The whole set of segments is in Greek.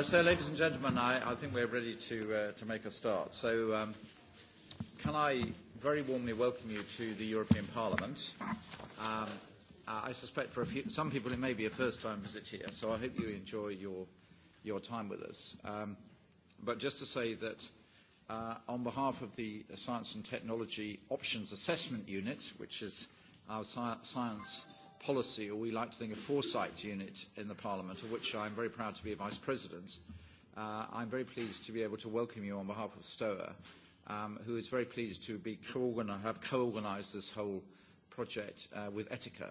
So, ladies and gentlemen, I think we're ready to make a start. So, can I very warmly welcome you to the European Parliament. I suspect for some people it may be a first-time visit here, so I hope you enjoy your your time with us. But just to say that on behalf of the Science and Technology Options Assessment Unit, which is our science policy, or we like to think of foresight unit in the Parliament, of which I am very proud to be a Vice President. I'm very pleased to be able to welcome you on behalf of STOA, who is very pleased to be co have co-organised this whole project with Etica.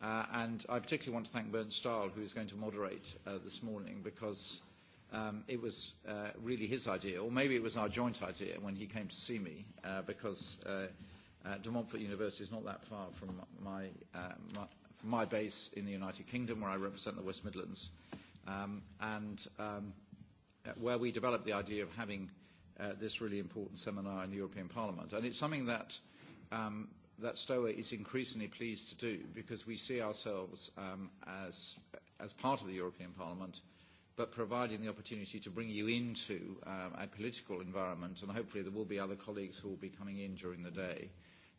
And I particularly want to thank Bernd Stahl, who is going to moderate this morning, because it was really his idea, or maybe it was our joint idea when he came to see me, because De Montfort University is not that far from my my base in the United Kingdom, where I represent the West Midlands, um and um where we developed the idea of having this really important seminar in the European Parliament. And it's something that um that STOA is increasingly pleased to do because we see ourselves as as part of the European Parliament, but providing the opportunity to bring you into a political environment, and hopefully there will be other colleagues who will be coming in during the day,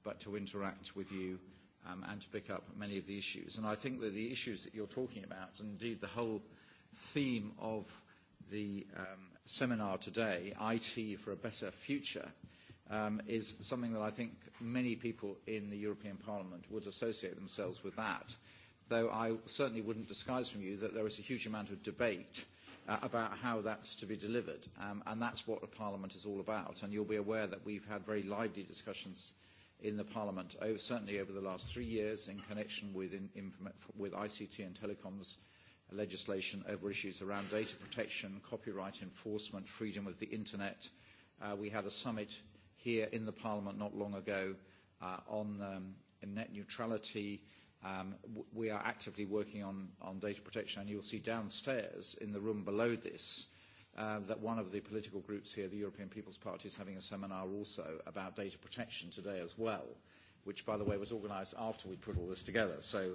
but to interact with you and to pick up many of the issues. And I think that the issues that you're talking about, and indeed the whole theme of the seminar today, IT for a Better Future, is something that I think many people in the European Parliament would associate themselves with that, though I certainly wouldn't disguise from you that there is a huge amount of debate about how that's to be delivered, and that's what a Parliament is all about. And you'll be aware that we've had very lively discussions in the Parliament, over certainly over the last three years, in connection with with ICT and telecoms legislation over issues around data protection, copyright enforcement, freedom of the Internet. We had a summit here in the Parliament not long ago on net neutrality. We are actively working on data protection, and you will see downstairs in the room below this that one of the political groups here, the European People's Party, is having a seminar also about data protection today as well, which, by the way, was organised after we put all this together. So,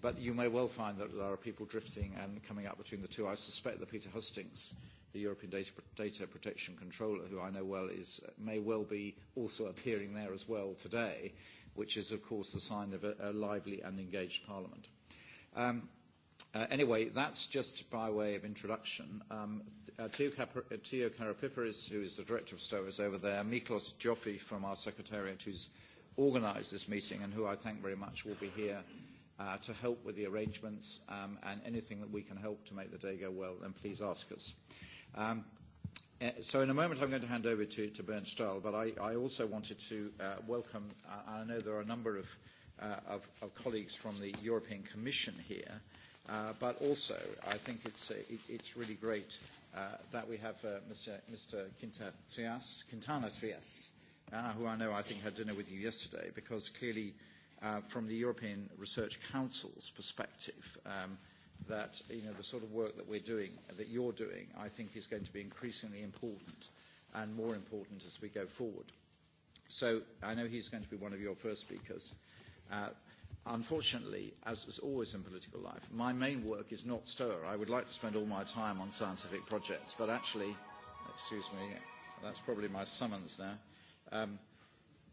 but you may well find that there are people drifting and coming up between the two. I suspect that Peter Hustings, the European Data Protection Controller, who I know well, is may well be also appearing there as well today, which is, of course, the sign of a lively and engaged Parliament. Anyway, that's just by way of introduction. Theo Karapiperis, who is the director of STOA, over there. Miklos Joffi from our secretariat, who's organised this meeting and who I thank very much, will be here to help with the arrangements and anything that we can help to make the day go well, then please ask us. So in a moment I'm going to hand over to Bernd Stahl, but I also wanted to welcome, I know there are a number of colleagues from the European Commission here, But also, I think it's it's really great that we have Mr. Quintana Trias, who I know I think had dinner with you yesterday, because clearly from the European Research Council's perspective, that you know the sort of work that we're doing, that you're doing, I think is going to be increasingly important and more important as we go forward. So I know he's going to be one of your first speakers. Unfortunately, as is always in political life, my main work is not STOA. I would like to spend all my time on scientific projects, but actually, excuse me, that's probably my summons now.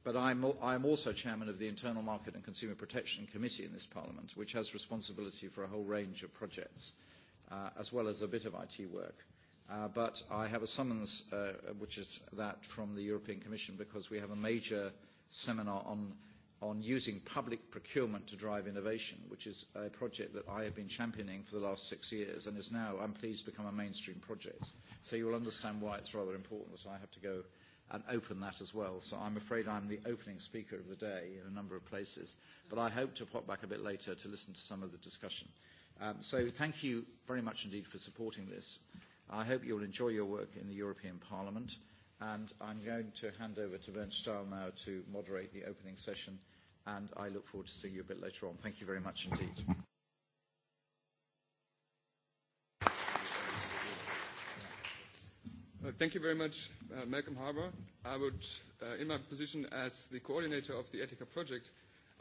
But I am also chairman of the Internal Market and Consumer Protection Committee in this Parliament, which has responsibility for a whole range of projects, as well as a bit of IT work. But I have a summons, which is that from the European Commission, because we have a major seminar on on using public procurement to drive innovation, which is a project that I have been championing for the last six years and is now, I'm pleased, become a mainstream project. So you will understand why it's rather important that I have to go and open that as well. So I'm afraid I'm the opening speaker of the day in a number of places, but I hope to pop back a bit later to listen to some of the discussion. So thank you very much indeed for supporting this. I hope you'll enjoy your work in the European Parliament, and I'm going to hand over to Bernd Stahl now to moderate the opening session and I look forward to seeing you a bit later on. Thank you very much indeed. Thank you very much, Malcolm Harbour. I would, in my position as the coordinator of the Etica project,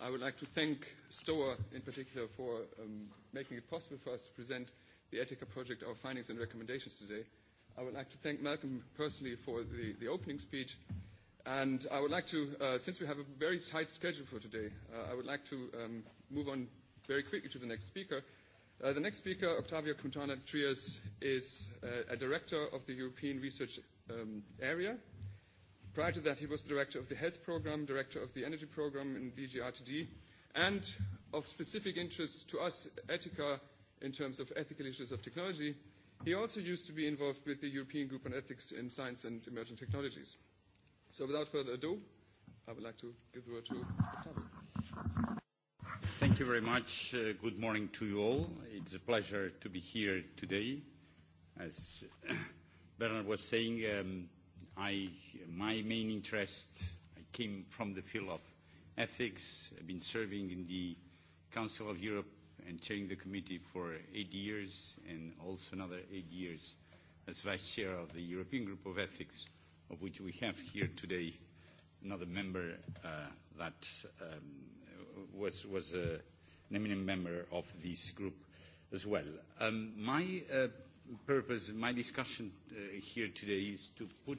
I would like to thank STOA in particular for making it possible for us to present the Etica project, our findings and recommendations today. I would like to thank Malcolm personally for the opening speech And I would like to, since we have a very tight schedule for today, I would like to move on very quickly to the next speaker. The next speaker, Octavio Quintana Trias, is a director of the European Research Area. Prior to that, he was director of the Health Program, director of the Energy Program in DGRTD, and of specific interest to us, Etica, in terms of ethical issues of technology. He also used to be involved with the European Group on Ethics in Science and Emerging Technologies. So without further ado, I would like to give the word to Thank you very much. Good morning to you all. It's a pleasure to be here today. As Bernard was saying, I my main interest, came from the field of ethics. I've been serving in the Council of Europe and chairing the committee for eight years and also another eight years as vice chair of the European Group of Ethics of which we have here today another member that was was an eminent member of this group as well. My purpose, my discussion here today is to put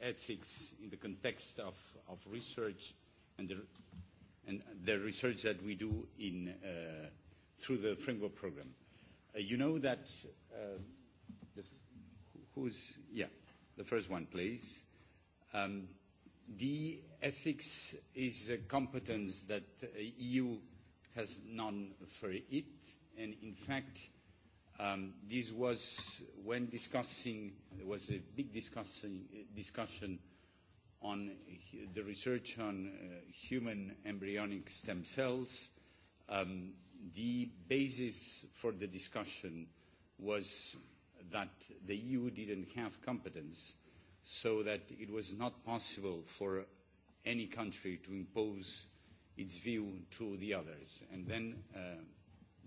ethics in the context of of research and the and the research that we do in through the framework program. You know that who's yeah The first one, please. The ethics is a competence that the EU has none for it, and in fact, this was when discussing, there was a big discussion on the research on human embryonic stem cells. The basis for the discussion was that the EU didn't have competence, so that it was not possible for any country to impose its view to the others. And then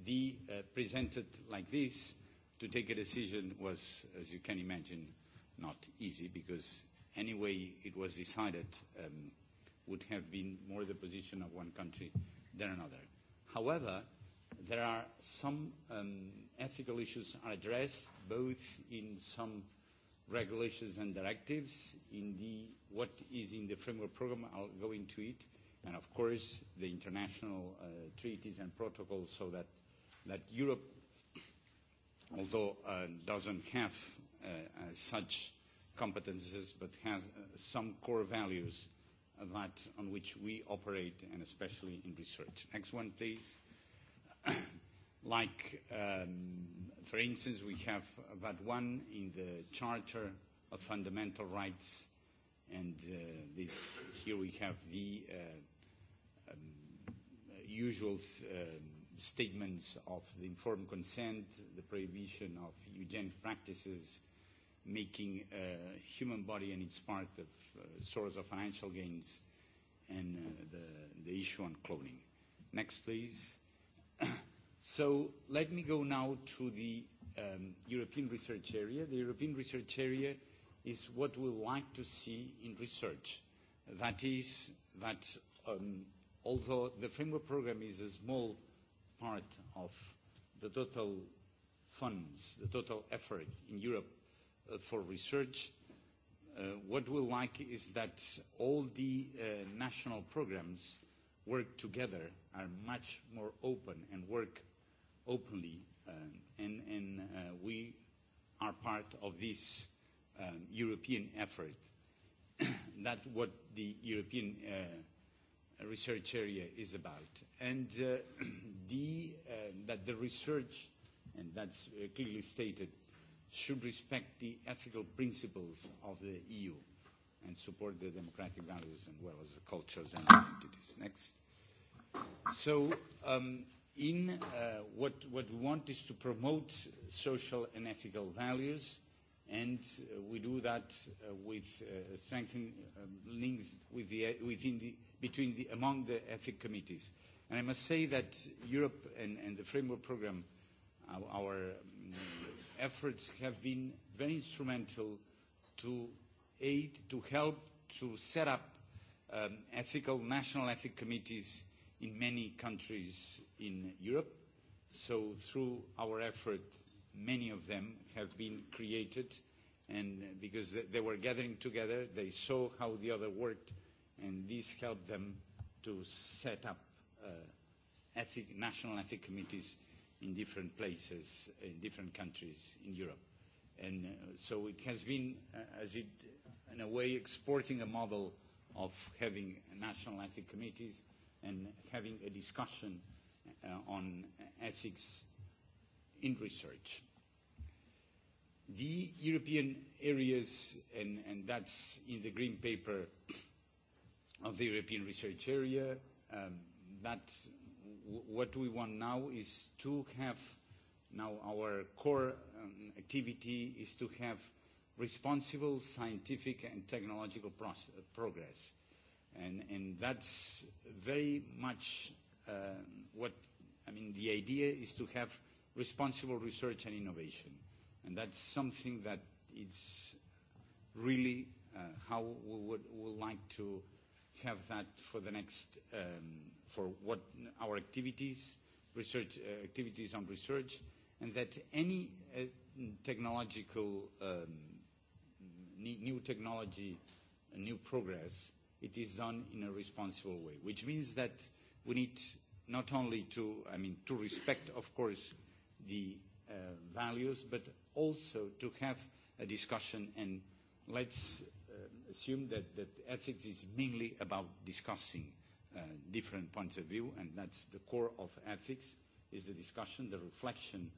the presented like this, to take a decision was, as you can imagine, not easy, because any way it was decided would have been more the position of one country than another. However, there are some ethical issues are addressed both in some regulations and directives, in the what is in the framework program, I'll go into it, and of course the international treaties and protocols so that that Europe, although doesn't have such competences but has some core values that on which we operate and especially in research. Next one, please like, for instance, we have that one in the Charter of Fundamental Rights, and this here we have the usual statements of the informed consent, the prohibition of eugenic practices, making a human body and its part of source of financial gains, and the issue on cloning. Next, please. So let me go now to the European Research Area. The European Research Area is what we like to see in research. That is that although the framework program is a small part of the total funds, the total effort in Europe for research, what we like is that all the national programs work together, are much more open and work openly, and and we are part of this European effort. That's what the European research area is about, and the that the research, and that's clearly stated, should respect the ethical principles of the EU and support the democratic values as well as the cultures and identities. Next. So um in what what we want is to promote social and ethical values and we do that with strengthening links with the within the between the among the ethic committees and i must say that europe and and the framework program our efforts have been very instrumental to aid to help to set up ethical national ethic committees in many countries in Europe. So through our effort, many of them have been created, and because they were gathering together, they saw how the other worked, and this helped them to set up national ethic committees in different places, in different countries in Europe. And so it has been, as it, in a way, exporting a model of having national ethic committees and having a discussion on ethics in research. The European areas, and that's in the Green Paper of the European Research Area, that what we want now is to have, now our core activity is to have responsible scientific and technological progress And that's very much what, I mean, the idea is to have responsible research and innovation. And that's something that it's really how we would like to have that for the next, for what our activities, research activities on research, and that any technological, new technology, new progress it is done in a responsible way, which means that we need not only to, I mean, to respect, of course, the values, but also to have a discussion. And let's assume that ethics is mainly about discussing different points of view, and that's the core of ethics, is the discussion, the reflection,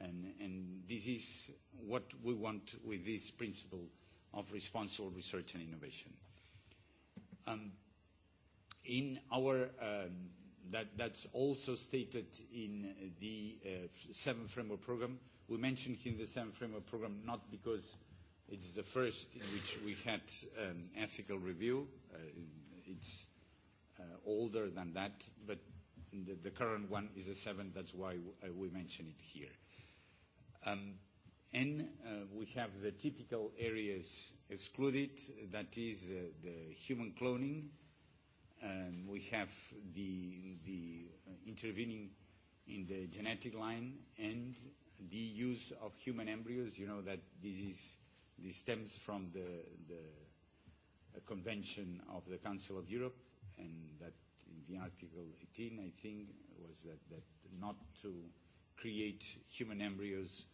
and this is what we want with this principle of responsible research and innovation. In our that's also stated in the seventh framework program. We mentioned in the seventh framework program not because it's the first in which we had an ethical review. It's older than that, but the current one is a seventh. That's why we mention it here. And we have the typical areas excluded, that is the human cloning. We have the intervening in the genetic line and the use of human embryos. You know that this is this stems from the the convention of the Council of Europe and that in the Article 18, I think, was that that not to create human embryos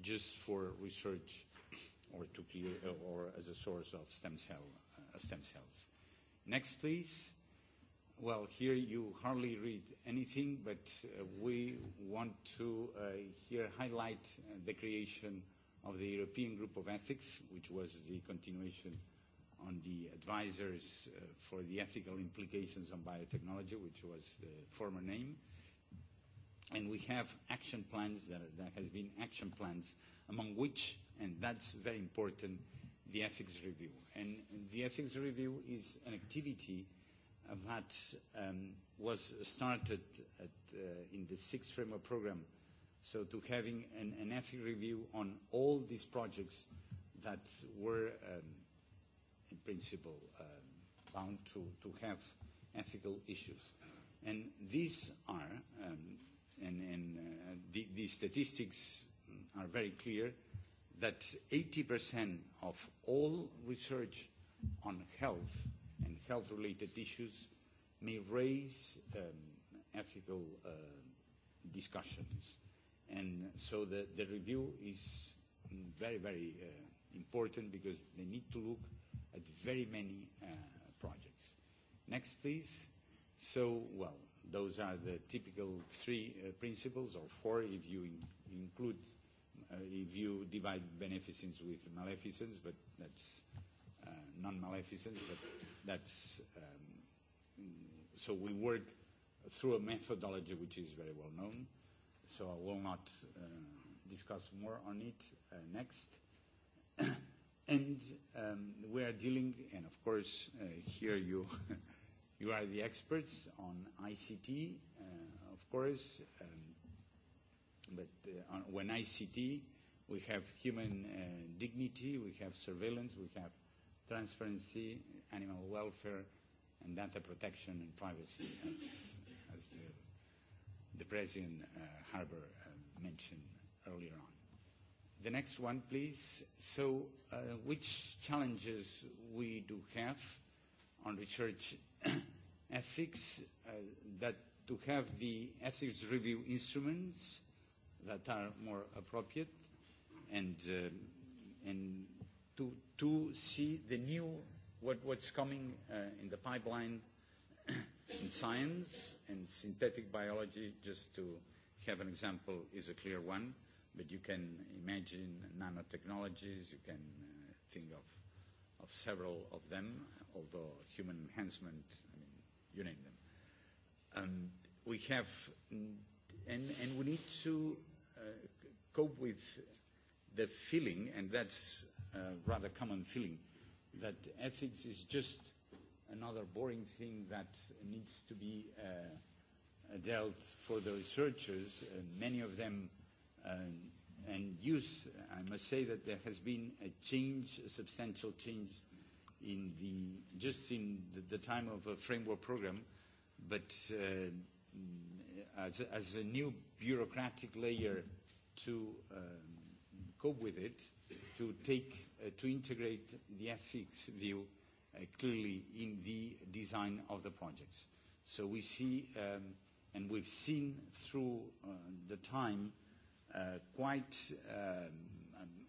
just for research or to clear or as a source of stem cell stem cells. Next, please. Well, here you hardly read anything, but we want to here highlight the creation of the European Group of Ethics, which was the continuation on the advisors for the ethical implications on biotechnology, which was the former name and we have action plans, there has been action plans, among which, and that's very important, the ethics review. And the ethics review is an activity that was started in the sixth framework program, so to having an ethics review on all these projects that were, in principle, bound to have ethical issues. And these are and the statistics are very clear that 80% of all research on health and health-related issues may raise ethical discussions. And so the review is very, very important because they need to look at very many projects. Next, please. So, well, Those are the typical three principles, or four if you include, if you divide beneficence with maleficence, but that's non-maleficence, but that's, so we work through a methodology which is very well known, so I will not discuss more on it next. And we are dealing, and of course here you You are the experts on ICT, of course, but when ICT, we have human dignity, we have surveillance, we have transparency, animal welfare, and data protection and privacy, as the President Harbour mentioned earlier on. The next one, please. So which challenges we do have on research ethics that to have the ethics review instruments that are more appropriate and and to to see the new what what's coming in the pipeline in science and synthetic biology just to have an example is a clear one but you can imagine nanotechnologies you can think of of several of them although human enhancement you name them. We have, and and we need to cope with the feeling, and that's a rather common feeling, that ethics is just another boring thing that needs to be dealt for the researchers, many of them and use. I must say that there has been a change, a substantial change in the just in the time of a framework program, but as a new bureaucratic layer to cope with it, to take to integrate the ethics view clearly in the design of the projects. So we see and we've seen through the time quite,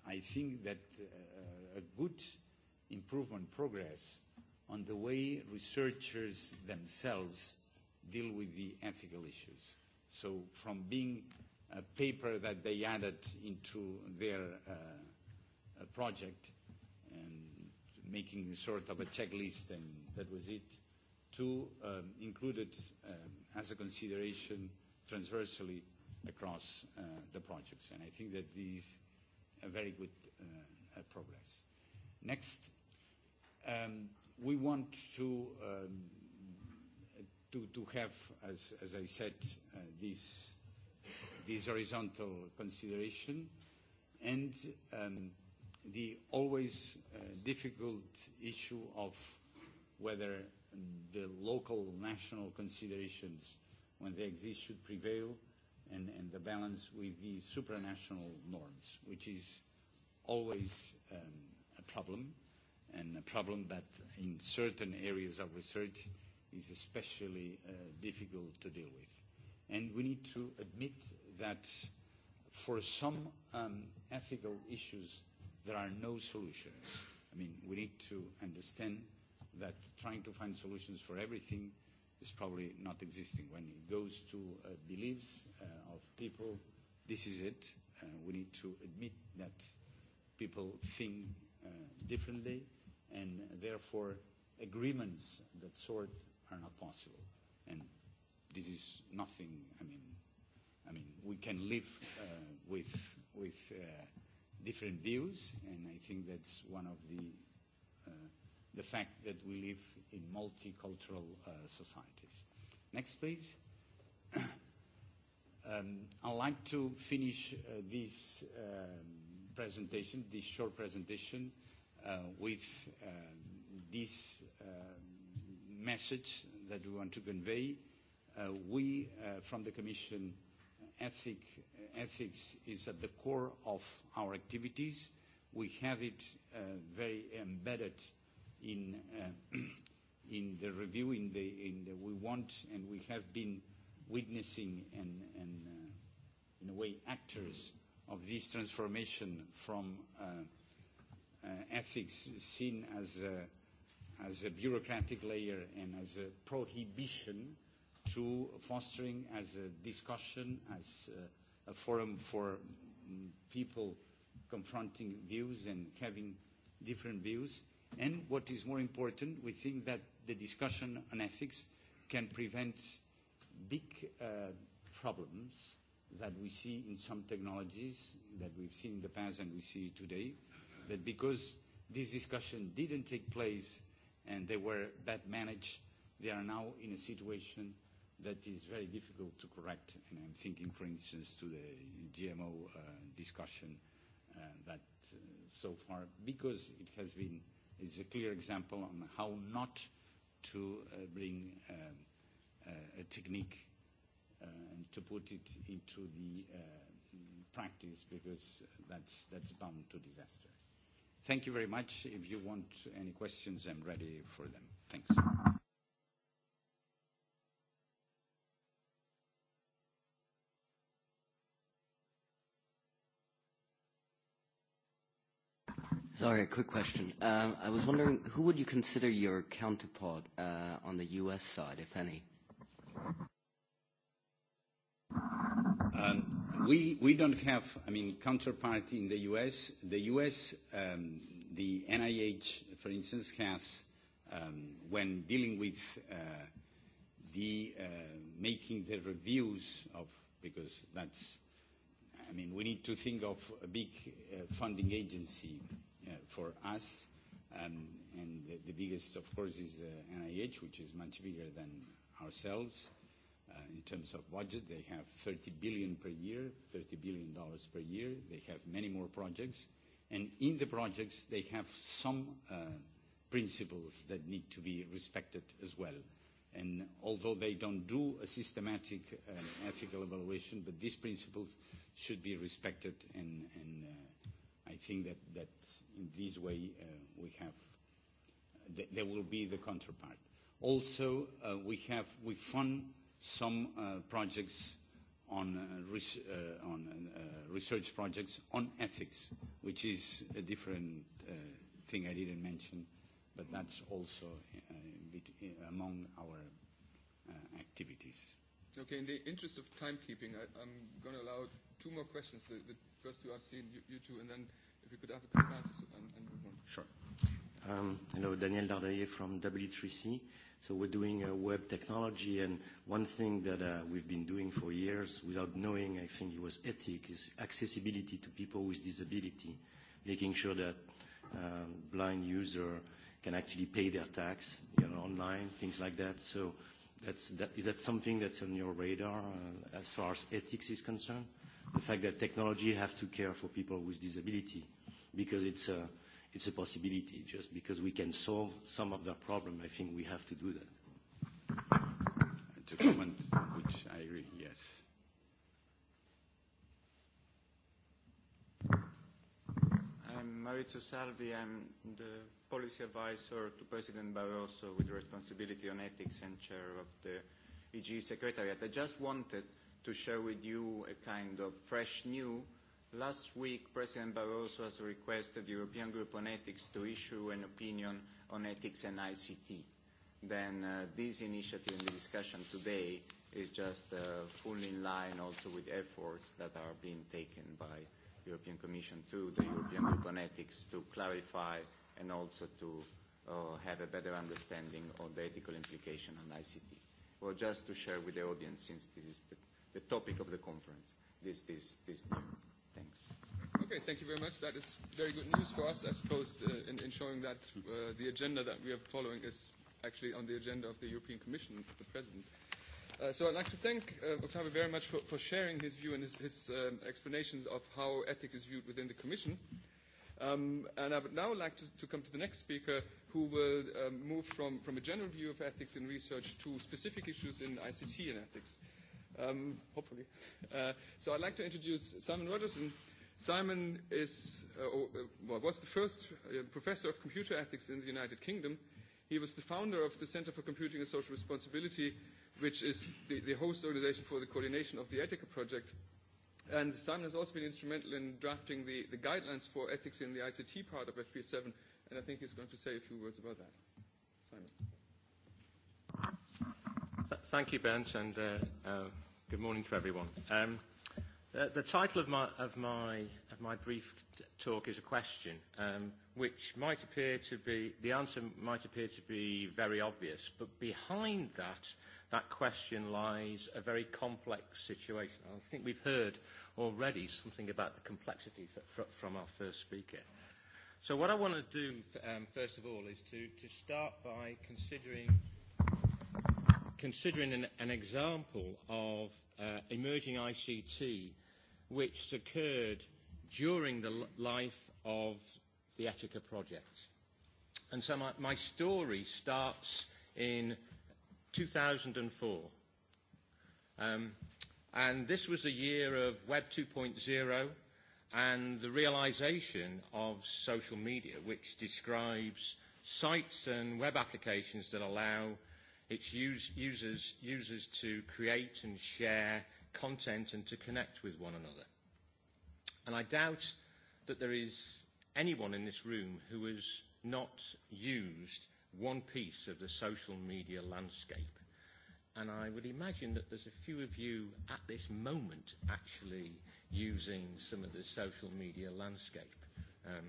I think that a good improvement progress on the way researchers themselves deal with the ethical issues. So from being a paper that they added into their project and making sort of a checklist and that was it, to included as a consideration transversally across the projects. And I think that this is a very good progress. Next, we want to to have, as I said, this this horizontal consideration and the always difficult issue of whether the local national considerations when they exist should prevail and and the balance with the supranational norms, which is always problem, and a problem that in certain areas of research is especially difficult to deal with. And we need to admit that for some ethical issues there are no solutions. I mean, we need to understand that trying to find solutions for everything is probably not existing. When it goes to beliefs of people, this is it. We need to admit that people think differently, and therefore agreements that sort are not possible. And this is nothing. I mean, I mean, we can live with with different views, and I think that's one of the the fact that we live in multicultural societies. Next, please. I'd like to finish this presentation, this short presentation, with this message that we want to convey. We, from the Commission, ethics is at the core of our activities. We have it very embedded in in the review, in the in the we want and we have been witnessing and and in a way actors of this transformation from ethics seen as a, as a bureaucratic layer and as a prohibition to fostering as a discussion, as a forum for people confronting views and having different views. And what is more important, we think that the discussion on ethics can prevent big problems that we see in some technologies that we've seen in the past and we see today, that because this discussion didn't take place and they were bad managed, they are now in a situation that is very difficult to correct. And I'm thinking, for instance, to the GMO discussion that so far, because it has been, is a clear example on how not to bring a technique and to put it into the practice because that's that's bound to disaster. Thank you very much. If you want any questions, I'm ready for them. Thanks. Sorry, a quick question. I was wondering, who would you consider your counterpart on the U.S. side, if any? We we don't have, I mean, counterpart in the U.S. The U.S., the NIH, for instance, has, when dealing with the making the reviews of, because that's, I mean, we need to think of a big funding agency for us, and the biggest, of course, is NIH, which is much bigger than ourselves in terms of budget. They have 30 billion per year, 30 billion dollars per year. They have many more projects. And in the projects, they have some principles that need to be respected as well. And although they don't do a systematic ethical evaluation, but these principles should be respected. And I think that that in this way we have, there will be the counterpart. Also, we have we fund some projects on on research projects on ethics, which is a different thing I didn't mention, but that's also among our activities. Okay, in the interest of timekeeping, I'm going to allow two more questions. The first two I've seen, you two, and then if you could have a quick answer and move on. Sure. Hello, Daniel Dardier from W3C. So we're doing web technology, and one thing that we've been doing for years without knowing, I think it was ethic, is accessibility to people with disability, making sure that blind user can actually pay their tax you know, online, things like that. So that's, that, is that something that's on your radar as far as ethics is concerned? The fact that technology have to care for people with disability because it's a it's a possibility. Just because we can solve some of the problem, I think we have to do that. It's a comment which I agree, yes. I'm Maurizio Salvi. I'm the policy advisor to President Barroso with responsibility on ethics and chair of the EG Secretariat. I just wanted to share with you a kind of fresh new Last week, President Barroso has requested the European Group on Ethics to issue an opinion on ethics and ICT. Then this initiative and the discussion today is just fully in line also with efforts that are being taken by the European Commission to the European Group on Ethics to clarify and also to have a better understanding of the ethical implication on ICT. Well, just to share with the audience, since this is the topic of the conference, this this this. Thanks. Okay, thank you very much. That is very good news for us, I suppose, in, in showing that the agenda that we are following is actually on the agenda of the European Commission, the President. so I'd like to thank Octavio very much for, for sharing his view and his, his explanations of how ethics is viewed within the Commission. Um, and I would now like to, to come to the next speaker, who will move from, from a general view of ethics in research to specific issues in ICT and ethics hopefully. So I'd like to introduce Simon Rogerson. Simon is, well, was the first professor of computer ethics in the United Kingdom. He was the founder of the Center for Computing and Social Responsibility, which is the host organization for the coordination of the Ethica project. And Simon has also been instrumental in drafting the guidelines for ethics in the ICT part of FP7, and I think he's going to say a few words about that. Simon. Thank you, Bernd, and good morning to everyone. The title of my of my of my brief talk is a question, which might appear to be the answer might appear to be very obvious, but behind that that question lies a very complex situation. I think we've heard already something about the complexity from our first speaker. So what I want to do, first of all, is to to start by considering considering an example of emerging ICT which occurred during the life of the Attica project. And so my story starts in 2004. And this was the year of Web 2.0 and the realization of social media, which describes sites and web applications that allow It's users users to create and share content and to connect with one another. And I doubt that there is anyone in this room who has not used one piece of the social media landscape. And I would imagine that there's a few of you at this moment actually using some of the social media landscape, um,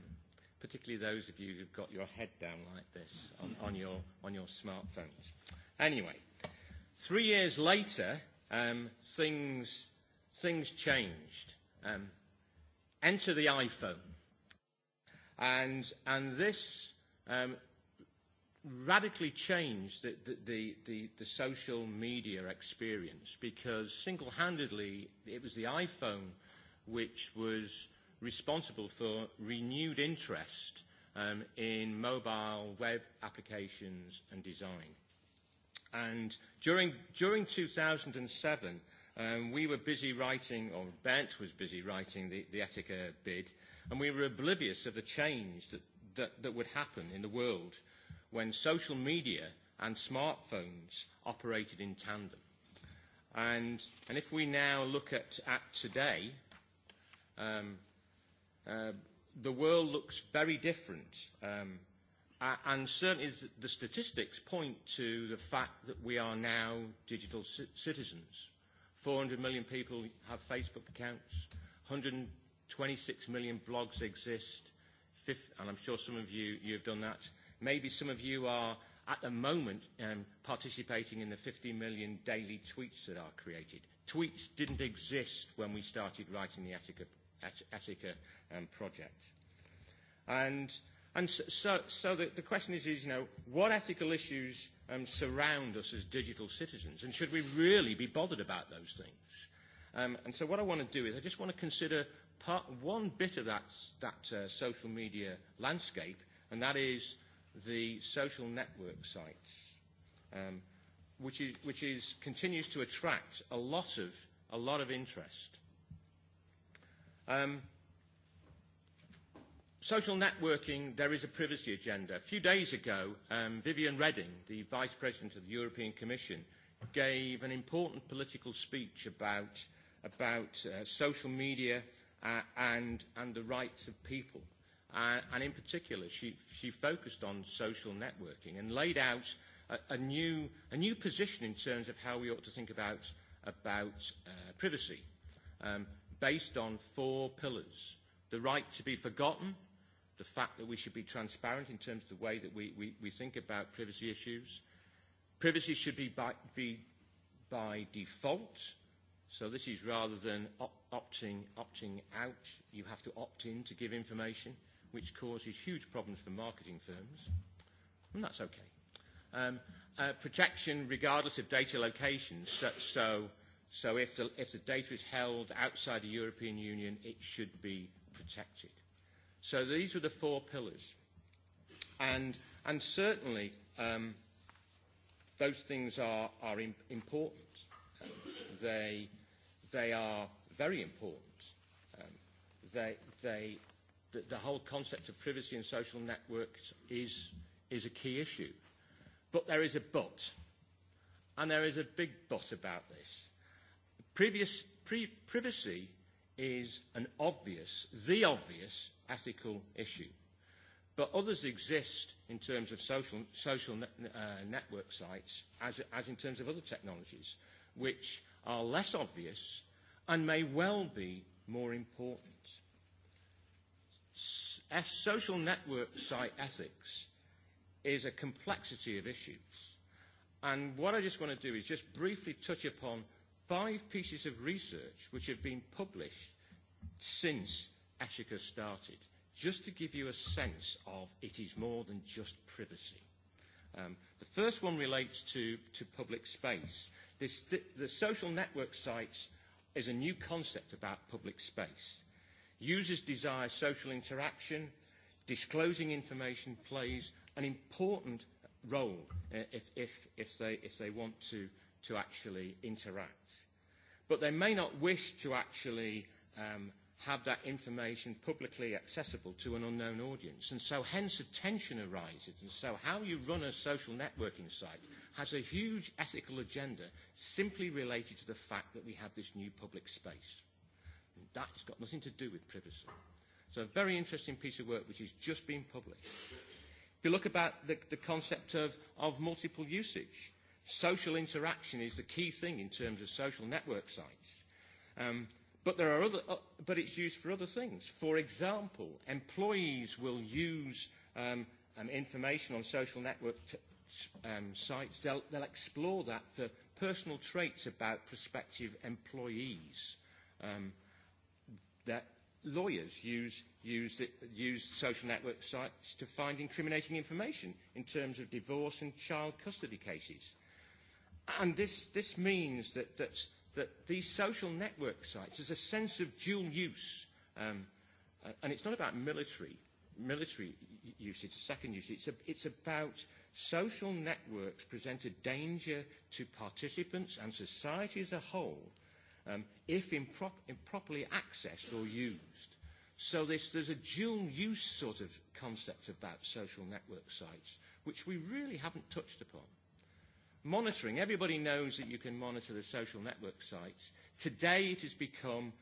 particularly those of you who've got your head down like this on, on, your, on your smartphones. Anyway, three years later, things, things changed. Um, enter the iPhone. And, and this um, radically changed the, the, the, the social media experience because single-handedly it was the iPhone which was responsible for renewed interest um, in mobile web applications and design. And during, during 2007, um, we were busy writing, or Bent was busy writing the, the Etica bid, and we were oblivious of the change that, that, that would happen in the world when social media and smartphones operated in tandem. And, and if we now look at, at today, um, uh, the world looks very different um, And certainly the statistics point to the fact that we are now digital citizens. 400 million people have Facebook accounts. 126 million blogs exist. And I'm sure some of you have done that. Maybe some of you are at the moment participating in the 50 million daily tweets that are created. Tweets didn't exist when we started writing the Etica um project. And And so, so the, the question is, is, you know, what ethical issues um, surround us as digital citizens? And should we really be bothered about those things? Um, and so what I want to do is I just want to consider part, one bit of that, that uh, social media landscape, and that is the social network sites, um, which, is, which is, continues to attract a lot of, a lot of interest. Um, Social networking, there is a privacy agenda. A few days ago, Vivian Redding, the Vice President of the European Commission, gave an important political speech about about social media and and the rights of people. And in particular, she she focused on social networking and laid out a new a new position in terms of how we ought to think about about privacy, based on four pillars: the right to be forgotten the fact that we should be transparent in terms of the way that we, we, we think about privacy issues. Privacy should be by, be by default, so this is rather than opting, opting out, you have to opt in to give information, which causes huge problems for marketing firms, and that's okay. Um, protection regardless of data location, so, so, so if, the, if the data is held outside the European Union, it should be protected. So these were the four pillars. And, and certainly um, those things are, are important. They, they are very important. they, they, the, the whole concept of privacy and social networks is, is a key issue. But there is a but. And there is a big but about this. Previous, pre, privacy is an obvious, the obvious ethical issue. But others exist in terms of social, social network sites, as, as in terms of other technologies, which are less obvious and may well be more important. Social network site ethics is a complexity of issues. And what I just want to do is just briefly touch upon five pieces of research which have been published since Ashika started, just to give you a sense of it is more than just privacy. Um The first one relates to to public space. The social network sites is a new concept about public space. Users desire social interaction. Disclosing information plays an important role if if if they want to actually interact. But they may not wish to actually um have that information publicly accessible to an unknown audience. And so hence a tension arises. And so how you run a social networking site has a huge ethical agenda simply related to the fact that we have this new public space. And that's got nothing to do with privacy. So a very interesting piece of work which has just been published. If you look about the, the concept of, of multiple usage, social interaction is the key thing in terms of social network sites. Um, But there are other, but it's used for other things. For example, employees will use um, information on social network sites. They'll, they'll explore that for personal traits about prospective employees. Um, that lawyers use, use, use social network sites to find incriminating information in terms of divorce and child custody cases. And this, this means that, that that these social network sites, there's a sense of dual use. and it's not about military, military usage, second use. It's, it's about social networks present a danger to participants and society as a whole if improperly accessed or used. So this, there's a dual-use sort of concept about social network sites, which we really haven't touched upon. Monitoring. Everybody knows that you can monitor the social network sites. Today it has become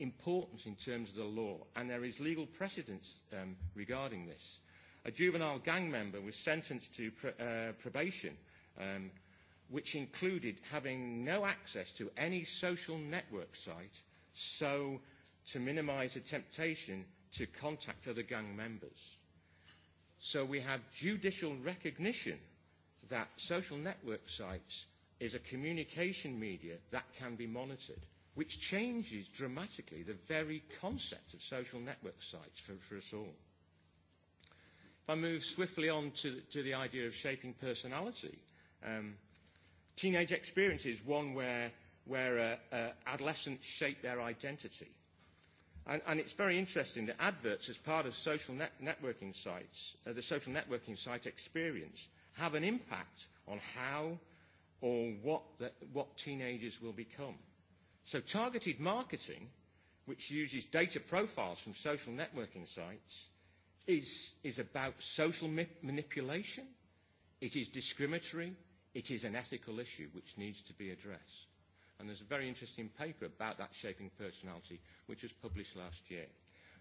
important in terms of the law, and there is legal precedence regarding this. A juvenile gang member was sentenced to probation, which included having no access to any social network site, so to minimise the temptation to contact other gang members. So we have judicial recognition that social network sites is a communication media that can be monitored, which changes dramatically the very concept of social network sites for, for us all. If I move swiftly on to, to the idea of shaping personality, um, teenage experience is one where, where adolescents shape their identity. And, and it's very interesting that adverts as part of social networking sites, the social networking site experience, have an impact on how or what, what teenagers will become. So targeted marketing, which uses data profiles from social networking sites, is, is about social manipulation. It is discriminatory. It is an ethical issue which needs to be addressed. And there's a very interesting paper about that shaping personality, which was published last year.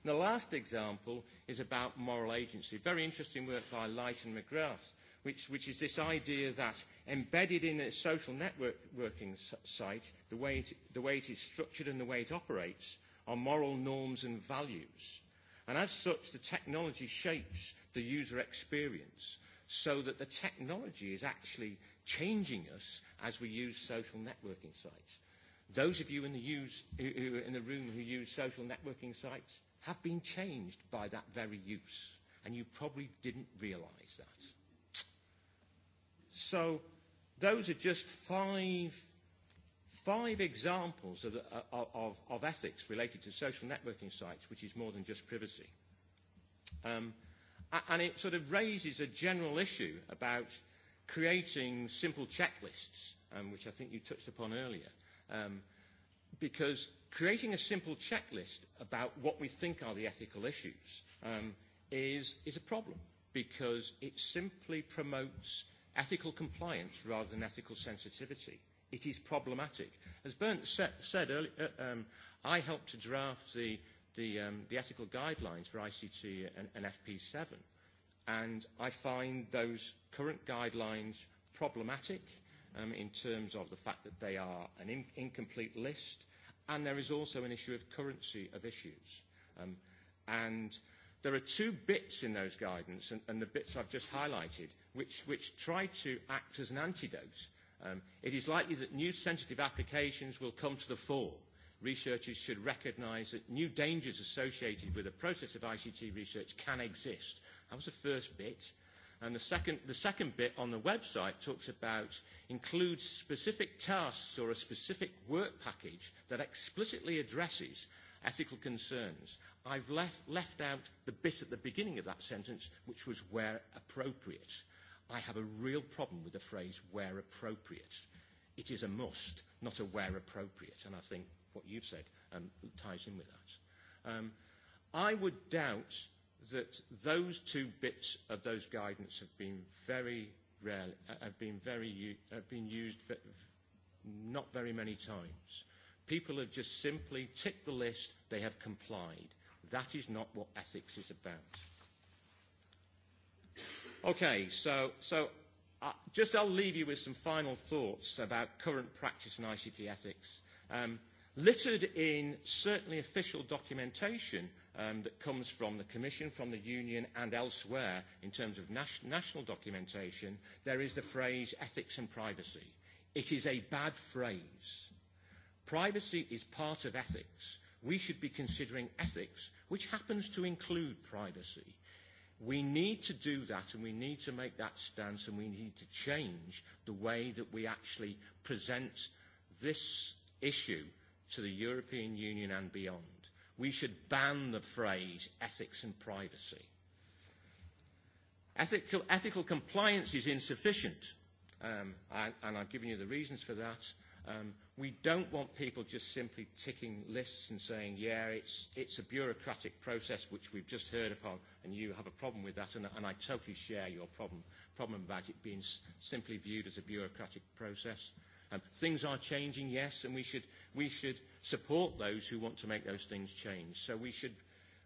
the last example is about moral agency. Very interesting work by Light and McGrath, which, which is this idea that embedded in a social network working site, the way, it, the way it is structured and the way it operates are moral norms and values. And as such, the technology shapes the user experience so that the technology is actually changing us as we use social networking sites. Those of you in the, use, who, in the room who use social networking sites have been changed by that very use, and you probably didn't realise that. So those are just five five examples of, of, of ethics related to social networking sites, which is more than just privacy. Um, and it sort of raises a general issue about creating simple checklists, um, which I think you touched upon earlier, um, because creating a simple checklist about what we think are the ethical issues um, is, is a problem because it simply promotes ethical compliance rather than ethical sensitivity. It is problematic. As Bernd said earlier, I helped to draft the ethical guidelines for ICT and FP7, and I find those current guidelines problematic in terms of the fact that they are an incomplete list, and there is also an issue of currency of issues. And there are two bits in those guidance, and the bits I've just highlighted which, which try to act as an antidote, it is likely that new sensitive applications will come to the fore. Researchers should recognise that new dangers associated with the process of ICT research can exist. That was the first bit. And the second, the second bit on the website talks about includes specific tasks or a specific work package that explicitly addresses ethical concerns. I've left, left out the bit at the beginning of that sentence, which was where appropriate. I have a real problem with the phrase where appropriate. It is a must, not a where appropriate, and I think what you've said um, ties in with that. Um, I would doubt that those two bits of those guidance have been very rarely, have been very, have been used not very many times. People have just simply ticked the list, they have complied. That is not what ethics is about. Okay, so, so uh, just I'll leave you with some final thoughts about current practice in ICT ethics. Um, littered in certainly official documentation um, that comes from the Commission, from the Union and elsewhere in terms of national documentation, there is the phrase ethics and privacy. It is a bad phrase. Privacy is part of ethics. We should be considering ethics, which happens to include privacy. We need to do that and we need to make that stance and we need to change the way that we actually present this issue to the European Union and beyond. We should ban the phrase ethics and privacy. Ethical compliance is insufficient, and I've given you the reasons for that. We don't want people just simply ticking lists and saying, yeah, it's it's a bureaucratic process which we've just heard upon, and you have a problem with that, and I totally share your problem problem about it being simply viewed as a bureaucratic process. Things are changing, yes, and we should we should support those who want to make those things change. So we should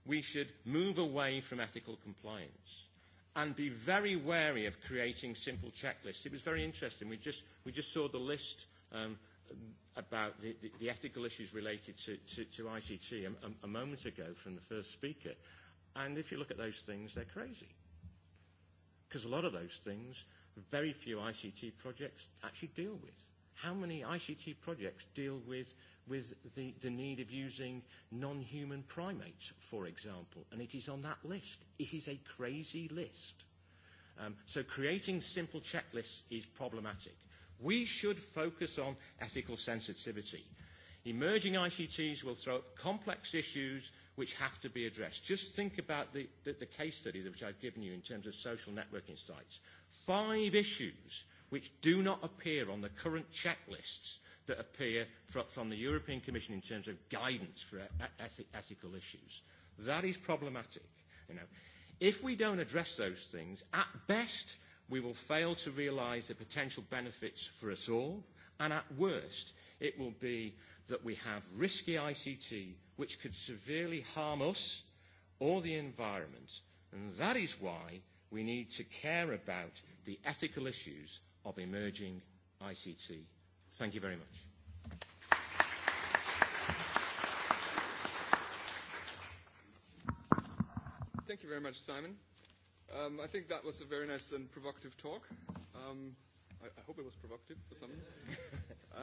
we should move away from ethical compliance and be very wary of creating simple checklists. It was very interesting. We just we just saw the list about the ethical issues related to ICT a moment ago from the first speaker. And if you look at those things, they're crazy. Because a lot of those things, very few ICT projects actually deal with. How many ICT projects deal with with the the need of using non human primates, for example, and it is on that list. It is a crazy list. So creating simple checklists is problematic. We should focus on ethical sensitivity. Emerging ICTs will throw up complex issues which have to be addressed. Just think about the, the, case study which I've given you in terms of social networking sites. Five issues which do not appear on the current checklists that appear from the European Commission in terms of guidance for ethical issues. That is problematic. You know. If we don't address those things, at best we will fail to realise the potential benefits for us all, and at worst, it will be that we have risky ICT which could severely harm us or the environment, and that is why we need to care about the ethical issues of emerging ICT. Thank you very much. Thank you very much, Simon. Um, I think that was a very nice and provocative talk. Um, I, I hope it was provocative for some.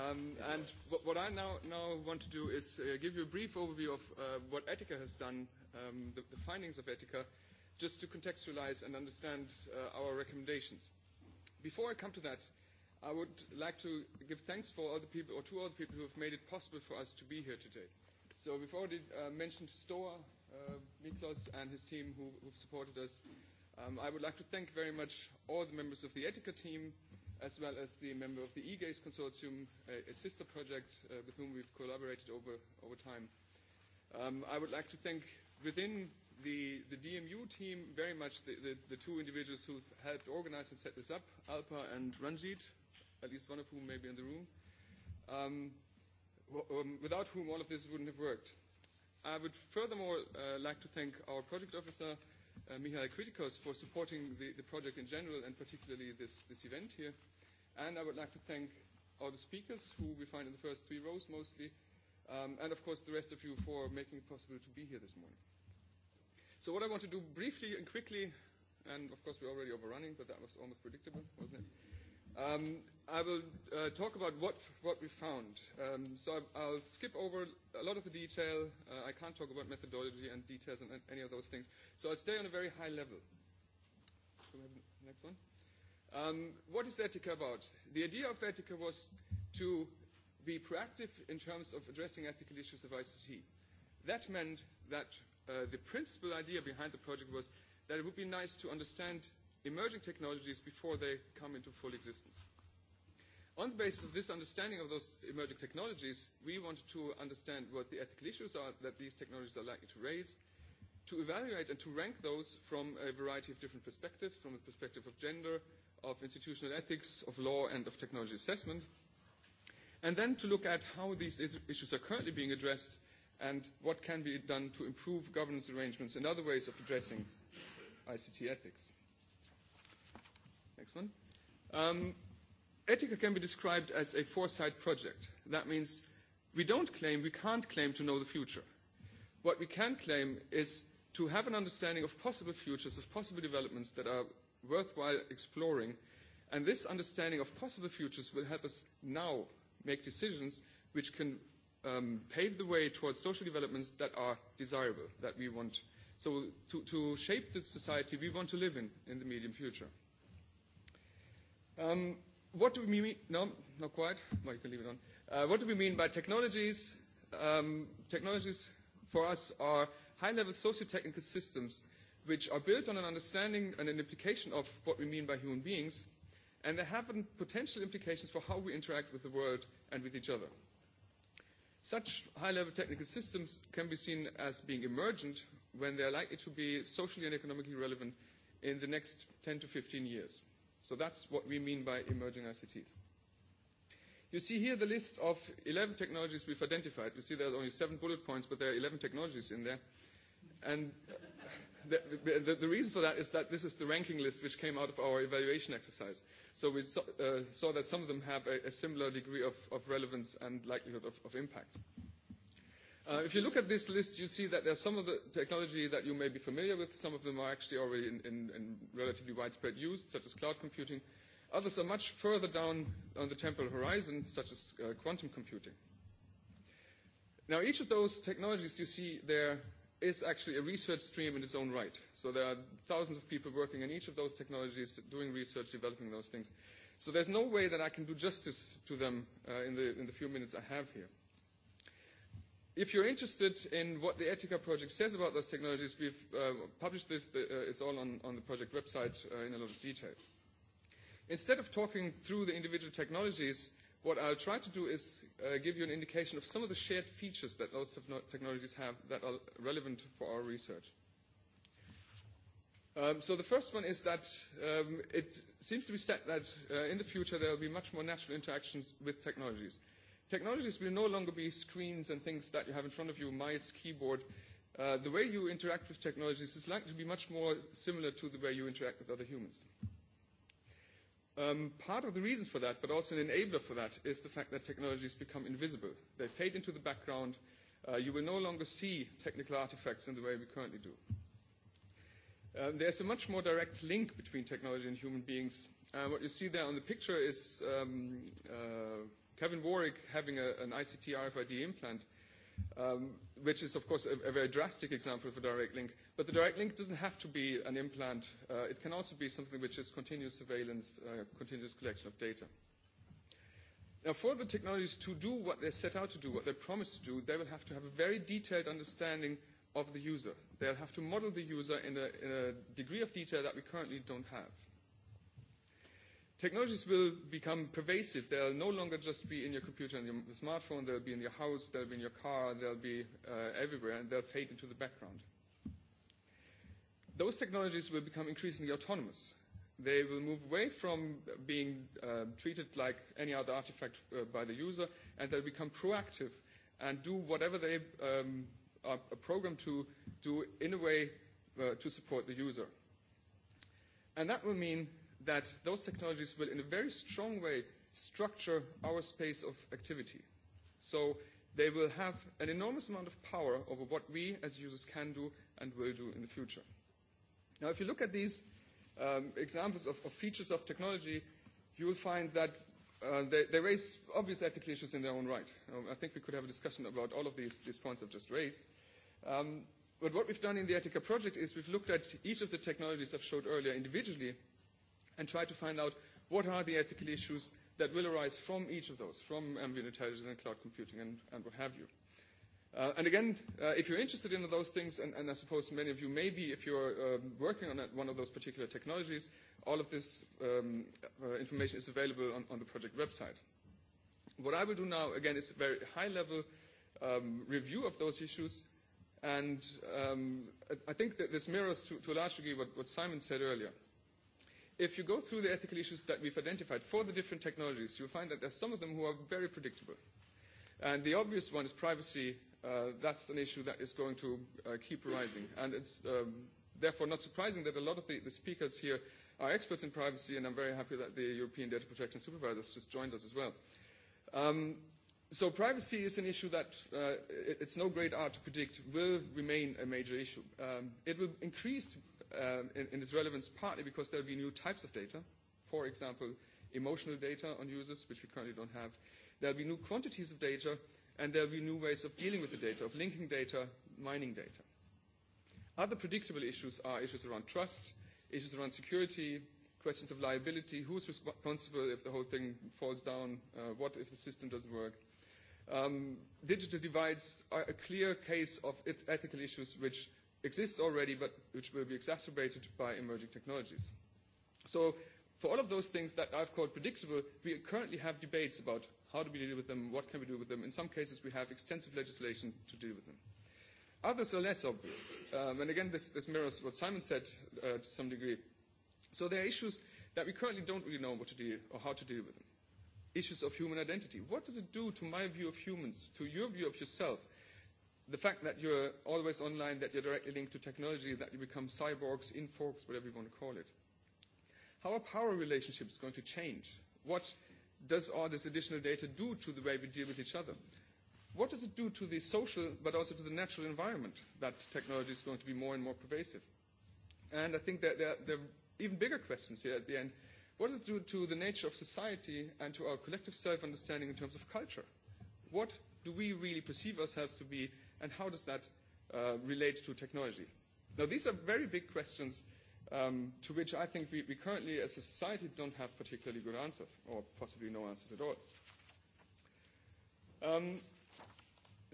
um, and what, what I now, now want to do is uh, give you a brief overview of uh, what Etica has done, um, the, the findings of Etica, just to contextualize and understand uh, our recommendations. Before I come to that, I would like to give thanks for all the people, or to all the people who have made it possible for us to be here today. So we've already uh, mentioned Stoa, uh, Miklos, and his team who, have supported us. I would like to thank very much all the members of the ETICA team, as well as the member of the eGaze Consortium, a sister project with whom we've collaborated over over time. I would like to thank within the the DMU team very much the the two individuals who helped organize and set this up, Alpa and Ranjit, at least one of whom may be in the room, without whom all of this wouldn't have worked. I would furthermore like to thank our project officer, Michael Kritikos for supporting the, the project in general and particularly this, this event here. And I would like to thank all the speakers who we find in the first three rows mostly, um, and of course the rest of you for making it possible to be here this morning. So what I want to do briefly and quickly, and of course we're already overrunning, but that was almost predictable, wasn't it? I will talk about what what we found. So I'll skip over a lot of the detail. I can't talk about methodology and details and any of those things. So I'll stay on a very high level. next one? Um, what is Ethica about? The idea of Ethica was to be proactive in terms of addressing ethical issues of ICT. That meant that the principal idea behind the project was that it would be nice to understand emerging technologies before they come into full existence. On the basis of this understanding of those emerging technologies, we wanted to understand what the ethical issues are that these technologies are likely to raise, to evaluate and to rank those from a variety of different perspectives, from the perspective of gender, of institutional ethics, of law, and of technology assessment, and then to look at how these issues are currently being addressed and what can be done to improve governance arrangements and other ways of addressing ICT ethics. Next one. Etica can be described as a foresight project. That means we don't claim, we can't claim to know the future. What we can claim is to have an understanding of possible futures, of possible developments that are worthwhile exploring. And this understanding of possible futures will help us now make decisions which can pave the way towards social developments that are desirable, that we want. So to to shape the society we want to live in in the medium future. What do we mean? No, not quite. Well, you can leave it on. What do we mean by technologies? Technologies for us are high-level socio-technical systems which are built on an understanding and an implication of what we mean by human beings, and they have potential implications for how we interact with the world and with each other. Such high-level technical systems can be seen as being emergent when they are likely to be socially and economically relevant in the next 10 to 15 years. So that's what we mean by emerging ICTs. You see here the list of 11 technologies we've identified. You see there are only seven bullet points, but there are 11 technologies in there. And the, the, reason for that is that this is the ranking list which came out of our evaluation exercise. So we saw, that some of them have a, similar degree of, of relevance and likelihood of impact. If you look at this list, you see that there are some of the technology that you may be familiar with. Some of them are actually already in relatively widespread use, such as cloud computing. Others are much further down on the temporal horizon, such as quantum computing. Now, each of those technologies you see there is actually a research stream in its own right. So there are thousands of people working on each of those technologies, doing research, developing those things. So there's no way that I can do justice to them in the in the few minutes I have here. If you're interested in what the Etica project says about those technologies, we've published this. It's all on on the project website in a lot of detail. Instead of talking through the individual technologies, what I'll try to do is give you an indication of some of the shared features that those technologies have that are relevant for our research. So the first one is that it seems to be said that in the future there will be much more natural interactions with technologies technologies will no longer be screens and things that you have in front of you, mice, keyboard. The way you interact with technologies is likely to be much more similar to the way you interact with other humans. Part of the reason for that, but also an enabler for that, is the fact that technologies become invisible. They fade into the background. You will no longer see technical artifacts in the way we currently do. There's a much more direct link between technology and human beings. What you see there on the picture is Kevin Warwick having an ICT RFID implant, which is, of course, a very drastic example of a direct link. But the direct link doesn't have to be an implant. It can also be something which is continuous surveillance, continuous collection of data. Now, for the technologies to do what they set out to do, what they promised to do, they will have to have a very detailed understanding of the user. They'll have to model the user in a degree of detail that we currently don't have. Technologies will become pervasive. They'll no longer just be in your computer and your smartphone. They'll be in your house. They'll be in your car. They'll be everywhere, and they'll fade into the background. Those technologies will become increasingly autonomous. They will move away from being treated like any other artifact by the user, and they'll become proactive and do whatever they are programmed to do in a way to support the user. And that will mean that those technologies will in a very strong way structure our space of activity. So they will have an enormous amount of power over what we as users can do and will do in the future. Now, if you look at these examples of features of technology, you will find that they raise obvious ethical issues in their own right. I think we could have a discussion about all of these points I've just raised. But what we've done in the Ethica project is we've looked at each of the technologies I've showed earlier individually and try to find out what are the ethical issues that will arise from each of those, from ambient intelligence and cloud computing and, and what have you. and again, if you're interested in those things, and, and I suppose many of you may be if you're working on one of those particular technologies, all of this information is available on, on the project website. What I will do now, again, is a very high-level um, review of those issues, and um, I think that this mirrors to, to a large degree what, what Simon said earlier if you go through the ethical issues that we've identified for the different technologies, you'll find that there are some of them who are very predictable. And the obvious one is privacy. That's an issue that is going to keep rising. And it's therefore not surprising that a lot of the speakers here are experts in privacy, and I'm very happy that the European Data Protection Supervisors just joined us as well. So privacy is an issue that it's no great art to predict will remain a major issue. It will increase in its relevance partly because there will be new types of data, for example, emotional data on users, which we currently don't have. There will be new quantities of data, and there will be new ways of dealing with the data, of linking data, mining data. Other predictable issues are issues around trust, issues around security, questions of liability, who's responsible if the whole thing falls down, what if the system doesn't work. Digital divides are a clear case of ethical issues which exists already, but which will be exacerbated by emerging technologies. So for all of those things that I've called predictable, we currently have debates about how do we deal with them, what can we do with them. In some cases, we have extensive legislation to deal with them. Others are less obvious. and again, this, this mirrors what Simon said to some degree. So there are issues that we currently don't really know what to deal or how to deal with them. Issues of human identity. What does it do to my view of humans, to your view of yourself, the fact that you're always online, that you're directly linked to technology, that you become cyborgs, inforks, whatever you want to call it. How are power relationships going to change? What does all this additional data do to the way we deal with each other? What does it do to the social but also to the natural environment that technology is going to be more and more pervasive? And I think that there are even bigger questions here at the end. What does it do to the nature of society and to our collective self-understanding in terms of culture? What do we really perceive ourselves to be and how does that relate to technology? Now, these are very big questions to which I think we currently, as a society, don't have particularly good answers, or possibly no answers at all. Um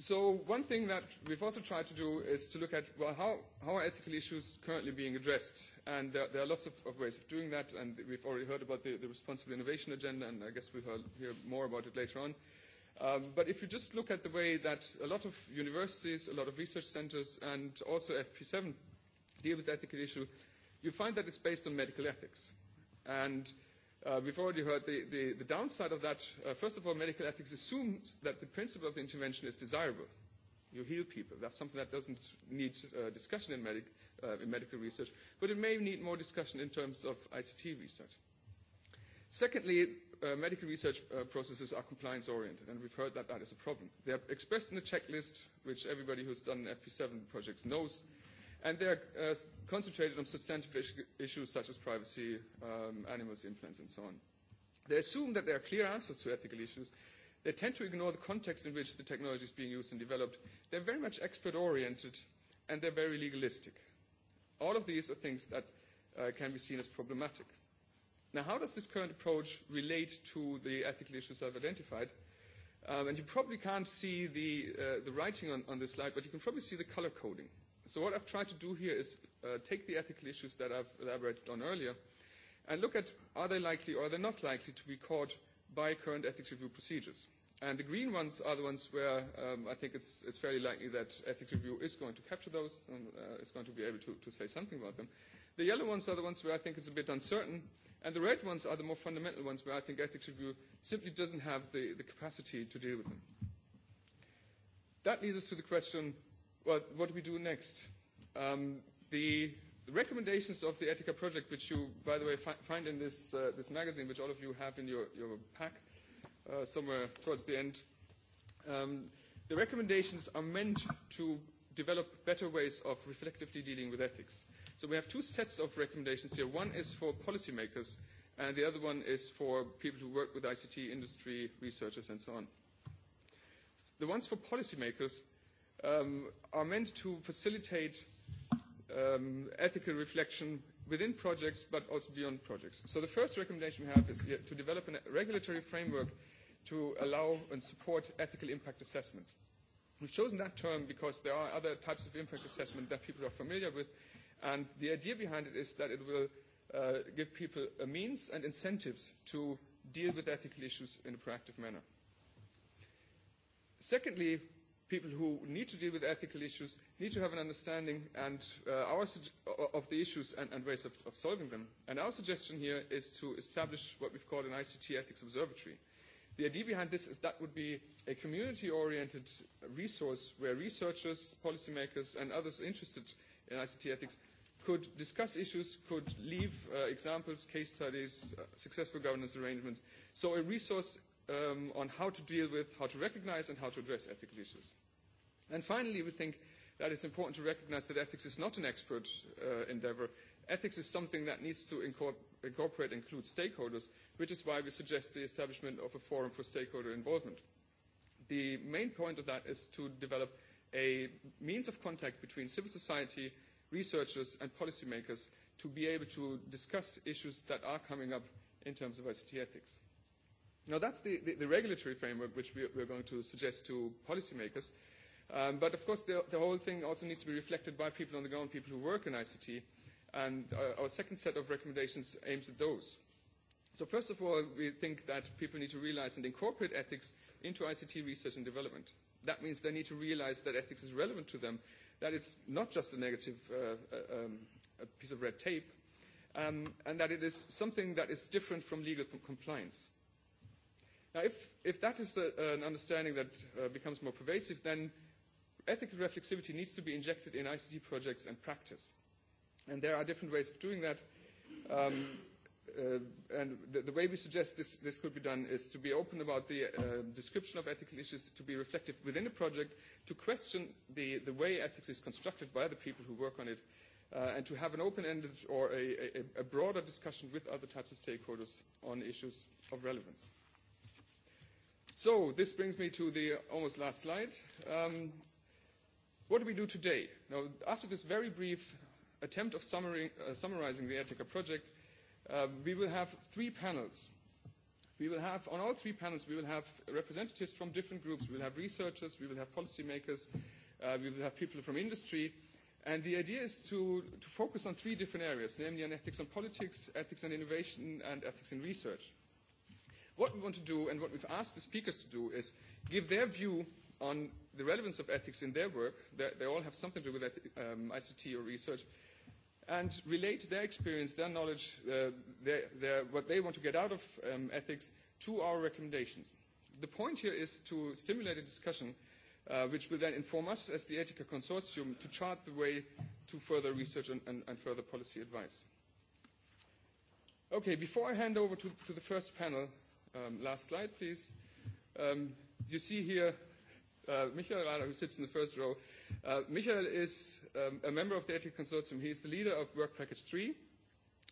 So one thing that we've also tried to do is to look at, well, how are ethical issues currently being addressed? And there are lots of ways of doing that, and we've already heard about the Responsible Innovation Agenda, and I guess we'll hear more about it later on. But if you just look at the way that a lot of universities, a lot of research centers, and also FP7 deal with the ethical issue, you find that it's based on medical ethics. And we've already heard the downside of that. First of all, medical ethics assumes that the principle of the intervention is desirable. You heal people. That's something that doesn't need discussion in medical research, but it may need more discussion in terms of ICT research. Secondly, medical research processes are compliance-oriented, and we've heard that that is a problem. They are expressed in the checklist, which everybody who's done FP7 projects knows, and they are concentrated on substantive issues such as privacy, animals, implants, and so on. They assume that there are clear answers to ethical issues. They tend to ignore the context in which the technology is being used and developed. They're very much expert-oriented, and they're very legalistic. All of these are things that can be seen as problematic. Now, how does this current approach relate to the ethical issues I've identified? And you probably can't see the the writing on on this slide, but you can probably see the color coding. So what I've tried to do here is take the ethical issues that I've elaborated on earlier and look at are they likely or are they not likely to be caught by current ethics review procedures. And the green ones are the ones where I think it's it's fairly likely that ethics review is going to capture those and is going to be able to to say something about them. The yellow ones are the ones where I think it's a bit uncertain And the red ones are the more fundamental ones where I think ethics review simply doesn't have the, capacity to deal with them. That leads us to the question, well, what do we do next? the, recommendations of the Ethica project, which you, by the way, find in this, this magazine, which all of you have in your, your pack uh, somewhere towards the end, the recommendations are meant to develop better ways of reflectively dealing with ethics. So we have two sets of recommendations here. One is for policymakers, and the other one is for people who work with ICT industry, researchers, and so on. The ones for policymakers are meant to facilitate ethical reflection within projects, but also beyond projects. So the first recommendation we have is to develop a regulatory framework to allow and support ethical impact assessment. We've chosen that term because there are other types of impact assessment that people are familiar with, And the idea behind it is that it will give people a means and incentives to deal with ethical issues in a proactive manner. Secondly, people who need to deal with ethical issues need to have an understanding and of the issues and ways of solving them. And our suggestion here is to establish what we've called an ICT ethics observatory. The idea behind this is that would be a community-oriented resource where researchers, policymakers, and others interested in ICT ethics could discuss issues, could leave examples, case studies, successful governance arrangements. So a resource on how to deal with, how to recognize, and how to address ethical issues. And finally, we think that it's important to recognize that ethics is not an expert endeavor. Ethics is something that needs to incorporate and include stakeholders, which is why we suggest the establishment of a forum for stakeholder involvement. The main point of that is to develop a means of contact between civil society, researchers, and policymakers to be able to discuss issues that are coming up in terms of ICT ethics. Now, that's the, the, the regulatory framework which we, are going to suggest to policymakers. Um, but, of course, the, the whole thing also needs to be reflected by people on the ground, people who work in ICT. And our second set of recommendations aims at those. So, first of all, we think that people need to realize and incorporate ethics into ICT research and development. That means they need to realize that ethics is relevant to them, that it's not just a negative piece of red tape, and that it is something that is different from legal compliance. Now, if if that is an understanding that becomes more pervasive, then ethical reflexivity needs to be injected in ICT projects and practice. And there are different ways of doing that and the way we suggest this could be done is to be open about the description of ethical issues, to be reflective within a project, to question the way ethics is constructed by the people who work on it, and to have an open-ended or a broader discussion with other types of stakeholders on issues of relevance. So this brings me to the almost last slide. What do we do today? Now, after this very brief attempt of summarizing the Ethica project, we will have three panels. We will have, on all three panels, we will have representatives from different groups. We will have researchers, we will have policymakers, we will have people from industry. And the idea is to, to focus on three different areas, namely on ethics and politics, ethics and innovation, and ethics and research. What we want to do, and what we've asked the speakers to do, is give their view on the relevance of ethics in their work. They all have something to do with ICT or research, and relate their experience, their knowledge, what they want to get out of ethics to our recommendations. The point here is to stimulate a discussion which will then inform us as the Ethica Consortium to chart the way to further research and further policy advice. Okay, before I hand over to the first panel, last slide please, you see here Michael Rader, who sits in the first row. Michael is a member of the ATIC Consortium. He is the leader of Work Package 3.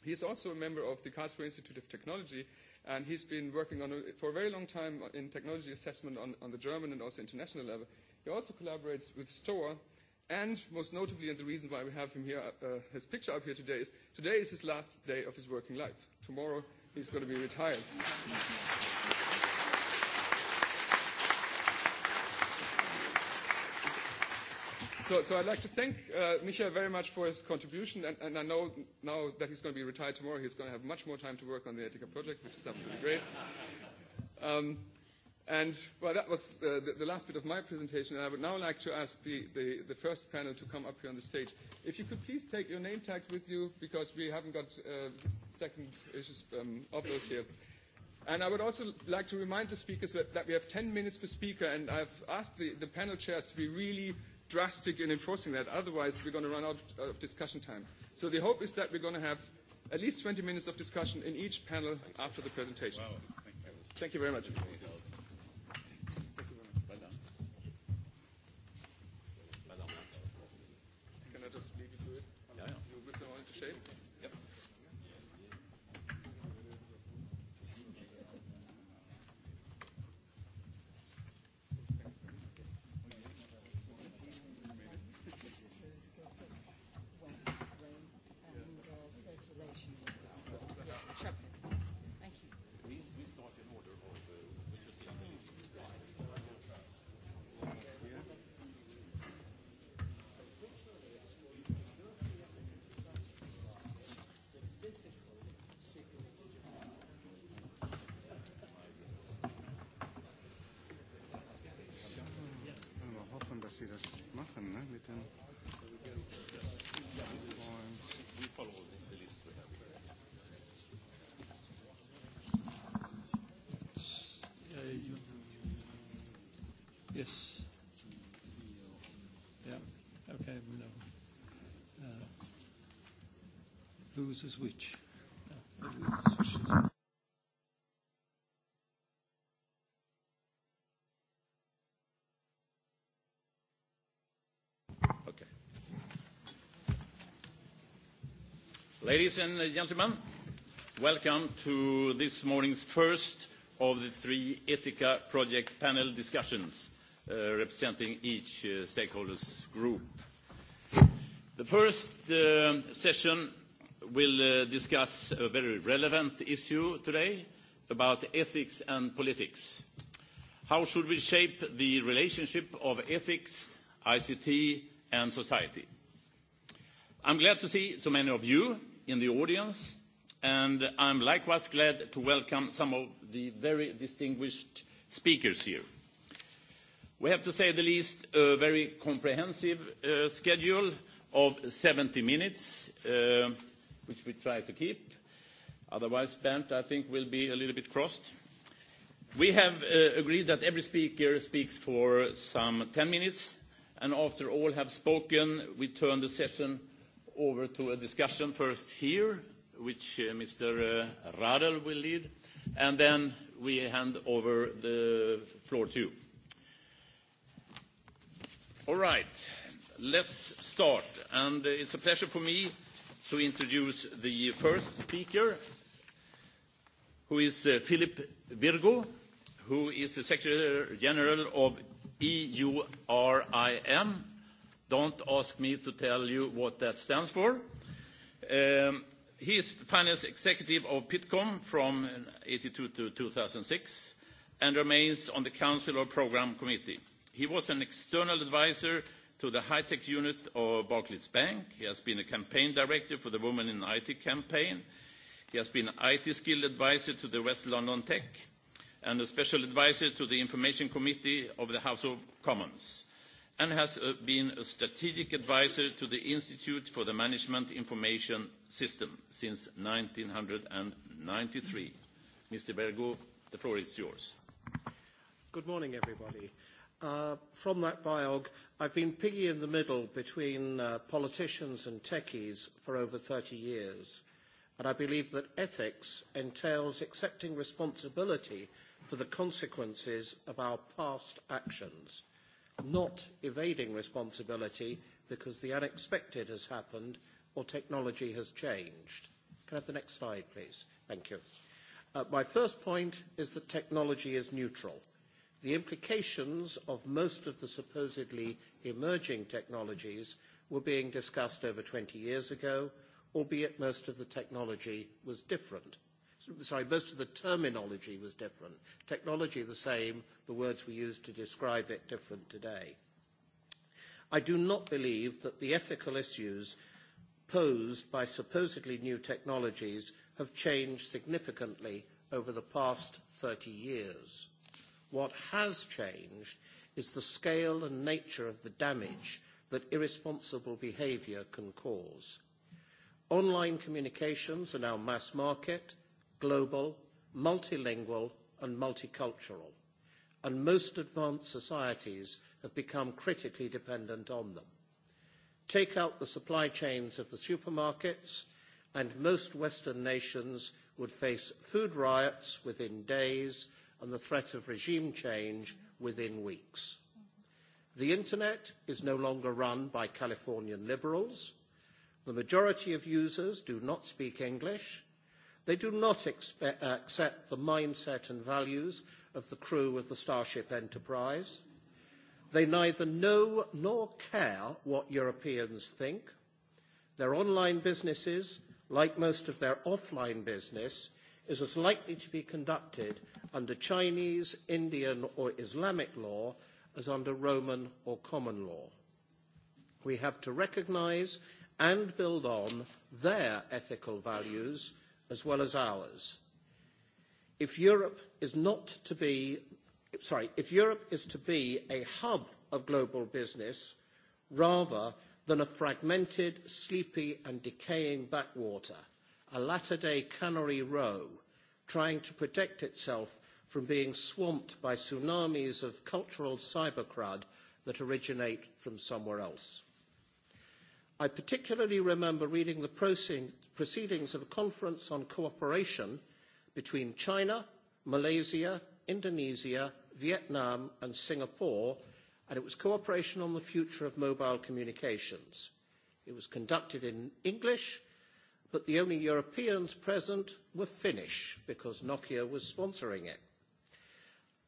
He is also a member of the Karlsruhe Institute of Technology, and he's been working on for a very long time in technology assessment on, the German and also international level. He also collaborates with STOA, and most notably, and the reason why we have him here, his picture up here today is today is his last day of his working life. Tomorrow he's going to be retired. So, so I'd like to thank uh, Michael very much for his contribution, and, and I know now that he's going to be retired tomorrow, he's going to have much more time to work on the Etica project, which is absolutely great. Um, and, well, that was uh, the, the last bit of my presentation, and I would now like to ask the, the, the first panel to come up here on the stage. If you could please take your name tags with you, because we haven't got uh, second issues um, of those here. And I would also like to remind the speakers that, that we have 10 minutes per speaker, and I've asked the, the panel chairs to be really drastic in enforcing that. Otherwise, we're going to run out of discussion time. So the hope is that we're going to have at least 20 minutes of discussion in each panel after the presentation. Thank you very much. loses which. Okay. Ladies and gentlemen, welcome to this morning's first of the three Ethica project panel discussions representing each stakeholders group. The first session will discuss a very relevant issue today about ethics and politics. How should we shape the relationship of ethics, ICT and society? I'm glad to see so many of you in the audience and I'm likewise glad to welcome some of the very distinguished speakers here. We have to say the least a very comprehensive schedule of 70 minutes which we try to keep. Otherwise, Bernd, I think, will be a little bit crossed. We have agreed that every speaker speaks for some 10 minutes, and after all have spoken, we turn the session over to a discussion first here, which Mr. Radel will lead, and then we hand over the floor to you. All right, let's start. And it's a pleasure for me to introduce the first speaker, who is Philip Virgo, who is the Secretary General of EURIM. Don't ask me to tell you what that stands for. He is Finance Executive of Pitcom from 82 to 2006 and remains on the Council of Program Committee. He was an external advisor to the high-tech unit of Barclays Bank. He has been a campaign director for the Women in IT campaign. He has been IT skilled advisor to the West London Tech and a special advisor to the Information Committee of the House of Commons and has been a strategic advisor to the Institute for the Management Information System since 1993. Mr. Bergo, the floor is yours. Good morning, everybody. From that biog, I've been piggy in the middle between politicians and techies for over 30 years, and I believe that ethics entails accepting responsibility for the consequences of our past actions, not evading responsibility because the unexpected has happened or technology has changed. Can I have the next slide, please? Thank you. My first point is that technology is neutral the implications of most of the supposedly emerging technologies were being discussed over 20 years ago, albeit most of the technology was different. Sorry, most of the terminology was different. Technology the same, the words we use to describe it different today. I do not believe that the ethical issues posed by supposedly new technologies have changed significantly over the past 30 years. What has changed is the scale and nature of the damage that irresponsible behaviour can cause. Online communications are now mass market, global, multilingual and multicultural, and most advanced societies have become critically dependent on them. Take out the supply chains of the supermarkets and most Western nations would face food riots within days and the threat of regime change within weeks. The Internet is no longer run by Californian liberals. The majority of users do not speak English. They do not accept the mindset and values of the crew of the Starship Enterprise. They neither know nor care what Europeans think. Their online businesses, like most of their offline business, is as likely to be conducted under Chinese, Indian or Islamic law as under Roman or common law. We have to recognise and build on their ethical values as well as ours. If Europe is if Europe is to be a hub of global business rather than a fragmented, sleepy and decaying backwater, a latter-day Cannery Row, trying to protect itself from being swamped by tsunamis of cultural cybercrud that originate from somewhere else. I particularly remember reading the proceedings of a conference on cooperation between China, Malaysia, Indonesia, Vietnam and Singapore, and it was cooperation on the future of mobile communications. It was conducted in English but the only Europeans present were Finnish because Nokia was sponsoring it.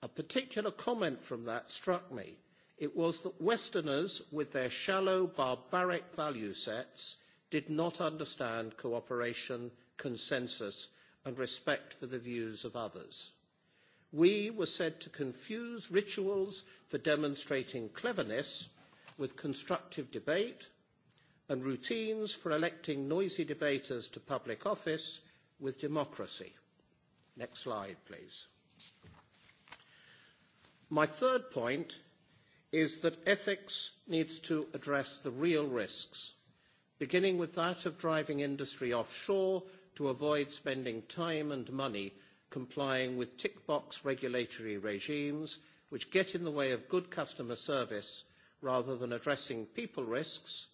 A particular comment from that struck me. It was that Westerners, with their shallow, barbaric value sets, did not understand cooperation, consensus and respect for the views of others. We were said to confuse rituals for demonstrating cleverness with constructive debate and routines for electing noisy debaters to public office with democracy. Next slide, please. My third point is that ethics needs to address the real risks, beginning with that of driving industry offshore to avoid spending time and money complying with tick box regulatory regimes which get in the way of good customer service rather than addressing people risks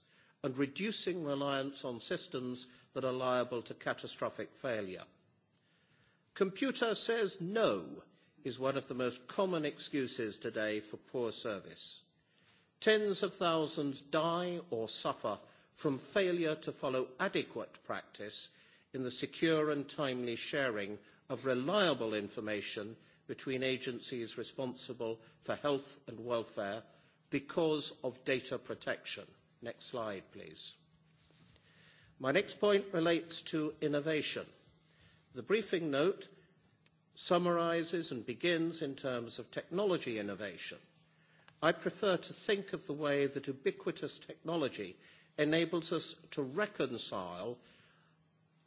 and reducing reliance on systems that are liable to catastrophic failure. Computer says no is one of the most common excuses today for poor service. Tens of thousands die or suffer from failure to follow adequate practice in the secure and timely sharing of reliable information between agencies responsible for health and welfare because of data protection. Next slide, please. My next point relates to innovation. The briefing note summarises and begins in terms of technology innovation. I prefer to think of the way that ubiquitous technology enables us to reconcile,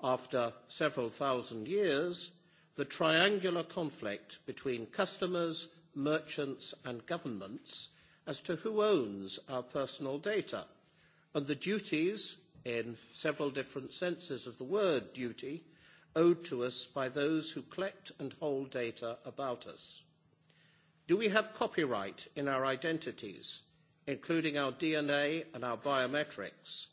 after several thousand years, the triangular conflict between customers, merchants and governments as to who owns our personal data and the duties in several different senses of the word duty owed to us by those who collect and hold data about us. Do we have copyright in our identities, including our DNA and our biometrics?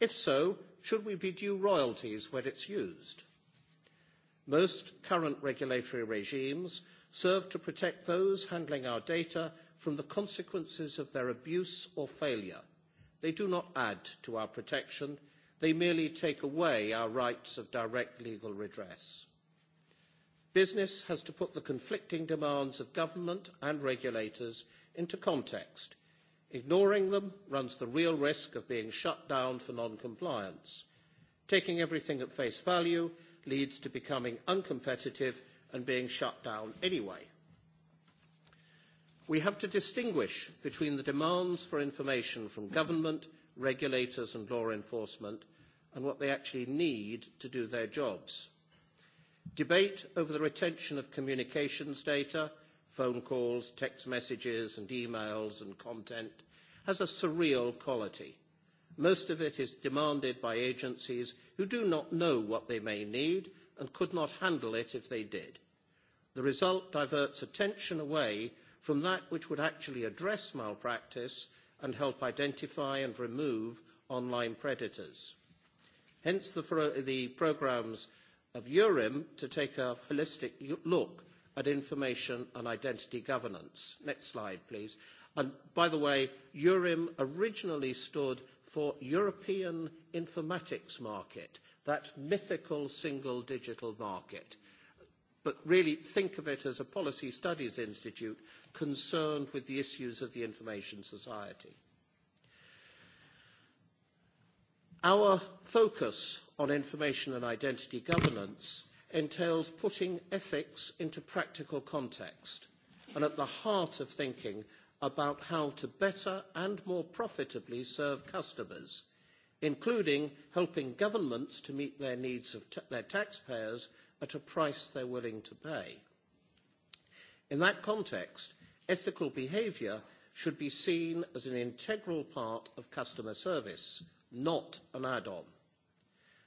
If so, should we be due royalties when it's used? Most current regulatory regimes serve to protect those handling our data from the consequences of their abuse or failure They do not add to our protection. They merely take away our rights of direct legal redress. Business has to put the conflicting demands of government and regulators into context. Ignoring them runs the real risk of being shut down for non-compliance. Taking everything at face value leads to becoming uncompetitive and being shut down anyway. We have to distinguish between the demands for information from government, regulators and law enforcement and what they actually need to do their jobs. Debate over the retention of communications data, phone calls, text messages and emails and content has a surreal quality. Most of it is demanded by agencies who do not know what they may need and could not handle it if they did. The result diverts attention away from that which would actually address malpractice and help identify and remove online predators. Hence the programmes of EURIM to take a holistic look at information and identity governance. Next slide, please. And by the way, EURIM originally stood for European Informatics Market, that mythical single digital market but really think of it as a policy studies institute concerned with the issues of the information society. Our focus on information and identity governance entails putting ethics into practical context and at the heart of thinking about how to better and more profitably serve customers, including helping governments to meet their needs of their taxpayers at a price they're willing to pay. In that context, ethical behaviour should be seen as an integral part of customer service, not an add-on.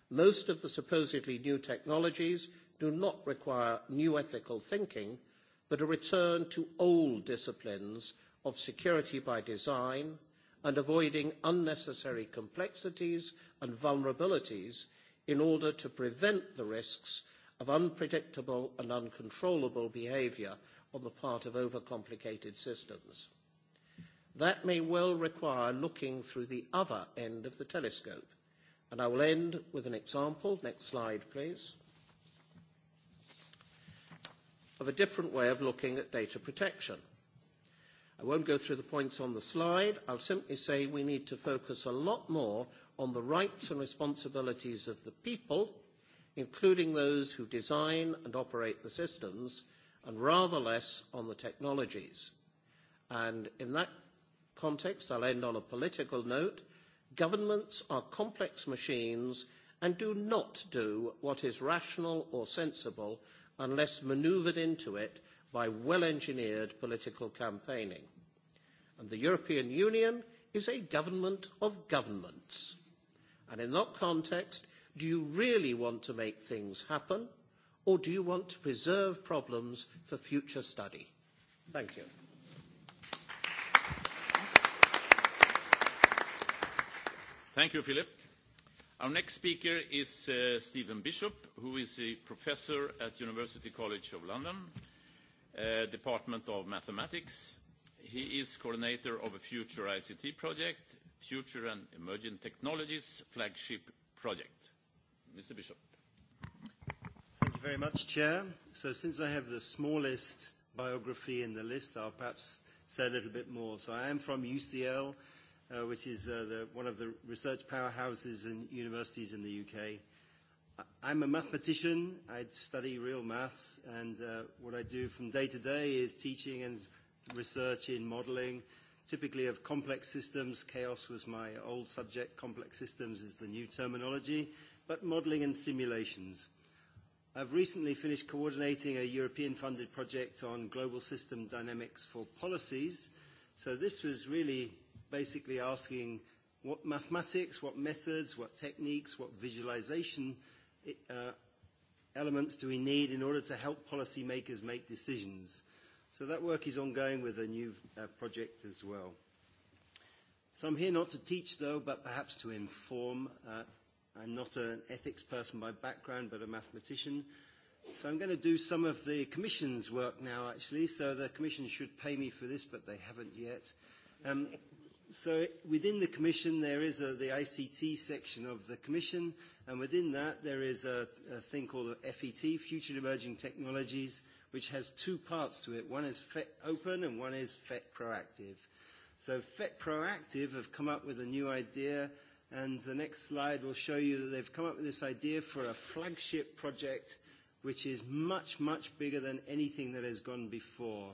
Most of the supposedly new technologies do not require new ethical thinking, but a return to old disciplines of security by design and avoiding unnecessary complexities and vulnerabilities in order to prevent the risks of unpredictable and uncontrollable behaviour on the part of overcomplicated systems. That may well require looking through the other end of the telescope, and I will end with an example next slide please of a different way of looking at data protection. I won't go through the points on the slide. I'll simply say we need to focus a lot more on the rights and responsibilities of the people including those who design and operate the systems, and rather less on the technologies. And in that context, I'll end on a political note. Governments are complex machines and do not do what is rational or sensible unless manoeuvred into it by well-engineered political campaigning. And the European Union is a government of governments. And in that context, Do you really want to make things happen, or do you want to preserve problems for future study? Thank you. Thank you, Philip. Our next speaker is Stephen Bishop, who is a professor at University College of London, Department of Mathematics. He is coordinator of a future ICT project, Future and Emerging Technologies flagship project. Mr. Bishop. Thank you very much, Chair. So since I have the smallest biography in the list, I'll perhaps say a little bit more. So I am from UCL, which is the one of the research powerhouses and universities in the UK. I'm a mathematician. I study real maths, and what I do from day to day is teaching and research in modeling, typically of complex systems. Chaos was my old subject. Complex systems is the new terminology but modelling and simulations. I've recently finished coordinating a European-funded project on global system dynamics for policies. So this was really basically asking what mathematics, what methods, what techniques, what visualization elements do we need in order to help policymakers make decisions. So that work is ongoing with a new project as well. So I'm here not to teach, though, but perhaps to inform I'm not an ethics person by background, but a mathematician. So I'm going to do some of the Commission's work now, actually. So the Commission should pay me for this, but they haven't yet. So within the Commission, there is the ICT section of the Commission, and within that, there is a thing called the FET, Future Emerging Technologies, which has two parts to it. One is FET Open and one is FET Proactive. So FET Proactive have come up with a new idea And the next slide will show you that they've come up with this idea for a flagship project which is much, much bigger than anything that has gone before.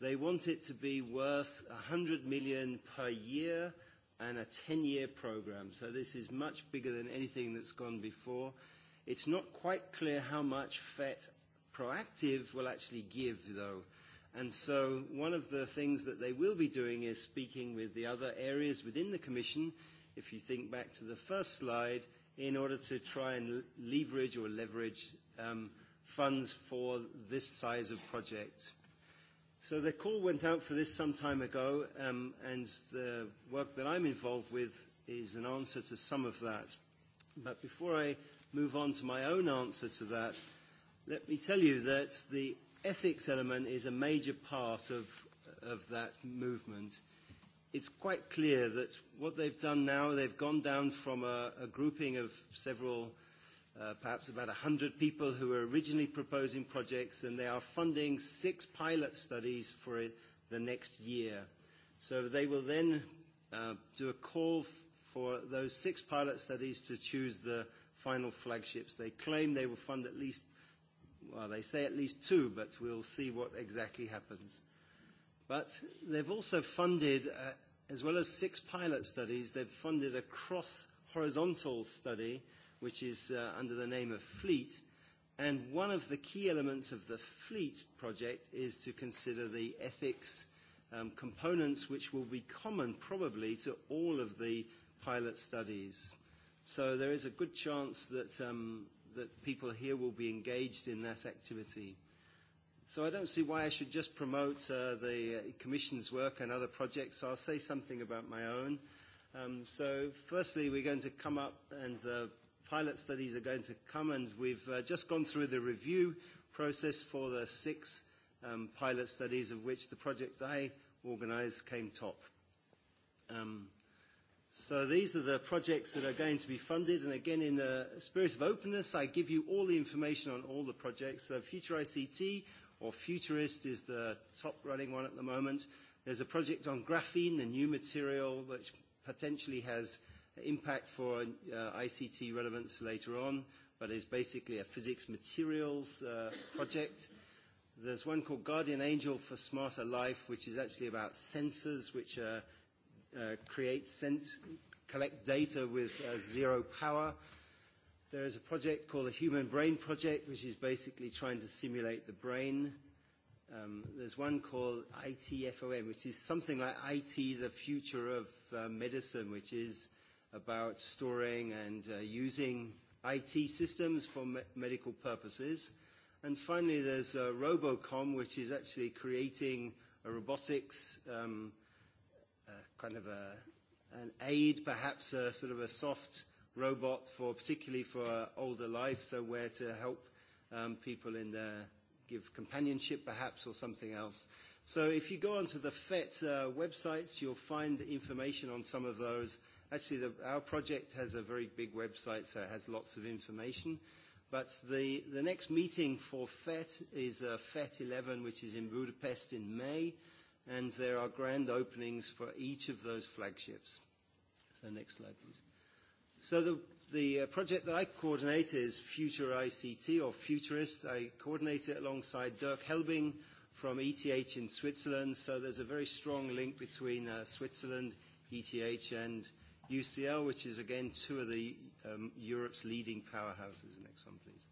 They want it to be worth 100 million per year and a 10-year program. So this is much bigger than anything that's gone before. It's not quite clear how much FET proactive will actually give, though. And so one of the things that they will be doing is speaking with the other areas within the Commission – if you think back to the first slide, in order to try and leverage or leverage funds for this size of project. So the call went out for this some time ago, and the work that I'm involved with is an answer to some of that. But before I move on to my own answer to that, let me tell you that the ethics element is a major part of that movement it's quite clear that what they've done now, they've gone down from a, a grouping of several, uh, perhaps about 100 people who were originally proposing projects, and they are funding six pilot studies for the next year. So they will then uh, do a call for those six pilot studies to choose the final flagships. They claim they will fund at least, well, they say at least two, but we'll see what exactly happens. But they've also funded, as well as six pilot studies, they've funded a cross-horizontal study, which is under the name of FLEET. And one of the key elements of the FLEET project is to consider the ethics components which will be common probably to all of the pilot studies. So there is a good chance that people here will be engaged in that activity. So I don't see why I should just promote the Commission's work and other projects, so I'll say something about my own. So firstly, we're going to come up and the pilot studies are going to come, and we've just gone through the review process for the six pilot studies, of which the project I organised came top. So these are the projects that are going to be funded, and again, in the spirit of openness, I give you all the information on all the projects. So Future ICT or Futurist is the top running one at the moment. There's a project on graphene, the new material, which potentially has impact for ICT relevance later on, but is basically a physics materials project. There's one called Guardian Angel for Smarter Life, which is actually about sensors which create sense collect data with zero power. There is a project called the Human Brain Project, which is basically trying to simulate the brain. There's one called ITFOM, which is something like IT, the future of medicine, which is about storing and using IT systems for medical purposes. And finally, there's Robocom, which is actually creating a robotics kind of an aid, perhaps a sort of a soft robot for particularly for older life, so where to help people in their give companionship perhaps or something else. So if you go onto the FET websites, you'll find information on some of those. Actually, our project has a very big website, so it has lots of information. But the next meeting for FET is FET 11, which is in Budapest in May, and there are grand openings for each of those flagships. So next slide, please. So the the project that I coordinate is Future ICT or Futurist. I coordinate it alongside Dirk Helbing from ETH in Switzerland. So there's a very strong link between Switzerland, ETH, and UCL, which is again two of the Europe's leading powerhouses. Next one, please.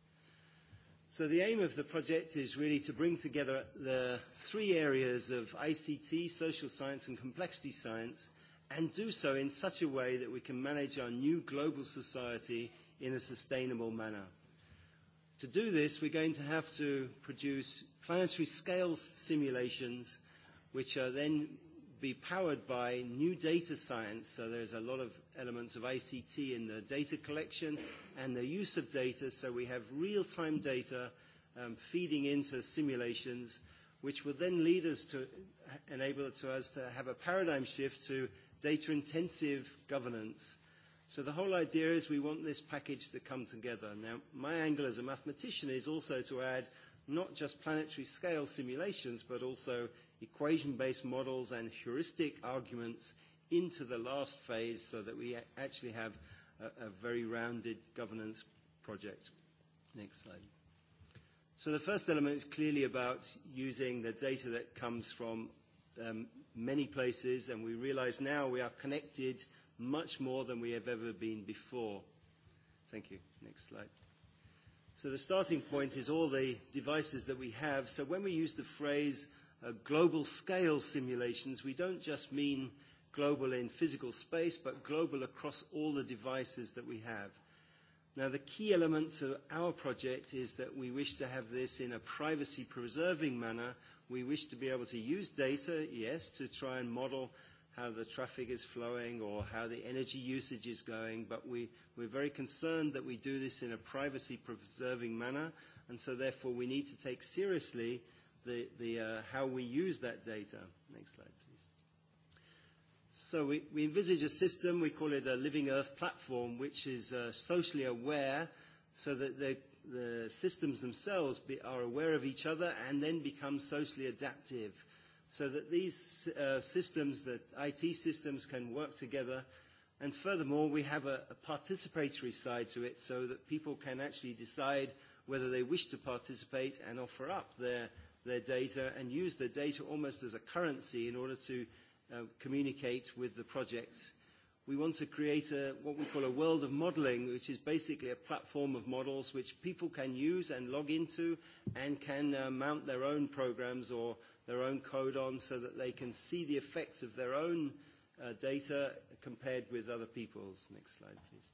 So the aim of the project is really to bring together the three areas of ICT, social science, and complexity science and do so in such a way that we can manage our new global society in a sustainable manner. To do this, we're going to have to produce planetary scale simulations, which are then be powered by new data science. So there's a lot of elements of ICT in the data collection and the use of data. So we have real-time data feeding into simulations, which will then lead us to enable us to have a paradigm shift to data-intensive governance. So the whole idea is we want this package to come together. Now, my angle as a mathematician is also to add not just planetary scale simulations, but also equation-based models and heuristic arguments into the last phase so that we actually have a very rounded governance project. Next slide. So the first element is clearly about using the data that comes from many places, and we realize now we are connected much more than we have ever been before. Thank you. Next slide. So the starting point is all the devices that we have. So when we use the phrase global scale simulations, we don't just mean global in physical space, but global across all the devices that we have. Now, the key element to our project is that we wish to have this in a privacy-preserving manner We wish to be able to use data, yes, to try and model how the traffic is flowing or how the energy usage is going, but we we're very concerned that we do this in a privacy-preserving manner, and so therefore we need to take seriously the the how we use that data. Next slide, please. So we we envisage a system, we call it a Living Earth platform, which is socially aware so that the the systems themselves are aware of each other and then become socially adaptive so that these systems, that IT systems can work together. And furthermore, we have a participatory side to it so that people can actually decide whether they wish to participate and offer up their their data and use their data almost as a currency in order to communicate with the projects we want to create a, what we call a world of modeling, which is basically a platform of models which people can use and log into and can mount their own programs or their own code on so that they can see the effects of their own data compared with other people's. Next slide, please.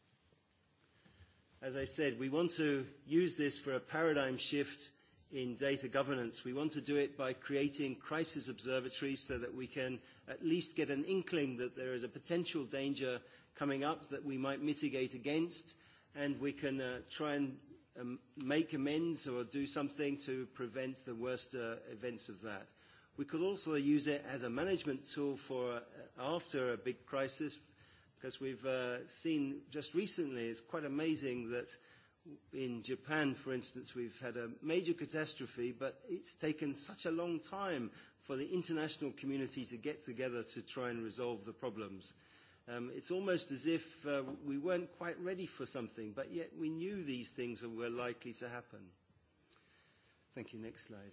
As I said, we want to use this for a paradigm shift in data governance. We want to do it by creating crisis observatories so that we can at least get an inkling that there is a potential danger coming up that we might mitigate against, and we can try and make amends or do something to prevent the worst events of that. We could also use it as a management tool for after a big crisis, because we've seen just recently, it's quite amazing that in Japan, for instance, we've had a major catastrophe, but it's taken such a long time for the international community to get together to try and resolve the problems. It's almost as if we weren't quite ready for something, but yet we knew these things were likely to happen. Thank you. Next slide.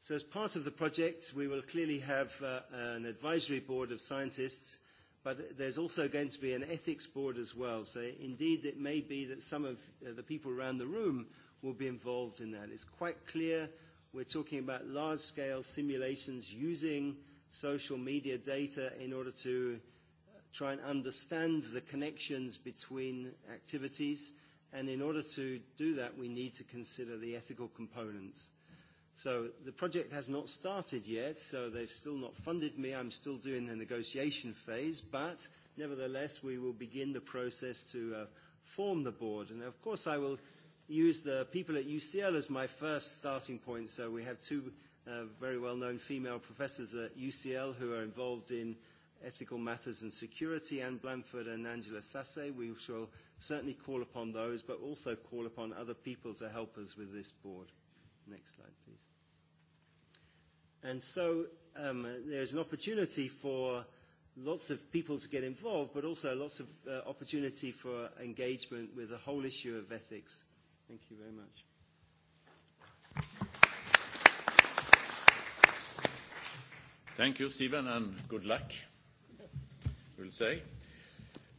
So as part of the project, we will clearly have an advisory board of scientists But there's also going to be an ethics board as well. So indeed, it may be that some of the people around the room will be involved in that. It's quite clear we're talking about large-scale simulations using social media data in order to try and understand the connections between activities. And in order to do that, we need to consider the ethical components. So the project has not started yet, so they've still not funded me. I'm still doing the negotiation phase, but nevertheless, we will begin the process to form the board. And of course, I will use the people at UCL as my first starting point. So we have two very well-known female professors at UCL who are involved in ethical matters and security, Anne Blanford and Angela Sasse. We shall certainly call upon those, but also call upon other people to help us with this board. Next slide, please. And so there's an opportunity for lots of people to get involved, but also lots of opportunity for engagement with the whole issue of ethics. Thank you very much. Thank you, Stephen, and good luck, we'll say.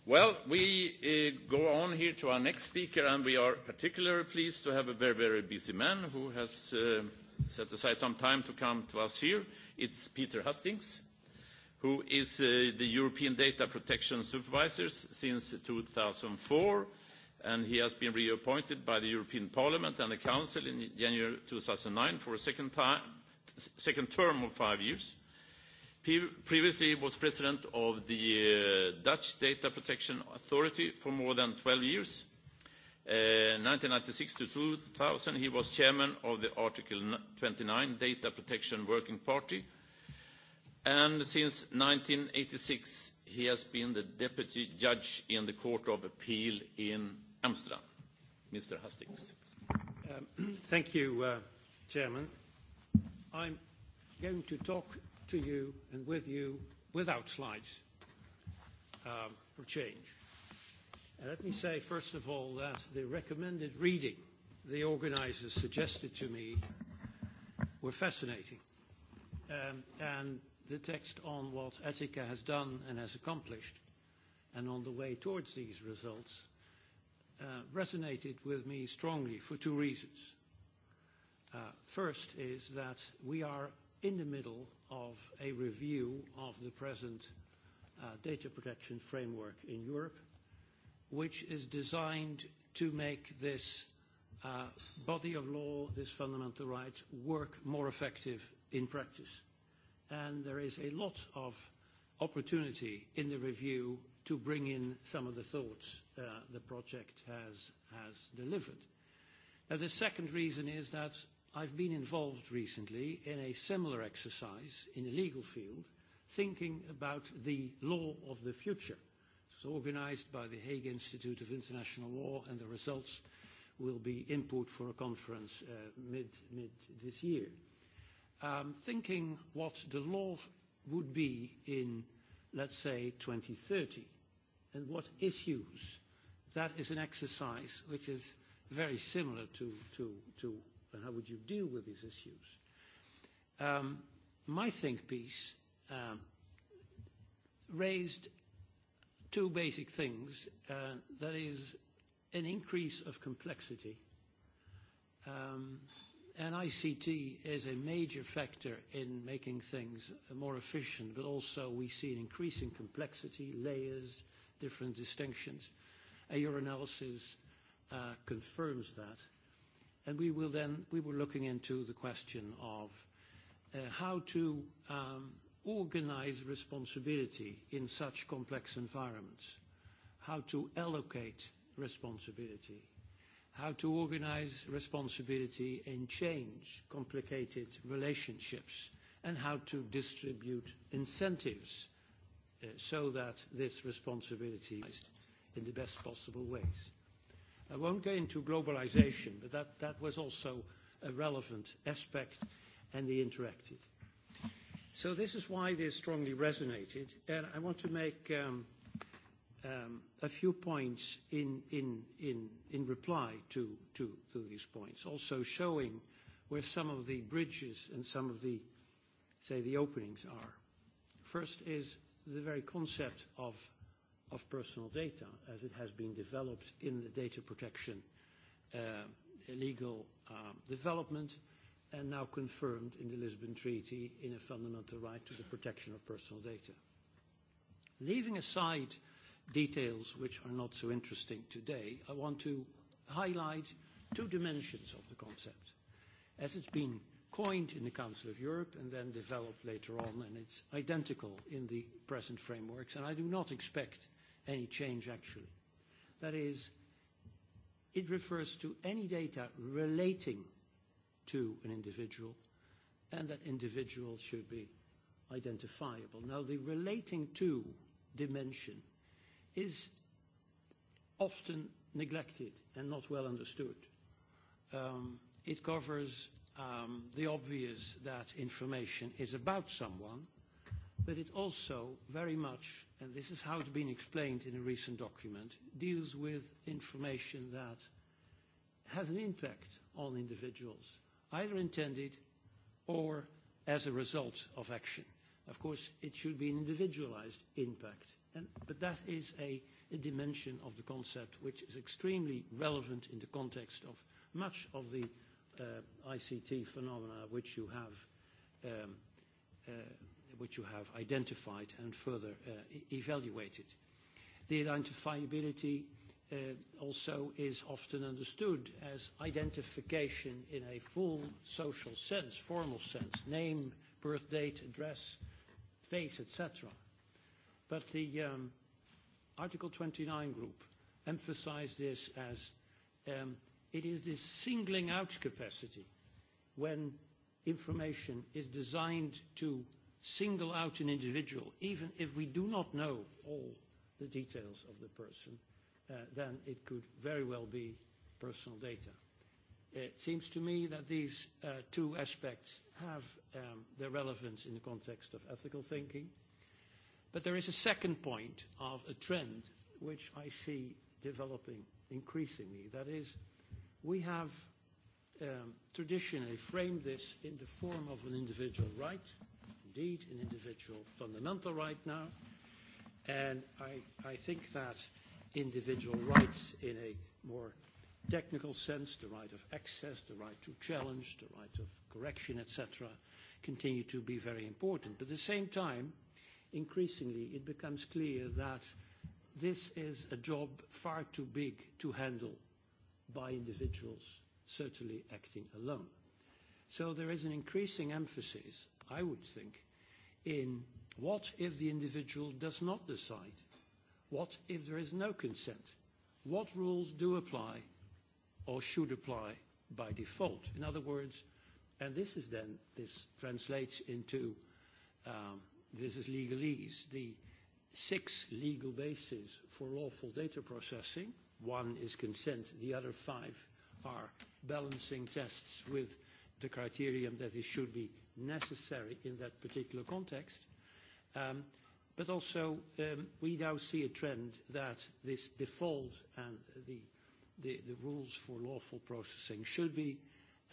Well, we go on here to our next speaker, and we are particularly pleased to have a very, very busy man who has set aside some time to come to us here. It's Peter Hastings, who is the European Data Protection Supervisor since 2004, and he has been reappointed by the European Parliament and the Council in January 2009 for a second term of five years Previously was president of the Dutch Data Protection Authority for more than 12 years. 1996 to 2000 he was chairman of the Article 29 Data Protection Working Party. And since 1986 he has been the deputy judge in the Court of Appeal in Amsterdam. Mr. Hastings. Thank you, Chairman. I'm going to talk to you and with you without slides for change. let me say, first of all, that the recommended reading the organizers suggested to me were fascinating. And the text on what Etica has done and has accomplished and on the way towards these results resonated with me strongly for two reasons. First is that we are in the middle of a review of the present data protection framework in Europe, which is designed to make this body of law, this fundamental right, work more effective in practice. And there is a lot of opportunity in the review to bring in some of the thoughts the project has delivered. Now, the second reason is that I've been involved recently in a similar exercise in the legal field, thinking about the law of the future. It's organized by the Hague Institute of International Law, and the results will be input for a conference mid this year. Um Thinking what the law would be in, let's say, 2030, and what issues. That is an exercise which is very similar to to to and how would you deal with these issues? Um, my think piece um, raised two basic things. that is an increase of complexity. Um, and ICT is a major factor in making things more efficient, but also we see an increase in complexity, layers, different distinctions. Your analysis confirms that we will then, we were looking into the question of how to organize responsibility in such complex environments, how to allocate responsibility, how to organize responsibility and change complicated relationships, and how to distribute incentives so that this responsibility is in the best possible ways. I won't go into globalization, but that, that was also a relevant aspect, and they interacted. So this is why this strongly resonated, and I want to make a few points in, reply to these points, also showing where some of the bridges and some of the, say, the openings are. First is the very concept of of personal data as it has been developed in the data protection legal development and now confirmed in the Lisbon Treaty in a fundamental right to the protection of personal data. Leaving aside details which are not so interesting today, I want to highlight two dimensions of the concept, as it's been coined in the Council of Europe and then developed later on, and it's identical in the present frameworks, and I do not expect any change actually. That is, it refers to any data relating to an individual and that individual should be identifiable. Now, the relating to dimension is often neglected and not well understood. It covers the obvious that information is about someone, but it also very much, and this is how it's been explained in a recent document, deals with information that has an impact on individuals, either intended or as a result of action. Of course, it should be an individualized impact, but that is a dimension of the concept which is extremely relevant in the context of much of the ICT phenomena which you have which you have identified and further evaluated. The identifiability also is often understood as identification in a full social sense, formal sense, name, birth date, address, face, etc. But the Article 29 group emphasized this as it is this singling out capacity when information is designed to single out an individual, even if we do not know all the details of the person, then it could very well be personal data. It seems to me that these two aspects have their relevance in the context of ethical thinking. But there is a second point of a trend which I see developing increasingly. That is, we have traditionally framed this in the form of an individual right, indeed an individual fundamental right now. And I think that individual rights in a more technical sense, the right of access, the right to challenge, the right of correction, etc., continue to be very important. But at the same time, increasingly, it becomes clear that this is a job far too big to handle by individuals, certainly acting alone. So there is an increasing emphasis, I would think, in what if the individual does not decide? What if there is no consent? What rules do apply or should apply by default? In other words, and this is then, this translates into, this is legalese, the six legal bases for lawful data processing. One is consent. The other five are balancing tests with the criterion that it should be necessary in that particular context. But also, we now see a trend that this default and the rules for lawful processing should be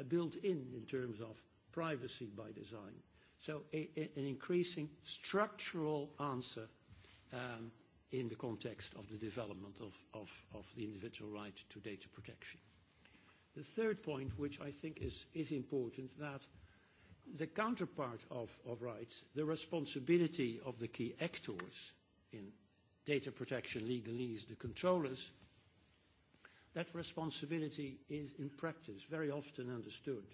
built in in terms of privacy by design. So an increasing structural answer in the context of the development of the individual right to data protection. The third point, which I think is important, that the counterpart of, of rights, the responsibility of the key actors in data protection, legalese, the controllers, that responsibility is in practice very often understood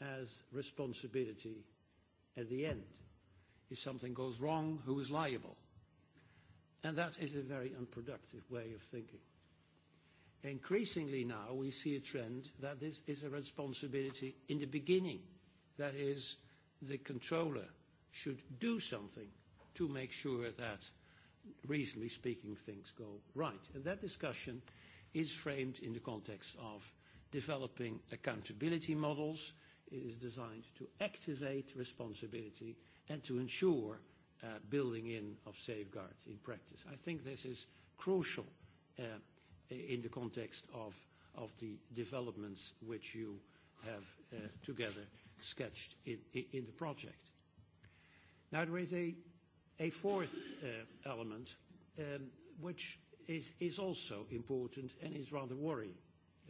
as responsibility at the end. If something goes wrong, who is liable? And that is a very unproductive way of thinking. Increasingly now, we see a trend that this is a responsibility in the beginning that is the controller should do something to make sure that, reasonably speaking, things go right. And that discussion is framed in the context of developing accountability models. It is designed to activate responsibility and to ensure building in of safeguards in practice. I think this is crucial in the context of the developments which you have together sketched in the project. Now, there is a fourth element which is also important and is rather worrying,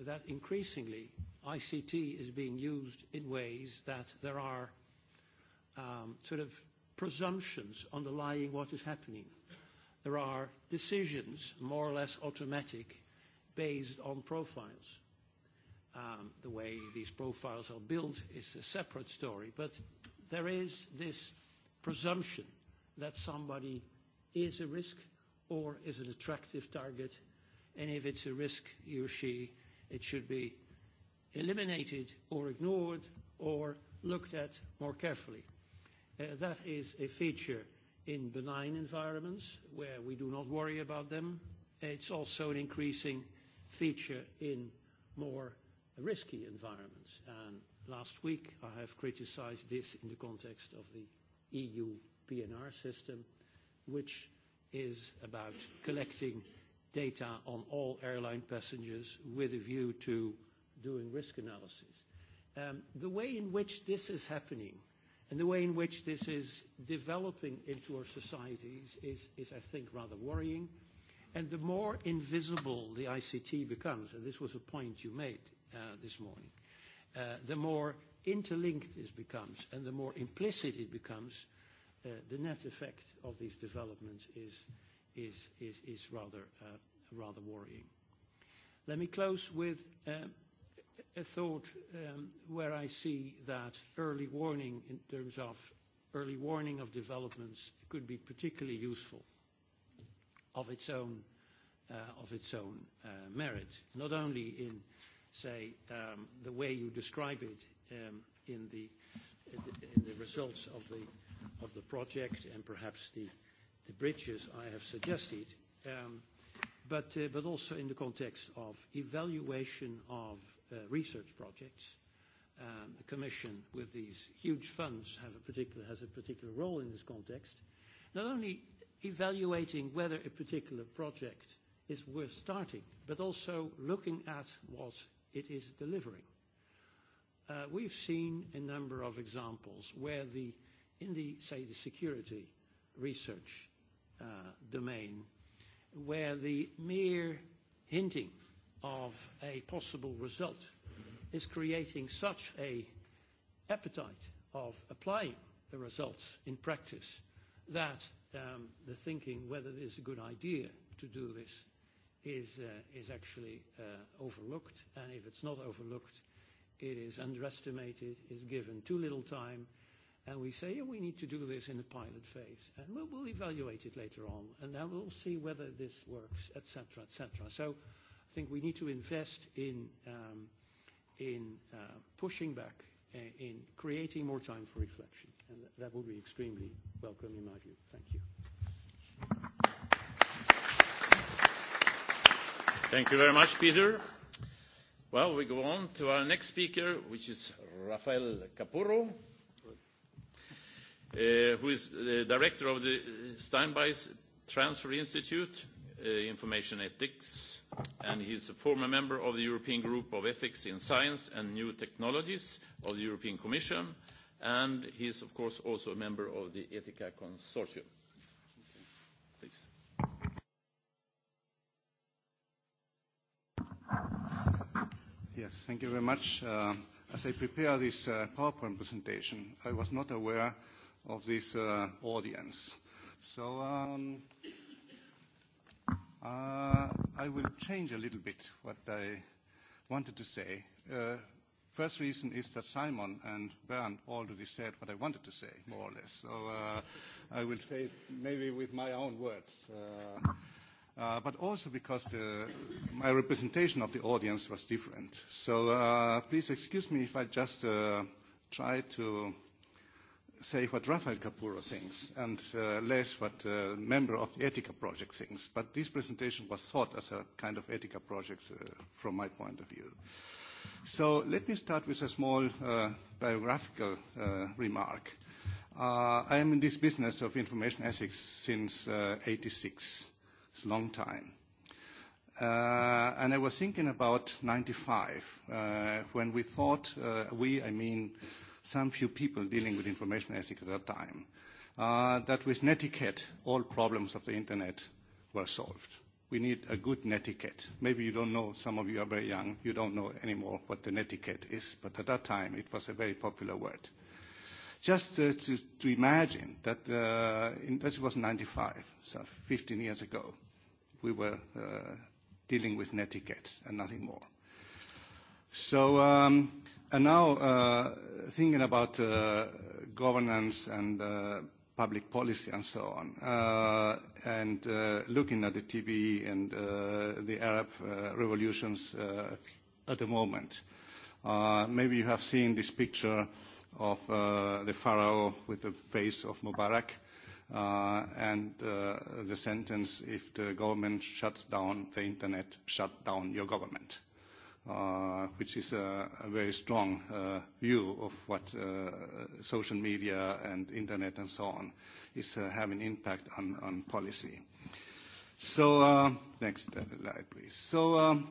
that increasingly ICT is being used in ways that there are sort of presumptions underlying what is happening. There are decisions, more or less automatic, based on profiles the way these profiles are built is a separate story. But there is this presumption that somebody is a risk or is an attractive target, and if it's a risk, he or she, it should be eliminated or ignored or looked at more carefully. That is a feature in benign environments where we do not worry about them. It's also an increasing feature in more risky environments. And last week I have criticized this in the context of the EU PNR system, which is about collecting data on all airline passengers with a view to doing risk analysis. The way in which this is happening and the way in which this is developing into our societies is, is I think, rather worrying. And the more invisible the ICT becomes, and this was a point you made, this morning, the more interlinked this becomes and the more implicit it becomes, the net effect of these developments is is is rather rather worrying. Let me close with a thought where I see that early warning in terms of early warning of developments could be particularly useful of its own of its own merit, not only in say, the way you describe it in the in the results of the of the project and perhaps the the bridges I have suggested, but but also in the context of evaluation of research projects. The Commission, with these huge funds, have a particular has a particular role in this context. Not only evaluating whether a particular project is worth starting, but also looking at what it is delivering. We've seen a number of examples where the, in the, say, the security research domain, where the mere hinting of a possible result is creating such a appetite of applying the results in practice that the thinking whether it is a good idea to do this is is actually overlooked and if it's not overlooked it is underestimated is given too little time and we say "Yeah, we need to do this in a pilot phase and we'll we'll evaluate it later on and then we'll see whether this works etc etc so i think we need to invest in um in pushing back in creating more time for reflection and that will be extremely welcome in my view thank you Thank you very much, Peter. Well, we go on to our next speaker, which is Rafael Capurro, who is the director of the Steinbeis Transfer Institute, Information Ethics, and he is a former member of the European Group of Ethics in Science and New Technologies of the European Commission, and he is, of course, also a member of the Ethica Consortium. Please. Yes, thank you very much. As I prepare this PowerPoint presentation, I was not aware of this audience. So um I will change a little bit what I wanted to say. First reason is that Simon and Bernd already said what I wanted to say, more or less. So I will say maybe with my own words but also because the, my representation of the audience was different. So uh, please excuse me if I just uh, try to say what Rafael Capuro thinks and uh, less what a member of the Ethica Project thinks. But this presentation was thought as a kind of Ethica Project uh, from my point of view. So let me start with a small uh, biographical uh, remark. Uh, I am in this business of information ethics since uh, 86 long time. And I was thinking about 95, when we thought, we, I mean, some few people dealing with information ethics at that time, that with netiquette, all problems of the Internet were solved. We need a good netiquette. Maybe you don't know, some of you are very young, you don't know anymore what the netiquette is, but at that time it was a very popular word. Just to imagine that, that was 95, so 15 years ago we were dealing with netiquette and nothing more. So, and now thinking about governance and public policy and so on, and looking at the TV and the Arab revolutions at the moment. Maybe you have seen this picture of the pharaoh with the face of Mubarak and the sentence, if the government shuts down the internet, shut down your government, which is a very strong view of what social media and internet and so on is having impact on policy. So, next slide, please. So,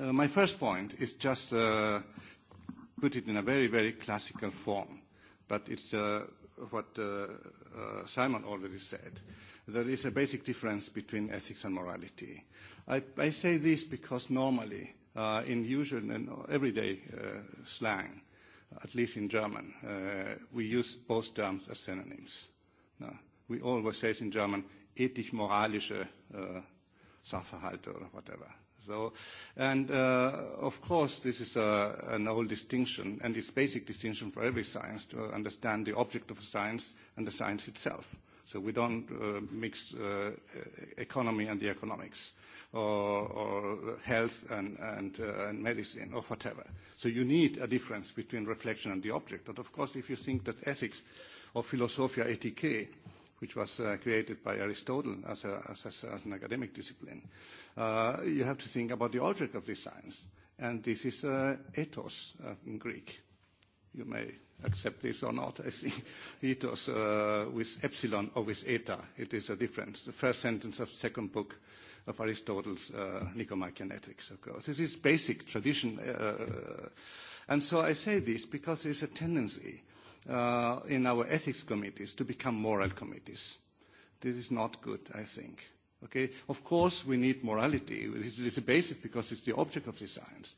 my first point is just put it in a very, very classical form, but it's what Simon already said. There is a basic difference between ethics and morality. I say this because normally, in usual and everyday slang, at least in German, we use both terms as synonyms. We always say in German, ethisch-moralische Sachverhalte or whatever. So, and of course, this is an old distinction, and it's basic distinction for every science to understand the object of science and the science itself. So we don't mix economy and the economics, or health and and medicine, or whatever. So you need a difference between reflection and the object. But of course, if you think that ethics or philosophia etique which was created by Aristotle as an academic discipline. You have to think about the object of this science, and this is ethos in Greek. You may accept this or not. I see ethos with epsilon or with eta, it is a difference. The first sentence of the second book of Aristotle's Nicomachean Ethics, of course. This is basic tradition. And so I say this because there is a tendency in our ethics committees to become moral committees. This is not good, I think. Okay? Of course, we need morality. This is basic because it's the object of the science.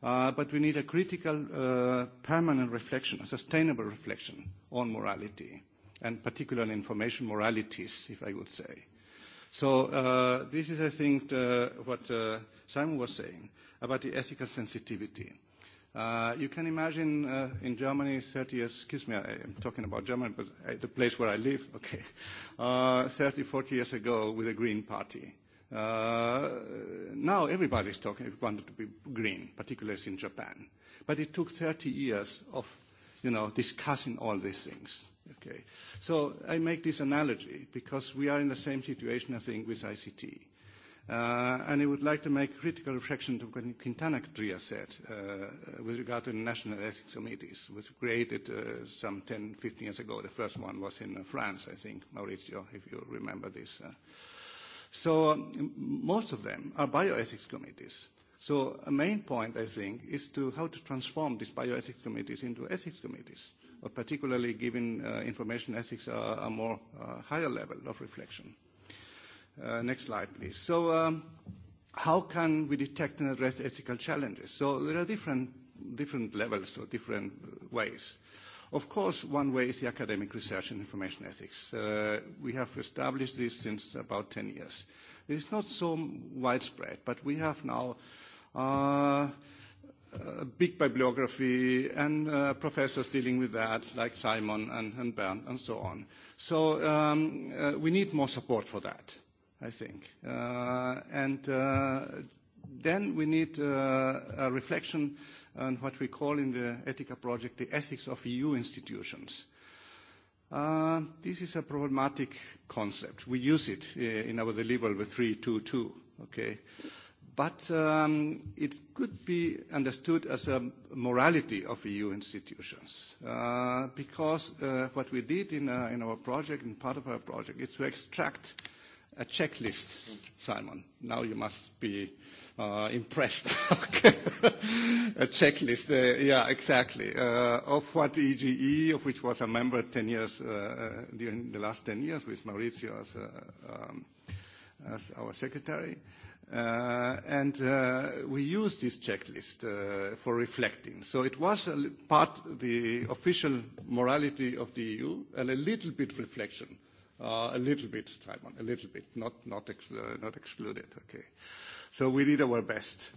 But we need a critical, permanent reflection, a sustainable reflection on morality, and particularly information moralities, if I would say. So this is, I think, what Simon was saying about the ethical sensitivity. You can imagine in Germany 30 years, excuse me, I I'm talking about Germany, but the place where I live, okay, 30, 40 years ago with a Green Party. Now everybody's talking, wanted to be green, particularly in Japan. But it took 30 years of, you know, discussing all these things. Okay. So I make this analogy because we are in the same situation, I think, with ICT. And I would like to make critical reflection to what Quintana Tria said with regard to national ethics committees, which created some 10, 15 years ago. The first one was in France, I think, Maurizio, if you remember this. So most of them are bioethics committees. So a main point, I think, is to how to transform these bioethics committees into ethics committees, or particularly given information ethics are a more higher level of reflection. Next slide, please. So how can we detect and address ethical challenges? So there are different different levels or different ways. Of course, one way is the academic research in information ethics. We have established this since about 10 years. It is not so widespread, but we have now a big bibliography and professors dealing with that, like Simon and Bernd and so on. So we need more support for that. I think. And then we need a reflection on what we call in the ETHICA project the ethics of EU institutions. This is a problematic concept. We use it in our deliverable with 322, okay? But it could be understood as a morality of EU institutions, because what we did in our project, in part of our project, is to extract a checklist, Simon. Now you must be impressed. A checklist, yeah, exactly, of what EGE, of which was a member 10 years, during the last 10 years with Maurizio as as our secretary. And we used this checklist for reflecting. So it was a part of the official morality of the EU and a little bit reflection a little bit, Taiwan, a little bit, not not not excluded. Okay, so we did our best.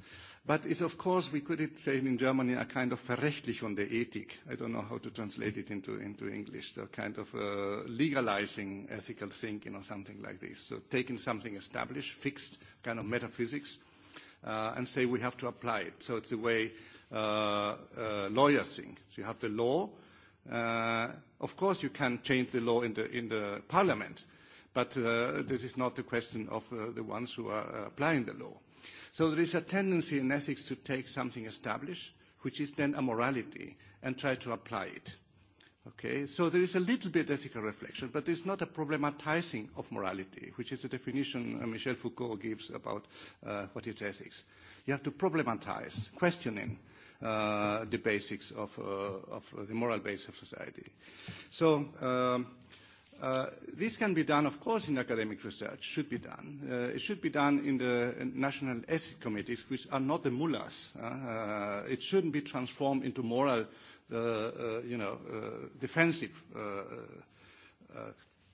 But it's, of course, we could say in Germany, a kind of Verrechtlichung der Ethik. I don't know how to translate it into, into English. The kind of legalizing ethical thinking or something like this. So taking something established, fixed, kind of metaphysics, and say we have to apply it. So it's the way lawyers think. So you have the law, Of course, you can change the law in the in the parliament, but this is not the question of the ones who are applying the law. So there is a tendency in ethics to take something established, which is then a morality, and try to apply it. Okay, so there is a little bit ethical reflection, but it's not a problematizing of morality, which is the definition Michel Foucault gives about what is ethics. You have to problematize, questioning the basics of the moral base of society. So this can be done, of course, in academic research, should be done. It should be done in the national ethics committees, which are not the mullahs. It shouldn't be transformed into moral, you know, defensive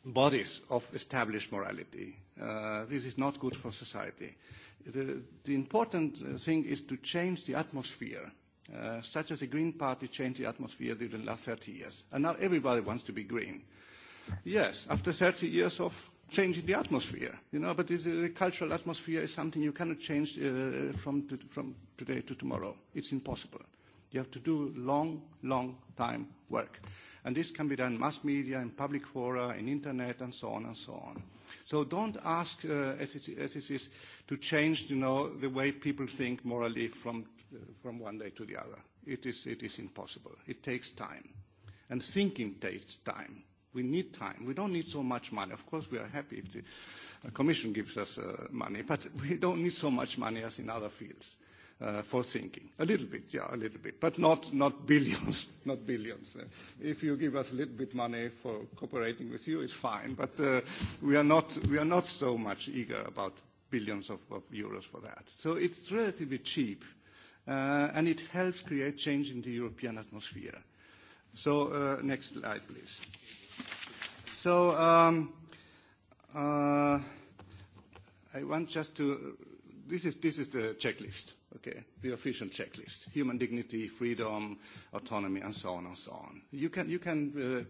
bodies of established morality. This is not good for society. The important thing is to change the atmosphere such as the Green Party, changed the atmosphere during the last 30 years. And now everybody wants to be green. Yes, after 30 years of changing the atmosphere, you know, but the cultural atmosphere is something you cannot change from, from today to tomorrow. It's impossible. You have to do long, long time work. And this can be done in mass media, in public fora, in internet, and so on and so on. So don't ask SECs to change, you know, the way people think morally from from one day to the other. It is it is impossible. It takes time, and thinking takes time. We need time. We don't need so much money. Of course, we are happy if the Commission gives us money, but we don't need so much money as in other fields for thinking. A little bit, yeah, a little bit, but not not billions, not billions. If you give us a little bit money for cooperating with you, it's fine, but we are not we are not so much eager about billions of euros for that. So it's relatively cheap, and it helps create change in the European atmosphere. So next slide, please. So I want just to this is this is the checklist okay, the official checklist, human dignity, freedom, autonomy, and so on and so on. You can, you can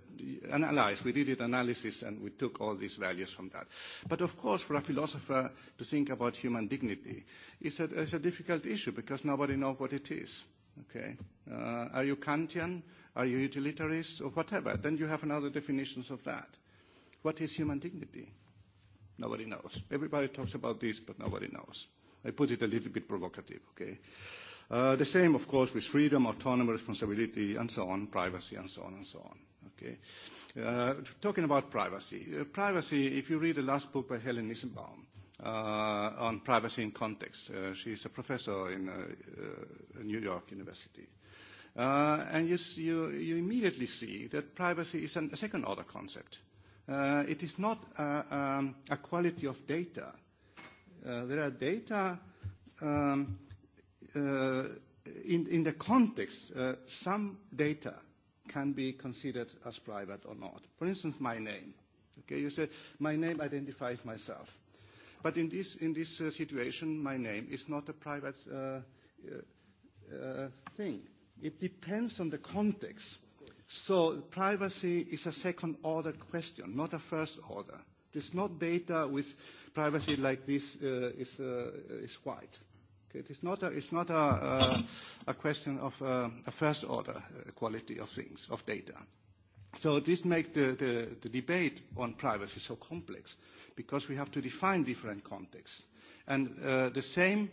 uh, analyze. We did an analysis and we took all these values from that. But of course, for a philosopher to think about human dignity is a, is a difficult issue because nobody knows what it is. Okay, uh, are you Kantian? Are you utilitarist or whatever? Then you have another definitions of that. What is human dignity? Nobody knows. Everybody talks about this, but nobody knows. I put it a little bit provocative, okay? The same, of course, with freedom, autonomy, responsibility, and so on, privacy, and so on and so on, okay? Talking about privacy. Privacy, if you read the last book by Helen Nissenbaum on privacy in context, she's a professor in New York University. And you immediately see that privacy is a second-order concept. It is not a quality of data there are data in the context, some data can be considered as private or not. For instance, my name. Okay, you say my name identifies myself. But in this in this situation, my name is not a private thing. It depends on the context. So privacy is a second order question, not a first order. It's not data with privacy like this is is Okay, It is not a it's not a a question of a first order quality of things of data. So this makes the the debate on privacy so complex because we have to define different contexts. And the same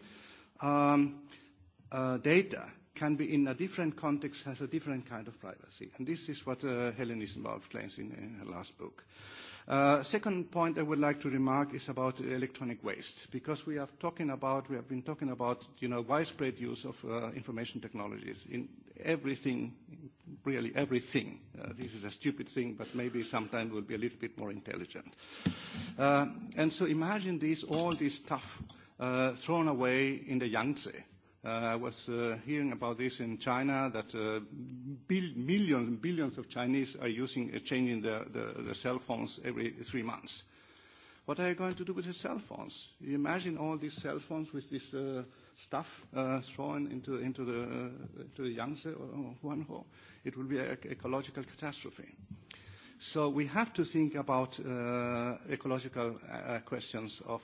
data can be in a different context has a different kind of privacy. And this is what Helen Isenbaum claims in her last book. Second point I would like to remark is about electronic waste, because we are talking about, we have been talking about, you know, widespread use of information technologies in everything, really everything. This is a stupid thing, but maybe sometime we'll be a little bit more intelligent. And so imagine this, all this stuff thrown away in the Yangtze I was hearing about this in China that millions and billions of Chinese are using changing their their cell phones every three months. What are you going to do with the cell phones? You imagine all these cell phones with this stuff thrown into into the the Yangtze or Huanghe? It will be an ecological catastrophe. So we have to think about ecological questions of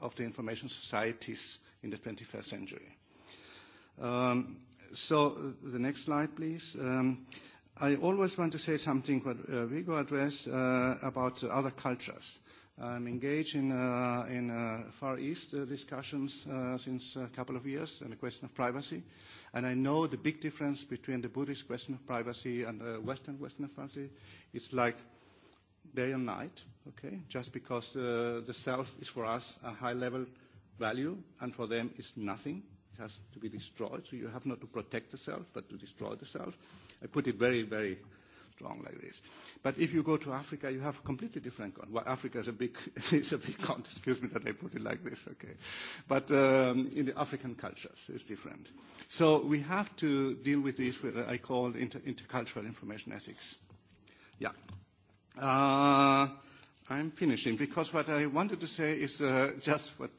of the information societies in the 21st century. So the next slide, please. I always want to say something what Vigo addressed about other cultures. I'm engaged in in Far East discussions since a couple of years on the question of privacy, and I know the big difference between the Buddhist question of privacy and the Western question of privacy. It's like day and night, okay? Just because the self is for us a high-level value, and for them it's nothing It has to be destroyed, so you have not to protect the self, but to destroy the self. I put it very, very strong like this. But if you go to Africa, you have a completely different one. Well, Africa is a big, is a big country. Excuse me that I put it like this, okay. But um, in the African cultures, it's different. So we have to deal with this, what I call inter intercultural information ethics. Yeah. Uh, I'm finishing because what I wanted to say is just what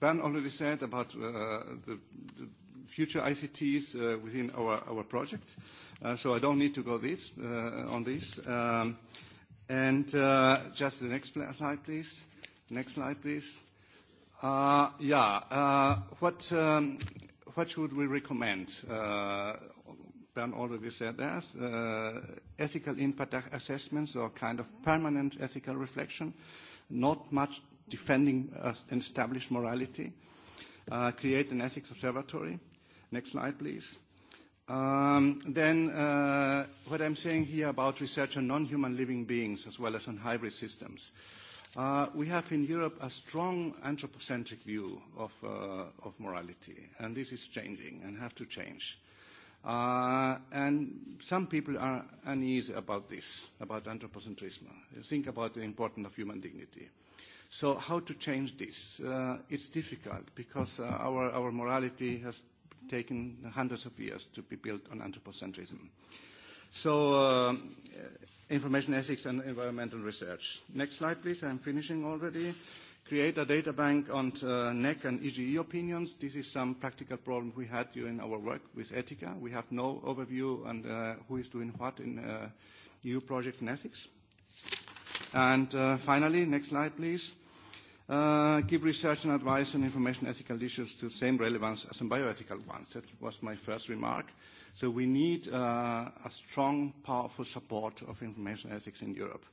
Ben already said about the future ICTs within our our project. So I don't need to go this on this. And just the next slide, please. Next slide, please. Yeah, what what should we recommend? Bernd already said that. Ethical impact assessments or kind of permanent ethical reflection, not much defending established morality. Create an ethics observatory. Next slide, please. Then what I'm saying here about research on non-human living beings as well as on hybrid systems. We have in Europe a strong anthropocentric view of morality, and this is changing and have to change. And some people are uneasy about this, about anthropocentrism. You Think about the importance of human dignity. So how to change this? It's difficult because our our morality has taken hundreds of years to be built on anthropocentrism. So information ethics and environmental research. Next slide, please. I'm finishing already create a data bank on NEC and EGE opinions. This is some practical problem we had during our work with ETICA. We have no overview on who is doing what in EU project in ethics. And finally, next slide, please. Give research and advice on information ethical issues to the same relevance as in bioethical ones. That was my first remark. So we need a strong, powerful support of information ethics in Europe.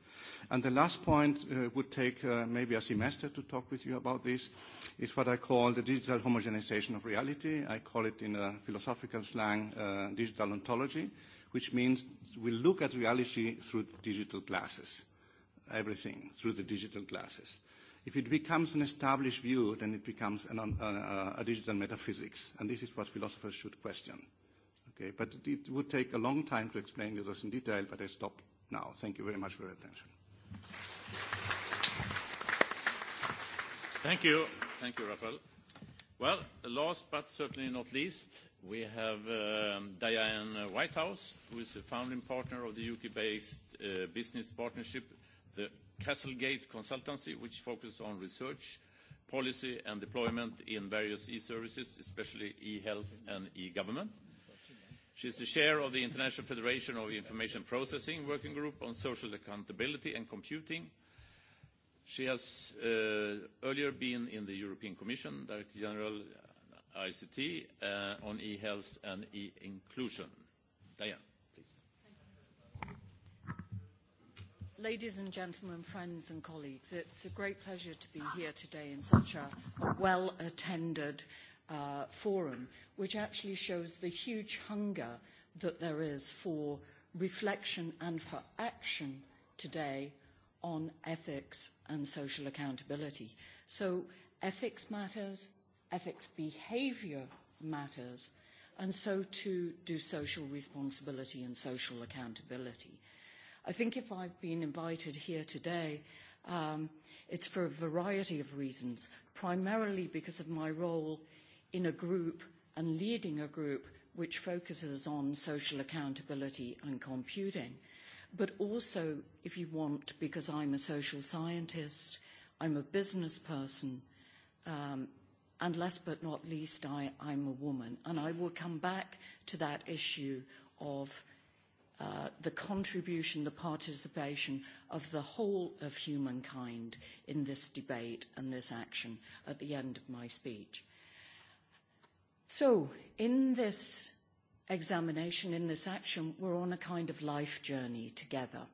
And the last point would take maybe a semester to talk with you about this, is what I call the digital homogenization of reality. I call it in a philosophical slang digital ontology, which means we look at reality through digital glasses, everything through the digital glasses. If it becomes an established view, then it becomes a digital metaphysics, and this is what philosophers should question but it would take a long time to explain this in detail, but I stop now. Thank you very much for your attention. Thank you. Thank you, Rafael. Well, last but certainly not least, we have Diane Whitehouse, who is a founding partner of the UK-based business partnership, the Castlegate Consultancy, which focuses on research, policy, and deployment in various e-services, especially e-health and e-government. She is the chair of the International Federation of Information Processing Working Group on Social Accountability and Computing. She has earlier been in the European Commission, Director General ICT, on e-health and e-inclusion. Diane, please. Ladies and gentlemen, friends and colleagues, it's a great pleasure to be here today in such a well-attended forum, which actually shows the huge hunger that there is for reflection and for action today on ethics and social accountability. So ethics matters, ethics behaviour matters, and so too do social responsibility and social accountability. I think if I've been invited here today, it's for a variety of reasons, primarily because of my role in a group and leading a group which focuses on social accountability and computing. But also, if you want, because I'm a social scientist, I'm a business person, and last but not least, I I'm a woman. And I will come back to that issue of the contribution, the participation of the whole of humankind in this debate and this action at the end of my speech. So in this examination, in this action, we're on a kind of life journey together.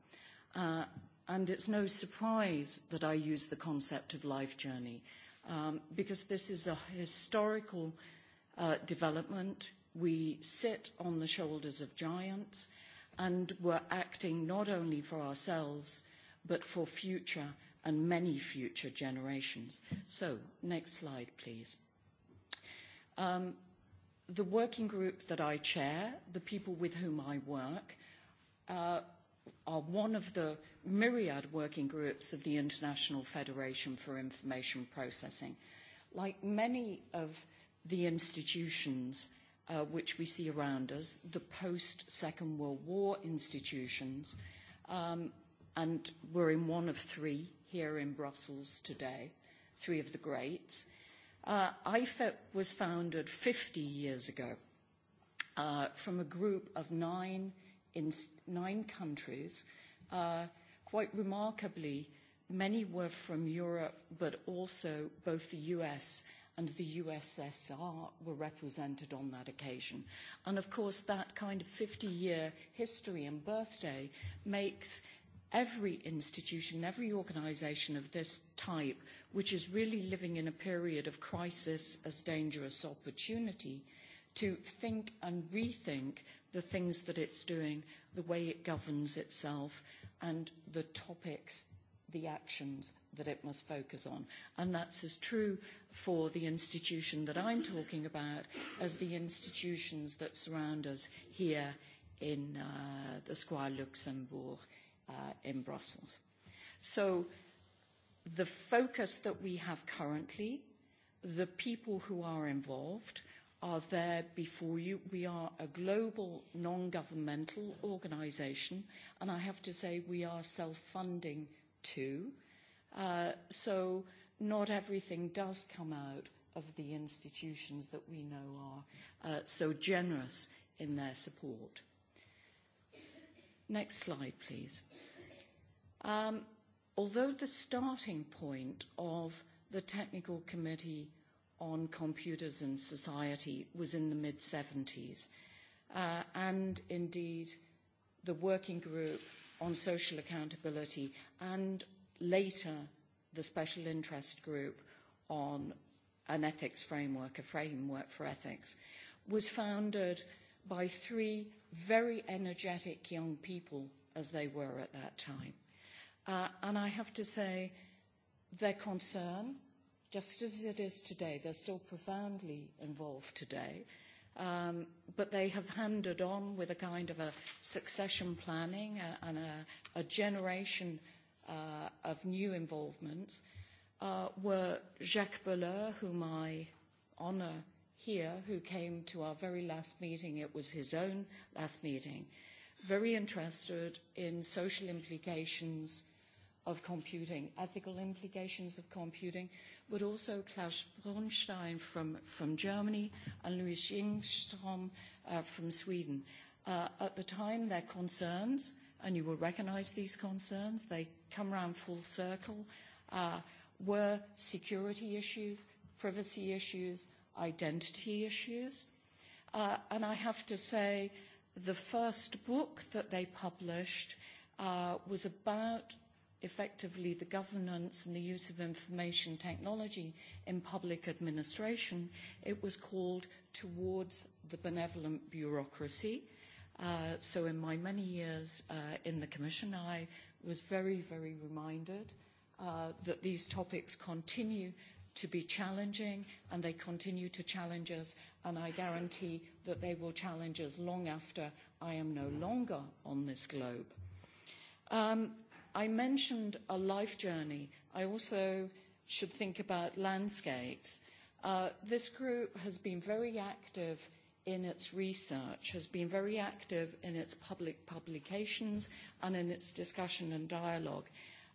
And it's no surprise that I use the concept of life journey, because this is a historical development. We sit on the shoulders of giants, and we're acting not only for ourselves, but for future and many future generations. So, next slide, please. The working group that I chair, the people with whom I work, are one of the myriad working groups of the International Federation for Information Processing. Like many of the institutions which we see around us, the post-Second World War institutions, and we're in one of three here in Brussels today, three of the greats, IFEP was founded 50 years ago from a group of nine in nine countries. Quite remarkably, many were from Europe, but also both the US and the USSR were represented on that occasion. And of course, that kind of 50-year history and birthday makes every institution, every organisation of this type, which is really living in a period of crisis as dangerous opportunity, to think and rethink the things that it's doing, the way it governs itself, and the topics, the actions that it must focus on. And that's as true for the institution that I'm talking about as the institutions that surround us here in the Square Luxembourg in Brussels. So the focus that we have currently, the people who are involved are there before you. We are a global non-governmental organisation and I have to say we are self-funding too. So not everything does come out of the institutions that we know are so generous in their support. Next slide, please although the starting point of the Technical Committee on Computers and Society was in the mid-70s, and indeed the Working Group on Social Accountability and later the Special Interest Group on an ethics framework, a framework for ethics, was founded by three very energetic young people as they were at that time. And I have to say, their concern, just as it is today, they're still profoundly involved today, but they have handed on with a kind of a succession planning and a generation of new involvements were Jacques Belleur, whom I honour here, who came to our very last meeting. It was his own last meeting. Very interested in social implications of computing, ethical implications of computing, but also Klaus Brunstein from Germany and Louis Ingstrom from Sweden. At the time, their concerns, and you will recognize these concerns, they come around full circle, were security issues, privacy issues, identity issues. And I have to say, the first book that they published was about effectively the governance and the use of information technology in public administration, it was called Towards the Benevolent Bureaucracy. So in my many years in the Commission, I was very, very reminded that these topics continue to be challenging and they continue to challenge us and I guarantee that they will challenge us long after I am no longer on this globe. I mentioned a life journey. I also should think about landscapes. This group has been very active in its research, has been very active in its public publications and in its discussion and dialogue.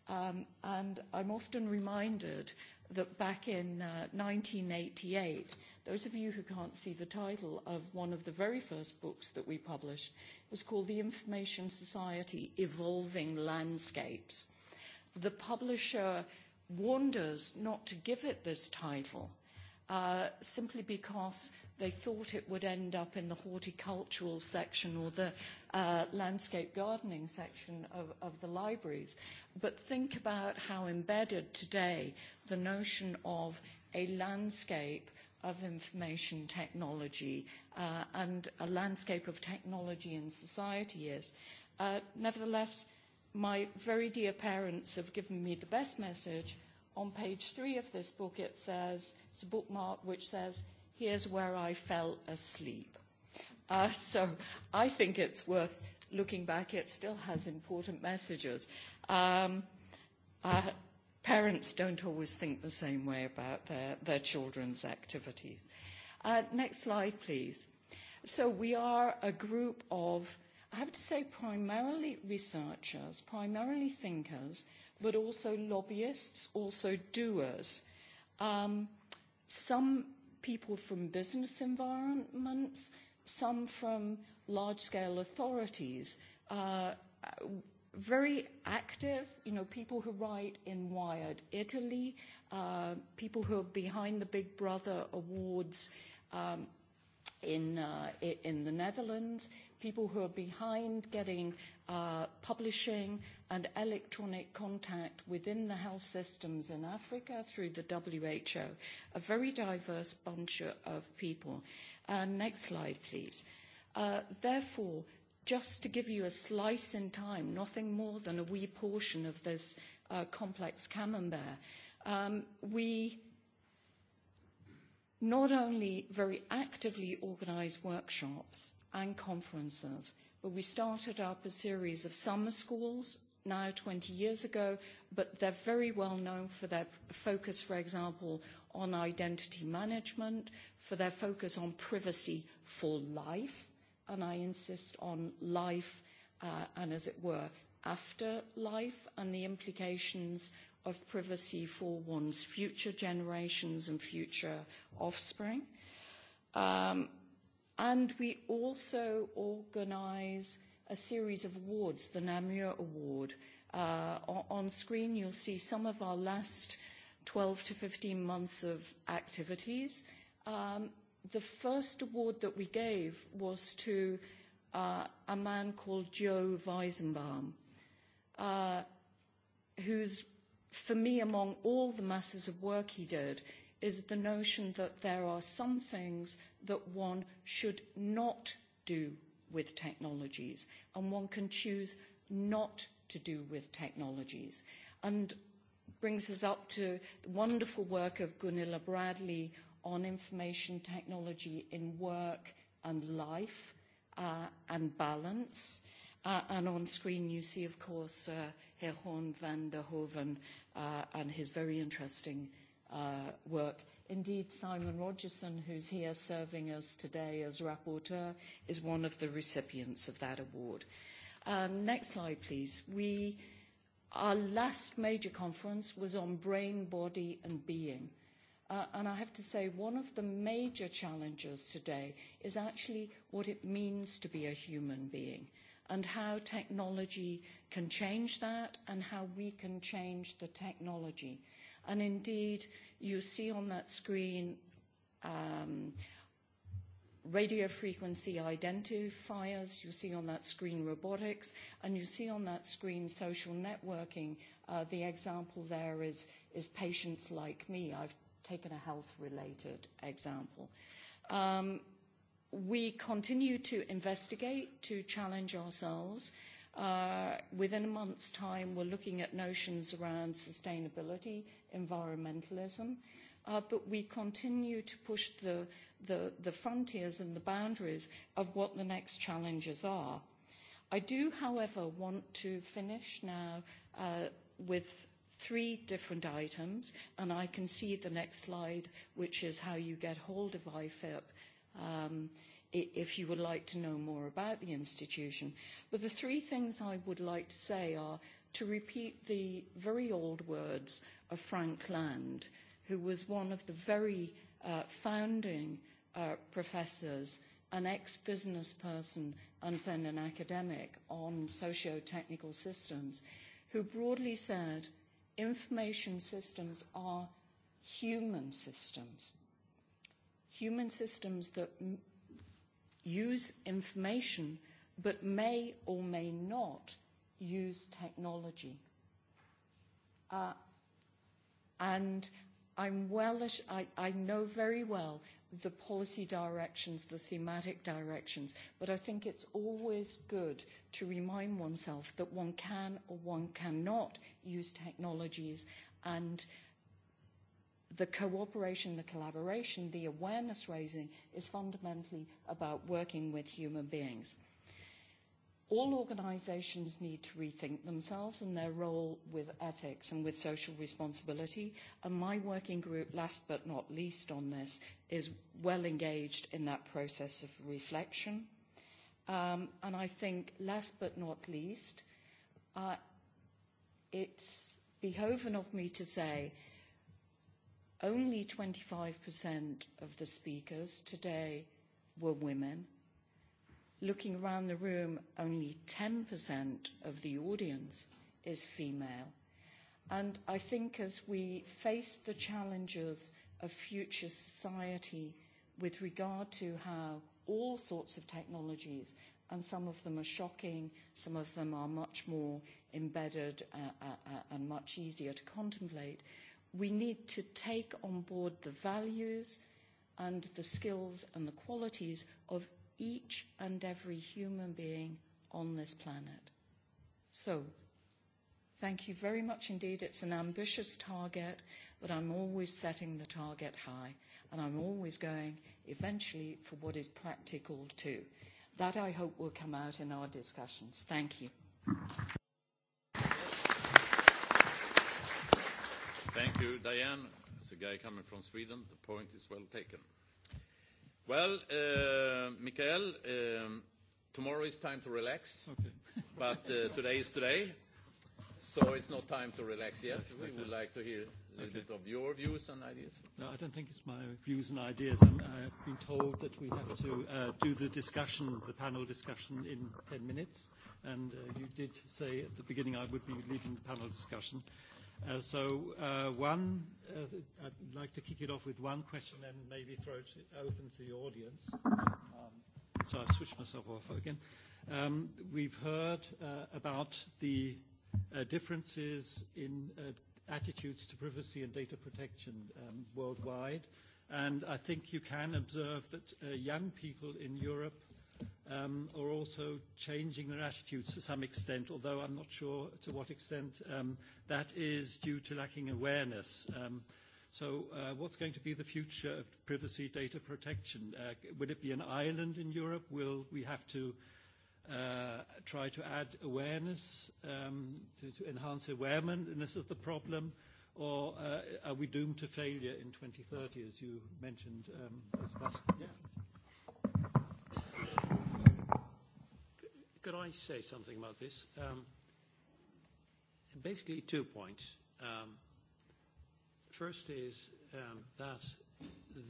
And I'm often reminded that back in 1988, Those of you who can't see the title of one of the very first books that we published was called The Information Society Evolving Landscapes. The publisher warned us not to give it this title simply because they thought it would end up in the horticultural section or the landscape gardening section of the libraries. But think about how embedded today the notion of a landscape of information technology and a landscape of technology in society is. Nevertheless, my very dear parents have given me the best message. On page three of this book, it says, it's a bookmark which says, here's where I fell asleep. So I think it's worth looking back. It still has important messages parents don't always think the same way about their their children's activities. Next slide, please. So we are a group of, I have to say, primarily researchers, primarily thinkers, but also lobbyists, also doers. Um Some people from business environments, some from large-scale authorities very active, you know, people who write in Wired Italy, people who are behind the Big Brother Awards in in the Netherlands, people who are behind getting publishing and electronic contact within the health systems in Africa through the WHO. A very diverse bunch of people. Next slide, please. Therefore, just to give you a slice in time, nothing more than a wee portion of this complex camembert, we not only very actively organise workshops and conferences, but we started up a series of summer schools now 20 years ago, but they're very well known for their focus, for example, on identity management, for their focus on privacy for life and I insist on life and, as it were, after life and the implications of privacy for one's future generations and future offspring. And we also organize a series of awards, the Namur Award. On screen you'll see some of our last 12 to 15 months of activities the first award that we gave was to a man called Joe Weizenbaum, who's, for me, among all the masses of work he did, is the notion that there are some things that one should not do with technologies, and one can choose not to do with technologies. And brings us up to the wonderful work of Gunilla Bradley on information technology in work and life and balance. And on screen you see, of course, Horn van der Hoven and his very interesting work. Indeed, Simon Rogerson, who's here serving us today as rapporteur, is one of the recipients of that award. Next slide, please. Our last major conference was on brain, body and being And I have to say, one of the major challenges today is actually what it means to be a human being and how technology can change that and how we can change the technology. And indeed, you see on that screen radio frequency identifiers, you see on that screen robotics, and you see on that screen social networking. The example there is patients like me. I've taken a health-related example. We continue to investigate, to challenge ourselves. Within a month's time, we're looking at notions around sustainability, environmentalism, but we continue to push the frontiers and the boundaries of what the next challenges are. I do, however, want to finish now with three different items, and I can see the next slide, which is how you get hold of IFIP if you would like to know more about the institution. But the three things I would like to say are to repeat the very old words of Frank Land, who was one of the very founding professors, an ex-business person and then an academic on socio-technical systems, who broadly said information systems are human systems. Human systems that use information but may or may not use technology. And I'm well, I, I know very well the policy directions, the thematic directions, but I think it's always good to remind oneself that one can or one cannot use technologies and the cooperation, the collaboration, the awareness raising is fundamentally about working with human beings all organisations need to rethink themselves and their role with ethics and with social responsibility and my working group last but not least on this is well engaged in that process of reflection um and i think last but not least it's behoven of me to say only 25% of the speakers today were women Looking around the room, only 10% of the audience is female. And I think as we face the challenges of future society with regard to how all sorts of technologies, and some of them are shocking, some of them are much more embedded and much easier to contemplate, we need to take on board the values and the skills and the qualities of each and every human being on this planet. So, thank you very much indeed. It's an ambitious target, but I'm always setting the target high, and I'm always going eventually for what is practical too. That, I hope, will come out in our discussions. Thank you. Thank you, Diane. As a guy coming from Sweden, the point is well taken. Well, Mikael, tomorrow is time to relax, but today is today, so it's not time to relax yet. We would like to hear a little bit of your views and ideas. No, I don't think it's my views and ideas. I've been told that we have to do the discussion, the panel discussion, in 10 minutes, and you did say at the beginning I would be leading the panel discussion. So one, I'd like to kick it off with one question and maybe throw it open to the audience. So I switched myself off again. We've heard about the differences in attitudes to privacy and data protection worldwide, and I think you can observe that young people in Europe or also changing their attitudes to some extent, although I'm not sure to what extent that is due to lacking awareness. So what's going to be the future of privacy data protection? Will it be an island in Europe? Will we have to try to add awareness, to enhance awareness of the problem, or are we doomed to failure in 2030, as you mentioned, as could I say something about this? Basically, two points. First is that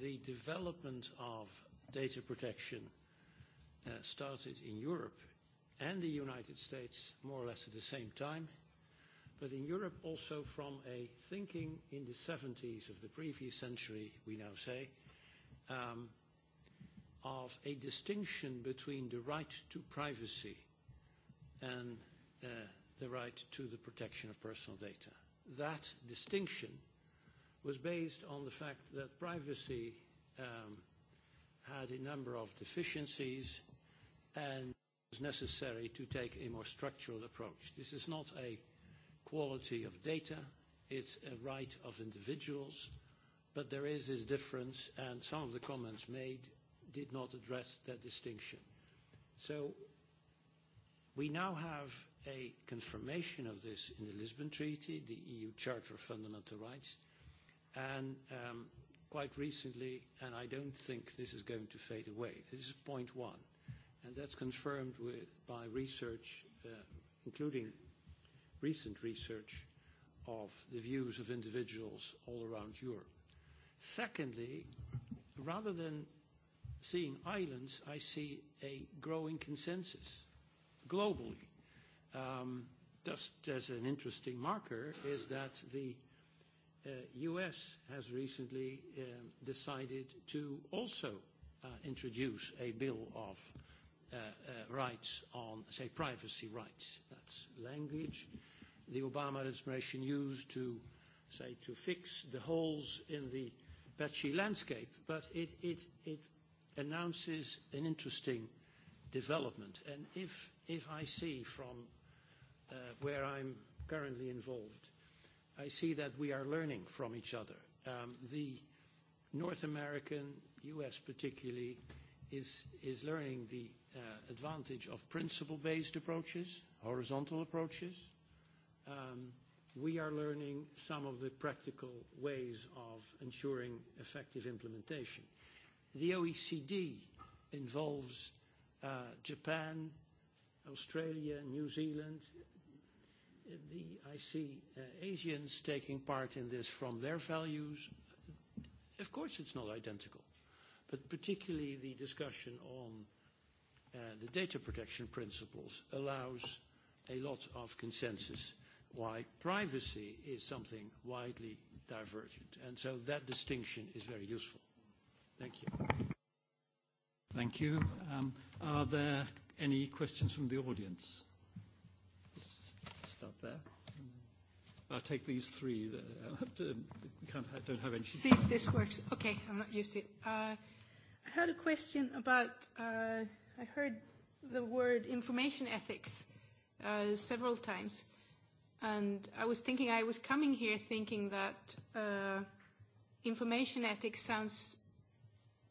the development of data protection started in Europe and the United States more or less at the same time, but in Europe also from a thinking in the 70s of the previous century, we now say, of a distinction between the right to privacy and the right to the protection of personal data. That distinction was based on the fact that privacy had a number of deficiencies and it was necessary to take a more structural approach. This is not a quality of data, it's a right of individuals, but there is this difference, and some of the comments made did not address that distinction. So We now have a confirmation of this in the Lisbon Treaty, the EU Charter of Fundamental Rights, and quite recently, and I don't think this is going to fade away. This is point one, and that's confirmed with by research, including recent research of the views of individuals all around Europe. Secondly, rather than seeing islands, I see a growing consensus globally. Just as an interesting marker is that the U.S. has recently decided to also introduce a bill of rights on, say, privacy rights. That's language the Obama administration used to, say, to fix the holes in the patchy landscape. But it announces an interesting development. And if if I see from where I'm currently involved, I see that we are learning from each other. The North American, U.S. particularly, is is learning the advantage of principle-based approaches, horizontal approaches. Um We are learning some of the practical ways of ensuring effective implementation. The OECD involves Japan, Australia, New Zealand. I see Asians taking part in this from their values. Of course it's not identical, but particularly the discussion on the data protection principles allows a lot of consensus why privacy is something widely divergent. And so that distinction is very useful. Thank you. Thank you. Are there Any questions from the audience? Let's start there. I'll take these three. Don't have any. See if this works. Okay, I'm not used to it. I had a question about. I heard the word information ethics several times, and I was thinking I was coming here thinking that information ethics sounds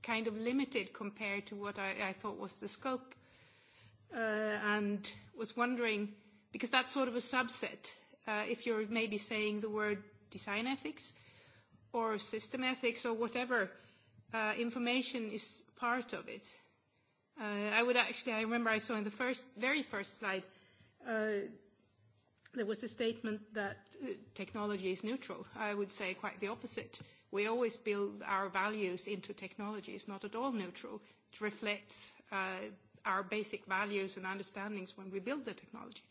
kind of limited compared to what I thought was the scope and was wondering, because that's sort of a subset, if you're maybe saying the word design ethics or system ethics or whatever, information is part of it. I would actually, I remember I saw in the first, very first slide, there was a statement that technology is neutral. I would say quite the opposite. We always build our values into technology. It's not at all neutral. It reflects our basic values and understandings when we build the technology.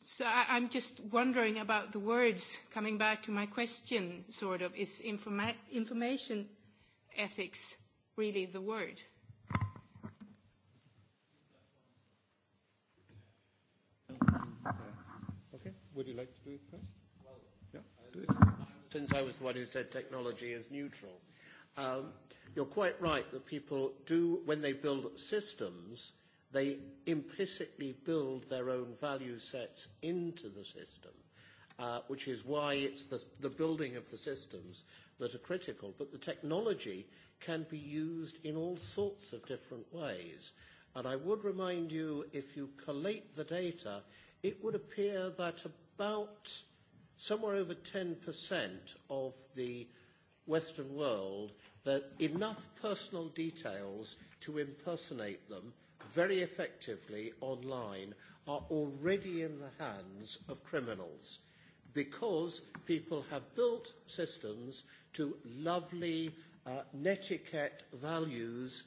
So I'm just wondering about the words, coming back to my question, sort of, is information ethics really the word? Okay, would you like to do it first? Well, since I was the one who said technology is neutral. You're quite right that people do, when they build systems, they implicitly build their own value sets into the system, which is why it's the building of the systems that are critical. But the technology can be used in all sorts of different ways. And I would remind you, if you collate the data, it would appear that about somewhere over 10% of the Western world that enough personal details to impersonate them very effectively online are already in the hands of criminals because people have built systems to lovely netiquette values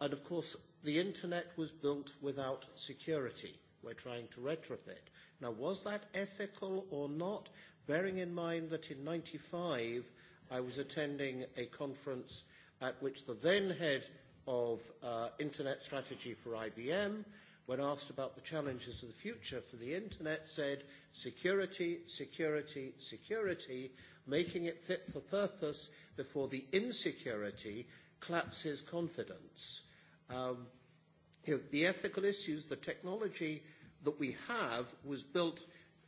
and of course the internet was built without security. We're trying to retrofit. Now was that ethical or not? Bearing in mind that in 95 I was attending a conference at which the then head of Internet Strategy for IBM, when asked about the challenges of the future for the Internet, said security, security, security, making it fit for purpose before the insecurity collapses confidence. The ethical issues, the technology that we have was built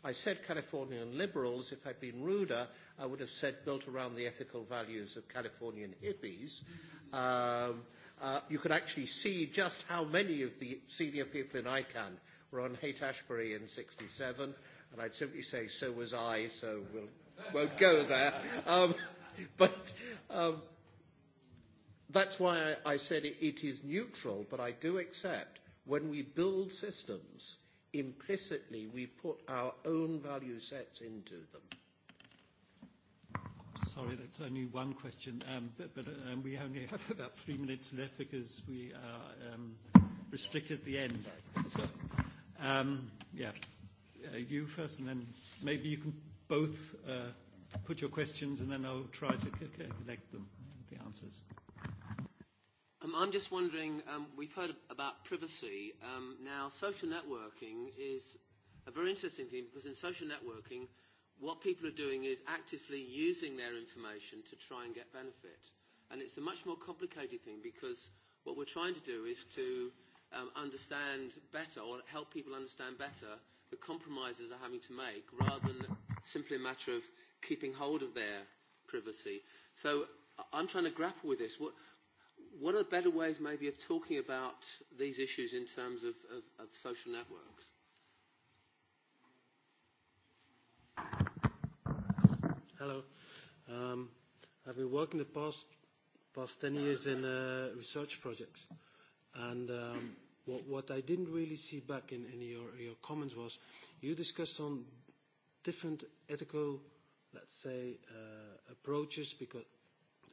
I said Californian liberals. If I'd been ruder, I would have said built around the ethical values of Californian hippies. You could actually see just how many of the senior people in ICANN were on Haight-Ashbury in 67, and I'd simply say, so was I, so we'll won't go there. But that's why I said it is neutral, but I do accept when we build systems implicitly we put our own value sets into them. Sorry, that's only one question, but we only have about three minutes left because we are restricted at the end. So, yeah, you first, and then maybe you can both put your questions, and then I'll try to collect them, the answers. I'm just wondering, we've heard about privacy. Now, social networking is a very interesting thing because in social networking, what people are doing is actively using their information to try and get benefit. And it's a much more complicated thing because what we're trying to do is to understand better or help people understand better the compromises they're having to make rather than simply a matter of keeping hold of their privacy. So I'm trying to grapple with this. What, one of the better ways maybe of talking about these issues in terms of, of, of social networks? Hello. Um, I've been working the past, past 10 years in uh, research projects. And um, what, what I didn't really see back in, in your, your comments was you discussed on different ethical, let's say, uh, approaches because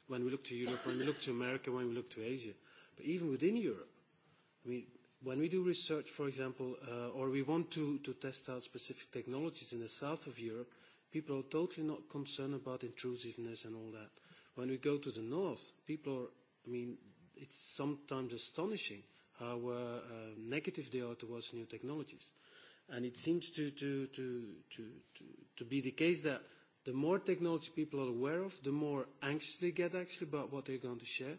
when we look to Europe, when we look to America, when we look to Asia. But even within Europe, I mean, when we do research, for example, or we want to, to test out specific technologies in the south of Europe, people are totally not concerned about intrusiveness and all that. When we go to the north, people are, I mean, it's sometimes astonishing how uh, negative they are towards new technologies. And it seems to, to, to, to, to be the case that The more technology people are aware of, the more anxious they get actually about what they're going to share.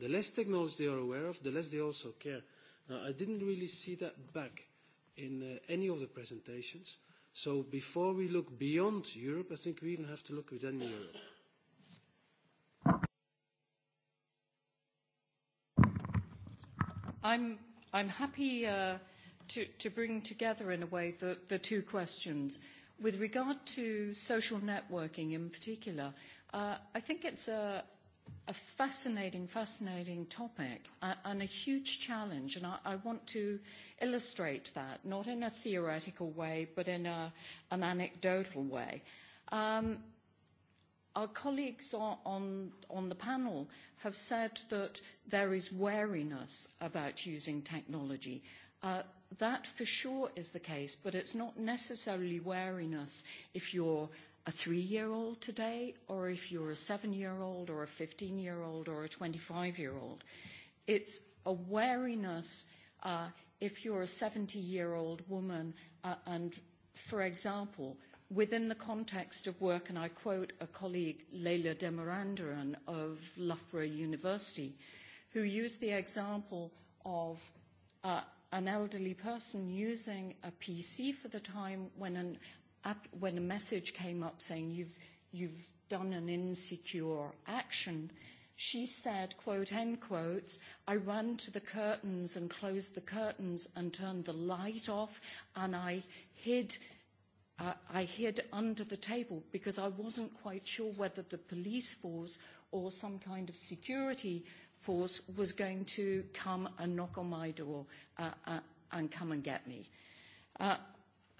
The less technology they are aware of, the less they also care. I didn't really see that back in any of the presentations. So before we look beyond Europe, I think we even have to look within Europe. I'm I'm happy to bring together in a way the two questions With regard to social networking in particular, I think it's a fascinating, fascinating topic and a huge challenge, and I want to illustrate that, not in a theoretical way, but in an anecdotal way. Our colleagues on the panel have said that there is wariness about using technology that for sure is the case, but it's not necessarily wariness if you're a three-year-old today or if you're a seven-year-old or a 15-year-old or a 25-year-old. It's a wariness if you're a 70-year-old woman and, for example, within the context of work, and I quote a colleague, Leila Demirandaran of Loughborough University, who used the example of an elderly person using a PC for the time when an app when a message came up saying you've you've done an insecure action, she said, quote end quotes, I ran to the curtains and closed the curtains and turned the light off and I hid I hid under the table because I wasn't quite sure whether the police force or some kind of security force was going to come and knock on my door and come and get me.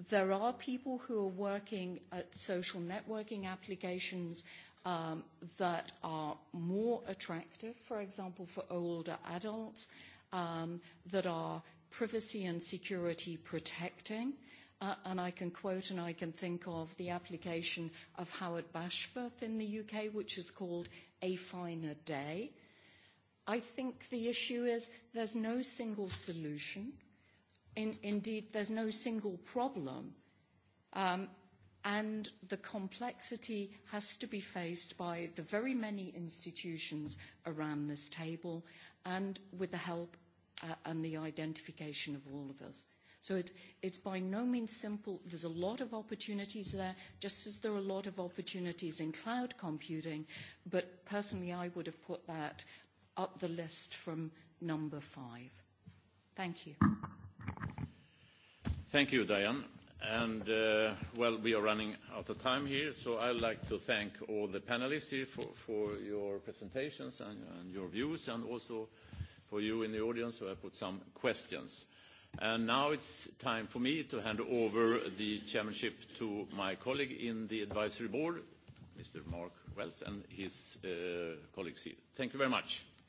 There are people who are working at social networking applications that are more attractive, for example, for older adults, that are privacy and security protecting. And I can quote and I can think of the application of Howard Bashforth in the UK, which is called A Finer Day I think the issue is there's no single solution. Indeed, there's no single problem. And the complexity has to be faced by the very many institutions around this table and with the help and the identification of all of us. So it it's by no means simple. There's a lot of opportunities there, just as there are a lot of opportunities in cloud computing. But personally, I would have put that up the list from number five. Thank you. Thank you, Diane. And, well, we are running out of time here, so I'd like to thank all the panelists here for your presentations and your views, and also for you in the audience who have put some questions. And now it's time for me to hand over the chairmanship to my colleague in the advisory board, Mr. Mark Wells, and his colleagues here. Thank you very much.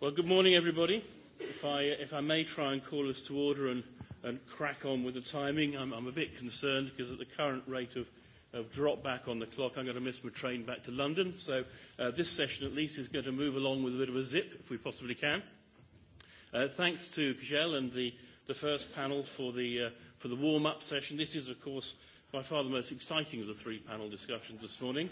Well, good morning, everybody. If I, if I may try and call us to order and, and crack on with the timing, I'm, I'm a bit concerned because at the current rate of, of drop back on the clock, I'm going to miss my train back to London. So uh, this session at least is going to move along with a bit of a zip, if we possibly can. Uh, thanks to Kajel and the, the first panel for the, uh, for the warm-up session. This is, of course, by far the most exciting of the three panel discussions this morning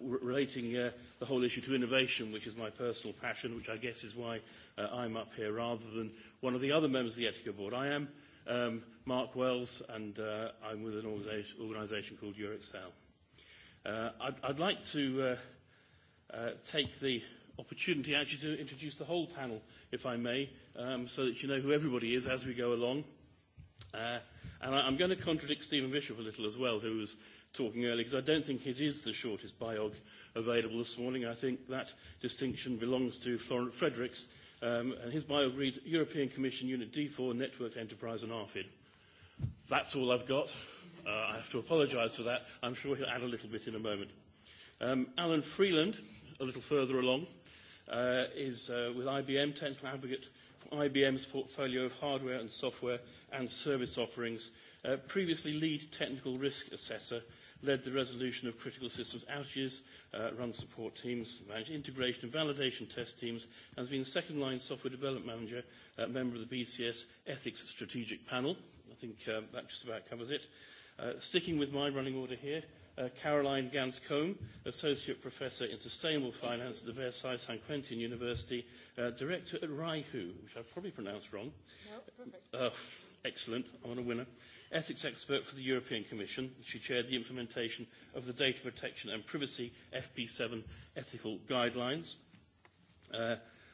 relating the whole issue to innovation, which is my personal passion, which I guess is why I'm up here rather than one of the other members of the Ethica Board. I am Mark Wells, and I'm with an organisation called Eurexcel. I'd like to take the opportunity actually to introduce the whole panel, if I may, so that you know who everybody is as we go along. And I'm going to contradict Stephen Bishop a little as well, who was talking earlier, because I don't think his is the shortest biog available this morning. I think that distinction belongs to Florent Fredericks, and his biog reads European Commission Unit D4, Network Enterprise and ARFID. That's all I've got. I have to apologise for that. I'm sure he'll add a little bit in a moment. Alan Freeland, a little further along, is with IBM, technical advocate for IBM's portfolio of hardware and software and service offerings, previously lead technical risk assessor led the resolution of critical systems outages, run support teams, managed integration and validation test teams, and has been the second-line software development manager, member of the BCS Ethics Strategic Panel. I think that just about covers it. Sticking with my running order here, Caroline gans Associate Professor in Sustainable Finance at the Versailles San Quentin University, Director at Raihu, which I've probably pronounced wrong. No, perfect Excellent. I'm on a winner. Ethics expert for the European Commission. She chaired the implementation of the Data Protection and Privacy FP7 Ethical Guidelines.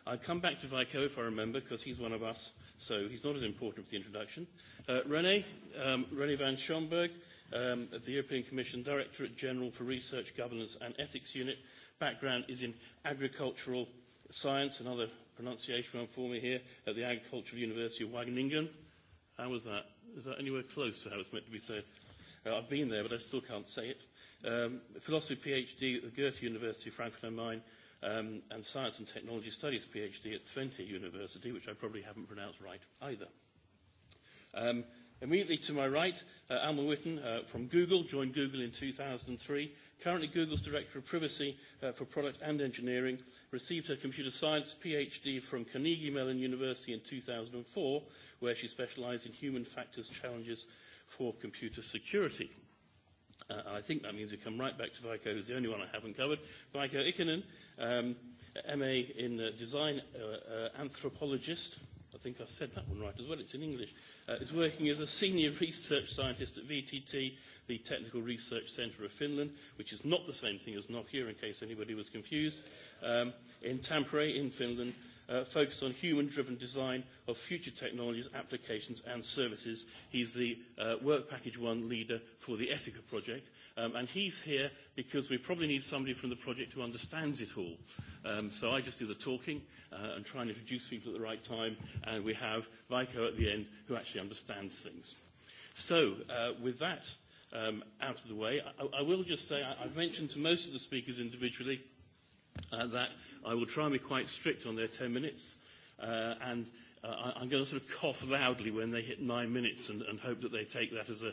I'll come back to Vico if I remember, because he's one of us, so he's not as important for the introduction. René, René van Schomburg, the European Commission Directorate General for Research, Governance and Ethics Unit. Background is in agricultural science, another pronunciation for me here, at the Agricultural University of Wageningen How was that? Is that anywhere close to how it's meant to be said? I've been there, but I still can't say it. Um, philosophy PhD at the Goethe University, Frankfurt am Main, um, and Science and Technology Studies PhD at Twente University, which I probably haven't pronounced right either. Um, immediately to my right, Alma Witten from Google, joined Google in 2003 currently Google's Director of Privacy for Product and Engineering, received her computer science PhD from Carnegie Mellon University in 2004, where she specialised in human factors challenges for computer security. I think that means we come right back to Vico, who's the only one I haven't covered. Vico Ikinen, MA in Design Anthropologist I think I've said that one right as well, it's in English, is working as a senior research scientist at VTT, the Technical Research Centre of Finland, which is not the same thing as Nokia, in case anybody was confused, in Tampere in Finland, focused on human-driven design of future technologies, applications and services. He's the Work Package 1 leader for the Ethica project, and he's here because we probably need somebody from the project who understands it all. So I just do the talking and try and introduce people at the right time, and we have Vico at the end who actually understands things. So with that out of the way, I will just say I've mentioned to most of the speakers individually that I will try and be quite strict on their 10 minutes, and I'm going to sort of cough loudly when they hit nine minutes and hope that they take that as a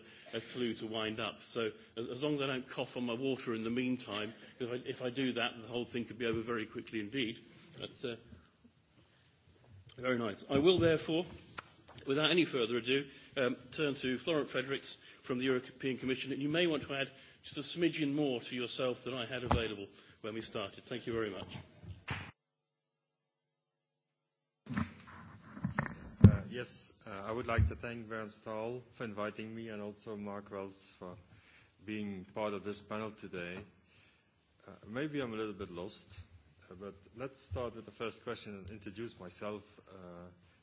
clue to wind up. So as long as I don't cough on my water in the meantime, because if I do that, the whole thing could be over very quickly indeed. But very nice. I will therefore, without any further ado, um turn to Florent Fredericks from the European Commission, and you may want to add just a smidgen more to yourself than I had available when we started. Thank you very much. Yes, I would like to thank Bernd Stahl for inviting me and also Mark Wells for being part of this panel today. Maybe I'm a little bit lost, but let's start with the first question and introduce myself.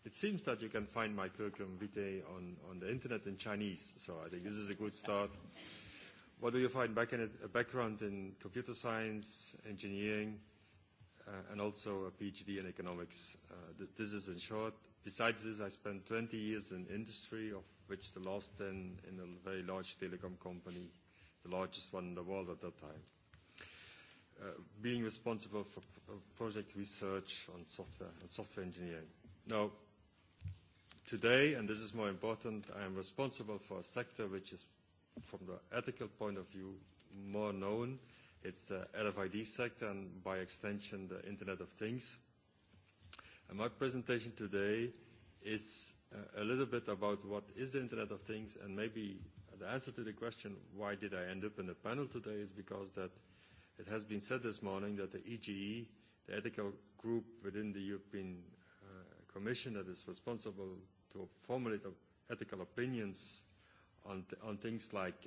It seems that you can find my curriculum vitae on the internet in Chinese, so I think this is a good start what do you find back in a background in computer science, engineering, and also a PhD in economics. This is in short. Besides this, I spent 20 years in industry, of which the last 10 in a very large telecom company, the largest one in the world at that time, being responsible for project research on software and software engineering. Now, today, and this is more important, I am responsible for a sector which is from the ethical point of view, more known. It's the RFID sector and, by extension, the Internet of Things. And my presentation today is a little bit about what is the Internet of Things, and maybe the answer to the question, why did I end up in the panel today, is because that it has been said this morning that the EGE, the ethical group within the European Commission that is responsible to formulate ethical opinions on things like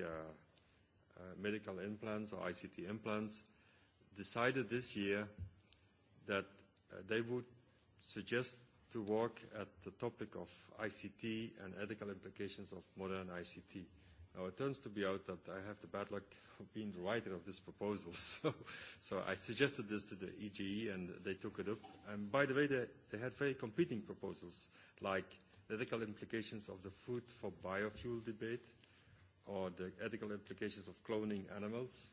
medical implants or ICT implants, decided this year that they would suggest to work at the topic of ICT and ethical implications of modern ICT. Now, it turns to be out that I have the bad luck of being the writer of this proposal, so, so I suggested this to the EGE and they took it up. And by the way, they, they had very competing proposals, like ethical implications of the food for biofuel debate, or the ethical implications of cloning animals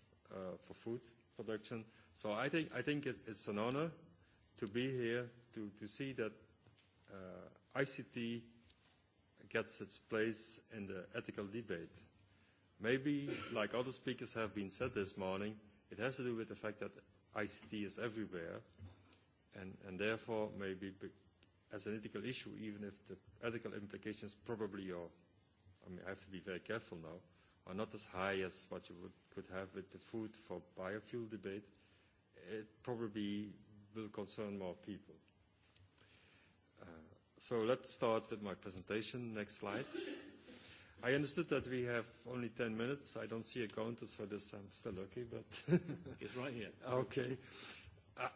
for food production. So I think I think it's an honor to be here to to see that ICT gets its place in the ethical debate. Maybe, like other speakers have been said this morning, it has to do with the fact that ICT is everywhere, and and therefore maybe as an ethical issue, even if the ethical implications probably are, I mean, I have to be very careful now, are not as high as what you would, could have with the food for biofuel debate, it probably will concern more people. So let's start with my presentation. Next slide. I understood that we have only 10 minutes. I don't see a counter, so this I'm still lucky, but... It's right here. Okay.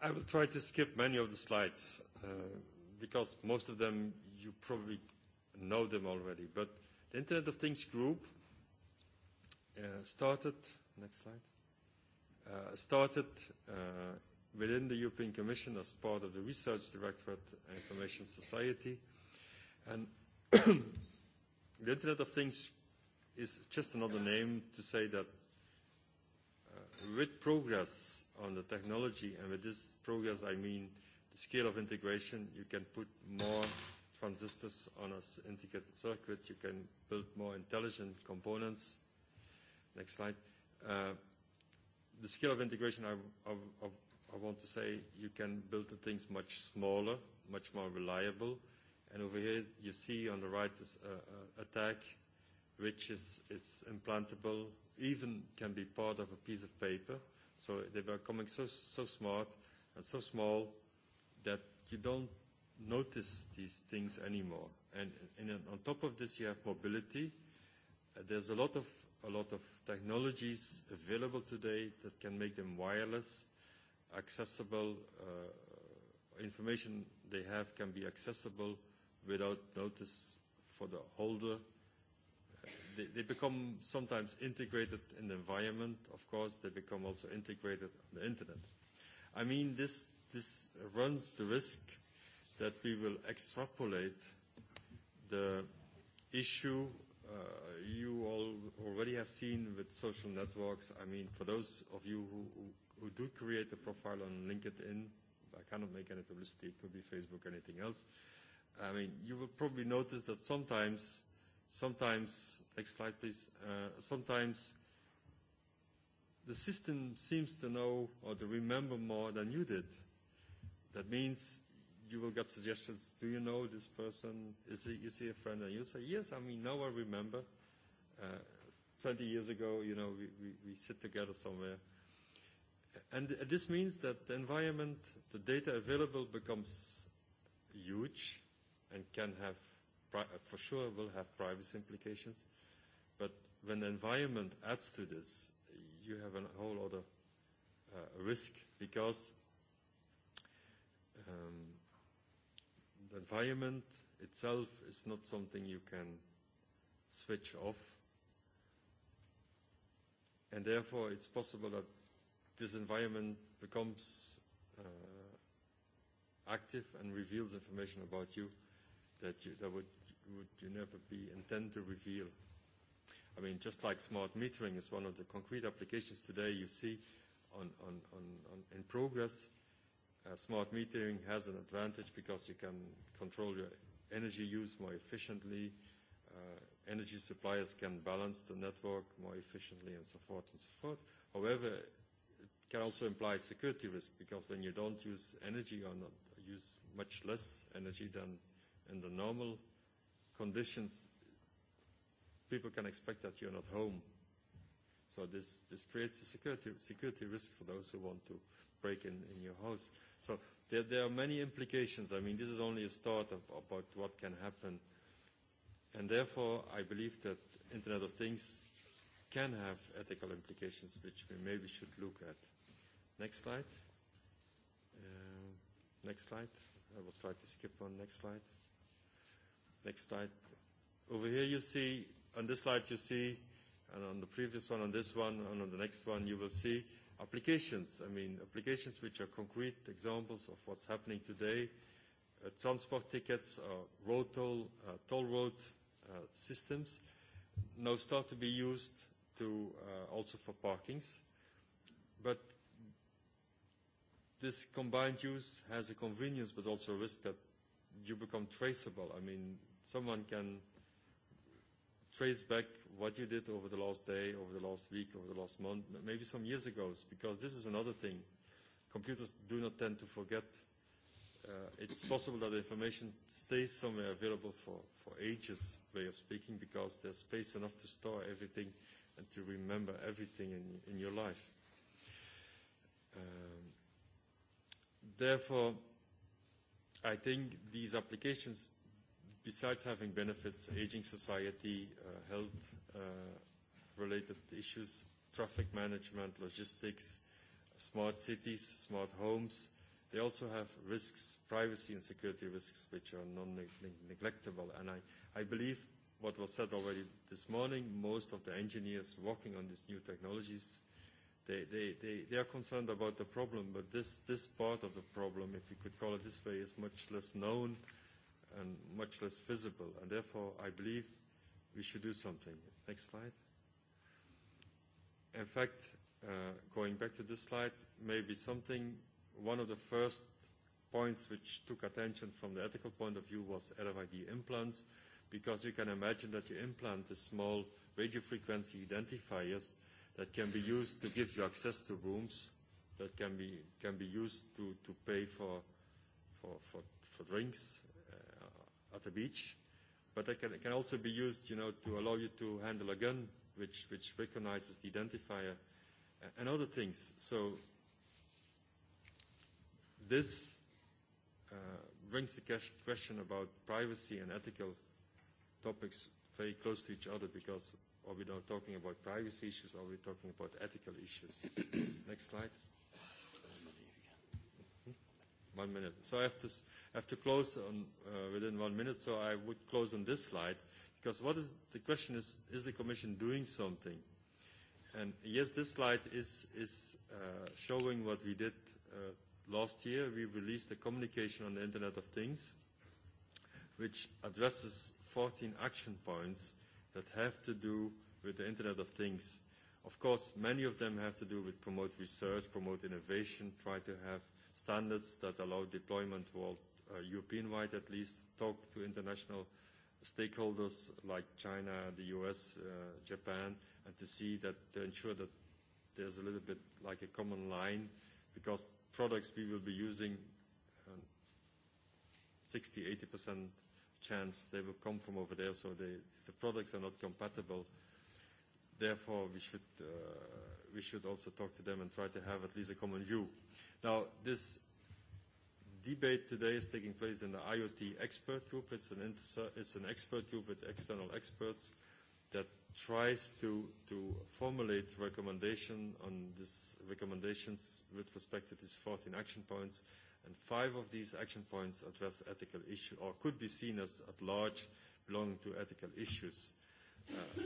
I will try to skip many of the slides because most of them you probably know them already. But the Internet of Things group started, next slide, started within the European Commission as part of the Research Directorate Information Society. And the Internet of Things is just another name to say that with progress on the technology, and with this progress I mean scale of integration, you can put more transistors on an integrated circuit, you can build more intelligent components. Next slide. The scale of integration, I want to say, you can build the things much smaller, much more reliable. And over here, you see on the right this attack, which is implantable, even can be part of a piece of paper. So they were coming so smart and so small that you don't notice these things anymore. And on top of this, you have mobility. There's a lot of a lot of technologies available today that can make them wireless, accessible. Information they have can be accessible without notice for the holder. They become sometimes integrated in the environment. Of course, they become also integrated on the internet. I mean, this this runs the risk that we will extrapolate the issue you all already have seen with social networks. I mean, for those of you who do create a profile on LinkedIn, I cannot make any publicity, it could be Facebook, or anything else. I mean, you will probably notice that sometimes, sometimes, next slide please, sometimes the system seems to know or to remember more than you did. That means you will get suggestions, do you know this person, is he, is he a friend? And you say, yes, I mean, now I remember. Uh, 20 years ago, you know, we, we, we sit together somewhere. And this means that the environment, the data available becomes huge and can have, for sure will have privacy implications. But when the environment adds to this, you have a whole other risk because The environment itself is not something you can switch off, and therefore it's possible that this environment becomes active and reveals information about you that you that would would you never be intend to reveal. I mean, just like smart metering is one of the concrete applications today you see on on on in progress Smart metering has an advantage because you can control your energy use more efficiently, energy suppliers can balance the network more efficiently, and so forth and so forth. However, it can also imply security risk because when you don't use energy or not use much less energy than in the normal conditions, people can expect that you're not home. So this this creates a security security risk for those who want to break in your house. So there are many implications. I mean, this is only a start about what can happen. And therefore, I believe that Internet of Things can have ethical implications, which we maybe should look at. Next slide. Next slide. I will try to skip on. Next slide. Next slide. Over here you see, on this slide you see, and on the previous one, on this one, and on the next one you will see applications. I mean, applications which are concrete examples of what's happening today. Transport tickets, road toll, toll road systems now start to be used to also for parkings. But this combined use has a convenience but also a risk that you become traceable. I mean, someone can trace back what you did over the last day, over the last week, over the last month, maybe some years ago, because this is another thing. Computers do not tend to forget. It's possible that information stays somewhere available for for ages, way of speaking, because there's space enough to store everything and to remember everything in in your life. Therefore, I think these applications besides having benefits, aging society, health-related issues, traffic management, logistics, smart cities, smart homes. They also have risks, privacy and security risks, which are non-neglectable. And I believe what was said already this morning, most of the engineers working on these new technologies, they are concerned about the problem, but this part of the problem, if you could call it this way, is much less known and much less visible. And therefore, I believe we should do something. Next slide. In fact, going back to this slide, maybe something, one of the first points which took attention from the ethical point of view was RFID implants, because you can imagine that you implant the small radio frequency identifiers that can be used to give you access to rooms, that can be, can be used to, to pay for, for, for, for drinks, at the beach, but it can also be used, you know, to allow you to handle a gun, which which recognizes the identifier, and other things. So this brings the question about privacy and ethical topics very close to each other because are we now talking about privacy issues or are we talking about ethical issues? Next slide one minute. So I have to, have to close on, uh, within one minute, so I would close on this slide, because what is, the question is, is the Commission doing something? And yes, this slide is, is uh, showing what we did uh, last year. We released a communication on the Internet of Things, which addresses 14 action points that have to do with the Internet of Things. Of course, many of them have to do with promote research, promote innovation, try to have standards that allow deployment world European wide at least, talk to international stakeholders like China, the US, Japan, and to see that to ensure that there's a little bit like a common line because products we will be using 60-80% chance they will come from over there so they, if the products are not compatible therefore we should we should also talk to them and try to have at least a common view. Now, this debate today is taking place in the IoT expert group. It's an, it's an expert group with external experts that tries to, to formulate recommendation on this recommendations with respect to these 14 action points. And five of these action points address ethical issues or could be seen as at large belonging to ethical issues.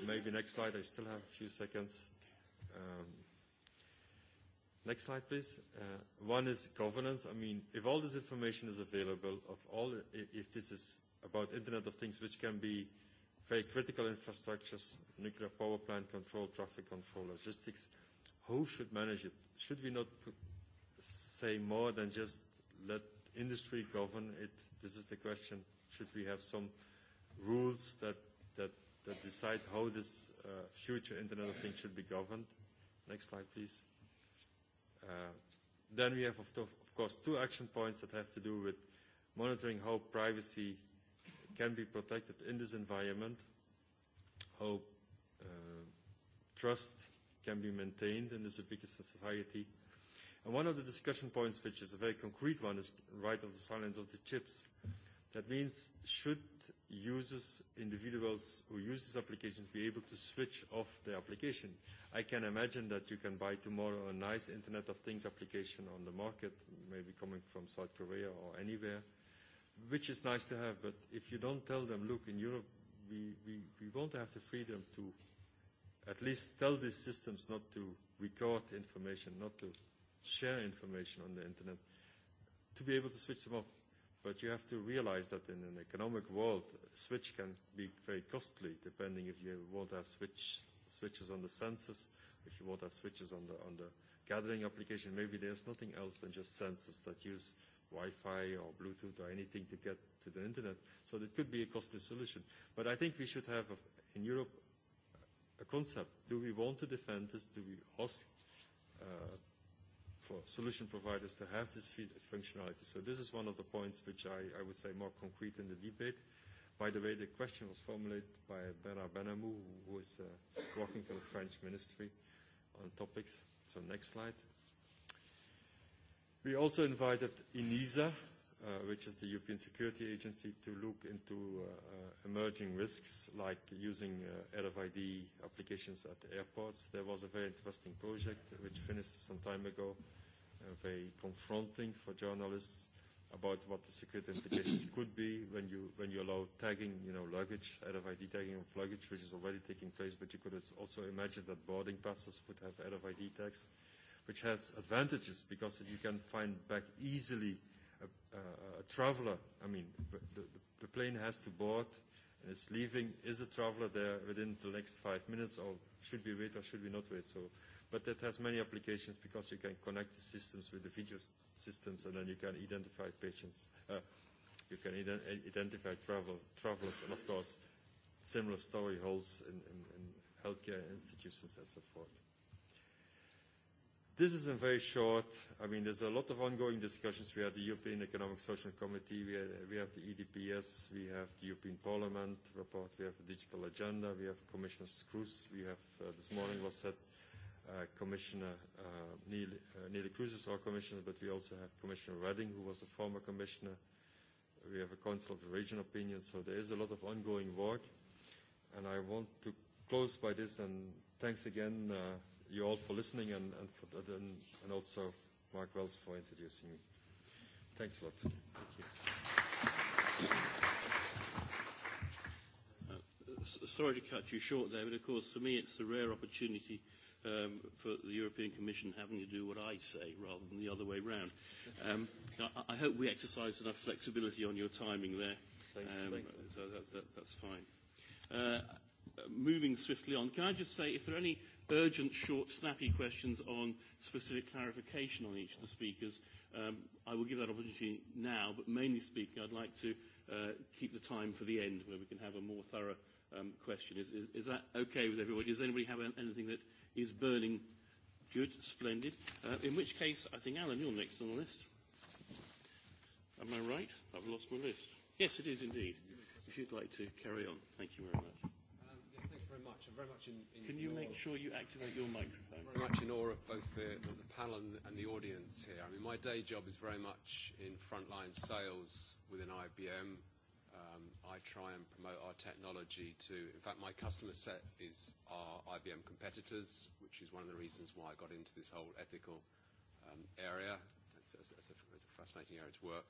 Maybe next slide. I still have a few seconds. Next slide, please. One is governance. I mean, if all this information is available, of all, if this is about Internet of Things, which can be very critical infrastructures, nuclear power plant control, traffic control, logistics, who should manage it? Should we not say more than just let industry govern it? This is the question. Should we have some rules that, that, that decide how this future Internet of Things should be governed? Next slide, please. Then we have, of course, two action points that have to do with monitoring how privacy can be protected in this environment, how trust can be maintained in this ubiquitous society. And one of the discussion points, which is a very concrete one, is right of the silence of the chips. That means should users, individuals who use these applications, be able to switch off their application? I can imagine that you can buy tomorrow a nice Internet of Things application on the market, maybe coming from South Korea or anywhere, which is nice to have, but if you don't tell them, look, in Europe, we, we, we won't have the freedom to at least tell these systems not to record information, not to share information on the Internet, to be able to switch them off. But you have to realize that in an economic world, switch can be very costly, depending if you want to have switch switches on the sensors, if you want to have switches on the on the gathering application, maybe there's nothing else than just sensors that use Wi-Fi or Bluetooth or anything to get to the internet. So it could be a costly solution. But I think we should have in Europe a concept: Do we want to defend this? Do we ask for solution providers to have this functionality? So this is one of the points which I I would say more concrete in the debate. By the way, the question was formulated by Bernard Benamou, who is working for the French Ministry on topics. So next slide. We also invited ENISA, which is the European Security Agency, to look into emerging risks like using RFID applications at airports. There was a very interesting project which finished some time ago, very confronting for journalists about what the security implications could be when you when you allow tagging, you know, luggage, RFID tagging of luggage, which is already taking place, but you could also imagine that boarding passes would have RFID tags, which has advantages because you can find back easily a traveler. I mean, the the plane has to board and it's leaving. Is a traveler there within the next five minutes, or should we wait or should we not wait? So But it has many applications because you can connect the systems with the video systems and then you can identify patients, you can identify travelers and of course similar story holds in healthcare institutions and so forth. This is in very short. I mean, there's a lot of ongoing discussions. We have the European Economic Social Committee, we have the EDPS, we have the European Parliament report, we have the digital agenda, we have Commissioner Cruz, we have this morning was set Commissioner Neil Cruz is our commissioner, but we also have Commissioner Redding, who was a former commissioner. We have a Council of the Region opinion, so there is a lot of ongoing work. And I want to close by this, and thanks again you all for listening, and and also Mark Wells for introducing me. Thanks a lot. Thank sorry to cut you short there, but of course for me it's a rare opportunity for the European Commission having to do what I say rather than the other way round. I hope we exercise enough flexibility on your timing there. So that's fine. Moving swiftly on, can I just say if there are any urgent, short, snappy questions on specific clarification on each of the speakers, I will give that opportunity now, but mainly speaking, I'd like to keep the time for the end where we can have a more thorough question. Is that okay with everybody? Does anybody have anything that is burning. Good, splendid. In which case, I think, Alan, you're next on the list. Am I right? I've lost my list. Yes, it is indeed. If you'd like to carry on. Thank you very much. Yes, thanks very much. I'm very much in. Can you make sure you activate your microphone? Very much in awe of both the panel and the audience here. I mean, my day job is very much in frontline sales within IBM I try and promote our technology to, in fact, my customer set is our IBM competitors, which is one of the reasons why I got into this whole ethical area. It's a fascinating area to work.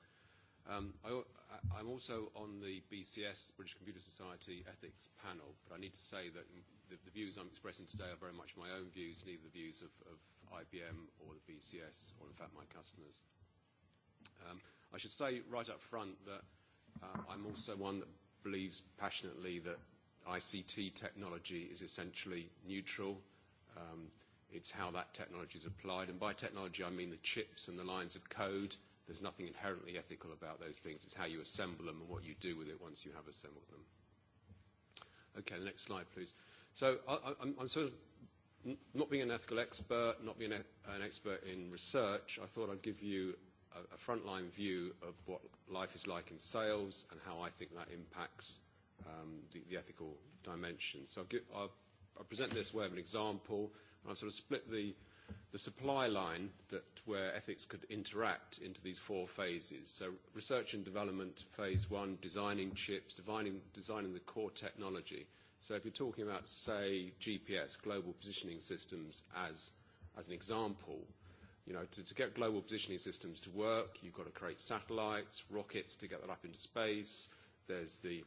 I'm also on the BCS, British Computer Society Ethics Panel, but I need to say that the views I'm expressing today are very much my own views, neither the views of IBM or the BCS or, in fact, my customers. I should say right up front that I'm also one that believes passionately that ICT technology is essentially neutral. It's how that technology is applied. And by technology, I mean the chips and the lines of code. There's nothing inherently ethical about those things. It's how you assemble them and what you do with it once you have assembled them. Okay, the next slide, please. So I'm sort of not being an ethical expert, not being an expert in research. I thought I'd give you a frontline view of what life is like in sales and how I think that impacts um the the ethical dimension. So I'll present this way of an example, and I've sort of split the the supply line that where ethics could interact into these four phases. So research and development, phase one, designing chips, designing designing the core technology. So if you're talking about, say, GPS, global positioning systems, as as an example, You know, to, to get global positioning systems to work, you've got to create satellites, rockets to get that up into space. There's the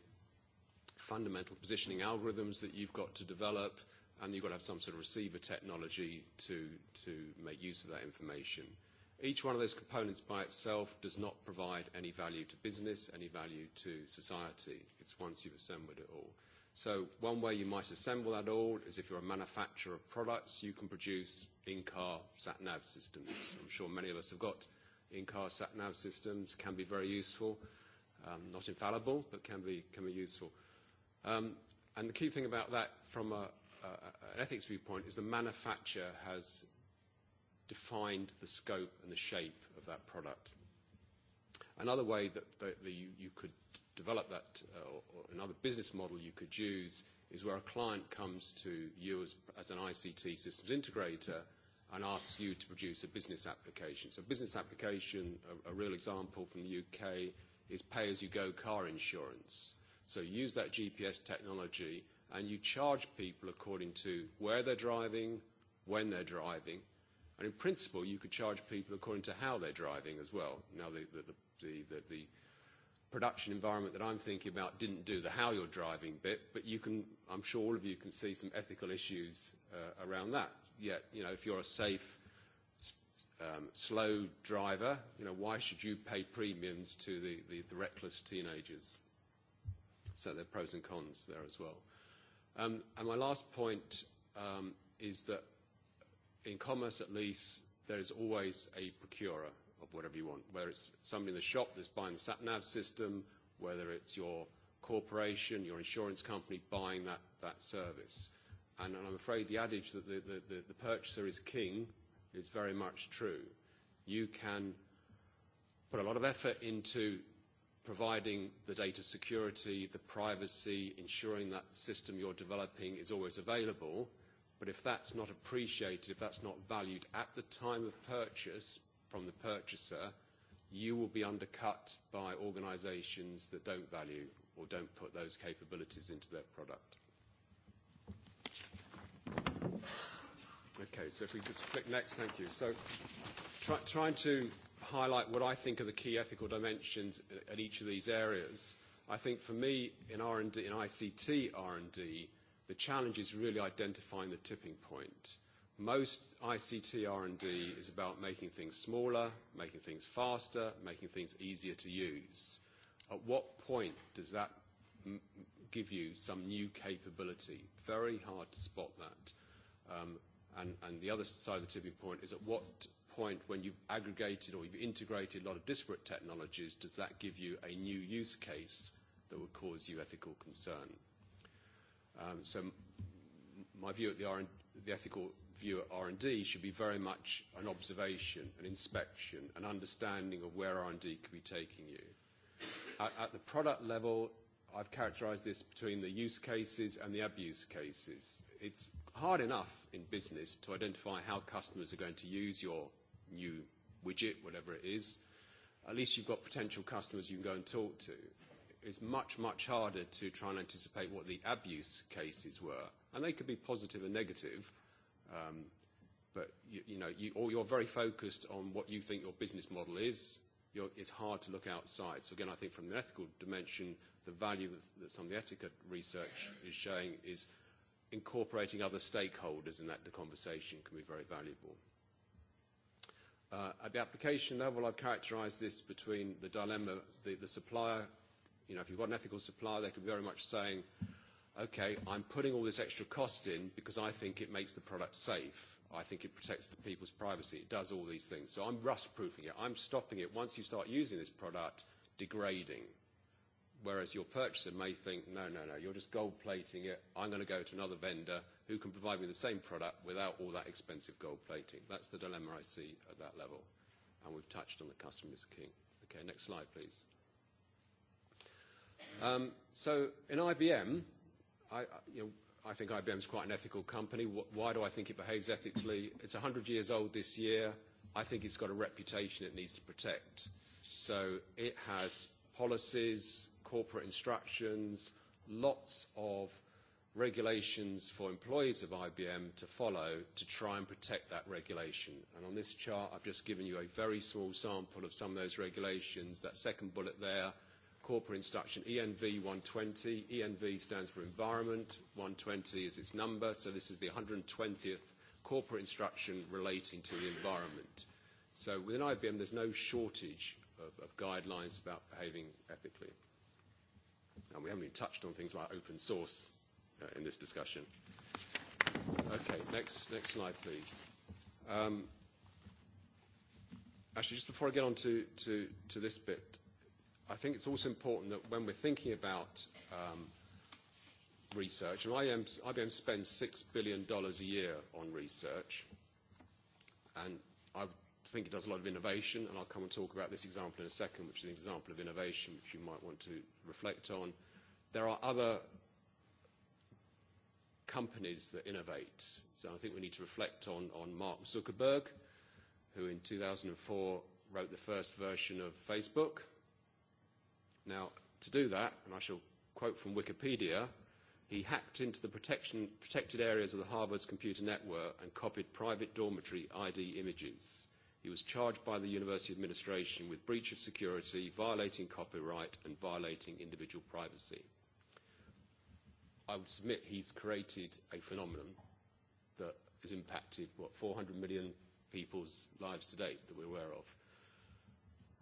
fundamental positioning algorithms that you've got to develop, and you've got to have some sort of receiver technology to, to make use of that information. Each one of those components by itself does not provide any value to business, any value to society. It's once you've assembled it all. So one way you might assemble that all is if you're a manufacturer of products, you can produce in-car sat-nav systems. I'm sure many of us have got in-car sat-nav systems, can be very useful, not infallible, but can be can be useful. And the key thing about that from an ethics viewpoint is the manufacturer has defined the scope and the shape of that product. Another way that you could develop that or another business model you could use is where a client comes to you as an ICT systems integrator and asks you to produce a business application. So business application, a real example from the UK, is pay-as-you-go car insurance. So use that GPS technology and you charge people according to where they're driving, when they're driving, and in principle you could charge people according to how they're driving as well. Now the the the production environment that I'm thinking about didn't do the how you're driving bit, but you can, I'm sure all of you can see some ethical issues around that. Yet, you know, if you're a safe, slow driver, you know, why should you pay premiums to the, the, the reckless teenagers? So there are pros and cons there as well. Um, and my last point um, is that in commerce, at least, there is always a procurer of whatever you want, whether it's somebody in the shop that's buying the SatNav system, whether it's your corporation, your insurance company buying that that service. And I'm afraid the adage that the the the purchaser is king is very much true. You can put a lot of effort into providing the data security, the privacy, ensuring that the system you're developing is always available. But if that's not appreciated, if that's not valued at the time of purchase from the purchaser, you will be undercut by organizations that don't value or don't put those capabilities into their product. Okay, so if we just click next, thank you. So trying to highlight what I think are the key ethical dimensions at each of these areas, I think for me in R&D, in ICT R&D, the challenge is really identifying the tipping point Most ICT R&D is about making things smaller, making things faster, making things easier to use. At what point does that give you some new capability? Very hard to spot that. And the other side of the tipping point is at what point, when you've aggregated or you've integrated a lot of disparate technologies, does that give you a new use case that would cause you ethical concern? So my view at the ethical view at R&D should be very much an observation, an inspection, an understanding of where R&D could be taking you. At the product level, I've characterized this between the use cases and the abuse cases. It's hard enough in business to identify how customers are going to use your new widget, whatever it is. At least you've got potential customers you can go and talk to. It's much, much harder to try and anticipate what the abuse cases were. And they could be positive and negative, But you you know, you or you're very focused on what you think your business model is. It's hard to look outside. So again, I think from the ethical dimension, the value that some of the etiquette research is showing is incorporating other stakeholders in that the conversation can be very valuable. At the application level, I've characterised this between the dilemma, the supplier. You know, if you've got an ethical supplier, they could be very much saying okay, I'm putting all this extra cost in because I think it makes the product safe. I think it protects the people's privacy. It does all these things. So I'm rust-proofing it. I'm stopping it, once you start using this product, degrading. Whereas your purchaser may think, no, no, no, you're just gold-plating it. I'm going to go to another vendor who can provide me the same product without all that expensive gold-plating. That's the dilemma I see at that level. And we've touched on the customer's king. Okay, next slide, please. So in IBM, I, you know, I think IBM's quite an ethical company. Why do I think it behaves ethically? It's 100 years old this year. I think it's got a reputation it needs to protect. So it has policies, corporate instructions, lots of regulations for employees of IBM to follow to try and protect that regulation. And on this chart, I've just given you a very small sample of some of those regulations. That second bullet there corporate instruction ENV 120. ENV stands for environment, 120 is its number, so this is the 120th corporate instruction relating to the environment. So within IBM, there's no shortage of guidelines about behaving ethically. And we haven't even touched on things like open source in this discussion. Okay, next next slide, please. Actually, just before I get on to this bit, I think it's also important that when we're thinking about research, and IBM spends $6 billion dollars a year on research, and I think it does a lot of innovation, and I'll come and talk about this example in a second, which is an example of innovation which you might want to reflect on. There are other companies that innovate, so I think we need to reflect on Mark Zuckerberg, who in 2004 wrote the first version of Facebook Now, to do that, and I shall quote from Wikipedia, he hacked into the protection protected areas of the Harvard's computer network and copied private dormitory ID images. He was charged by the university administration with breach of security, violating copyright, and violating individual privacy. I would submit he's created a phenomenon that has impacted, what, 400 million people's lives to date that we're aware of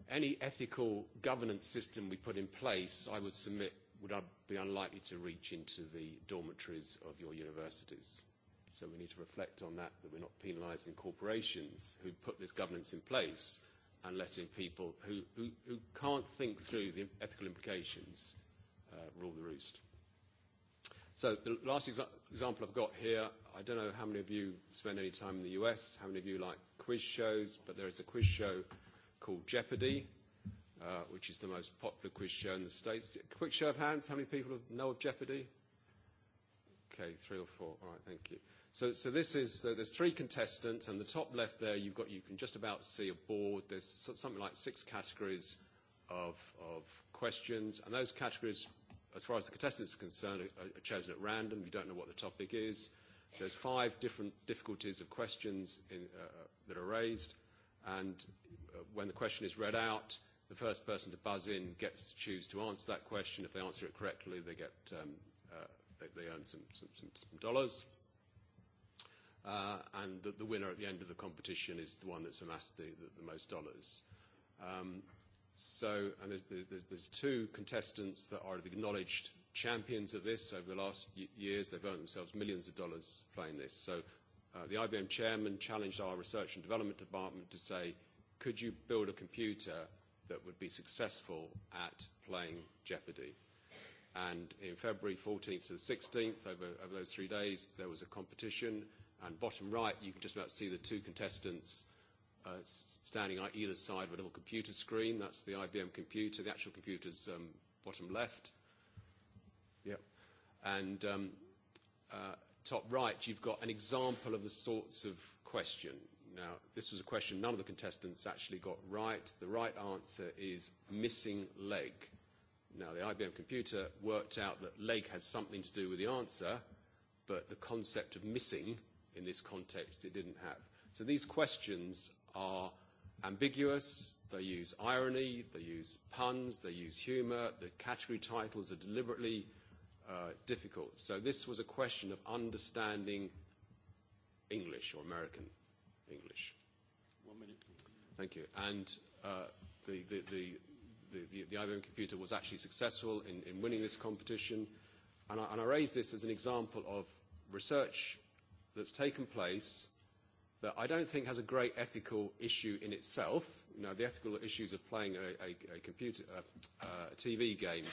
any ethical governance system we put in place, I would submit, would be unlikely to reach into the dormitories of your universities. So we need to reflect on that, that we're not penalising corporations who put this governance in place and letting people who, who, who can't think through the ethical implications uh, rule the roost. So the last example I've got here, I don't know how many of you spend any time in the US, how many of you like quiz shows, but there is a quiz show called Jeopardy, which is the most popular quiz show in the States. Quick show of hands, how many people know of Jeopardy? Okay, three or four. All right, thank you. So, so this is, there's three contestants, and the top left there, you've got, you can just about see a board. There's something like six categories of, of questions, and those categories, as far as the contestants are concerned, are, chosen at random. You don't know what the topic is. There's five different difficulties of questions in, that are raised, and when the question is read out, the first person to buzz in gets to choose to answer that question. If they answer it correctly, they get they earn some some some dollars. And the winner at the end of the competition is the one that's amassed the most dollars. Um So, and there's there's there's two contestants that are the acknowledged champions of this over the last years. They've earned themselves millions of dollars playing this. So the IBM chairman challenged our research and development department to say, could you build a computer that would be successful at playing Jeopardy? And in February 14th to the 16th, over, over those three days, there was a competition. And bottom right, you can just about see the two contestants uh, standing on either side of a little computer screen. That's the IBM computer. The actual computer's um, bottom left. Yep. And um, uh, top right, you've got an example of the sorts of question Now, this was a question none of the contestants actually got right. The right answer is missing leg. Now, the IBM computer worked out that leg has something to do with the answer, but the concept of missing in this context it didn't have. So these questions are ambiguous, they use irony, they use puns, they use humor, the category titles are deliberately difficult. So this was a question of understanding English or American. English. One minute. Thank you. And the, the, the, the, the IBM computer was actually successful in, in winning this competition. And I, and I raise this as an example of research that's taken place that I don't think has a great ethical issue in itself. You know, the ethical issues of playing a, a, a computer, uh, a TV game,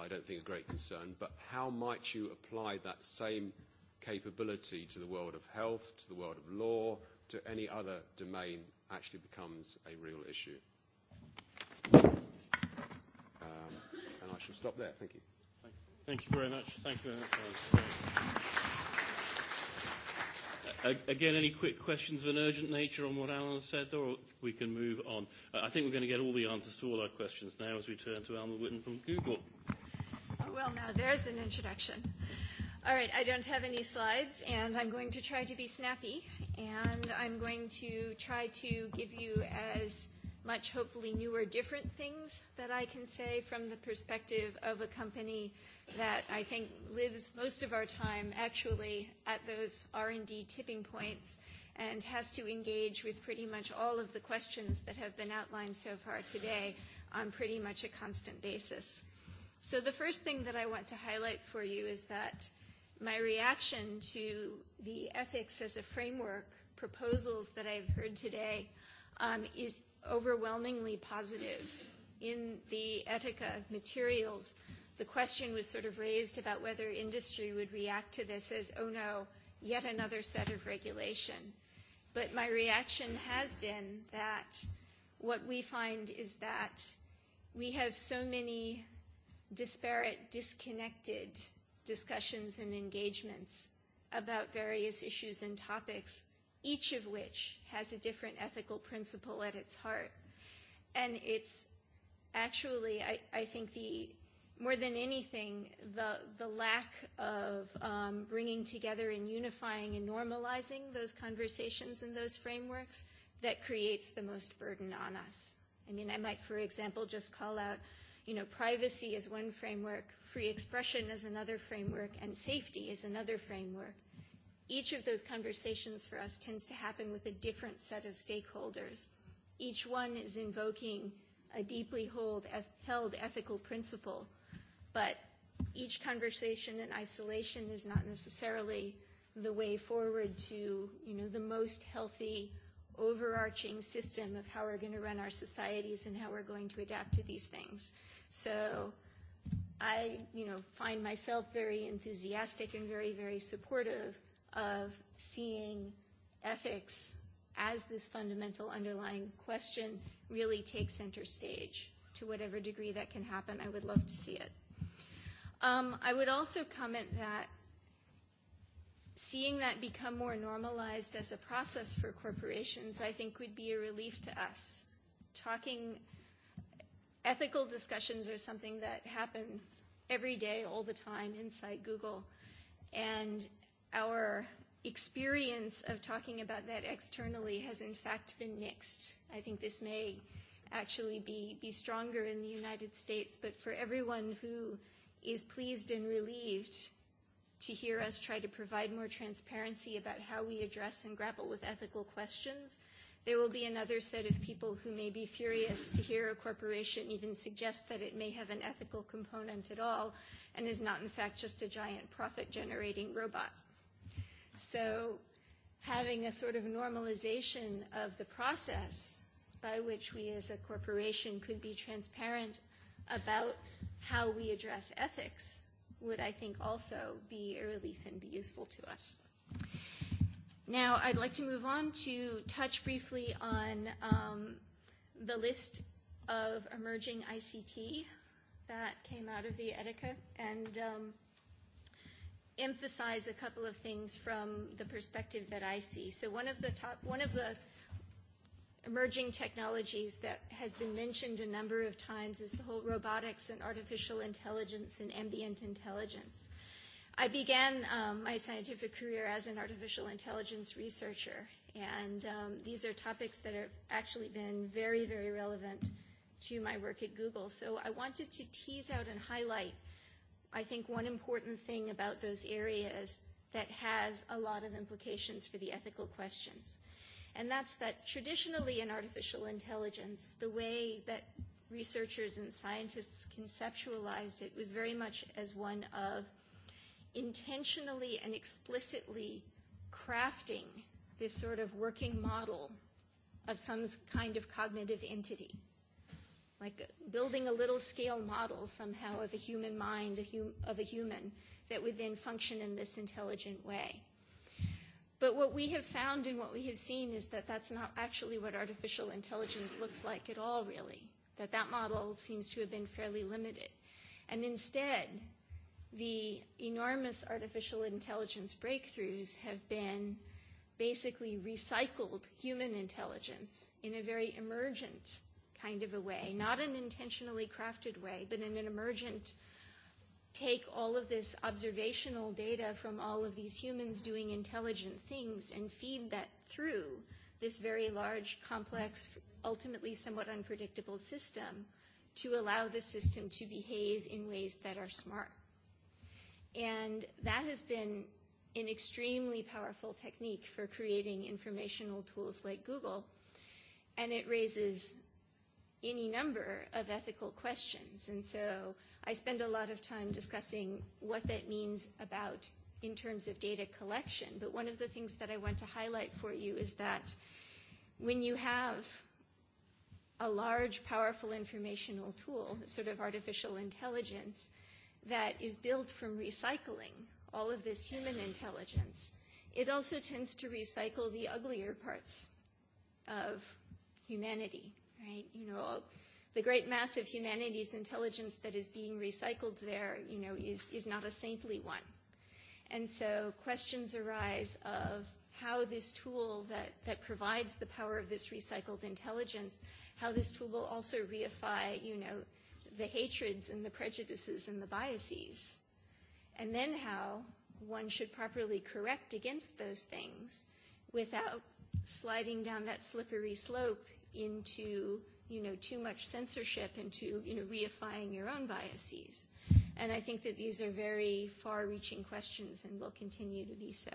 I don't think a great concern. But how might you apply that same capability to the world of health, to the world of law, to any other domain actually becomes a real issue. And I shall stop there. Thank you. Thank you very much. Thank you very much. Again, any quick questions of an urgent nature on what Alan said, or we can move on. I think we're going to get all the answers to all our questions now as we turn to Alma Witten from Google. Well, now there's an introduction. All right, I don't have any slides, and I'm going to try to be snappy and I'm going to try to give you as much hopefully newer different things that I can say from the perspective of a company that I think lives most of our time actually at those R&D tipping points and has to engage with pretty much all of the questions that have been outlined so far today on pretty much a constant basis. So the first thing that I want to highlight for you is that my reaction to the ethics as a framework proposals that I've heard today um, is overwhelmingly positive. In the Etica materials, the question was sort of raised about whether industry would react to this as, oh no, yet another set of regulation. But my reaction has been that what we find is that we have so many disparate, disconnected discussions and engagements about various issues and topics, each of which has a different ethical principle at its heart. And it's actually, I, I think, the more than anything, the, the lack of um, bringing together and unifying and normalizing those conversations and those frameworks that creates the most burden on us. I mean, I might, for example, just call out you know, privacy is one framework, free expression is another framework, and safety is another framework. Each of those conversations for us tends to happen with a different set of stakeholders. Each one is invoking a deeply held ethical principle, but each conversation in isolation is not necessarily the way forward to, you know, the most healthy overarching system of how we're going to run our societies and how we're going to adapt to these things. So I, you know, find myself very enthusiastic and very, very supportive of seeing ethics as this fundamental underlying question really take center stage to whatever degree that can happen. I would love to see it. Um, I would also comment that seeing that become more normalized as a process for corporations, I think would be a relief to us. Talking ethical discussions are something that happens every day, all the time inside Google. And our experience of talking about that externally has in fact been mixed. I think this may actually be, be stronger in the United States, but for everyone who is pleased and relieved to hear us try to provide more transparency about how we address and grapple with ethical questions, there will be another set of people who may be furious to hear a corporation even suggest that it may have an ethical component at all and is not in fact just a giant profit generating robot. So having a sort of normalization of the process by which we as a corporation could be transparent about how we address ethics would, I think, also be a relief and be useful to us. Now, I'd like to move on to touch briefly on um, the list of emerging ICT that came out of the Etica and um, emphasize a couple of things from the perspective that I see. So one of the top, one of the emerging technologies that has been mentioned a number of times is the whole robotics and artificial intelligence and ambient intelligence. I began my scientific career as an artificial intelligence researcher, and these are topics that have actually been very, very relevant to my work at Google. So I wanted to tease out and highlight, I think, one important thing about those areas that has a lot of implications for the ethical questions. And that's that traditionally in artificial intelligence, the way that researchers and scientists conceptualized it was very much as one of intentionally and explicitly crafting this sort of working model of some kind of cognitive entity, like building a little scale model somehow of a human mind, of a human, that would then function in this intelligent way. But what we have found and what we have seen is that that's not actually what artificial intelligence looks like at all, really, that that model seems to have been fairly limited. And instead, the enormous artificial intelligence breakthroughs have been basically recycled human intelligence in a very emergent kind of a way, not an intentionally crafted way, but in an emergent take all of this observational data from all of these humans doing intelligent things and feed that through this very large, complex, ultimately somewhat unpredictable system to allow the system to behave in ways that are smart. And that has been an extremely powerful technique for creating informational tools like Google. And it raises any number of ethical questions. And so I spend a lot of time discussing what that means about in terms of data collection. But one of the things that I want to highlight for you is that when you have a large, powerful informational tool, sort of artificial intelligence, that is built from recycling all of this human intelligence, it also tends to recycle the uglier parts of humanity, right? You know, the great mass of humanity's intelligence that is being recycled there, you know, is, is not a saintly one. And so questions arise of how this tool that, that provides the power of this recycled intelligence, how this tool will also reify, you know, the hatreds and the prejudices and the biases, and then how one should properly correct against those things without sliding down that slippery slope into, you know, too much censorship, into, you know, reifying your own biases. And I think that these are very far-reaching questions and will continue to be so.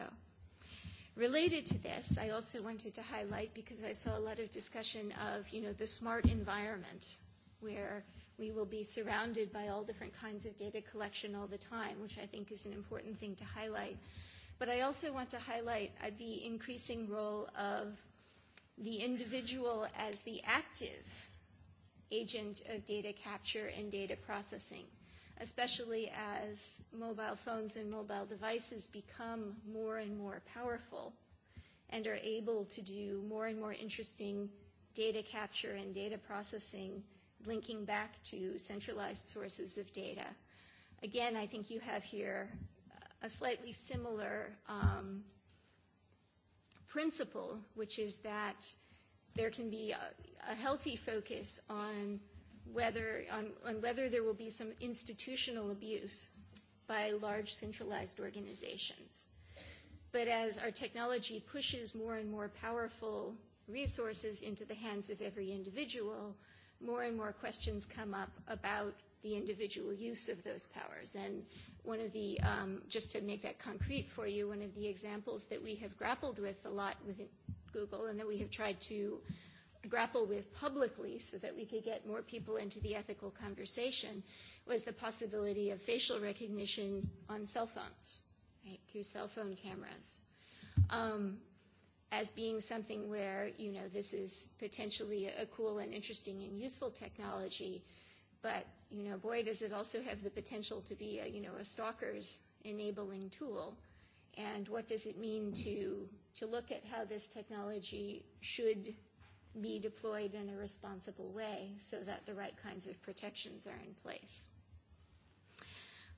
Related to this, I also wanted to highlight, because I saw a lot of discussion of, you know, the smart environment, where we will be surrounded by all different kinds of data collection all the time, which I think is an important thing to highlight. But I also want to highlight the increasing role of the individual as the active agent of data capture and data processing, especially as mobile phones and mobile devices become more and more powerful and are able to do more and more interesting data capture and data processing linking back to centralized sources of data. Again, I think you have here a slightly similar um, principle, which is that there can be a, a healthy focus on whether, on whether there will be some institutional abuse by large centralized organizations. But as our technology pushes more and more powerful resources into the hands of every individual, more and more questions come up about the individual use of those powers. And one of the, just to make that concrete for you, one of the examples that we have grappled with a lot within Google and that we have tried to grapple with publicly so that we could get more people into the ethical conversation was the possibility of facial recognition on cell phones, right, through cell phone cameras. Um, as being something where, you know, this is potentially a cool and interesting and useful technology, but, you know, boy, does it also have the potential to be, a, you know, a stalker's enabling tool. And what does it mean to, to look at how this technology should be deployed in a responsible way so that the right kinds of protections are in place?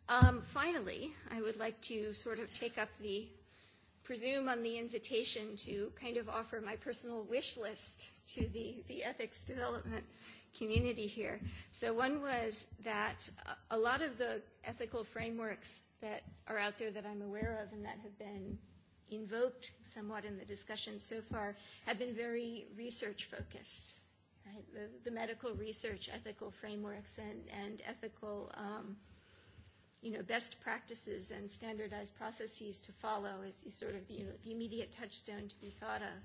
Um, finally, I would like to sort of take up the presume on the invitation to kind of offer my personal wish list to the, the ethics development community here. So one was that a lot of the ethical frameworks that are out there that I'm aware of and that have been invoked somewhat in the discussion so far have been very research focused. Right? The, the medical research ethical frameworks and, and ethical um, you know, best practices and standardized processes to follow is sort of the, you know, the immediate touchstone to be thought of.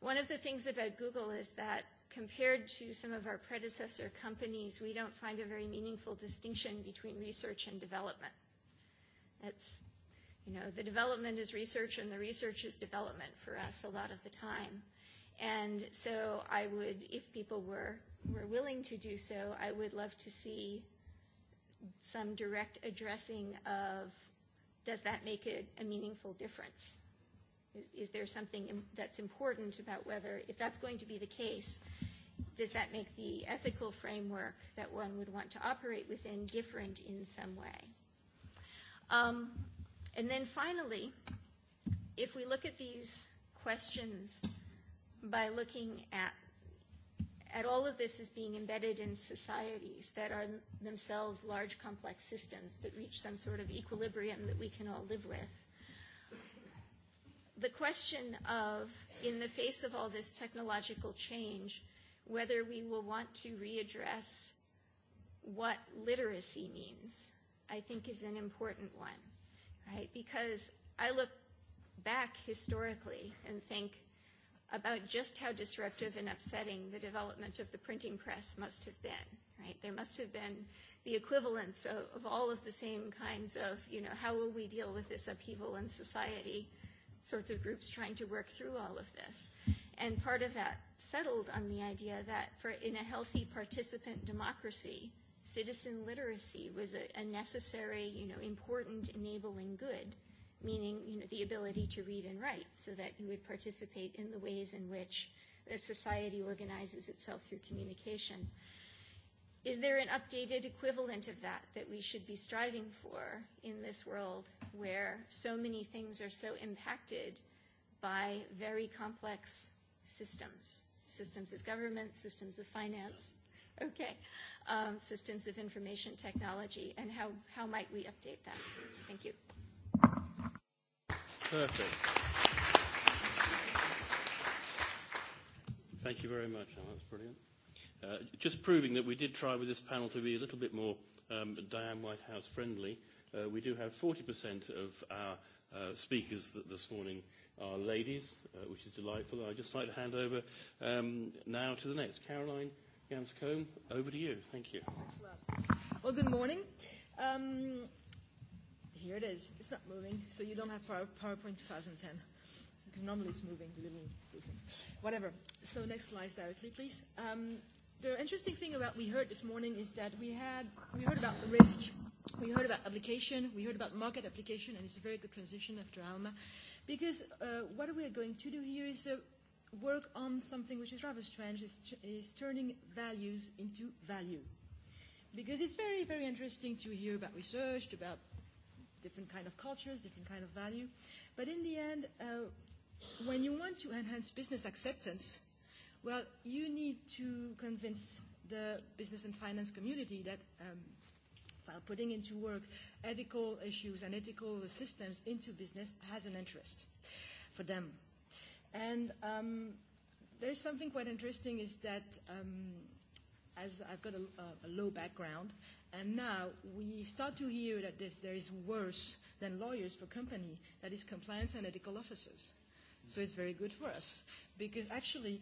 One of the things about Google is that compared to some of our predecessor companies, we don't find a very meaningful distinction between research and development. It's, you know, the development is research and the research is development for us a lot of the time. And so I would, if people were, were willing to do so, I would love to see some direct addressing of does that make a meaningful difference? Is there something that's important about whether, if that's going to be the case, does that make the ethical framework that one would want to operate within different in some way? And then finally, if we look at these questions by looking at At all of this is being embedded in societies that are themselves large complex systems that reach some sort of equilibrium that we can all live with. The question of, in the face of all this technological change, whether we will want to readdress what literacy means, I think is an important one, right? Because I look back historically and think, about just how disruptive and upsetting the development of the printing press must have been. Right? There must have been the equivalence of, of all of the same kinds of, you know, how will we deal with this upheaval in society sorts of groups trying to work through all of this. And part of that settled on the idea that for in a healthy participant democracy, citizen literacy was a, a necessary, you know, important enabling good meaning you know, the ability to read and write, so that you would participate in the ways in which the society organizes itself through communication. Is there an updated equivalent of that that we should be striving for in this world where so many things are so impacted by very complex systems, systems of government, systems of finance, okay, um, systems of information technology, and how, how might we update that? Thank you. Perfect. Thank you very much. That's brilliant. Just proving that we did try with this panel to be a little bit more Diane Whitehouse friendly. We do have 40% of our speakers this morning are ladies, which is delightful. I'd just like to hand over now to the next. Caroline Ganscombe, over to you. Thank you. Well, good morning. Here it is. It's not moving, so you don't have PowerPoint 2010. Because normally it's moving, little things. Whatever. So next slide directly, please. Um, the interesting thing about we heard this morning is that we had we heard about the risk, we heard about application, we heard about market application, and it's a very good transition after ALMA, because uh, what we are going to do here is uh, work on something which is rather strange, is, is turning values into value. Because it's very, very interesting to hear about research, about different kind of cultures, different kind of value. But in the end, when you want to enhance business acceptance, well, you need to convince the business and finance community that putting into work ethical issues and ethical systems into business has an interest for them. And um, there's something quite interesting is that um, as I've got a, a low background And now we start to hear that there is worse than lawyers for company, that is compliance and ethical officers. So it's very good for us, because actually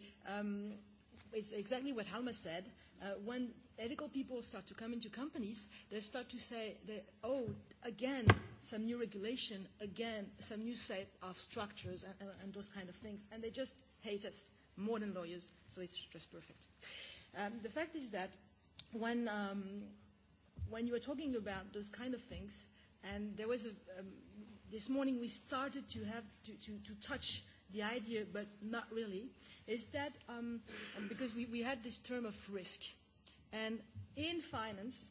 it's exactly what Halma said. When ethical people start to come into companies, they start to say, oh, again, some new regulation, again, some new set of structures and those kind of things. And they just hate us more than lawyers, so it's just perfect. The fact is that when when you were talking about those kind of things, and there was a, this morning we started to have to, to, to touch the idea, but not really, is that um, because we, we had this term of risk. And in finance,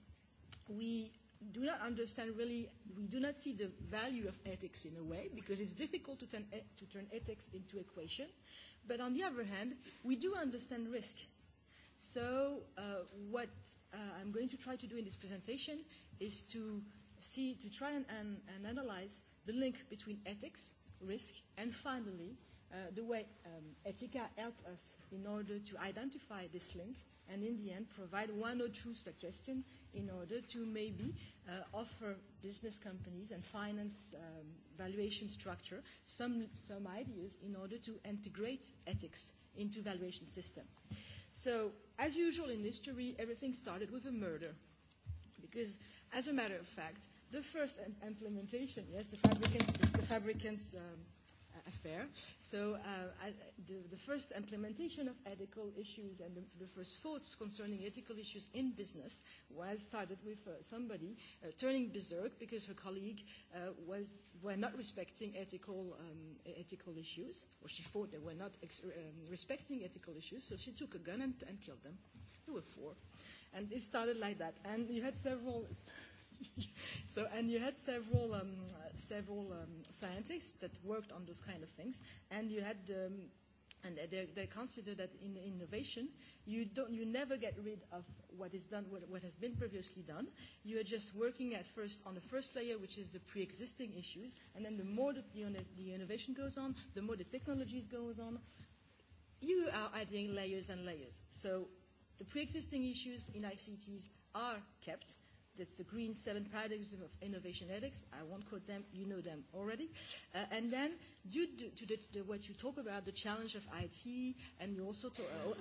we do not understand really, we do not see the value of ethics in a way, because it's difficult to turn, to turn ethics into equation. But on the other hand, we do understand risk So what I'm going to try to do in this presentation is to see, to try and, and, analyze the link between ethics, risk, and finally, the way Ethica helped us in order to identify this link and in the end provide one or two suggestions in order to maybe offer business companies and finance valuation structure some, some ideas in order to integrate ethics into valuation system. So, as usual in history, everything started with a murder. Because, as a matter of fact, the first implementation, yes, the fabricants, the fabricants affair. So the first implementation of ethical issues and the first thoughts concerning ethical issues in business was started with somebody turning berserk because her colleague was were not respecting ethical ethical issues, or she thought they were not respecting ethical issues, so she took a gun and killed them. There were four. And it started like that. And you had several So, and you had several um, several um, scientists that worked on those kind of things, and you had um, and they, they consider that in innovation, you don't, you never get rid of what is done, what, what has been previously done. You are just working at first on the first layer, which is the pre-existing issues, and then the more the, the innovation goes on, the more the technologies goes on, you are adding layers and layers. So the pre-existing issues in ICTs are kept, That's the green seven paradigms of innovation ethics. I won't quote them. You know them already. And then due to what you talk about, the challenge of IT, and you also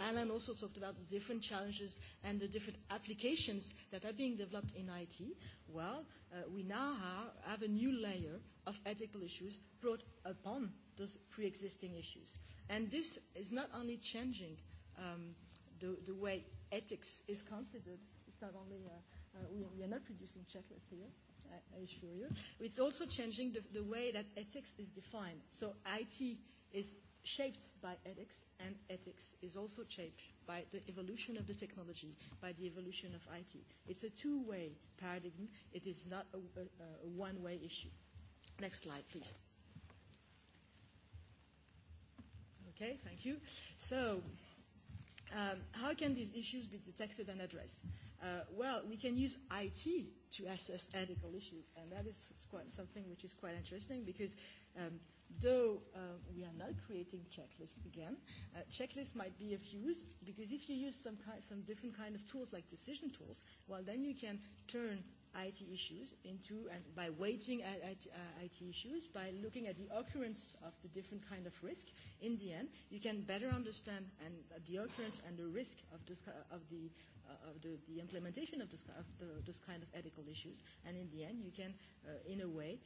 Alan also talked about the different challenges and the different applications that are being developed in IT. Well, we now have a new layer of ethical issues brought upon those pre-existing issues. And this is not only changing the way ethics is considered, it's not only we, we are not producing checklists here, I, assure you. It's also changing the, the way that ethics is defined. So IT is shaped by ethics, and ethics is also shaped by the evolution of the technology, by the evolution of IT. It's a two-way paradigm. It is not a, a, one-way issue. Next slide, please. Okay, thank you. So um, how can these issues be detected and addressed? well, we can use IT to assess ethical issues, and that is quite something which is quite interesting because though we are not creating checklists again, checklists might be of use because if you use some kind, some different kind of tools like decision tools, well, then you can turn IT issues into, and by weighting IT issues, by looking at the occurrence of the different kind of risk, in the end, you can better understand and the occurrence and the risk of, of the of the, implementation of, this, of this kind of ethical issues. And in the end, you can, in a way,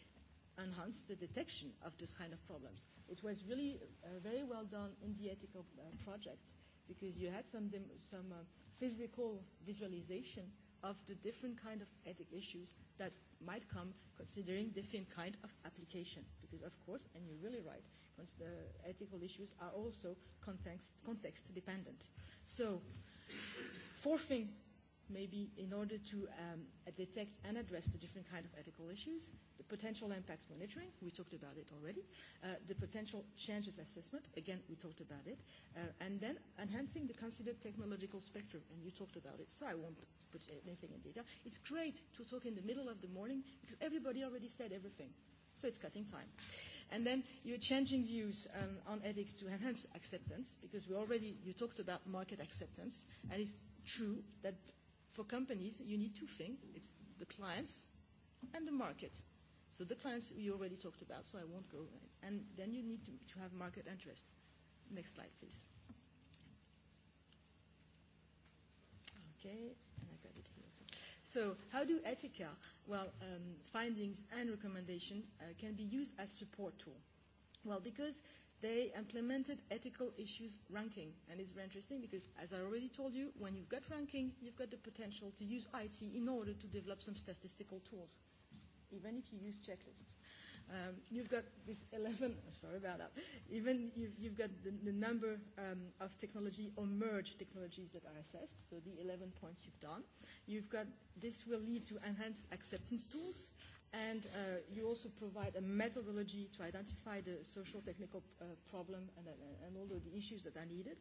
enhance the detection of this kind of problems. It was really very well done in the ethical project because you had some, some physical visualization of the different kind of ethical issues that might come considering different kind of application. Because of course, and you're really right, the ethical issues are also context, context dependent. So Fourth thing, maybe in order to detect and address the different kind of ethical issues, the potential impacts monitoring, we talked about it already, the potential changes assessment, again, we talked about it, and then enhancing the considered technological spectrum, and you talked about it, so I won't put anything in detail. It's great to talk in the middle of the morning because everybody already said everything, so it's cutting time. And then you're changing views on ethics to enhance acceptance because we already, you talked about market acceptance, and it's true that for companies you need two things. It's the clients and the market. So the clients we already talked about, so I won't go. And then you need to, to have market interest. Next slide, please. Okay, and I got it So how do ETICA, well, um, findings and recommendations uh, can be used as support tool? Well, because they implemented ethical issues ranking. And it's very interesting because, as I already told you, when you've got ranking, you've got the potential to use IT in order to develop some statistical tools, even if you use checklists. Um, you've got this 11, sorry about that, even you've, you've got the, the number um, of technology or merge technologies that are assessed, so the 11 points you've done. You've got, this will lead to enhanced acceptance tools, And you also provide a methodology to identify the social technical problem and, and all the issues that are needed.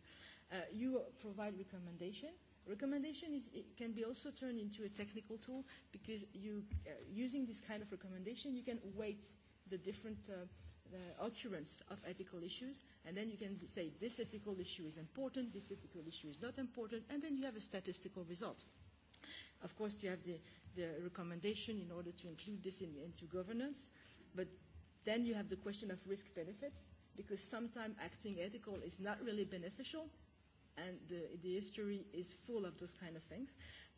you provide recommendation. Recommendation is, it can be also turned into a technical tool because you, using this kind of recommendation, you can weight the different the occurrence of ethical issues, and then you can say this ethical issue is important, this ethical issue is not important, and then you have a statistical result. Of course, you have the the recommendation in order to include this in, into governance. But then you have the question of risk-benefit, because sometimes acting ethical is not really beneficial, and the, history is full of those kind of things.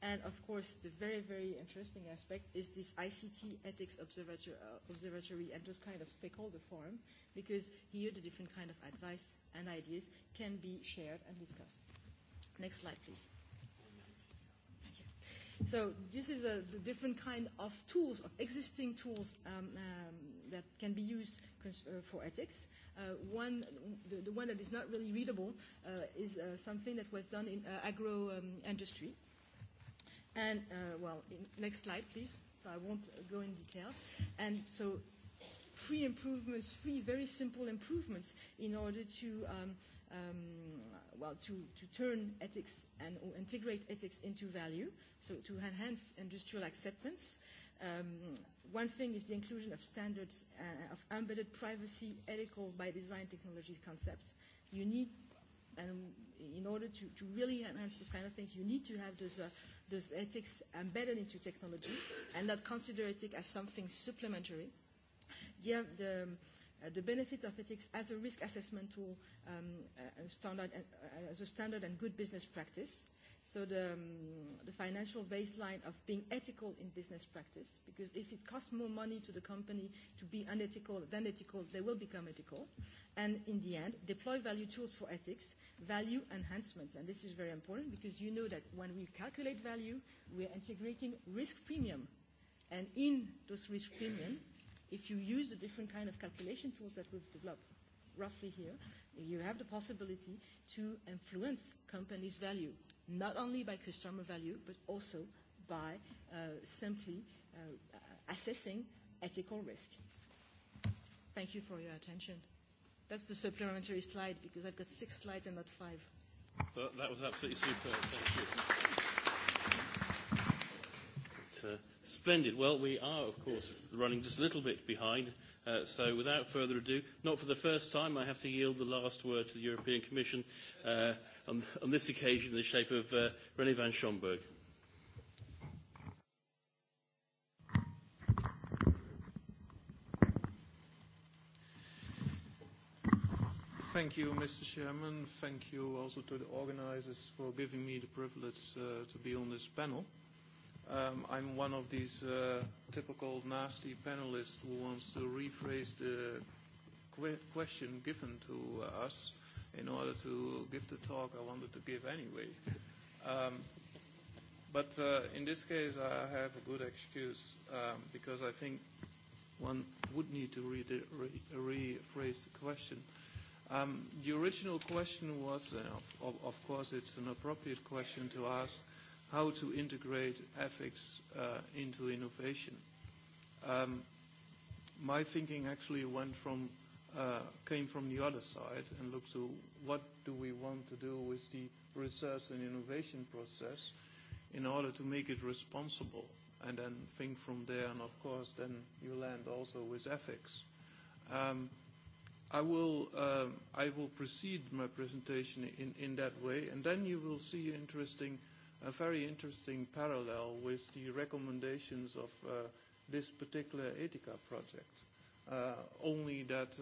And of course, the very, very interesting aspect is this ICT Ethics observatory and those kind of stakeholder forum, because here the different kind of advice and ideas can be shared and discussed. Next slide, please. So this is a different kind of tools, of existing tools that can be used for ethics. One, the one that is not really readable, is something that was done in agro industry. And, well, next slide, please. So I won't go in details. And so, three improvements, three very simple improvements in order to well, to, to turn ethics and integrate ethics into value, so to enhance industrial acceptance. One thing is the inclusion of standards of embedded privacy, ethical by design technology concept. You need, and in order to, to really enhance this kind of things, you need to have those, those ethics embedded into technology and not consider ethics as something supplementary. the, the benefit of ethics as a risk assessment tool and standard as a standard and good business practice. So the the financial baseline of being ethical in business practice, because if it costs more money to the company to be unethical than ethical, they will become ethical. And in the end, deploy value tools for ethics, value enhancements. And this is very important because you know that when we calculate value, we are integrating risk premium. And in those risk premium, if you use the different kind of calculation tools that we've developed roughly here, you have the possibility to influence companies' value, not only by customer value, but also by simply assessing ethical risk. Thank you for your attention. That's the supplementary slide because I've got six slides and not five. That was absolutely superb. Thank you. Splendid. Well, we are, of course, running just a little bit behind. So without further ado, not for the first time, I have to yield the last word to the European Commission on this occasion in the shape of René van Schomburg. Thank you, Mr. Chairman. Thank you also to the organizers for giving me the privilege to be on this panel. I'm one of these typical nasty panelists who wants to rephrase the question given to us in order to give the talk I wanted to give anyway. But in this case, I have a good excuse because I think one would need to rephrase the question. The original question was, of course, it's an appropriate question to ask how to integrate ethics into innovation. My thinking actually went from came from the other side and looked to what do we want to do with the research and innovation process in order to make it responsible and then think from there and of course then you land also with ethics. I will I will proceed my presentation in in that way and then you will see interesting a very interesting parallel with the recommendations of this particular Etica project. Only that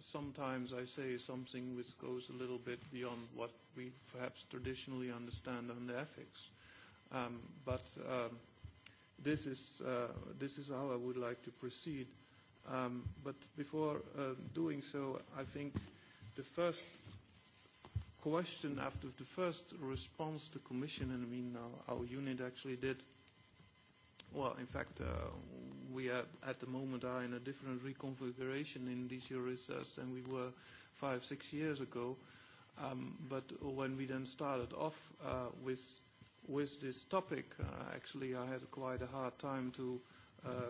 sometimes I say something which goes a little bit beyond what we perhaps traditionally understand under ethics. But this is how I would like to proceed. But before doing so, I think the first question after the first response the Commission and we mean our unit actually did. Well, in fact, we at the moment are in a different reconfiguration in year research than we were five, six years ago. But when we then started off with with this topic, actually I had quite a hard time to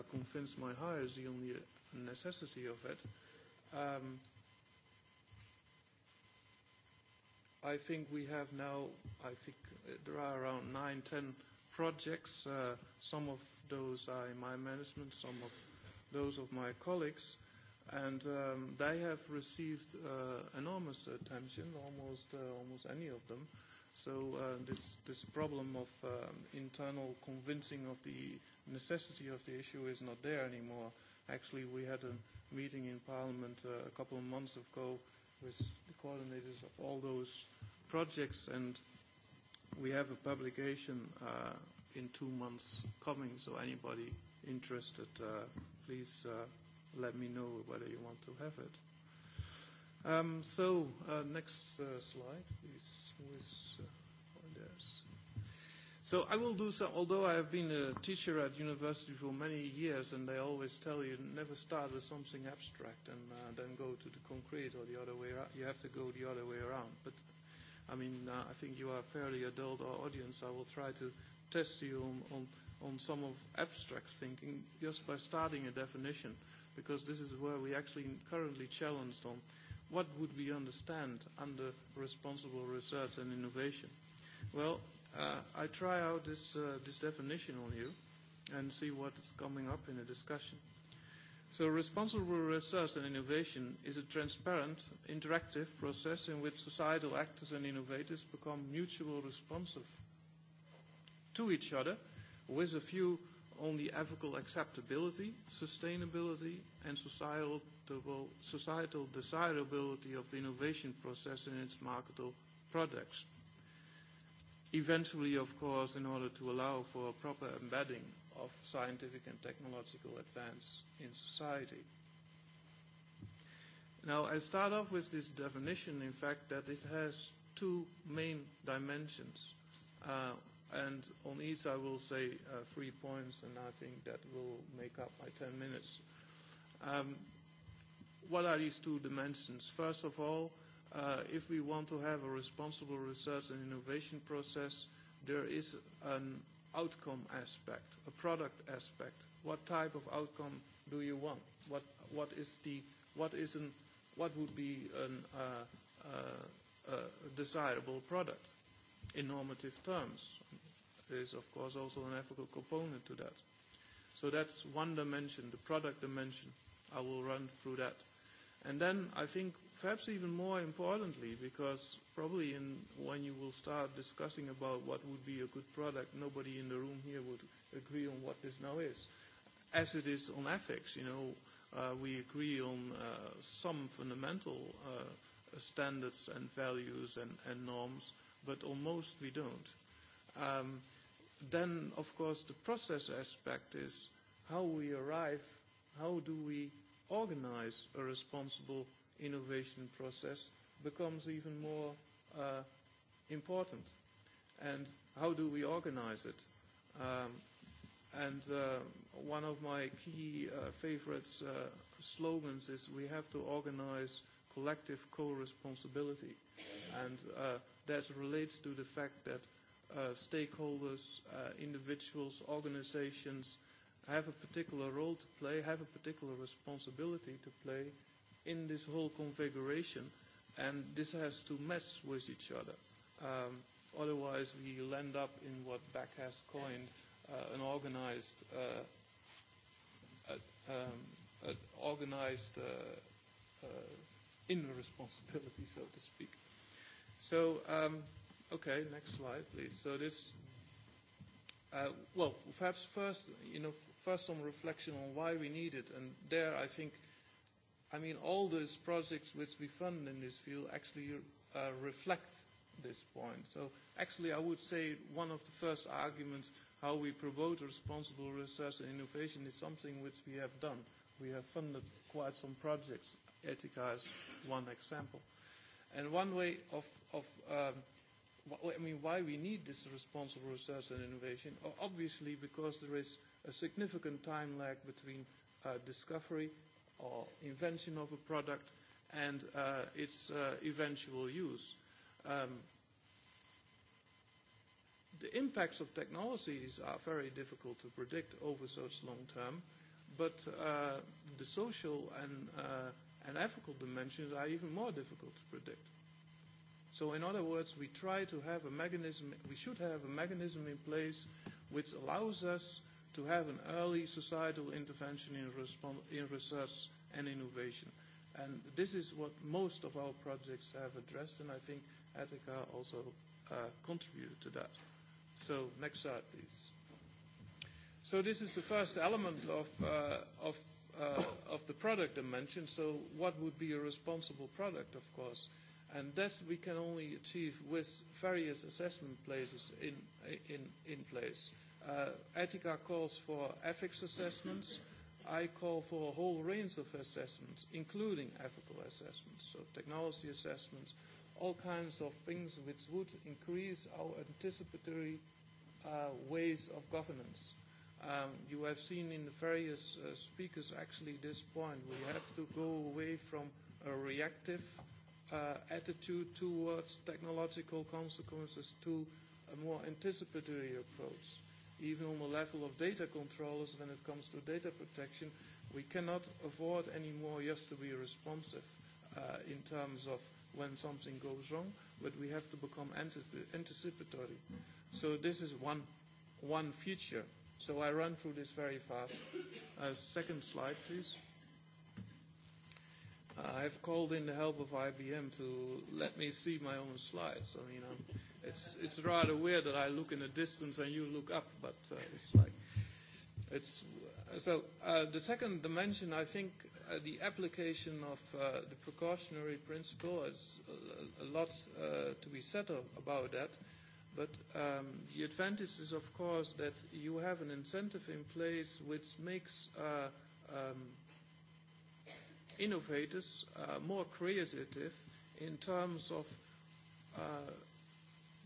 convince my hires on the necessity of it. I think we have now, I think there are around nine, ten projects. Some of those are in my management, some of those of my colleagues. And they have received enormous attention, almost almost any of them. So this this problem of internal convincing of the necessity of the issue is not there anymore. Actually, we had a meeting in Parliament a couple of months ago with the coordinators of all those projects, and we have a publication uh, in two months coming, so anybody interested, uh, please uh, let me know whether you want to have it. Um, so, uh, next uh, slide is with... So I will do so, although I have been a teacher at university for many years, and they always tell you never start with something abstract and then go to the concrete or the other way around. You have to go the other way around. But, I mean, I think you are fairly adult, audience. I will try to test you on, on, on some of abstract thinking just by starting a definition, because this is where we actually currently challenged on what would we understand under responsible research and innovation. Well, I try out this this definition on you and see what is coming up in the discussion. So responsible research and innovation is a transparent, interactive process in which societal actors and innovators become mutually responsive to each other with a view on the ethical acceptability, sustainability and societal societal desirability of the innovation process and its marketable products. Eventually, of course, in order to allow for a proper embedding of scientific and technological advance in society. Now, I start off with this definition, in fact, that it has two main dimensions. And on each, I will say three points, and I think that will make up my ten minutes. What are these two dimensions? First of all, if we want to have a responsible research and innovation process, there is an outcome aspect, a product aspect. What type of outcome do you want? What what is the what is an what would be an uh desirable product in normative terms? There is of course also an ethical component to that. So that's one dimension, the product dimension. I will run through that. And then I think perhaps even more importantly, because probably in, when you will start discussing about what would be a good product, nobody in the room here would agree on what this now is. As it is on ethics, you know, uh, we agree on uh, some fundamental uh, standards and values and, and norms, but almost we don't. Um, then, of course, the process aspect is how we arrive, how do we organize a responsible innovation process becomes even more important. And how do we organize it? And one of my key favorites slogans is we have to organize collective co-responsibility. And that relates to the fact that stakeholders, individuals, organizations have a particular role to play, have a particular responsibility to play in this whole configuration, and this has to mess with each other. Um, otherwise, we'll end up in what Beck has coined uh, an organized, uh, um, an organized uh, uh, responsibility, so to speak. So, um, okay, next slide, please. So this, uh, well, perhaps first, you know, first some reflection on why we need it, and there I think I mean, all those projects which we fund in this field actually reflect this point. So actually, I would say one of the first arguments how we promote responsible research and innovation is something which we have done. We have funded quite some projects. Ethica is one example. And one way of, of I mean, why we need this responsible research and innovation, obviously because there is a significant time lag between discovery or invention of a product and its eventual use. The impacts of technologies are very difficult to predict over such long term, but the social and and ethical dimensions are even more difficult to predict. So in other words, we try to have a mechanism, we should have a mechanism in place which allows us to have an early societal intervention in research and innovation. And this is what most of our projects have addressed, and I think Attica also contributed to that. So next slide, please. So this is the first element of of the product dimension. So what would be a responsible product, of course? And that we can only achieve with various assessment places in in in place. Etica calls for ethics assessments. I call for a whole range of assessments, including ethical assessments, so technology assessments, all kinds of things which would increase our anticipatory ways of governance. You have seen in the various speakers actually this point. We have to go away from a reactive attitude towards technological consequences to a more anticipatory approach even on the level of data controllers when it comes to data protection, we cannot afford anymore just to be responsive in terms of when something goes wrong, but we have to become anticipatory. So this is one, one future. So I run through this very fast. second slide, please. I have called in the help of IBM to let me see my own slides. I mean, I'm It's it's rather weird that I look in the distance and you look up, but it's like it's so. The second dimension, I think, the application of the precautionary principle is a lot to be said about that. But the advantage is, of course, that you have an incentive in place which makes innovators more creative in terms of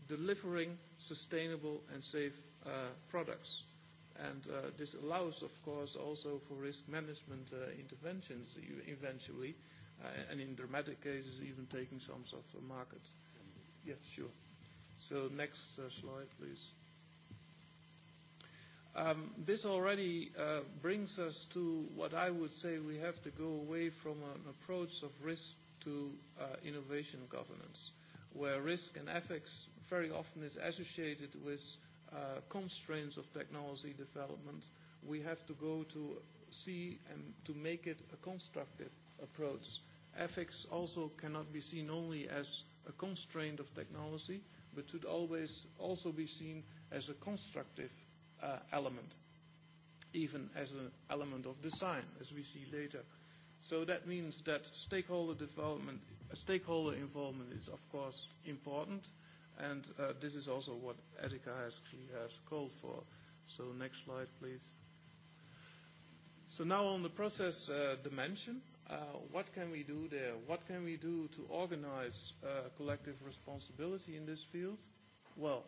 delivering sustainable and safe products. And this allows, of course, also for risk management interventions eventually, and in dramatic cases even taking some sort of market. Yeah, sure. So next slide, please. This already brings us to what I would say we have to go away from an approach of risk to innovation governance, where risk and ethics very often is associated with constraints of technology development. We have to go to see and to make it a constructive approach. Ethics also cannot be seen only as a constraint of technology, but should always also be seen as a constructive element, even as an element of design, as we see later. So that means that stakeholder development, stakeholder involvement is of course important, And this is also what Etika has called for. So next slide, please. So now on the process dimension, what can we do there? What can we do to organize collective responsibility in this field? Well,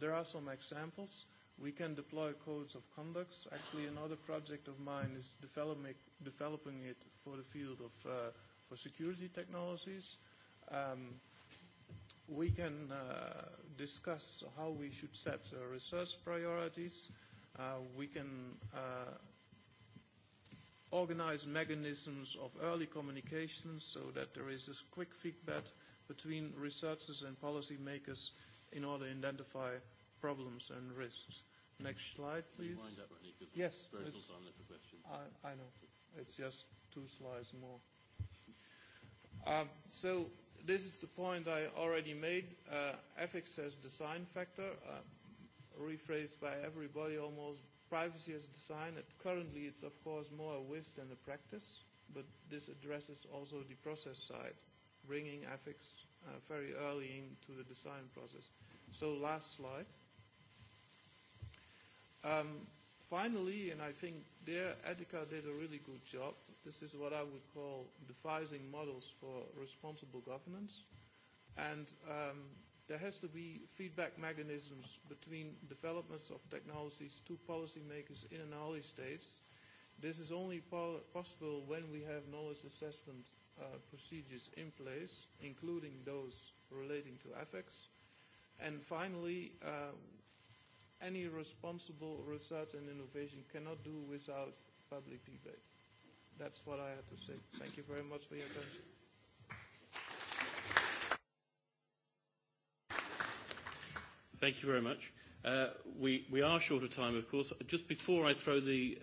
there are some examples. We can deploy codes of conduct. Actually, another project of mine is developing it for the field of for security technologies. Um we can discuss how we should set research priorities. We can organize mechanisms of early communication so that there is this quick feedback between researchers and policymakers in order to identify problems and risks. Next slide, please. Yes. I know. It's just two slides more. So this is the point I already made. Ethics as design factor, rephrased by everybody almost, privacy as design. Currently, it's of course more a wish than a practice, but this addresses also the process side, bringing ethics very early into the design process. So last slide. Um, finally, and I think there, Etika did a really good job. This is what I would call devising models for responsible governance. And there has to be feedback mechanisms between developments of technologies to policymakers in an early states. This is only possible when we have knowledge assessment procedures in place, including those relating to ethics. And finally, any responsible research and innovation cannot do without public debate. That's what I have to say. Thank you very much for your attention. Thank you very much. We are short of time, of course. Just before I throw the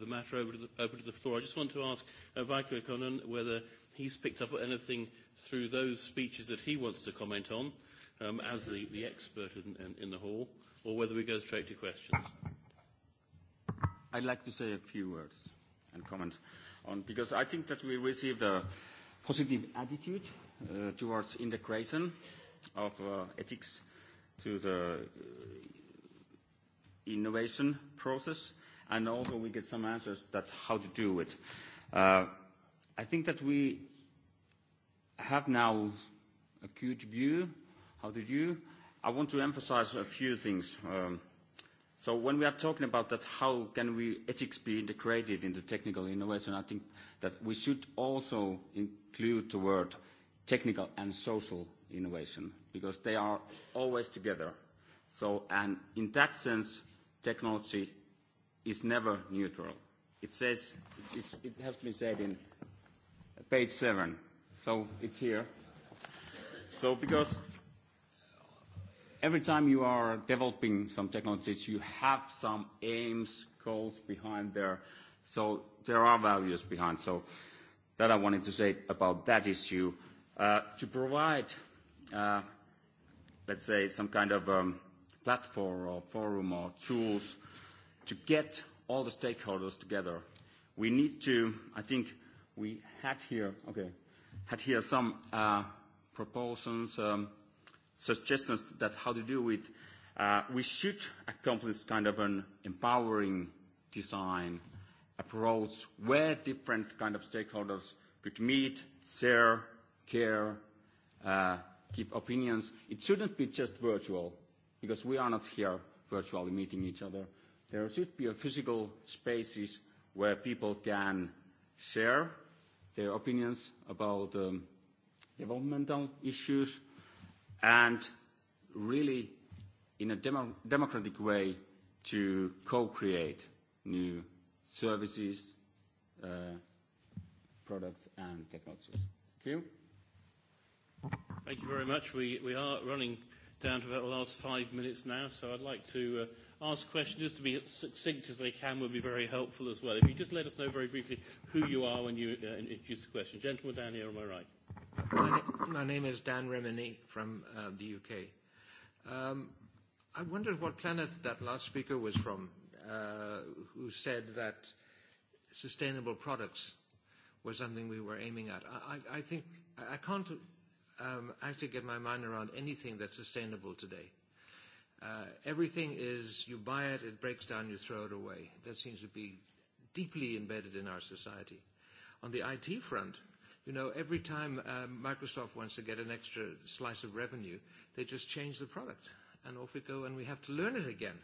the matter over to the open to the floor, I just want to ask Vaiko whether he's picked up anything through those speeches that he wants to comment on, as the the expert in the hall, or whether we go straight to questions. I'd like to say a few words and comment on, because I think that we received a positive attitude towards integration of ethics to the innovation process, and also we get some answers that how to do it. I think that we have now a good view how to do. I want to emphasize a few things. Um So when we are talking about that, how can we ethics be integrated into technical innovation, I think that we should also include the word technical and social innovation because they are always together. So and in that sense, technology is never neutral. It says it has been said in page seven, so it's here. So because every time you are developing some technologies, you have some aims, goals behind there. So there are values behind. So that I wanted to say about that issue. To provide, let's say, some kind of platform or forum or tools to get all the stakeholders together, we need to, I think we had here, okay, had here some proposals, suggestions that how to do it, we should accomplish kind of an empowering design approach where different kind of stakeholders could meet, share, care, give opinions. It shouldn't be just virtual because we are not here virtually meeting each other. There should be a physical spaces where people can share their opinions about developmental issues, and really in a democratic way to co-create new services, products and technologies. Thank you. Thank you very much. We, we are running down to about the last five minutes now, so I'd like to ask questions to be as succinct as they can would be very helpful as well. If you just let us know very briefly who you are when you introduce the question. Gentleman down here on my right. My name is Dan Remini from the UK. I wondered what planet that last speaker was from, who said that sustainable products were something we were aiming at. I think I can't actually get my mind around anything that's sustainable today. Everything is you buy it, it breaks down, you throw it away. That seems to be deeply embedded in our society. On the IT front, You know, every time Microsoft wants to get an extra slice of revenue, they just change the product, and off we go, and we have to learn it again.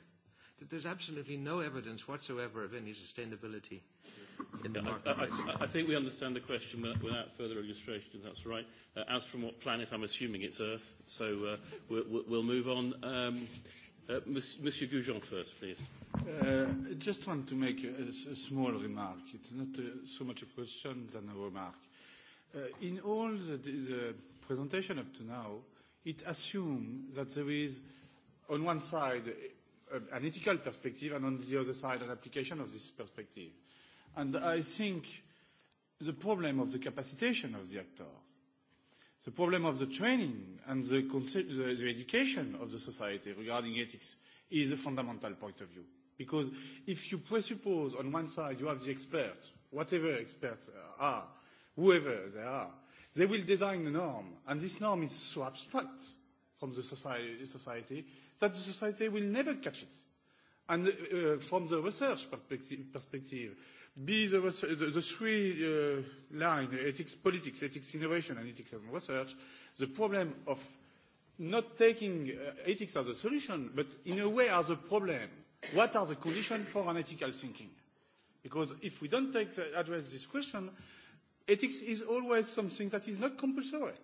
There's absolutely no evidence whatsoever of any sustainability in the market. I think we understand the question without further illustration, that's right. As from what planet, I'm assuming it's Earth, so we'll move on. Monsieur Goujon first, please. Just want to make a small remark. It's not so much a question than a remark in all the presentation up to now, it assumes that there is, on one side, an ethical perspective, and on the other side, an application of this perspective. And I think the problem of the capacitation of the actors, the problem of the training and the education of the society regarding ethics is a fundamental point of view. Because if you presuppose on one side you have the experts, whatever experts are, whoever they are, they will design a norm, and this norm is so abstract from the society that the society will never catch it. And from the research perspective, be the the three line ethics, politics, ethics, innovation and ethics and research, the problem of not taking ethics as a solution, but in a way as a problem. What are the conditions for an ethical thinking? Because if we don't take address this question, Ethics is always something that is not compulsory.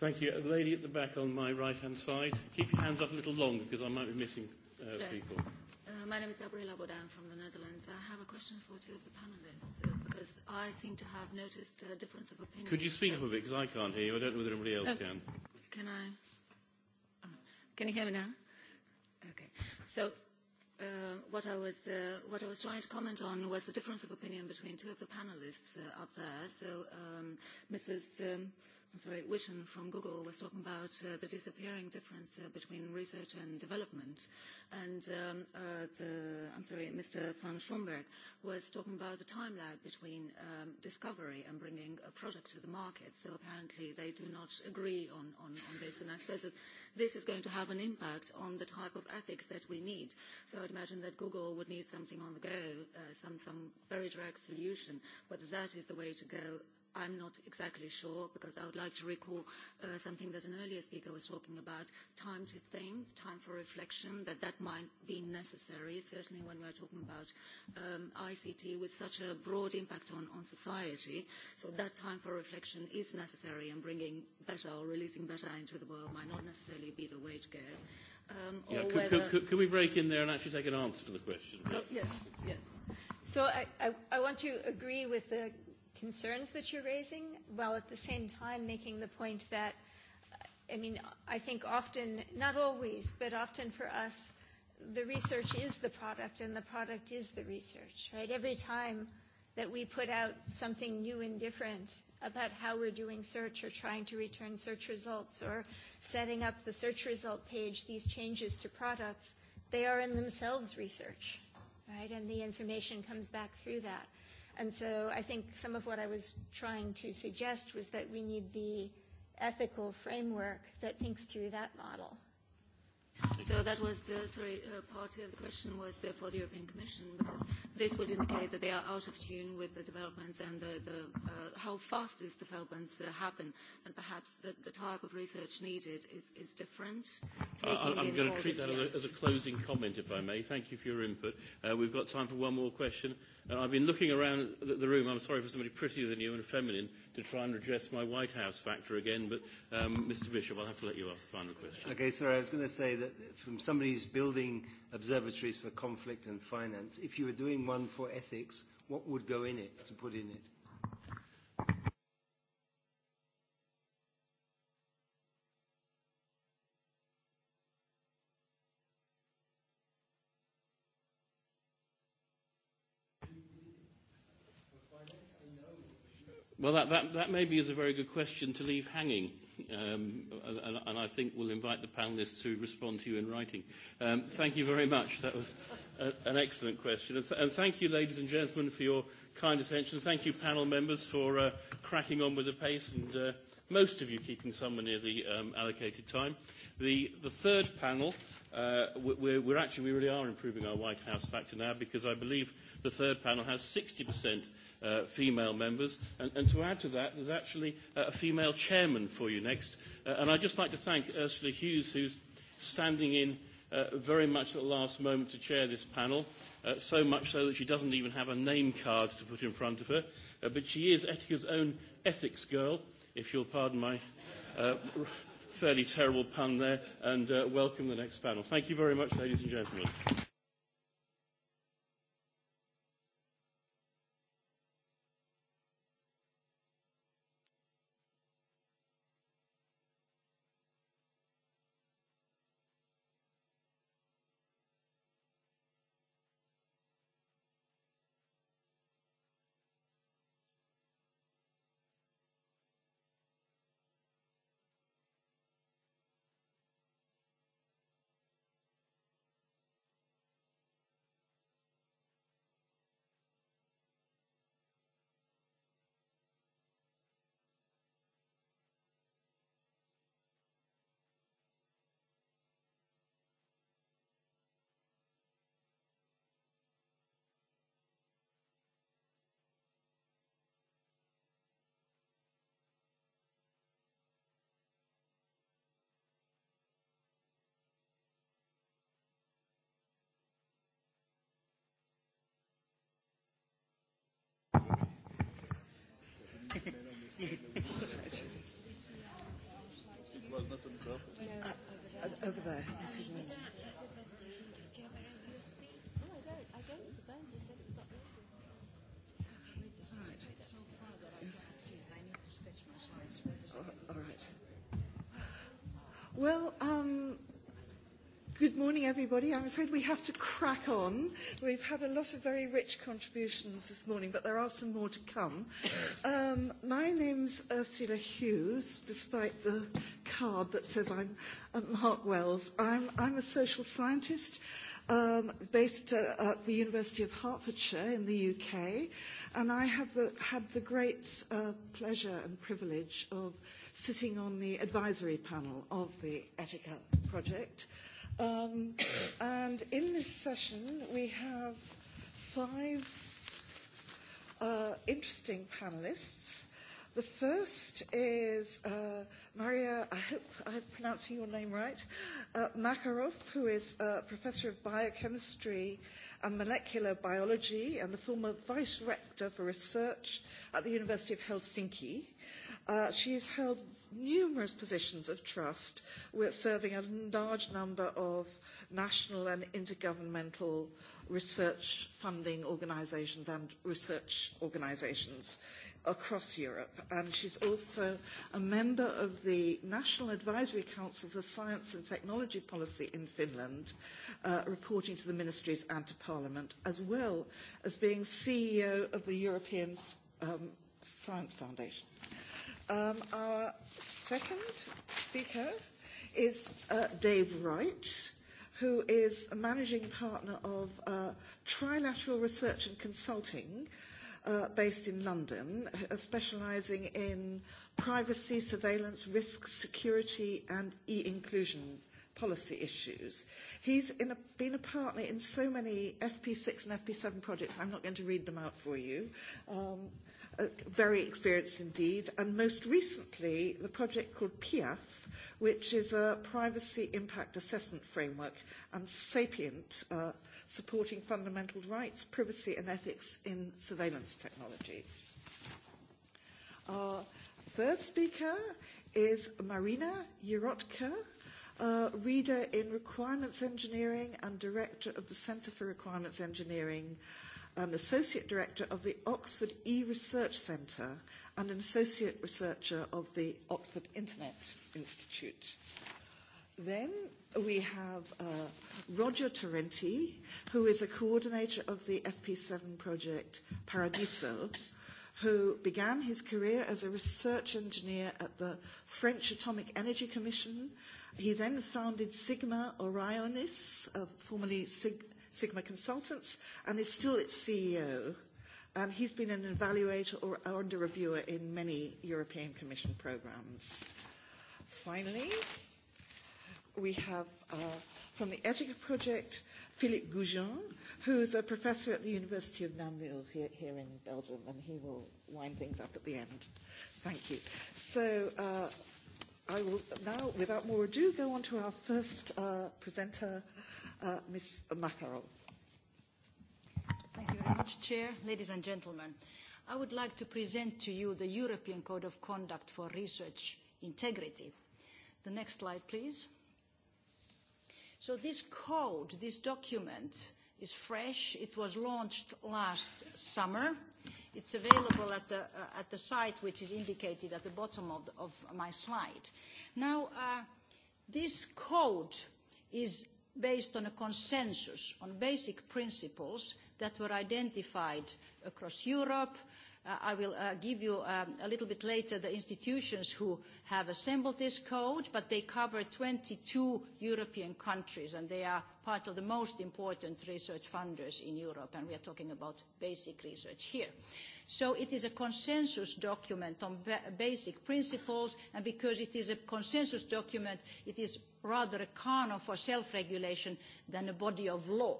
Thank you. The lady at the back on my right-hand side. Keep your hands up a little longer because I might be missing people. My name is Gabriela Bodan from the Netherlands. I have a question for two of the panelists because I seem to have noticed a difference of opinion. Could you speak up a bit because I can't hear you. I don't know whether anybody else can. Can I? Can you hear me now? Okay. So what I was what I was trying to comment on was the difference of opinion between two of the panelists up there. So Mrs sorry, Witten from Google was talking about the disappearing difference between research and development. And the, I'm sorry, Mr. van Schomberg was talking about the time lag between discovery and bringing a product to the market. So apparently they do not agree on, on, on this. And I suppose that this is going to have an impact on the type of ethics that we need. So I'd imagine that Google would need something on the go, some, some very direct solution. Whether that is the way to go, I'm not exactly sure because I would like to recall something that an earlier speaker was talking about, time to think, time for reflection, that that might be necessary, certainly when we are talking about ICT with such a broad impact on society. So that time for reflection is necessary and bringing better or releasing better into the world might not necessarily be the way to go. Could we break in there and actually take an answer to the question? Yes, yes. So I want to agree with the concerns that you're raising, while at the same time making the point that, I mean, I think often, not always, but often for us, the research is the product and the product is the research, right? Every time that we put out something new and different about how we're doing search or trying to return search results or setting up the search result page, these changes to products, they are in themselves research, right? And the information comes back through that. And so I think some of what I was trying to suggest was that we need the ethical framework that thinks through that model that was, sorry, part of the question was for the European Commission, because this would indicate that they are out of tune with the developments and the how fast these developments happen, and perhaps the type of research needed is different. I'm going to treat that as a closing comment, if I may. Thank you for your input. We've got time for one more question. I've been looking around the room. I'm sorry for somebody prettier than you and feminine to try and address my White House factor again, but Mr. Bishop, I'll have to let you ask the final question. Okay, sorry, I was going to say that from somebody who's building observatories for conflict and finance, if you were doing one for ethics, what would go in it to put in it? Well, that, that, that maybe is a very good question to leave hanging, um, and, and I think we'll invite the panelists to respond to you in writing. Um, thank you very much. That was a, an excellent question. And, and thank you, ladies and gentlemen, for your kind attention. Thank you, panel members, for uh, cracking on with the pace and uh, most of you keeping somewhere near the um, allocated time. The, the third panel, uh, we're, we're actually, we really are improving our White House factor now because I believe – The third panel has 60% female members. And to add to that, there's actually a female chairman for you next. And I'd just like to thank Ursula Hughes, who's standing in very much at the last moment to chair this panel, so much so that she doesn't even have a name card to put in front of her. But she is Etika's own ethics girl, if you'll pardon my fairly terrible pun there, and welcome the next panel. Thank you very much, ladies and gentlemen. Well, um, Good morning, everybody. I'm afraid we have to crack on. We've had a lot of very rich contributions this morning, but there are some more to come. Um, my name's Ursula Hughes, despite the card that says I'm Mark Wells. I'm, I'm a social scientist um, based at the University of Hertfordshire in the UK, and I have the, had the great pleasure and privilege of sitting on the advisory panel of the Etica Project And in this session, we have five interesting panelists. The first is Maria, I hope I'm pronouncing your name right, Makarov, who is a professor of biochemistry and molecular biology and the former vice rector for research at the University of Helsinki. She has held numerous positions of trust. We're serving a large number of national and intergovernmental research funding organisations and research organisations across Europe. And she's also a member of the National Advisory Council for Science and Technology Policy in Finland, reporting to the ministries and to Parliament, as well as being CEO of the European Science Foundation. Our second speaker is Dave Wright, who is a managing partner of Trilateral Research and Consulting, based in London, specialising in privacy, surveillance, risk, security and e-inclusion policy issues. He's been a partner in so many FP6 and FP7 projects. I'm not going to read them out for you very experienced indeed, and most recently the project called PIAF, which is a privacy impact assessment framework, and Sapient, supporting fundamental rights, privacy and ethics in surveillance technologies. Our third speaker is Marina Jurotka, reader in requirements engineering and director of the Center for Requirements Engineering an associate director of the Oxford e-Research Centre and an associate researcher of the Oxford Internet Institute. Then we have Roger Tarenti, who is a coordinator of the FP7 project Paradiso, who began his career as a research engineer at the French Atomic Energy Commission. He then founded Sigma Orionis, formerly Sigma Sigma Consultants and is still its CEO. And he's been an evaluator or under reviewer in many European Commission programs. Finally, we have from the Etica Project, Philippe Goujon, who is a professor at the University of Namur here, in Belgium, and he will wind things up at the end. Thank you. So I will now, without more ado, go on to our first presenter, Ms. Makarov. Thank you very much, Chair. Ladies and gentlemen, I would like to present to you the European Code of Conduct for Research Integrity. The next slide, please. So this code, this document, is fresh. It was launched last summer. It's available at the site which is indicated at the bottom of my slide. Now, this code is based on a consensus on basic principles that were identified across Europe I will give you a little bit later the institutions who have assembled this code, but they cover 22 European countries, and they are part of the most important research funders in Europe, and we are talking about basic research here. So it is a consensus document on basic principles, and because it is a consensus document, it is rather a canon for self-regulation than a body of law.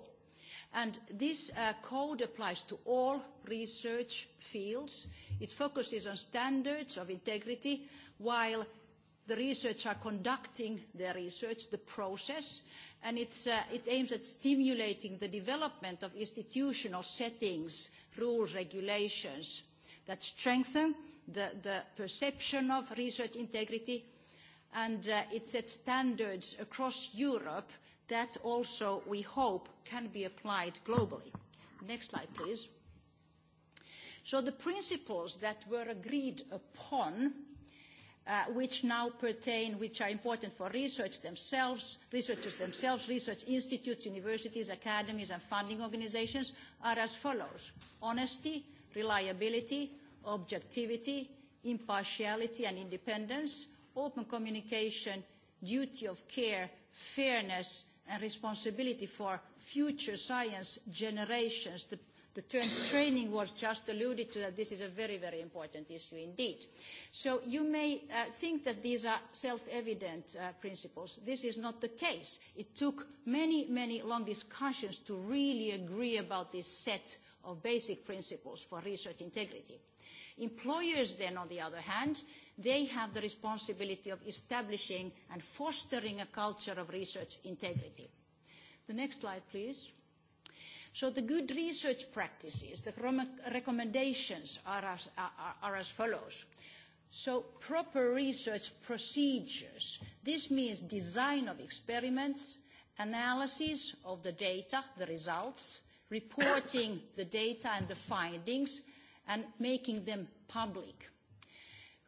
And this code applies to all research fields. It focuses on standards of integrity while the researchers are conducting their research, the process, and it aims at stimulating the development of institutional settings, rules, regulations that strengthen the perception of research integrity, and it sets standards across Europe that also we hope can be applied globally. Next slide, please. So the principles that were agreed upon, which now pertain, which are important for research themselves, researchers themselves, research institutes, universities, academies and funding organizations, are as follows. Honesty, reliability, objectivity, impartiality and independence, open communication, duty of care, fairness and responsibility for future science generations. The term training was just alluded to that this is a very, very important issue indeed. So you may think that these are self-evident principles. This is not the case. It took many, many long discussions to really agree about this set of basic principles for research integrity. Employers then, on the other hand, they have the responsibility of establishing and fostering a culture of research integrity. The next slide, please. So the good research practices, the recommendations are as follows. So proper research procedures. This means design of experiments, analysis of the data, the results, reporting the data and the findings, and making them public.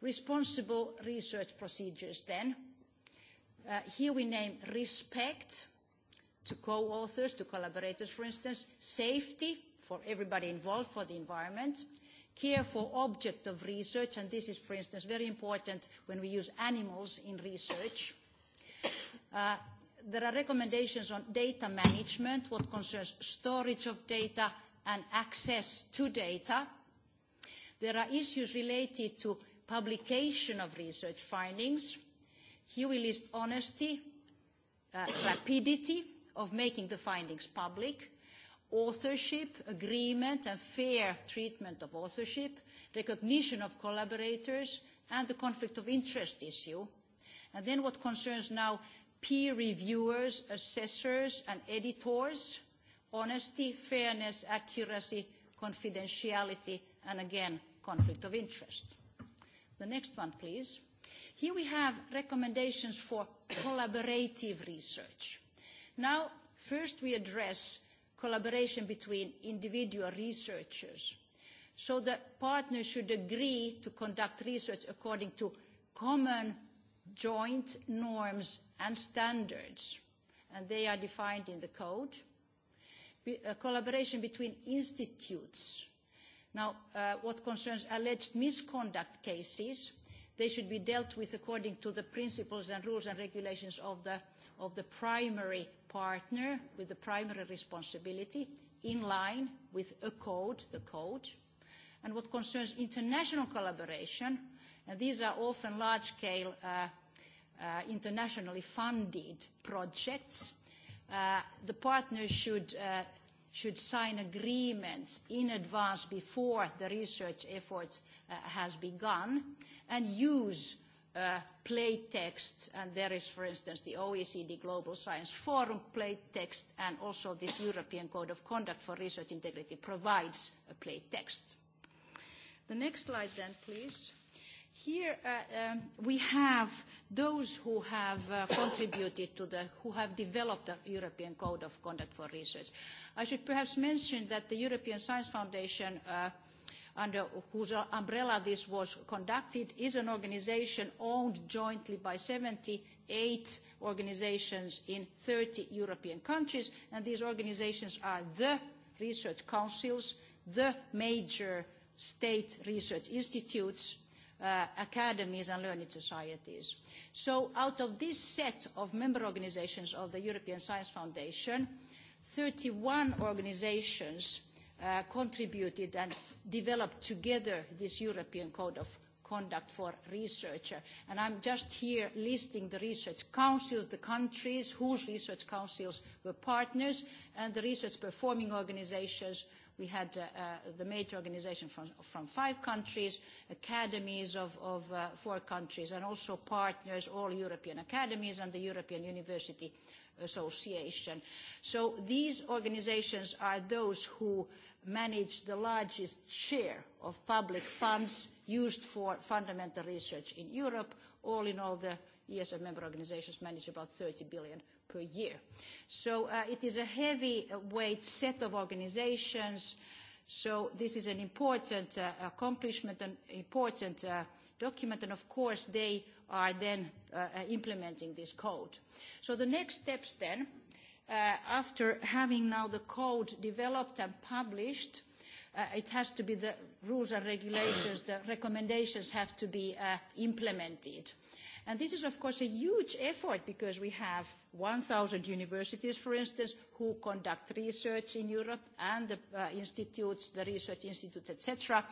Responsible research procedures then. Here we name respect to co-authors, to collaborators, for instance, safety for everybody involved, for the environment, care for object of research, and this is, for instance, very important when we use animals in research. There are recommendations on data management, what concerns storage of data and access to data There are issues related to publication of research findings. Here we list honesty, rapidity of making the findings public, authorship, agreement and fair treatment of authorship, recognition of collaborators and the conflict of interest issue. And then what concerns now peer reviewers, assessors and editors, honesty, fairness, accuracy, confidentiality and again conflict of interest. The next one, please. Here we have recommendations for collaborative research. Now, first we address collaboration between individual researchers. So the partners should agree to conduct research according to common joint norms and standards, and they are defined in the code. Collaboration between institutes Now, what concerns alleged misconduct cases, they should be dealt with according to the principles and rules and regulations of the primary partner with the primary responsibility in line with a code, the code. And what concerns international collaboration, and these are often large-scale internationally funded projects, the partners should should sign agreements in advance before the research effort has begun and use play text and there is for instance the OECD Global Science Forum play text and also this European Code of Conduct for Research Integrity provides a play text. The next slide then please. Here we have those who have contributed to the, who have developed the European Code of Conduct for Research. I should perhaps mention that the European Science Foundation, under whose umbrella this was conducted, is an organization owned jointly by 78 organizations in 30 European countries, and these organizations are the research councils, the major state research institutes, academies and learning societies. So out of this set of member organizations of the European Science Foundation, 31 organizations contributed and developed together this European Code of Conduct for Research. And I'm just here listing the research councils, the countries whose research councils were partners, and the research performing organizations We had the major organization from five countries, academies of four countries, and also partners, all European academies and the European University Association. So these organizations are those who manage the largest share of public funds used for fundamental research in Europe. All in all, the ESF member organizations manage about 30 billion per year. So it is a heavy weight set of organizations. So this is an important accomplishment, an important document, and of course they are then implementing this code. So the next steps then, after having now the code developed and published, it has to be the rules and regulations, the recommendations have to be implemented. And this is of course a huge effort because we have 1,000 universities, for instance, who conduct research in Europe and the institutes, the research institutes, etc.,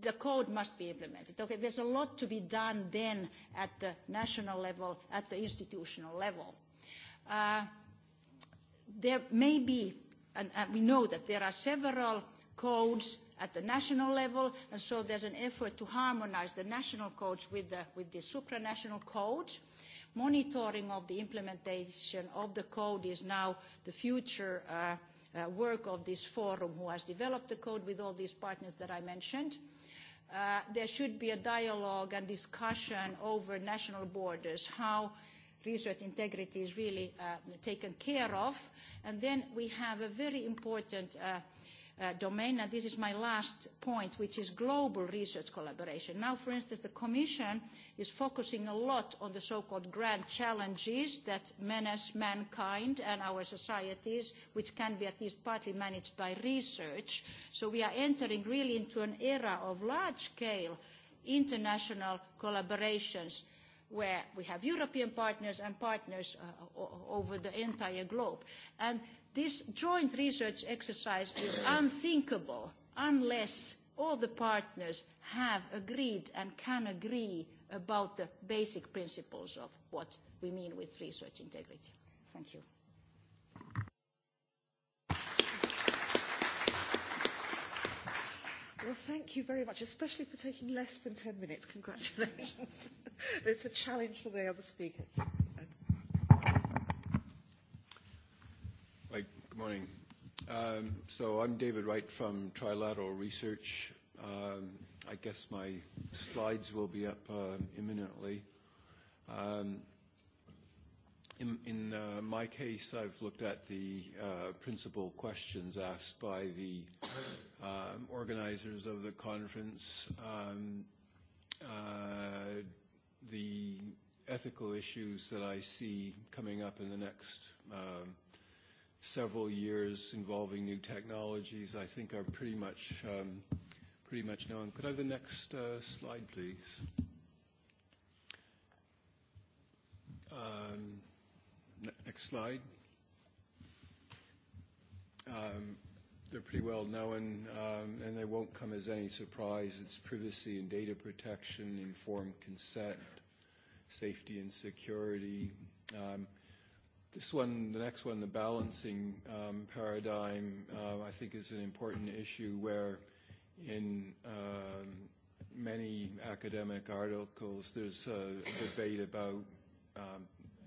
the code must be implemented. Okay, there's a lot to be done then at the national level, at the institutional level. There may be, and we know that there are several codes at the national level, and so there's an effort to harmonize the national codes with the supranational codes monitoring of the implementation of the code is now the future work of this forum who has developed the code with all these partners that I mentioned. There should be a dialogue and discussion over national borders, how research integrity is really taken care of. And then we have a very important domain. And this is my last point, which is global research collaboration. Now, for instance, the Commission is focusing a lot on the so-called grand challenges that menace mankind and our societies, which can be at least partly managed by research. So we are entering really into an era of large-scale international collaborations where we have European partners and partners over the entire globe. This joint research exercise is unthinkable unless all the partners have agreed and can agree about the basic principles of what we mean with research integrity. Thank you. Well, thank you very much, especially for taking less than 10 minutes. Congratulations. It's a challenge for the other speakers. Good morning. Um, so I'm David Wright from Trilateral Research. Um, I guess my slides will be up uh, imminently. Um, in in uh, my case, I've looked at the uh, principal questions asked by the um, organizers of the conference. Um, uh, the ethical issues that I see coming up in the next um, several years involving new technologies, I think are pretty much pretty much known. Could I have the next slide, please? Next slide. They're pretty well known, and they won't come as any surprise. It's privacy and data protection, informed consent, safety and security. This one, the next one, the balancing paradigm, I think is an important issue where in many academic articles there's a debate about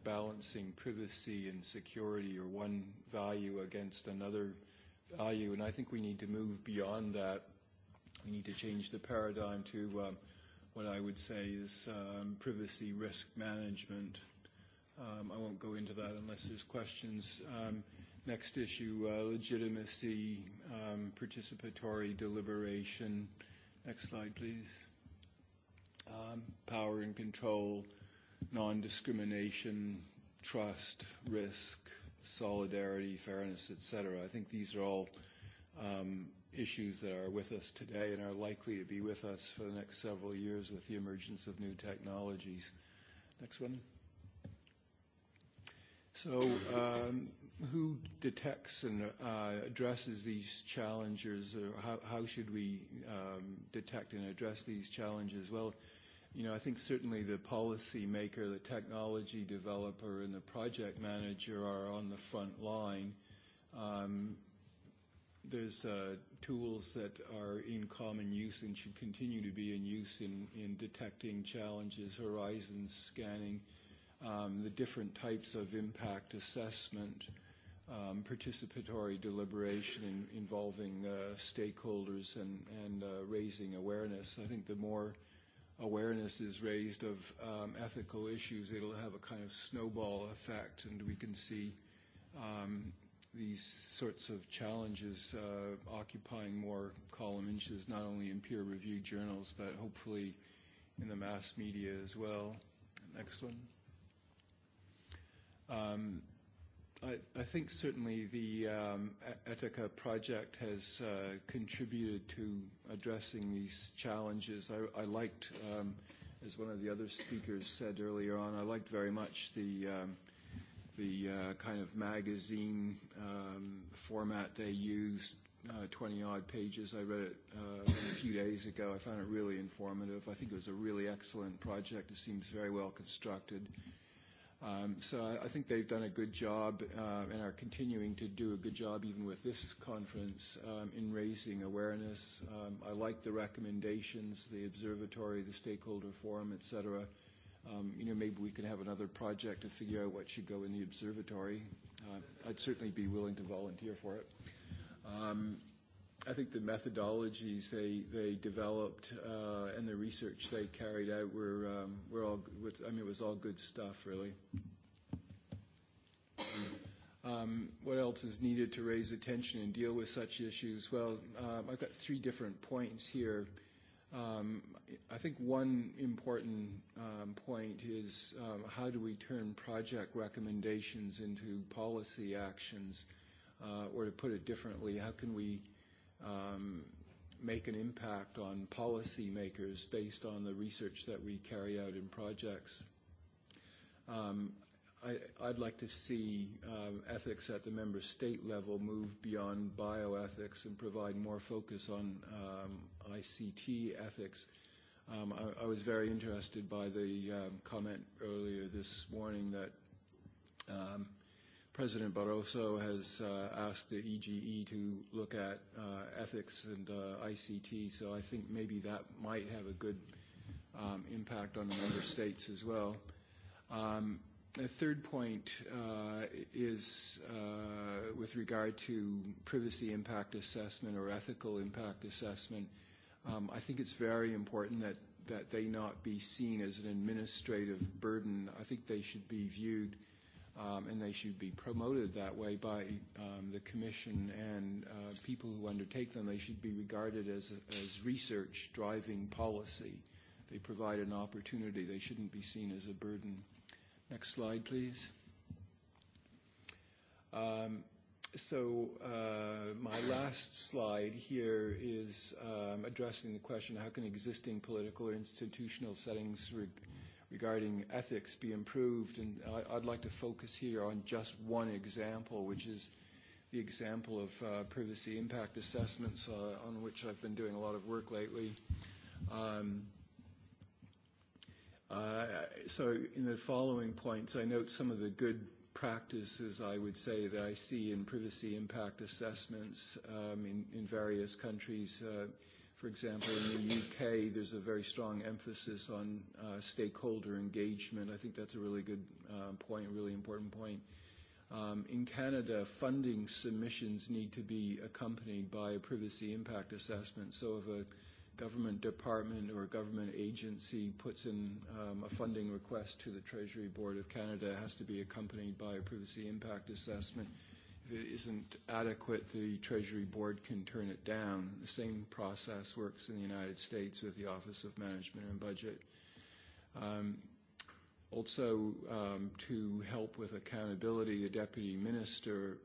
balancing privacy and security or one value against another value. And I think we need to move beyond that. We need to change the paradigm to what I would say is privacy risk management Um, I won't go into that unless there's questions. Um, next issue, uh, legitimacy, um, participatory deliberation. Next slide, please. Um, power and control, non-discrimination, trust, risk, solidarity, fairness, etc. I think these are all um, issues that are with us today and are likely to be with us for the next several years with the emergence of new technologies. Next one. So who detects and addresses these challenges, or how should we detect and address these challenges? Well, you know, I think certainly the policy maker, the technology developer, and the project manager are on the front line. There's tools that are in common use and should continue to be in use in detecting challenges, horizons, scanning the different types of impact assessment, participatory deliberation involving stakeholders and and raising awareness. I think the more awareness is raised of ethical issues, it'll have a kind of snowball effect, and we can see these sorts of challenges occupying more column inches, not only in peer-reviewed journals, but hopefully in the mass media as well. Next one. Um, I think certainly the Etica project has contributed to addressing these challenges. I liked, as one of the other speakers said earlier on, I liked very much the the kind of magazine format they used, 20-odd pages. I read it a few days ago. I found it really informative. I think it was a really excellent project. It seems very well constructed So I think they've done a good job and are continuing to do a good job even with this conference in raising awareness. I like the recommendations, the observatory, the stakeholder forum, etc. You know, maybe we could have another project to figure out what should go in the observatory. I'd certainly be willing to volunteer for it. I think the methodologies they they developed uh, and the research they carried out were um, were all I mean it was all good stuff really. Um, what else is needed to raise attention and deal with such issues? Well, um, I've got three different points here. Um, I think one important um, point is um, how do we turn project recommendations into policy actions, uh, or to put it differently, how can we make an impact on policymakers based on the research that we carry out in projects. I'd like to see ethics at the member state level move beyond bioethics and provide more focus on ICT ethics. I was very interested by the comment earlier this morning that President Barroso has asked the EGE to look at ethics and ICT, so I think maybe that might have a good impact on the member states as well. A third point is with regard to privacy impact assessment or ethical impact assessment. I think it's very important that that they not be seen as an administrative burden. I think they should be viewed and they should be promoted that way by the Commission and people who undertake them. They should be regarded as as research driving policy. They provide an opportunity. They shouldn't be seen as a burden. Next slide, please. Um, so uh, my last slide here is um, addressing the question, how can existing political or institutional settings regarding ethics be improved. And I'd like to focus here on just one example, which is the example of privacy impact assessments on which I've been doing a lot of work lately. So in the following points, I note some of the good practices, I would say, that I see in privacy impact assessments in various countries For example, in the UK, there's a very strong emphasis on stakeholder engagement. I think that's a really good point, a really important point. Um In Canada, funding submissions need to be accompanied by a privacy impact assessment. So if a government department or a government agency puts in um a funding request to the Treasury Board of Canada, it has to be accompanied by a privacy impact assessment it isn't adequate, the Treasury Board can turn it down. The same process works in the United States with the Office of Management and Budget. Also, um to help with accountability, the Deputy Minister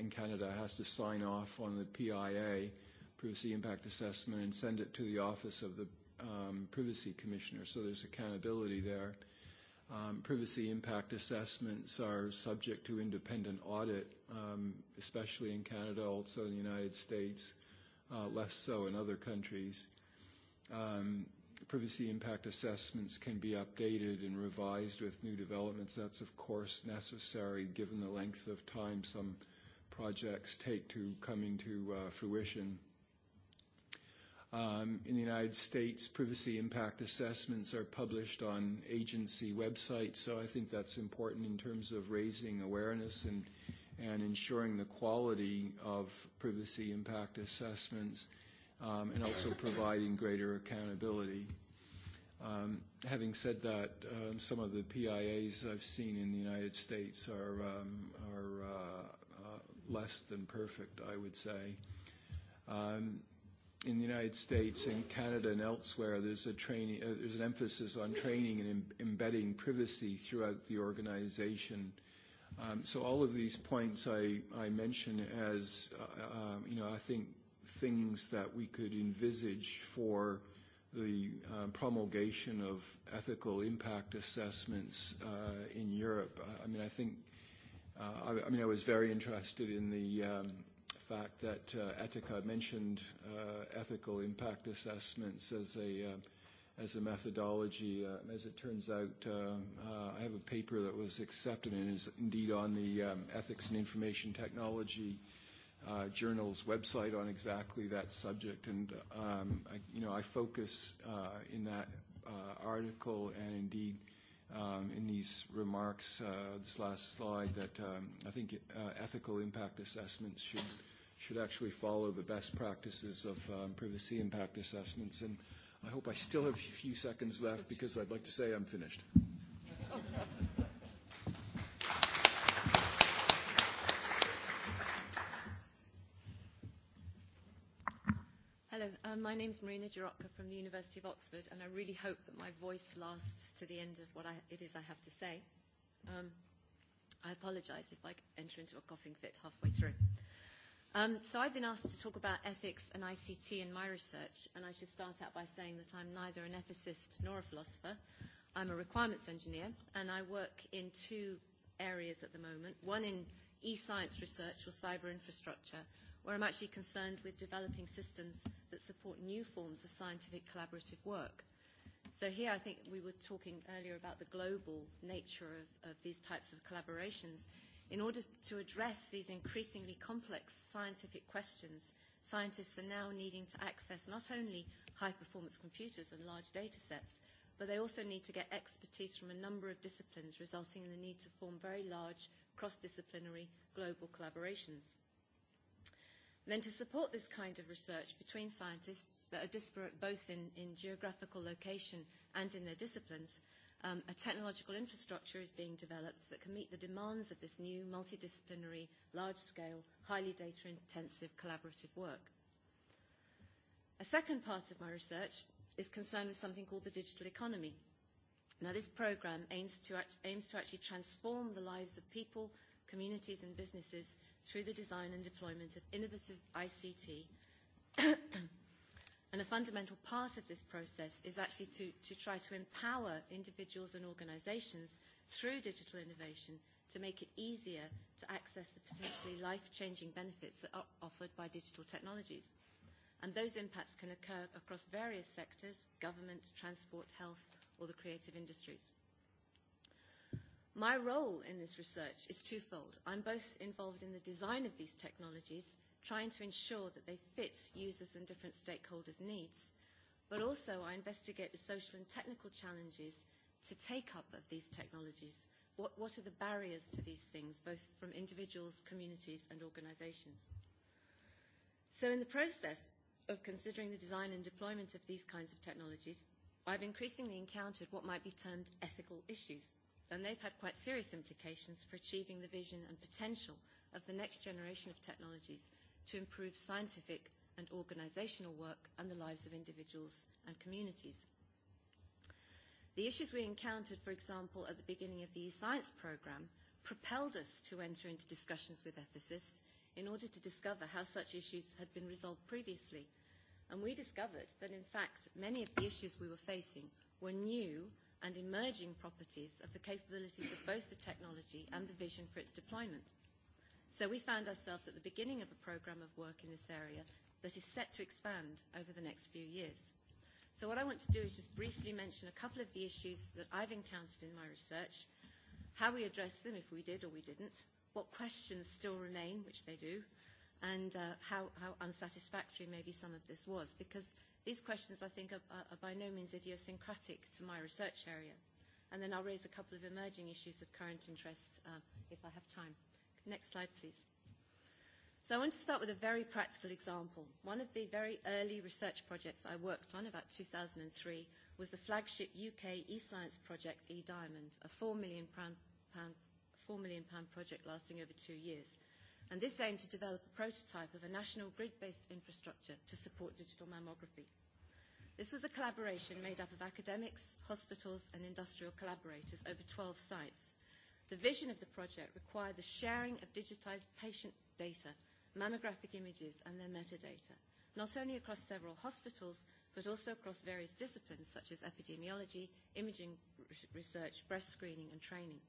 in Canada has to sign off on the PIA, Privacy Impact Assessment, and send it to the Office of the um Privacy Commissioner. So there's accountability there. Privacy impact assessments are subject to independent audit, especially in Canada, also in the United States, less so in other countries. Privacy impact assessments can be updated and revised with new developments. That's, of course, necessary given the length of time some projects take to coming to fruition. In the United States, privacy impact assessments are published on agency websites, so I think that's important in terms of raising awareness and and ensuring the quality of privacy impact assessments and also providing greater accountability. Having said that, some of the PIAs I've seen in the United States are are less than perfect, I would say in the United States and Canada and elsewhere, there's a training, there's an emphasis on training and embedding privacy throughout the organization. So all of these points I I mention as, you know, I think things that we could envisage for the promulgation of ethical impact assessments in Europe. I mean, I think, I mean, I was very interested in the fact that Etika mentioned ethical impact assessments as a as a methodology. As it turns out, I have a paper that was accepted and is indeed on the Ethics and Information Technology Journal's website on exactly that subject. And, you know, I focus in that article and indeed in these remarks, this last slide, that I think ethical impact assessments should should actually follow the best practices of privacy impact assessments. And I hope I still have a few seconds left because I'd like to say I'm finished. Hello, my is Marina jurocka from the University of Oxford, and I really hope that my voice lasts to the end of what I, it is I have to say. Um, I apologize if I enter into a coughing fit halfway through. So I've been asked to talk about ethics and ICT in my research, and I should start out by saying that I'm neither an ethicist nor a philosopher. I'm a requirements engineer, and I work in two areas at the moment, one in e-science research or cyber infrastructure, where I'm actually concerned with developing systems that support new forms of scientific collaborative work. So here I think we were talking earlier about the global nature of these types of collaborations, In order to address these increasingly complex scientific questions, scientists are now needing to access not only high-performance computers and large data sets, but they also need to get expertise from a number of disciplines, resulting in the need to form very large, cross-disciplinary, global collaborations. Then to support this kind of research between scientists that are disparate both in geographical location and in their disciplines, a technological infrastructure is being developed that can meet the demands of this new multidisciplinary, large-scale, highly data-intensive collaborative work. A second part of my research is concerned with something called the digital economy. Now, this program aims to actually transform the lives of people, communities, and businesses through the design and deployment of innovative ICT And a fundamental part of this process is actually to, to try to empower individuals and organizations through digital innovation to make it easier to access the potentially life-changing benefits that are offered by digital technologies. And those impacts can occur across various sectors, government, transport, health, or the creative industries. My role in this research is twofold. I'm both involved in the design of these technologies trying to ensure that they fit users and different stakeholders' needs, but also I investigate the social and technical challenges to take up of these technologies. What, what are the barriers to these things, both from individuals, communities and organizations? So in the process of considering the design and deployment of these kinds of technologies, I've increasingly encountered what might be termed ethical issues, and they've had quite serious implications for achieving the vision and potential of the next generation of technologies to improve scientific and organisational work and the lives of individuals and communities. The issues we encountered, for example, at the beginning of the e-science programme propelled us to enter into discussions with ethicists in order to discover how such issues had been resolved previously. And we discovered that, in fact, many of the issues we were facing were new and emerging properties of the capabilities of both the technology and the vision for its deployment. So we found ourselves at the beginning of a programme of work in this area that is set to expand over the next few years. So what I want to do is just briefly mention a couple of the issues that I've encountered in my research, how we addressed them, if we did or we didn't, what questions still remain, which they do, and how unsatisfactory maybe some of this was, because these questions, I think, are by no means idiosyncratic to my research area. And then I'll raise a couple of emerging issues of current interest if I have time. Next slide, please. So I want to start with a very practical example. One of the very early research projects I worked on, about 2003, was the flagship UK e-science project eDiamond, a £4 million pound million pound project lasting over two years. And this aimed to develop a prototype of a national grid-based infrastructure to support digital mammography. This was a collaboration made up of academics, hospitals and industrial collaborators over 12 sites The vision of the project required the sharing of digitised patient data, mammographic images and their metadata, not only across several hospitals, but also across various disciplines such as epidemiology, imaging research, breast screening and training.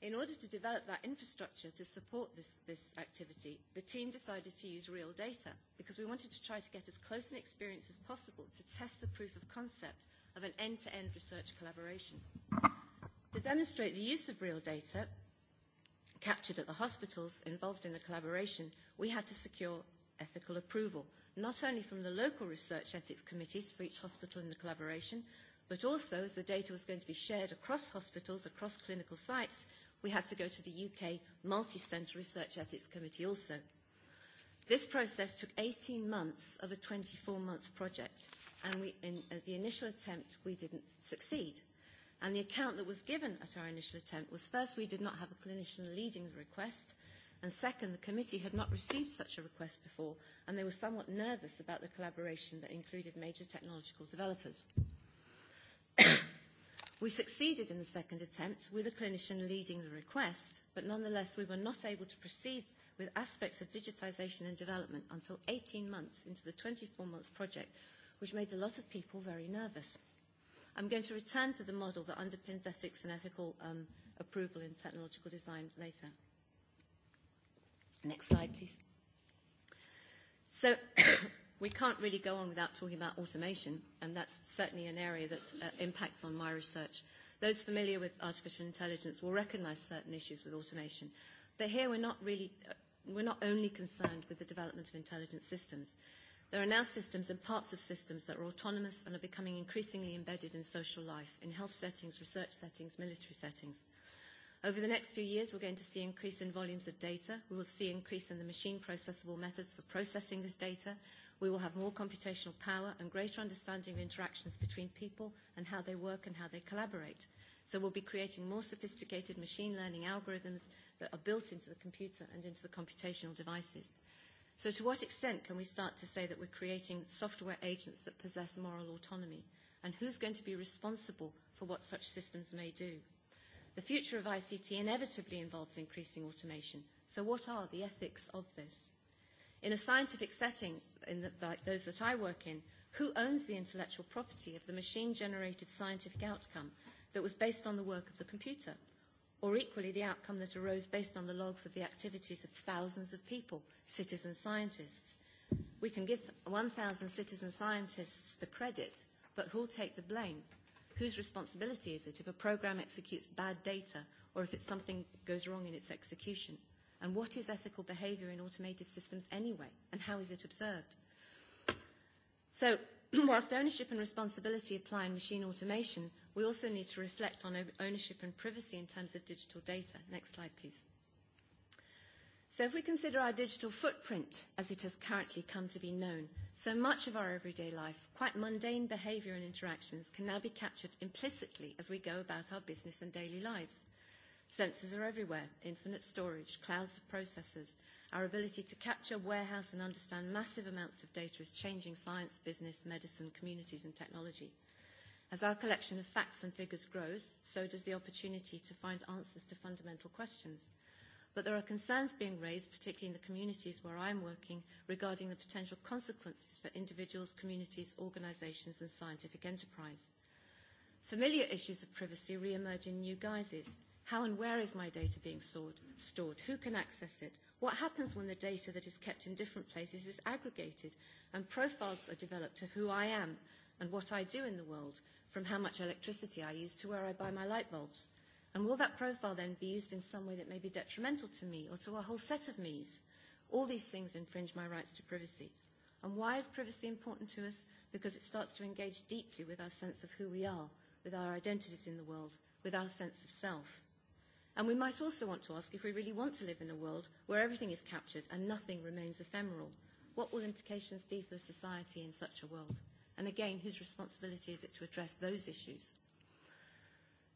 In order to develop that infrastructure to support this activity, the team decided to use real data because we wanted to try to get as close an experience as possible to test the proof of concept of an end-to-end research collaboration demonstrate the use of real data captured at the hospitals involved in the collaboration, we had to secure ethical approval, not only from the local research ethics committees for each hospital in the collaboration, but also as the data was going to be shared across hospitals, across clinical sites, we had to go to the UK Multi-Centre Research Ethics Committee also. This process took 18 months of a 24-month project, and we in the initial attempt, we didn't succeed. And the account that was given at our initial attempt was first, we did not have a clinician leading the request, and second, the committee had not received such a request before, and they were somewhat nervous about the collaboration that included major technological developers. We succeeded in the second attempt with a clinician leading the request, but nonetheless we were not able to proceed with aspects of digitization and development until 18 months into the 24-month project, which made a lot of people very nervous. I'm going to return to the model that underpins ethics and ethical approval in technological design later. Next slide, please. So we can't really go on without talking about automation, and that's certainly an area that impacts on my research. Those familiar with artificial intelligence will recognize certain issues with automation. But here we're not really, we're not only concerned with the development of intelligent systems. There are now systems and parts of systems that are autonomous and are becoming increasingly embedded in social life, in health settings, research settings, military settings. Over the next few years, we're going to see increase in volumes of data. We will see increase in the machine processable methods for processing this data. We will have more computational power and greater understanding of interactions between people and how they work and how they collaborate. So we'll be creating more sophisticated machine learning algorithms that are built into the computer and into the computational devices. So to what extent can we start to say that we're creating software agents that possess moral autonomy? And who's going to be responsible for what such systems may do? The future of ICT inevitably involves increasing automation. So what are the ethics of this? In a scientific setting, in those that I work in, who owns the intellectual property of the machine-generated scientific outcome that was based on the work of the computer? or equally the outcome that arose based on the logs of the activities of thousands of people, citizen scientists. We can give 1,000 citizen scientists the credit, but who'll take the blame? Whose responsibility is it if a program executes bad data or if it's something goes wrong in its execution? And what is ethical behavior in automated systems anyway, and how is it observed? So whilst ownership and responsibility apply in machine automation, We also need to reflect on ownership and privacy in terms of digital data. Next slide, please. So if we consider our digital footprint as it has currently come to be known, so much of our everyday life, quite mundane behaviour and interactions, can now be captured implicitly as we go about our business and daily lives. Sensors are everywhere, infinite storage, clouds of processors. Our ability to capture, warehouse and understand massive amounts of data is changing science, business, medicine, communities and technology. As our collection of facts and figures grows, so does the opportunity to find answers to fundamental questions. But there are concerns being raised, particularly in the communities where I'm working, regarding the potential consequences for individuals, communities, organisations and scientific enterprise. Familiar issues of privacy re-emerge in new guises. How and where is my data being stored? Who can access it? What happens when the data that is kept in different places is aggregated and profiles are developed of who I am and what I do in the world, from how much electricity I use to where I buy my light bulbs? And will that profile then be used in some way that may be detrimental to me or to a whole set of me's? All these things infringe my rights to privacy. And why is privacy important to us? Because it starts to engage deeply with our sense of who we are, with our identities in the world, with our sense of self. And we might also want to ask if we really want to live in a world where everything is captured and nothing remains ephemeral. What will implications be for society in such a world? and again whose responsibility is it to address those issues.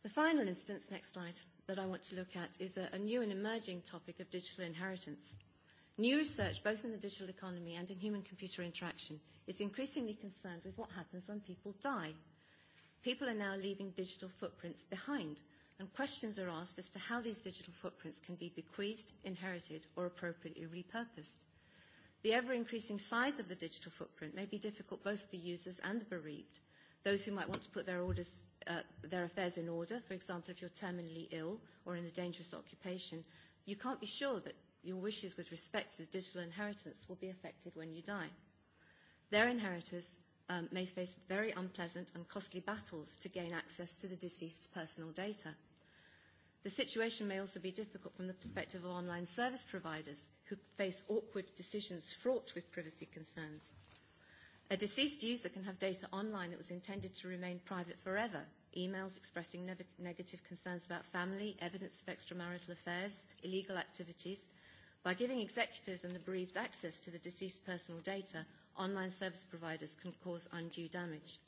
The final instance, next slide, that I want to look at is a new and emerging topic of digital inheritance. New research, both in the digital economy and in human-computer interaction, is increasingly concerned with what happens when people die. People are now leaving digital footprints behind, and questions are asked as to how these digital footprints can be bequeathed, inherited, or appropriately repurposed. The ever-increasing size of the digital footprint may be difficult both for users and the bereaved, those who might want to put their orders their affairs in order. For example, if you're terminally ill or in a dangerous occupation, you can't be sure that your wishes with respect to the digital inheritance will be affected when you die. Their inheritors may face very unpleasant and costly battles to gain access to the deceased's personal data. The situation may also be difficult from the perspective of online service providers who face awkward decisions fraught with privacy concerns. A deceased user can have data online that was intended to remain private forever. Emails expressing negative concerns about family, evidence of extramarital affairs, illegal activities. By giving executors and the bereaved access to the deceased personal data, online service providers can cause undue damage.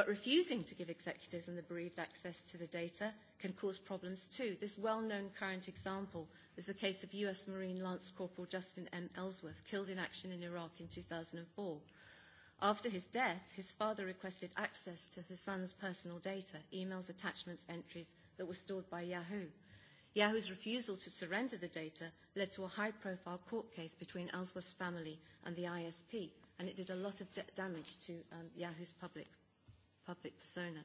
But refusing to give executives and the bereaved access to the data can cause problems too. This well-known current example is the case of U.S. Marine Lance Corporal Justin M. Ellsworth, killed in action in Iraq in 2004. After his death, his father requested access to his son's personal data, emails, attachments, entries that were stored by Yahoo. Yahoo's refusal to surrender the data led to a high-profile court case between Ellsworth's family and the ISP, and it did a lot of damage to Yahoo's public public persona.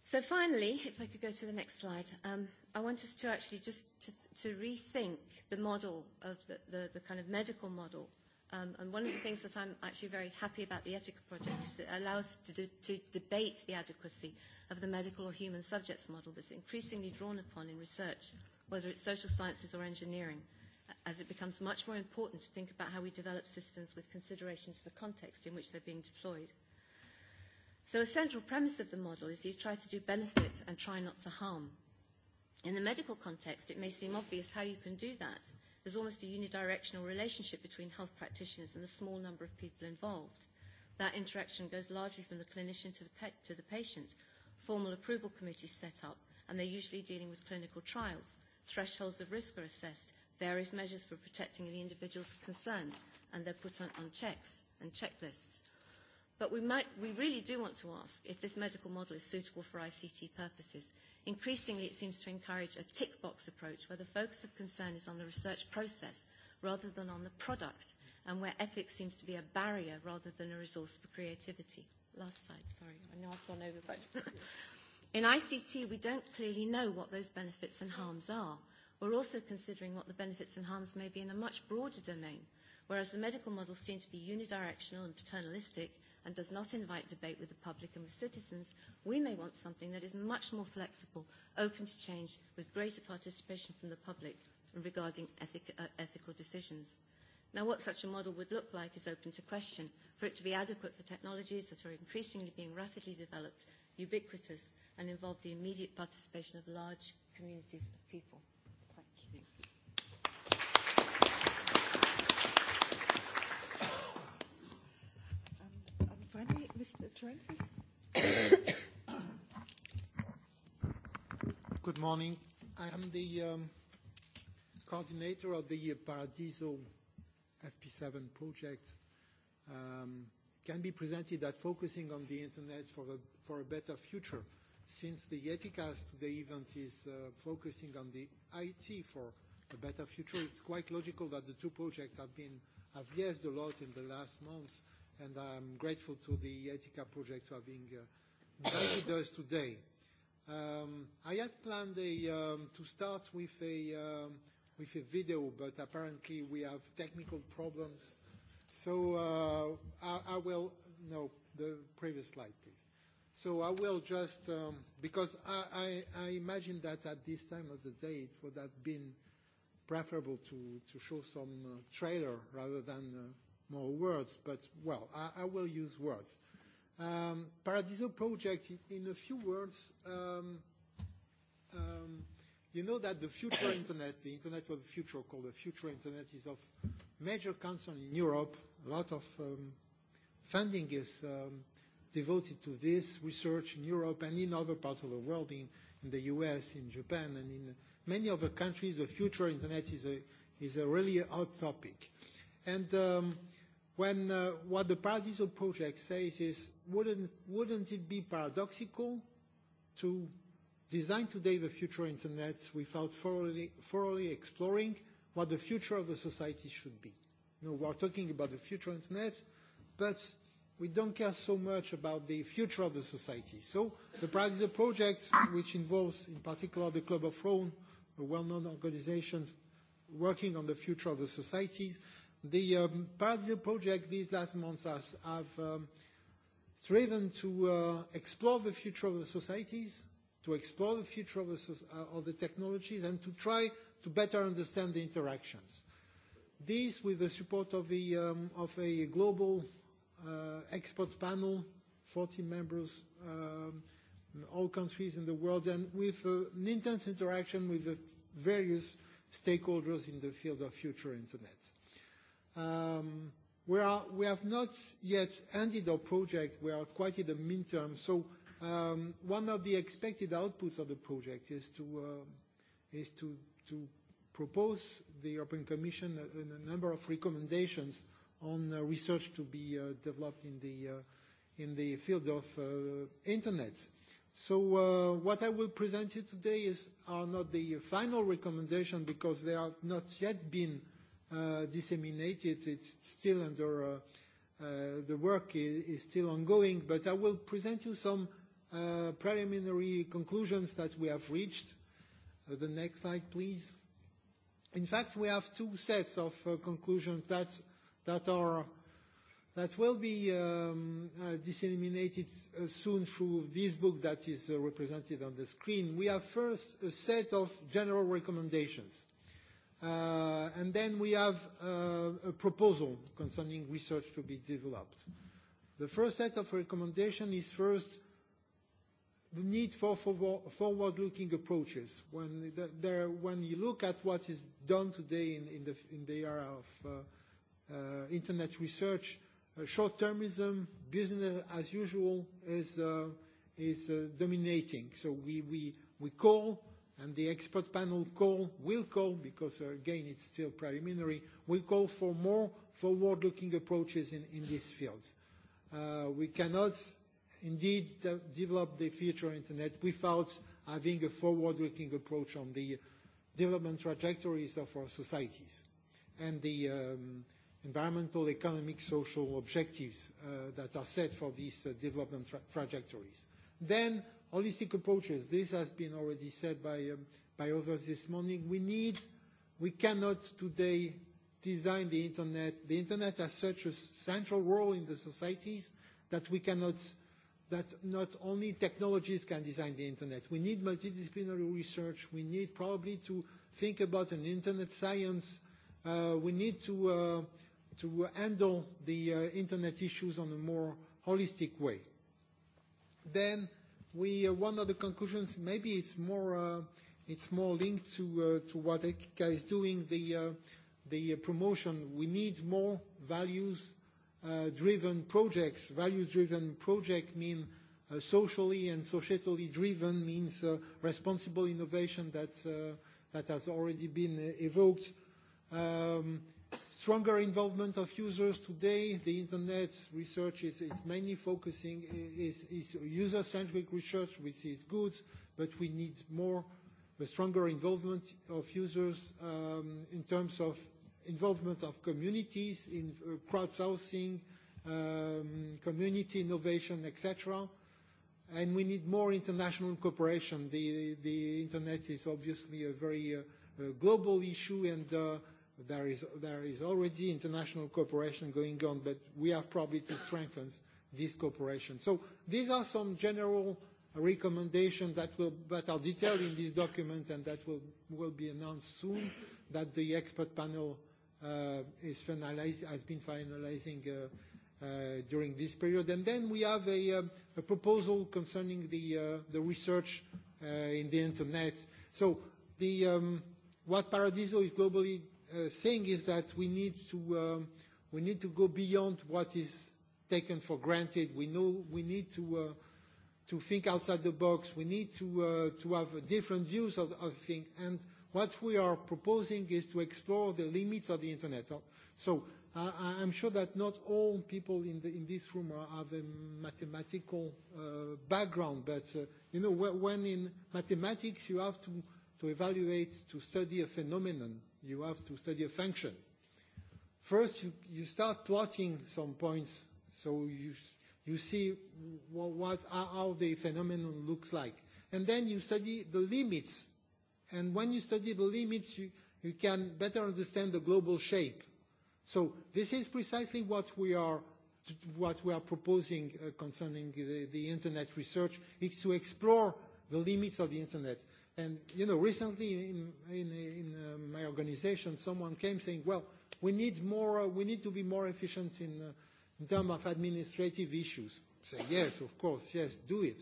So finally, if I could go to the next slide, um, I want us to actually just to, to rethink the model of the, the, the kind of medical model. Um, and one of the things that I'm actually very happy about the Etika project is that it allows us to, do, to debate the adequacy of the medical or human subjects model that's increasingly drawn upon in research, whether it's social sciences or engineering, as it becomes much more important to think about how we develop systems with consideration to the context in which they're being deployed. So a central premise of the model is you try to do benefit and try not to harm. In the medical context, it may seem obvious how you can do that. There's almost a unidirectional relationship between health practitioners and the small number of people involved. That interaction goes largely from the clinician to the, to the patient. Formal approval committees set up, and they're usually dealing with clinical trials. Thresholds of risk are assessed, various measures for protecting the individuals concerned, and they're put on checks and checklists. But we really do want to ask if this medical model is suitable for ICT purposes. Increasingly, it seems to encourage a tick-box approach where the focus of concern is on the research process rather than on the product and where ethics seems to be a barrier rather than a resource for creativity. Last slide, sorry. I know I've gone over, but... In ICT, we don't clearly know what those benefits and harms are. We're also considering what the benefits and harms may be in a much broader domain, whereas the medical models seem to be unidirectional and paternalistic, and does not invite debate with the public and with citizens, we may want something that is much more flexible, open to change, with greater participation from the public regarding ethical decisions. Now, what such a model would look like is open to question. For it to be adequate for technologies that are increasingly being rapidly developed, ubiquitous, and involve the immediate participation of large communities of people. Mr. Trent. Good morning. I am the coordinator of the Paradiso FP7 project. Can be presented that focusing on the Internet for a for a better future, since the ETICAS today event is focusing on the IT for a better future. It's quite logical that the two projects have been have yes a lot in the last months and I'm grateful to the ETICA project for having invited us today. I had planned to start with a with a video, but apparently we have technical problems. So I will no the previous slide, please. So I will just because I I imagine that at this time of the day it would have been preferable to to show some trailer rather than more words, but well, I, I will use words. Um, Paradiso project, in a few words, um, um, you know that the future internet, the internet of the future, called the future internet, is of major concern in Europe. A lot of um, funding is um, devoted to this research in Europe and in other parts of the world, in, in the US, in Japan, and in many other countries. The future internet is a, is a really hot topic. And um, when what the Paradiso project says is, wouldn't, wouldn't it be paradoxical to design today the future internet without thoroughly, exploring what the future of the society should be? You we are talking about the future internet, but we don't care so much about the future of the society. So the Paradiso project, which involves in particular the Club of Rome, a well-known organization working on the future of the societies, The Paradiso project these last months have striven to explore the future of the societies, to explore the future of the technologies, and to try to better understand the interactions. This, with the support of a global expert panel, 40 members, all countries in the world, and with an intense interaction with the various stakeholders in the field of future Internet. We have not yet ended our project. We are quite in the midterm. So one of the expected outputs of the project is to is to propose the European Commission a number of recommendations on research to be developed in the field of Internet. So what I will present you today is are not the final recommendations because they have not yet been disseminated. It's still under the work is still ongoing, but I will present you some preliminary conclusions that we have reached. The next slide, please. In fact, we have two sets of conclusions that that are that will be disseminated soon through this book that is represented on the screen. We have first a set of general recommendations And then we have a proposal concerning research to be developed. The first set of recommendations is first the need for forward-looking approaches. When when you look at what is done today in the in the area of internet research, short-termism, business as usual is is dominating. So we we we call and the expert panel call will call because again it's still preliminary will call for more forward looking approaches in in these fields we cannot indeed develop the future internet without having a forward looking approach on the development trajectories of our societies and the environmental economic social objectives that are set for these development trajectories then holistic approaches. This has been already said by by others this morning. We need, we cannot today design the internet. The internet has such a central role in the societies that we cannot, that not only technologies can design the internet. We need multidisciplinary research. We need probably to think about an internet science. We need to to handle the internet issues on a more holistic way. Then we one of the conclusions maybe it's more it's more linked to to what ECA is doing the the promotion we need more values driven projects values driven project mean socially and societally driven means responsible innovation that that has already been evoked Stronger involvement of users today, the internet research is mainly focusing is user-centric research, which is good, but we need more, the stronger involvement of users in terms of involvement of communities in crowdsourcing, community innovation, etc. And we need more international cooperation. The internet is obviously a very global issue and There is there is already international cooperation going on, but we have probably to strengthen this cooperation. So these are some general recommendations that will that are detailed in this document and that will will be announced soon that the expert panel is has been finalizing during this period. And then we have a proposal concerning the research in the Internet. So the what Paradiso is globally saying is that we need to we need to go beyond what is taken for granted. We know we need to to think outside the box. We need to to have different views of things. And what we are proposing is to explore the limits of the internet. So I I'm sure that not all people in in this room have a mathematical background, but you know when in mathematics you have to to evaluate to study a phenomenon you have to study a function. First, you, you start plotting some points, so you, you see what, what, how the phenomenon looks like. And then you study the limits. And when you study the limits, you, you can better understand the global shape. So this is precisely what we are what we are proposing concerning the, the internet research is to explore the limits of the internet. And, you know, recently in, in, in my organization, someone came saying, well, we need more, we need to be more efficient in, in terms of administrative issues. Say, yes, of course, yes, do it.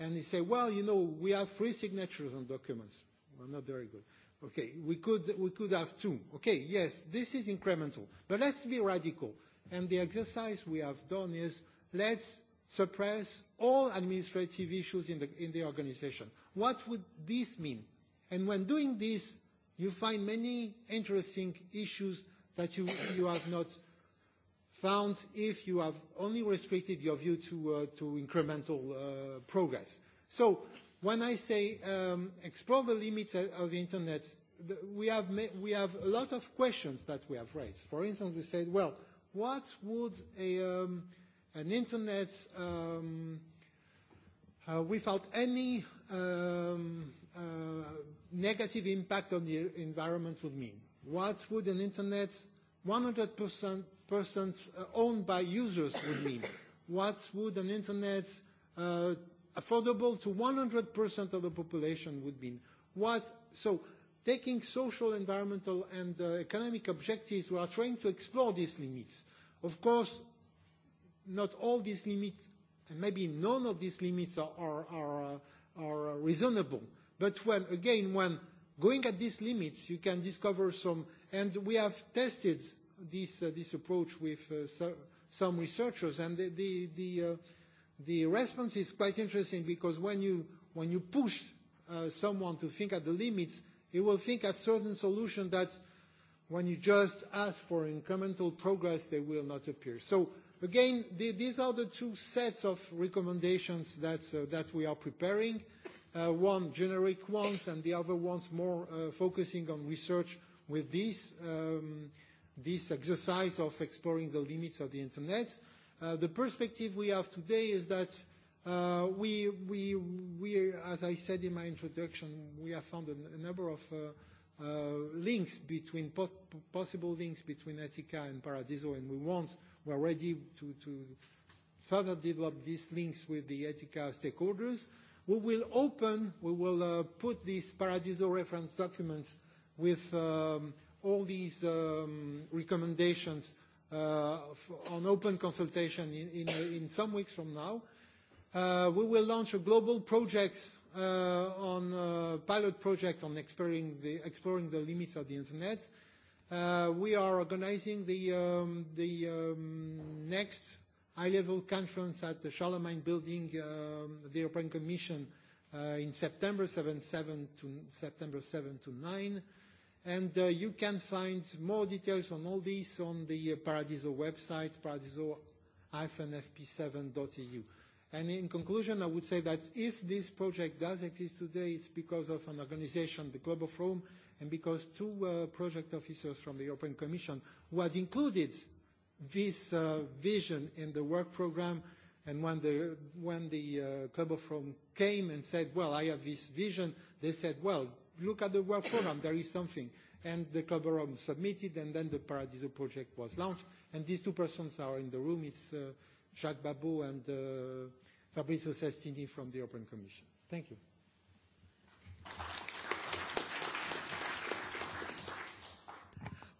And he say, well, you know, we have three signatures on documents. Well, not very good. Okay, we could, we could have two. Okay, yes, this is incremental. But let's be radical. And the exercise we have done is let's suppress all administrative issues in the in the organization what would this mean and when doing this you find many interesting issues that you you have not found if you have only restricted your view to to incremental progress so when i say explore the limits of the internet we have we have a lot of questions that we have raised for instance we said well what would a an internet without any negative impact on the environment would mean. What would an internet 100% owned by users would mean? What would an internet affordable to 100% of the population would mean? What, so taking social, environmental and economic objectives, we are trying to explore these limits. Of course, not all these limits, and maybe none of these limits are reasonable. But when, again, when going at these limits, you can discover some, and we have tested this this approach with some researchers, and the the the response is quite interesting because when you when you push someone to think at the limits, he will think at certain solutions that when you just ask for incremental progress, they will not appear. So Again, these are the two sets of recommendations that we are preparing, one generic ones and the other ones more focusing on research with this this exercise of exploring the limits of the Internet. The perspective we have today is that we, we as I said in my introduction, we have found a number of links between possible links between Etica and Paradiso, and we want We are ready to, further develop these links with the ETICA stakeholders. We will open, we will put these Paradiso reference documents with all these recommendations on open consultation in some weeks from now. We will launch a global project on pilot project on exploring the limits of the Internet. We are organizing the next high-level conference at the Charlemagne Building, the European Commission, in September 7 to September 7 to 9. And you can find more details on all this on the Paradiso website, paradiso-fp7.eu. And in conclusion, I would say that if this project does exist today, it's because of an organization, the Club of Rome, and because two project officers from the European Commission who had included this vision in the work program and when the when the Club of Rome came and said, well, I have this vision, they said, well, look at the work program, there is something. And the Club of Rome submitted and then the Paradiso project was launched. And these two persons are in the room. It's Jacques Babou and Fabrizio Sestini from the Open Commission. Thank you.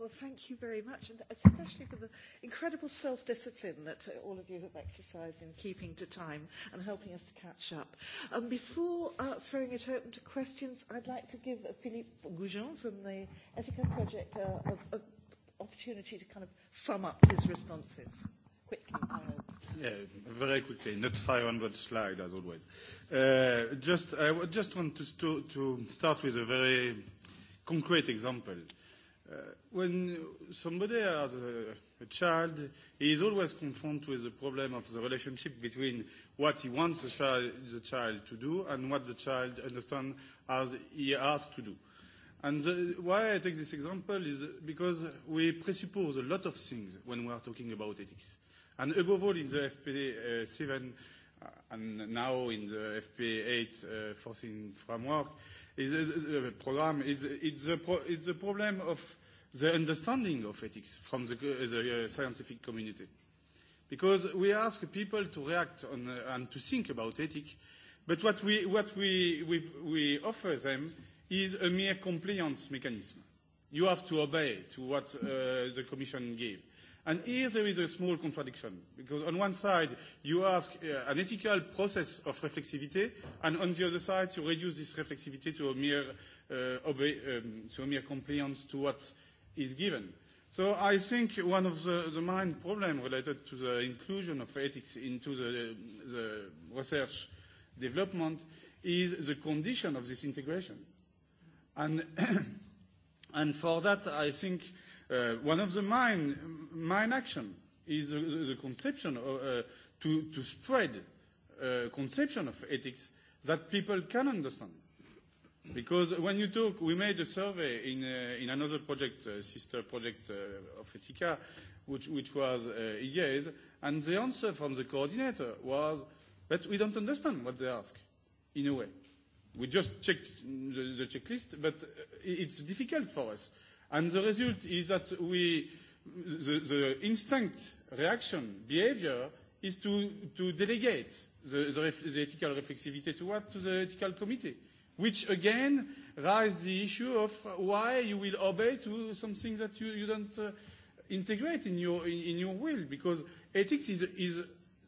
Well, thank you very much, and especially for the incredible self-discipline that all of you have exercised in keeping to time and helping us to catch up. Um, before uh, throwing it open to questions, I'd like to give Philippe Goujon from the Ethica Project uh, opportunity to kind of sum up his responses quickly, Yeah, very quickly, not 500 slides as always. Uh, just, I just want to, to, to start with a very concrete example. When somebody has a child, he is always confronted with the problem of the relationship between what he wants the child to do and what the child understands as he has to do. And why I take this example is because we presuppose a lot of things when we are talking about ethics. And above all in the FP7 and now in the FP8 forcing framework, is the program, it's a problem of the understanding of ethics from the scientific community. Because we ask people to react and to think about ethics, but what we what we we we offer them is a mere compliance mechanism. You have to obey to what the Commission gave. And here there is a small contradiction, because on one side you ask an ethical process of reflexivity, and on the other side you reduce this reflexivity to a mere compliance to what is given. So I think one of the, the main problems related to the inclusion of ethics into the, the research development is the condition of this integration. And, and for that, I think uh, one of the main, main action is the, the conception of, uh, to, to spread a conception of ethics that people can understand Because when you talk, we made a survey in in another project, sister project of Etika, which which was years, and the answer from the coordinator was, but we don't understand what they ask, in a way. We just checked the, the checklist, but it's difficult for us. And the result is that we, the, the instinct reaction behavior is to, to delegate the, the, the ethical reflexivity to what? To the ethical committee which again raises the issue of why you will obey to something that you, you don't integrate in your, in, your will, because ethics is, is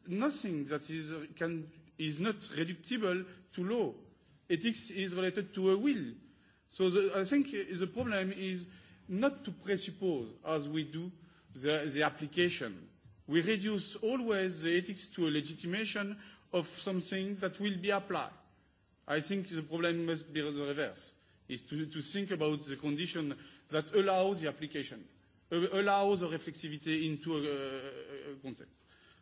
nothing that is, can, is not reductible to law. Ethics is related to a will. So the, I think the problem is not to presuppose, as we do, the, the application. We reduce always the ethics to a legitimation of something that will be applied. I think the problem must be the reverse, is to, think about the condition that allows the application, allows the reflexivity into a, concept.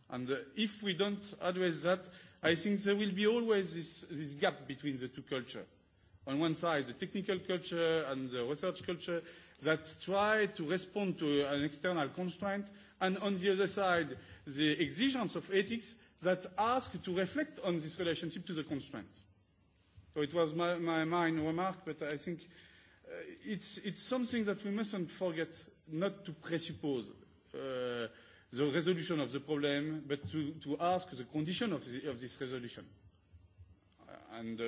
And if we don't address that, I think there will be always this, this gap between the two cultures. On one side, the technical culture and the research culture that try to respond to an external constraint, and on the other side, the exigence of ethics that ask to reflect on this relationship to the constraint. So it was my, my, mind remark, but I think it's, it's something that we mustn't forget not to presuppose the resolution of the problem, but to, to ask the condition of, the, of this resolution. And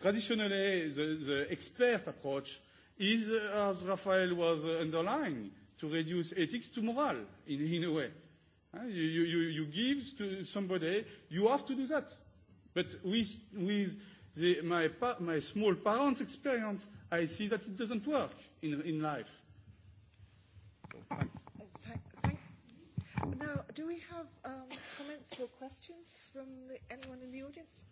traditionally, the, the expert approach is, as Raphael was underlying, to reduce ethics to morale, in, in a way. You, you, you give to somebody, you have to do that. But with, with my, my small parents' experience, I see that it doesn't work in, in life. So, thanks. Now, do we have um, comments or questions from the, anyone in the audience?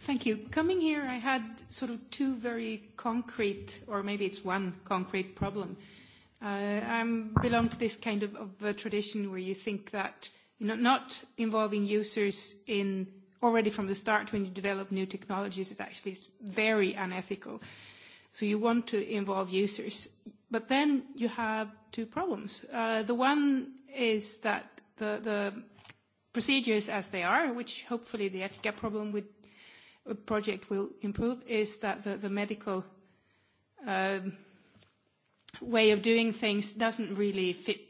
Thank you. Coming here, I had sort of two very concrete, or maybe it's one concrete problem. I belong to this kind of, of tradition where you think that not involving users in already from the start when you develop new technologies is actually very unethical. So you want to involve users. But then you have two problems. The one is that the procedures as they are, which hopefully the etiquette problem with project will improve, is that the medical way of doing things doesn't really fit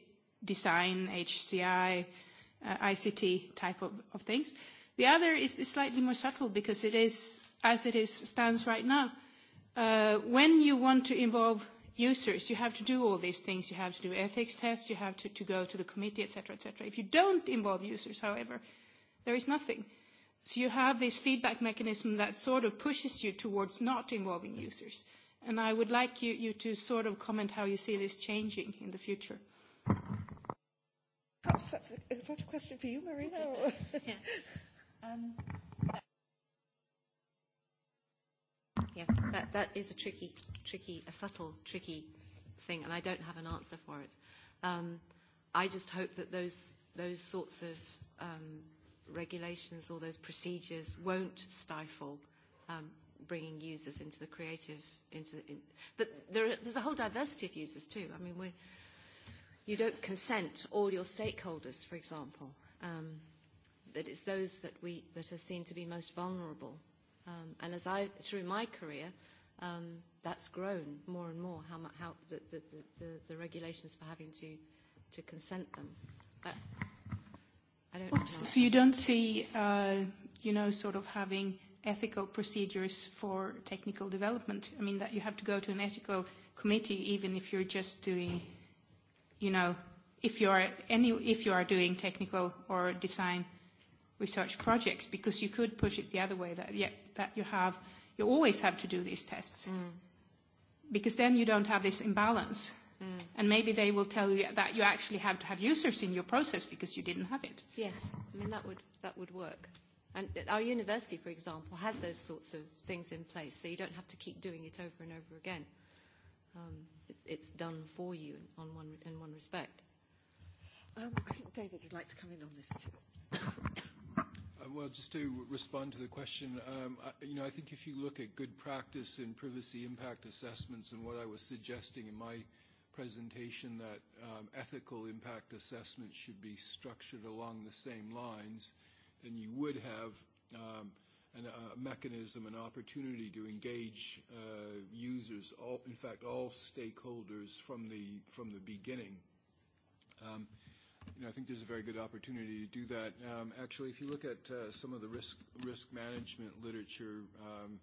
design, HCI, ICT type of things. The other is slightly more subtle because it is, as it is stands right now, when you want to involve users, you have to do all these things. You have to do ethics tests, you have to go to the committee, etc., etc. If you don't involve users, however, there is nothing. So you have this feedback mechanism that sort of pushes you towards not involving users. And I would like you to sort of comment how you see this changing in the future. Perhaps that's, is a question for you, Marina? Um, yeah, that, that is a tricky, tricky, a subtle, tricky thing, and I don't have an answer for it. Um, I just hope that those, those sorts of um, regulations or those procedures won't stifle um, bringing users into the creative, into the, in, but there, there's a whole diversity of users too. I mean, we you don't consent all your stakeholders, for example. Um, that it's those that we that are seen to be most vulnerable. Um, and as I through my career, um, that's grown more and more. How, how the, the, the, the regulations for having to to consent them. I don't So you don't see, uh, you know, sort of having ethical procedures for technical development. I mean that you have to go to an ethical committee, even if you're just doing, you know, if you are any if you are doing technical or design research projects because you could push it the other way that that you have you always have to do these tests because then you don't have this imbalance and maybe they will tell you that you actually have to have users in your process because you didn't have it yes i mean that would that would work and our university for example has those sorts of things in place so you don't have to keep doing it over and over again um it's it's done for you on one in one respect i think david would like to come in on this too Well, just to respond to the question, you know, I think if you look at good practice in privacy impact assessments and what I was suggesting in my presentation that ethical impact assessments should be structured along the same lines, then you would have a mechanism, an opportunity to engage users, all in fact all stakeholders from the from the beginning you I think there's a very good opportunity to do that. Um, actually, if you look at uh, some of the risk risk management literature um,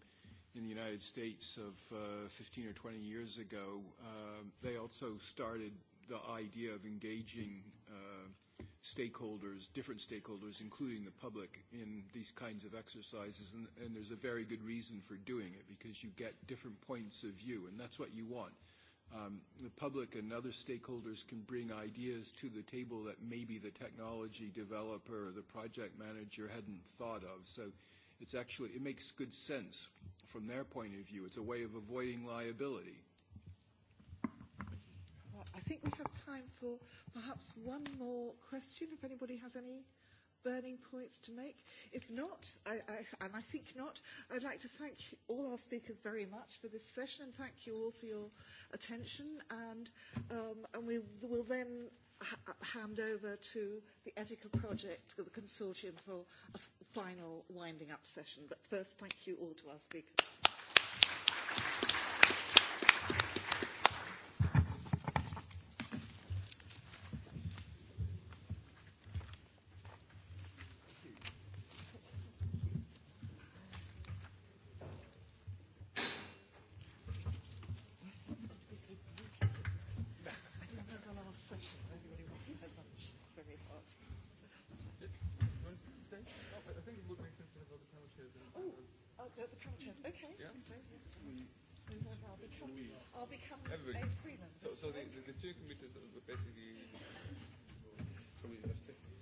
in the United States of uh, 15 or 20 years ago, um, they also started the idea of engaging uh, stakeholders, different stakeholders, including the public, in these kinds of exercises. And, and there's a very good reason for doing it because you get different points of view, and that's what you want the public and other stakeholders can bring ideas to the table that maybe the technology developer or the project manager hadn't thought of. So it's actually, it makes good sense from their point of view. It's a way of avoiding liability. I think we have time for perhaps one more question, if anybody has any burning points to make? If not, I, I, and I think not, I'd like to thank all our speakers very much for this session and thank you all for your attention. And, um, and we will then hand over to the Etica Project, the Consortium, for a final winding up session. But first, thank you all to our speakers. Okay. I'll So, the, the, steering committee are basically...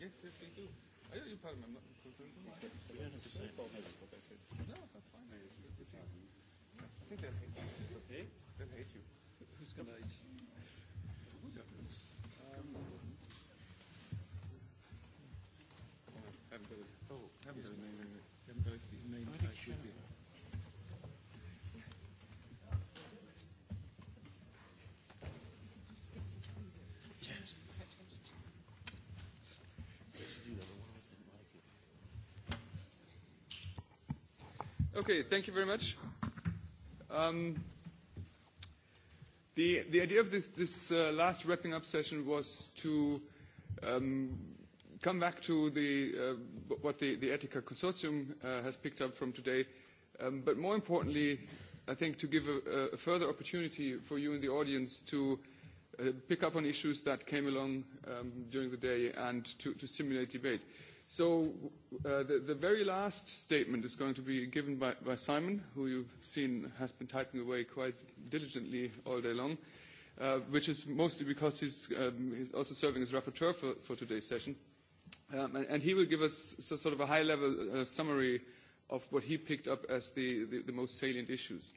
Yes, yes, do. Are you part of to say No, that's fine. I think they'll hate you. Okay? They'll hate you. Who's going to hate you? Um, Okay, thank you very much. The the idea of this this last wrapping up session was to come back to the what the the Ethica Consortium has picked up from today, but more importantly, I think to give a further opportunity for you in the audience to pick up on issues that came along during the day and to to stimulate debate. So the very last statement is going to be given by Simon, who you've seen has been typing away quite diligently all day long, which is mostly because he's also serving as rapporteur for today's session. And he will give us sort of a high-level summary of what he picked up as the most salient issues.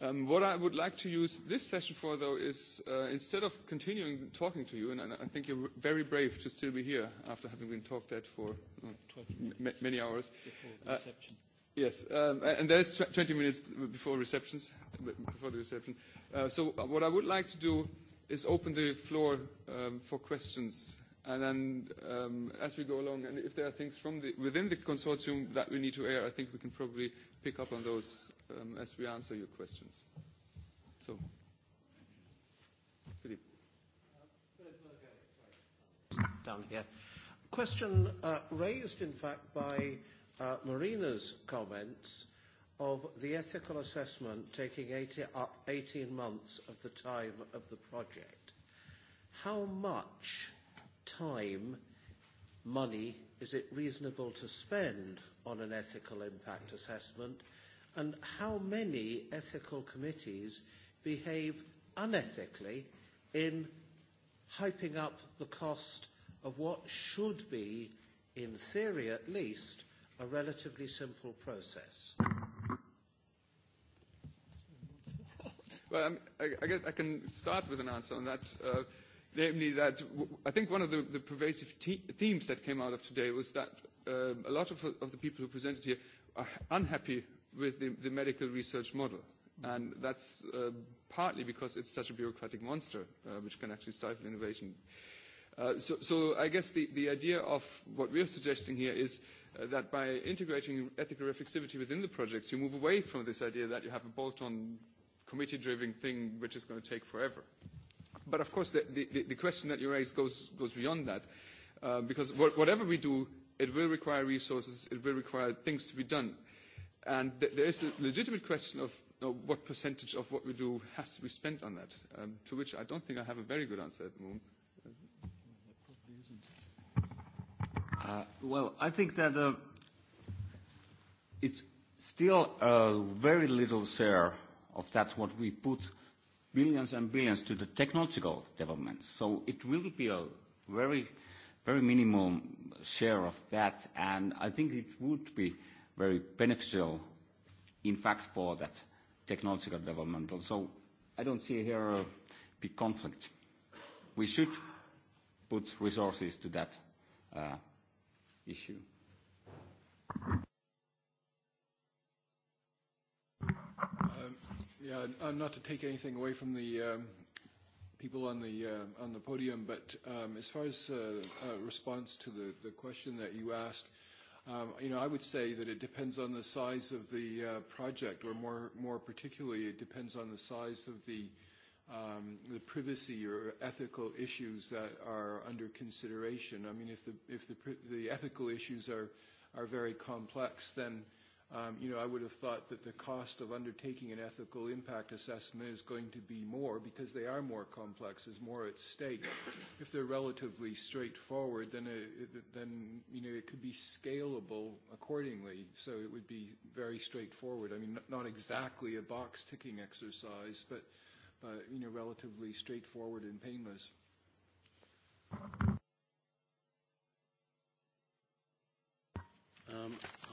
What I would like to use this session for, though, is instead of continuing talking to you, and I think you're very brave to still be here after having been talked at for many hours. Yes, and there's 20 minutes before receptions, before the reception. So what I would like to do is open the floor for questions, and then as we go along, and if there are things from within the consortium that we need to air, I think we can probably pick up on those as we answer your questions. So, Philippe. Down here. Question raised, in fact, by Marina's comments of the ethical assessment taking 18 months of the time of the project. How much time money is it reasonable to spend on an ethical impact assessment and how many ethical committees behave unethically in hyping up the cost of what should be, in theory at least, a relatively simple process. Well, I can start with an answer on that namely that I think one of the, pervasive themes that came out of today was that a lot of, of the people who presented here are unhappy with the, medical research model. And that's partly because it's such a bureaucratic monster which can actually stifle innovation. so, so I guess the, the idea of what we're suggesting here is that by integrating ethical reflexivity within the projects, you move away from this idea that you have a bolt-on committee-driven thing which is going to take forever. But of course, the, the, the question that you raise goes, goes beyond that, uh, because whatever we do, it will require resources, it will require things to be done. And there is a legitimate question of what percentage of what we do has to be spent on that, to which I don't think I have a very good answer at the moment. well, I think that uh, it's still a very little share of that what we put billions and billions to the technological developments. So it will be a very, very minimal share of that, and I think it would be very beneficial, in fact, for that technological development. So I don't see here a big conflict. We should put resources to that issue. Yeah, not to take anything away from the people on the on the podium, but as far as response to the the question that you asked, you know, I would say that it depends on the size of the project, or more more particularly, it depends on the size of the the privacy or ethical issues that are under consideration. I mean, if the if the the ethical issues are are very complex, then you know, I would have thought that the cost of undertaking an ethical impact assessment is going to be more because they are more complex, is more at stake. If they're relatively straightforward, then, then you know, it could be scalable accordingly. So it would be very straightforward. I mean, not exactly a box ticking exercise, but, but you know, relatively straightforward and painless.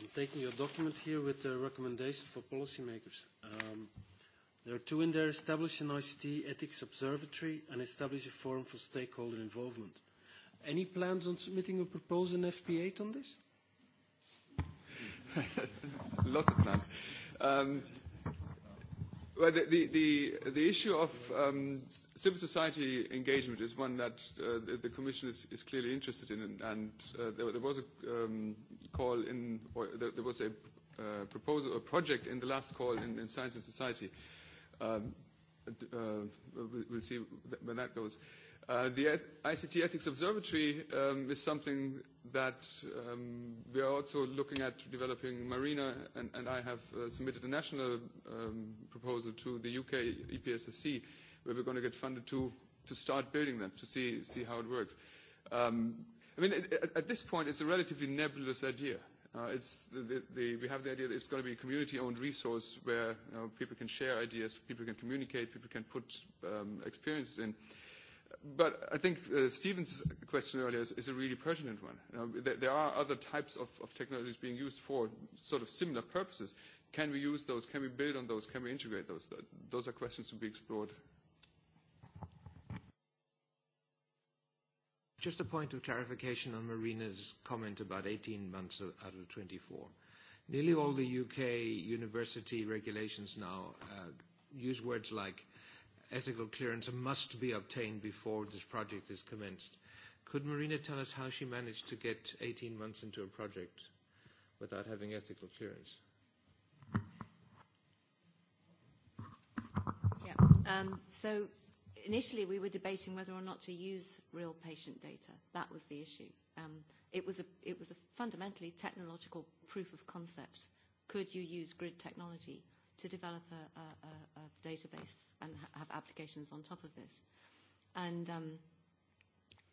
I'm taking your document here with the recommendation for policymakers. There are two in there. Establish an ICT ethics observatory and establish a forum for stakeholder involvement. Any plans on submitting a proposal in FP8 on this? Lots of plans. The issue of civil society engagement is one that the Commission is clearly interested in, and there was a call in, or there was a proposal, a project in the last call in Science and Society. We'll see when that goes. The ICT Ethics Observatory is something that we are also looking at developing. Marina and I have submitted a national proposal to the UK EPSSC, where we're going to get funded to to start building that, to see see how it works. I mean, at this point, it's a relatively nebulous idea. It's the we have the idea that it's going to be a community-owned resource where people can share ideas, people can communicate, people can put experiences in. But I think Stephen's question earlier is a really pertinent one. There are other types of technologies being used for sort of similar purposes. Can we use those? Can we build on those? Can we integrate those? Those are questions to be explored. Just a point of clarification on Marina's comment about 18 months out of 24. Nearly all the UK university regulations now use words like ethical clearance must be obtained before this project is commenced. Could Marina tell us how she managed to get 18 months into a project without having ethical clearance? Yeah. Um, so initially we were debating whether or not to use real patient data. That was the issue. Um, it, was a, it was a fundamentally technological proof of concept. Could you use grid technology to develop a, a, database and have applications on top of this. And um,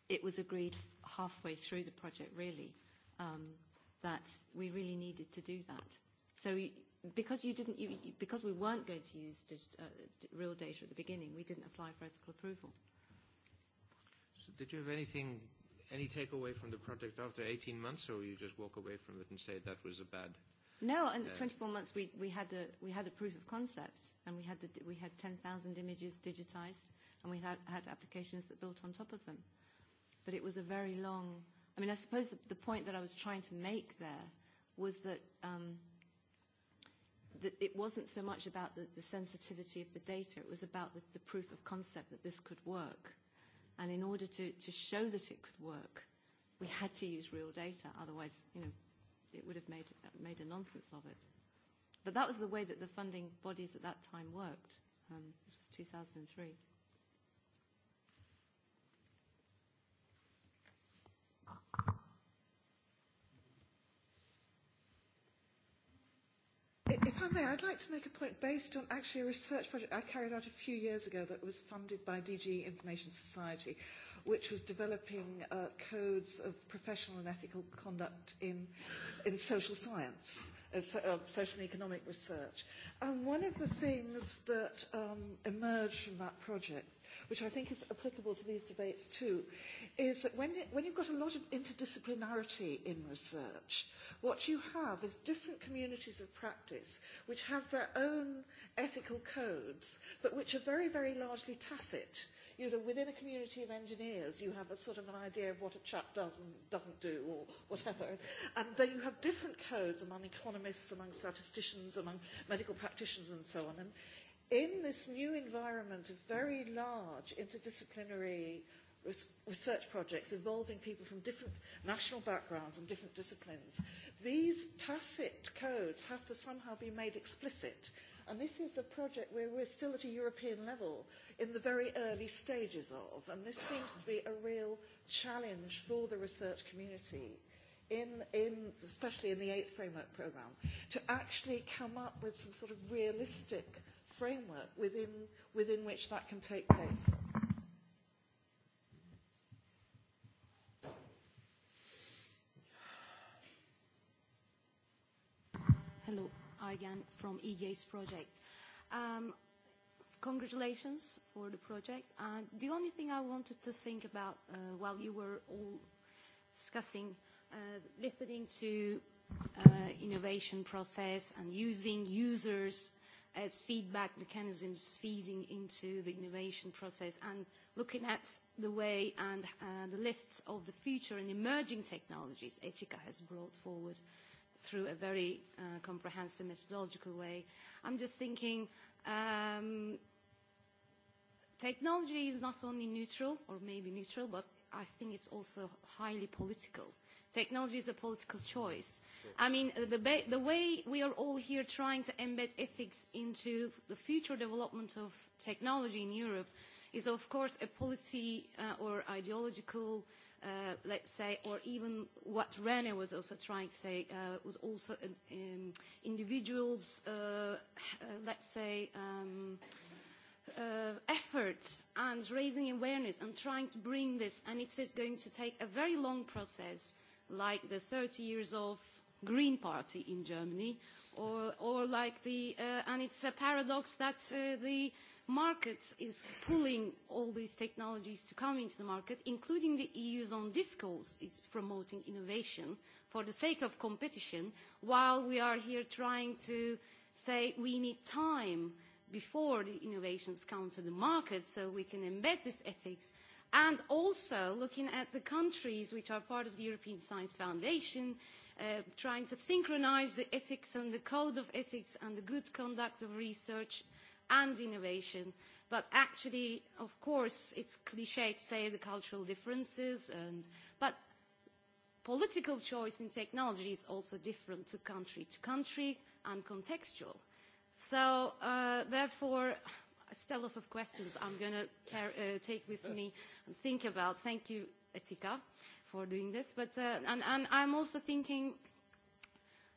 it was agreed halfway through the project, really, um, that we really needed to do that. So because you didn't, because we weren't going to use real data at the beginning, we didn't apply for ethical approval. So did you have anything, any takeaway from the project after 18 months, or you just walk away from it and say that was a bad No, and 24 months we, had a, we had a proof of concept and we had, we 10,000 images digitized and we had, had applications that built on top of them. But it was a very long, I mean, I suppose the point that I was trying to make there was that, it wasn't so much about the, sensitivity of the data, it was about the, the proof of concept that this could work. And in order to, to show that it could work, we had to use real data, otherwise, you know, it would have made made a nonsense of it. But that was the way that the funding bodies at that time worked. Um, this was 2003. If I may, I'd like to make a point based on actually a research project I carried out a few years ago that was funded by DG Information Society, which was developing codes of professional and ethical conduct in in social science, social and economic research. And one of the things that emerged from that project which I think is applicable to these debates too, is that when, you've got a lot of interdisciplinarity in research, what you have is different communities of practice which have their own ethical codes, but which are very, very largely tacit you know, within a community of engineers, you have a sort of an idea of what a chap does and doesn't do or whatever. And then you have different codes among economists, among statisticians, among medical practitioners and so on in this new environment of very large interdisciplinary research projects involving people from different national backgrounds and different disciplines, these tacit codes have to somehow be made explicit. And this is a project where we're still at a European level in the very early stages of, and this seems to be a real challenge for the research community in in especially in the eighth framework programme to actually come up with some sort of realistic framework within within which that can take place. Hello, again from EGA's project. Um, congratulations for the project. And the only thing I wanted to think about while you were all discussing, listening to innovation process and using users as feedback mechanisms feeding into the innovation process and looking at the way and the lists of the future and emerging technologies Etika has brought forward through a very comprehensive methodological way. I'm just thinking technology is not only neutral or maybe neutral, but I think it's also highly political technology is a political choice. I mean, the way we are all here trying to embed ethics into the future development of technology in Europe is, of course, a policy or ideological, let's say, or even what René was also trying to say, was also individual's, let's say, efforts and raising awareness and trying to bring this, and it is going to take a very long process like the 30 years of Green Party in Germany, or like the, and it's a paradox that the market is pulling all these technologies to come into the market, including the EU's own discourse is promoting innovation for the sake of competition, while we are here trying to say we need time before the innovations come to the market so we can embed this ethics and also looking at the countries which are part of the European Science Foundation, trying to synchronise the ethics and the code of ethics and the good conduct of research and innovation. But actually, of course, it's cliché to say the cultural differences, but political choice in technology is also different to country to country and contextual. So, therefore still lots of questions I'm going to take with me and think about. Thank you, Etika, for doing this. But and I'm also thinking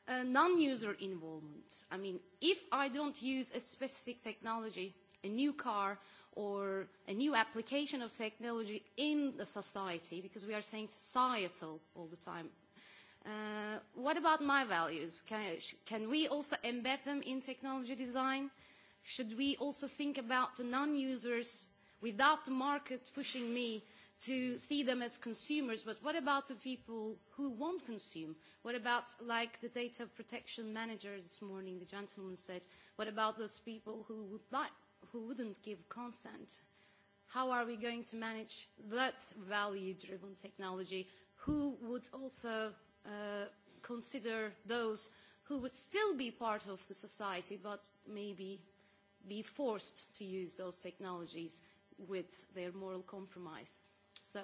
non-user involvement. I mean, if I don't use a specific technology, a new car or a new application of technology in the society, because we are saying societal all the time, what about my values? Can we also embed them in technology design? should we also think about the non-users without the market pushing me to see them as consumers, but what about the people who won't consume? What about, like the data protection manager this morning, the gentleman said, what about those people who would like, who wouldn't give consent? How are we going to manage that value-driven technology? Who would also consider those who would still be part of the society, but maybe be forced to use those technologies with their moral compromise. So,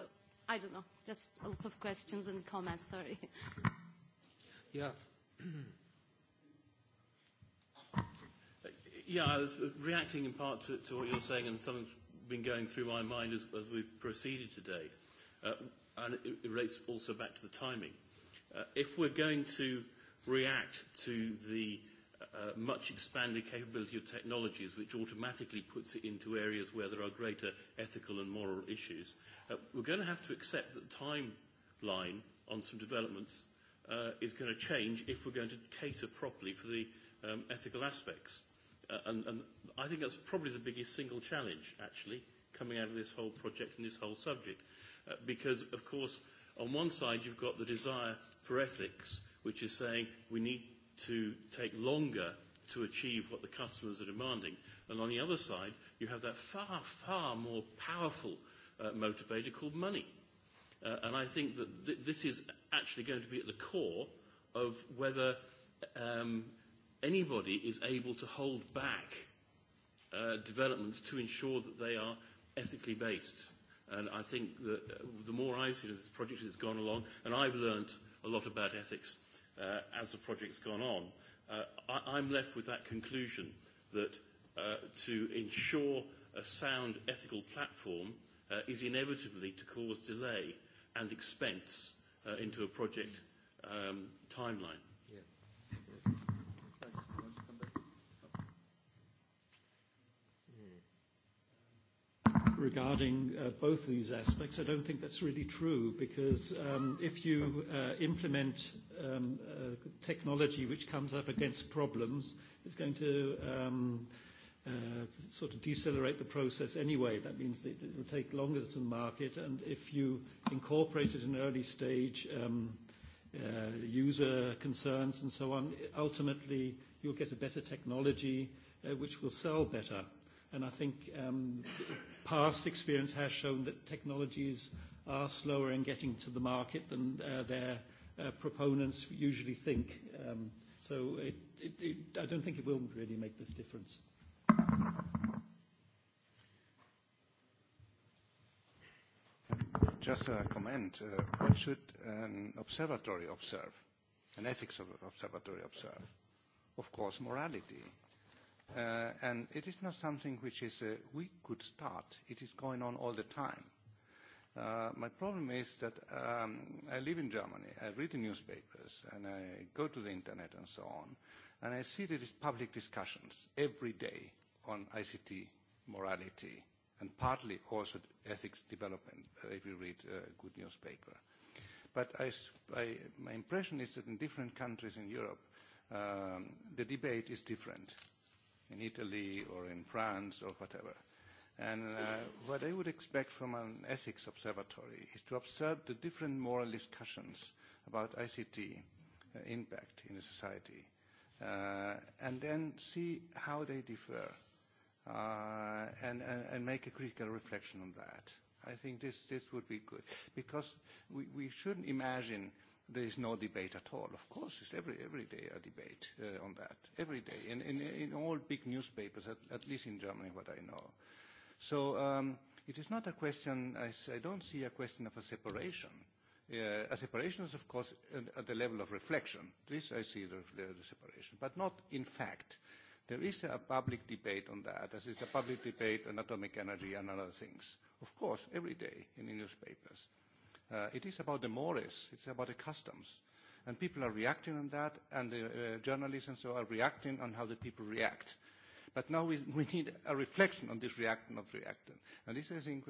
I don't know, just a lot of questions and comments, sorry. Yeah. Yeah, I was reacting in part to, to what you're saying and something's been going through my mind as, we've proceeded today. Uh, and it, relates also back to the timing. if we're going to react to the much expanded capability of technologies which automatically puts it into areas where there are greater ethical and moral issues. We're going to have to accept that the timeline on some developments is going to change if we're going to cater properly for the ethical aspects. And I think that's probably the biggest single challenge, actually, coming out of this whole project and this whole subject. Because, of course, on one side you've got the desire for ethics, which is saying we need to take longer to achieve what the customers are demanding. And on the other side, you have that far, far more powerful motivator called money. And I think that this is actually going to be at the core of whether anybody is able to hold back developments to ensure that they are ethically based. And I think that the more I see this project has gone along, and I've learned a lot about ethics as the project's gone on, I I'm left with that conclusion that to ensure a sound ethical platform is inevitably to cause delay and expense into a project timeline. regarding both these aspects. I don't think that's really true because if you implement technology which comes up against problems, it's going to sort of decelerate the process anyway. That means that it will take longer to market. And if you incorporate it in early stage user concerns and so on, ultimately you'll get a better technology which will sell better. And I think past experience has shown that technologies are slower in getting to the market than their proponents usually think. So I don't think it will really make this difference. Just a comment. What should an observatory observe? An ethics observatory observe? Of course, morality and it is not something which is we could start. It is going on all the time. My problem is that I live in Germany, I read the newspapers, and I go to the internet and so on, and I see that public discussions every day on ICT morality and partly also ethics development if you read a good newspaper. But I, I, my impression is that in different countries in Europe, the debate is different in Italy or in France or whatever. And what I would expect from an ethics observatory is to observe the different moral discussions about ICT impact in the society and then see how they differ and, and, and make a critical reflection on that. I think this, this would be good because we, we shouldn't imagine there is no debate at all. Of course, it's every, every day a debate on that, every day, in, in, in all big newspapers, at, at least in Germany, what I know. So um, it is not a question, I, I don't see a question of a separation. a separation is, of course, at the level of reflection. This I see the, the separation, but not in fact. There is a public debate on that, as is a public debate on atomic energy and other things. Of course, every day in the newspapers. It is about the mores, it's about the customs. And people are reacting on that, and the journalists and so are reacting on how the people react. But now we, we need a reflection on this reaction of reacting And this is an,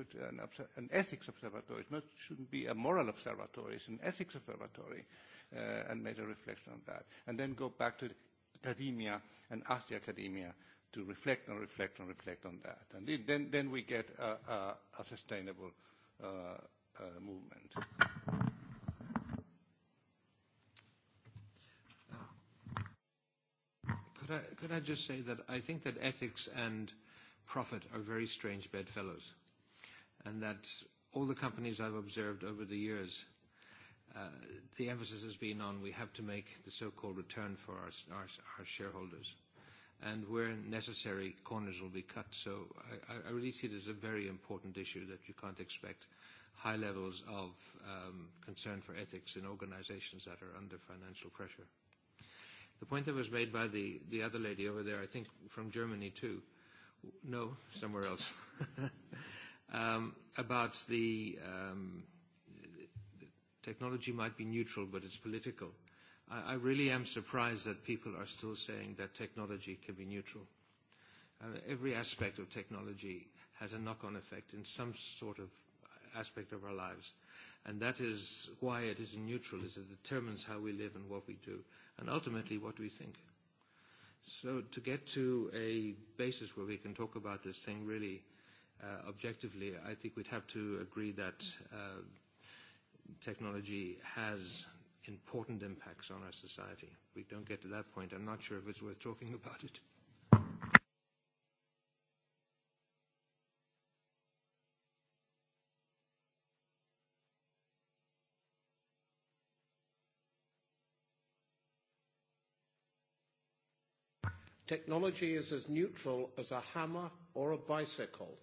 an ethics observatory. It not, shouldn't be a moral observatory. It's an ethics observatory uh, and made a reflection on that. And then go back to academia and ask the academia to reflect and reflect and reflect on that. And then, then we get a, a, a sustainable uh, movement. Could I just say that I think that ethics and profit are very strange bedfellows, and that all the companies I've observed over the years, the emphasis has been on we have to make the so-called return for our shareholders, and where necessary, corners will be cut. So I really see it as a very important issue that you can't expect high levels of concern for ethics in organizations that are under financial pressure. The point that was made by the the other lady over there, I think from Germany too, no, somewhere else, about the technology might be neutral but it's political. I really am surprised that people are still saying that technology can be neutral. Every aspect of technology has a knock-on effect in some sort of aspect of our lives. And that is why it is neutral, is it determines how we live and what we do, and ultimately what we think. So to get to a basis where we can talk about this thing really uh, objectively, I think we'd have to agree that uh, technology has important impacts on our society. If we don't get to that point, I'm not sure if it's worth talking about it. Technology is as neutral as a hammer or a bicycle.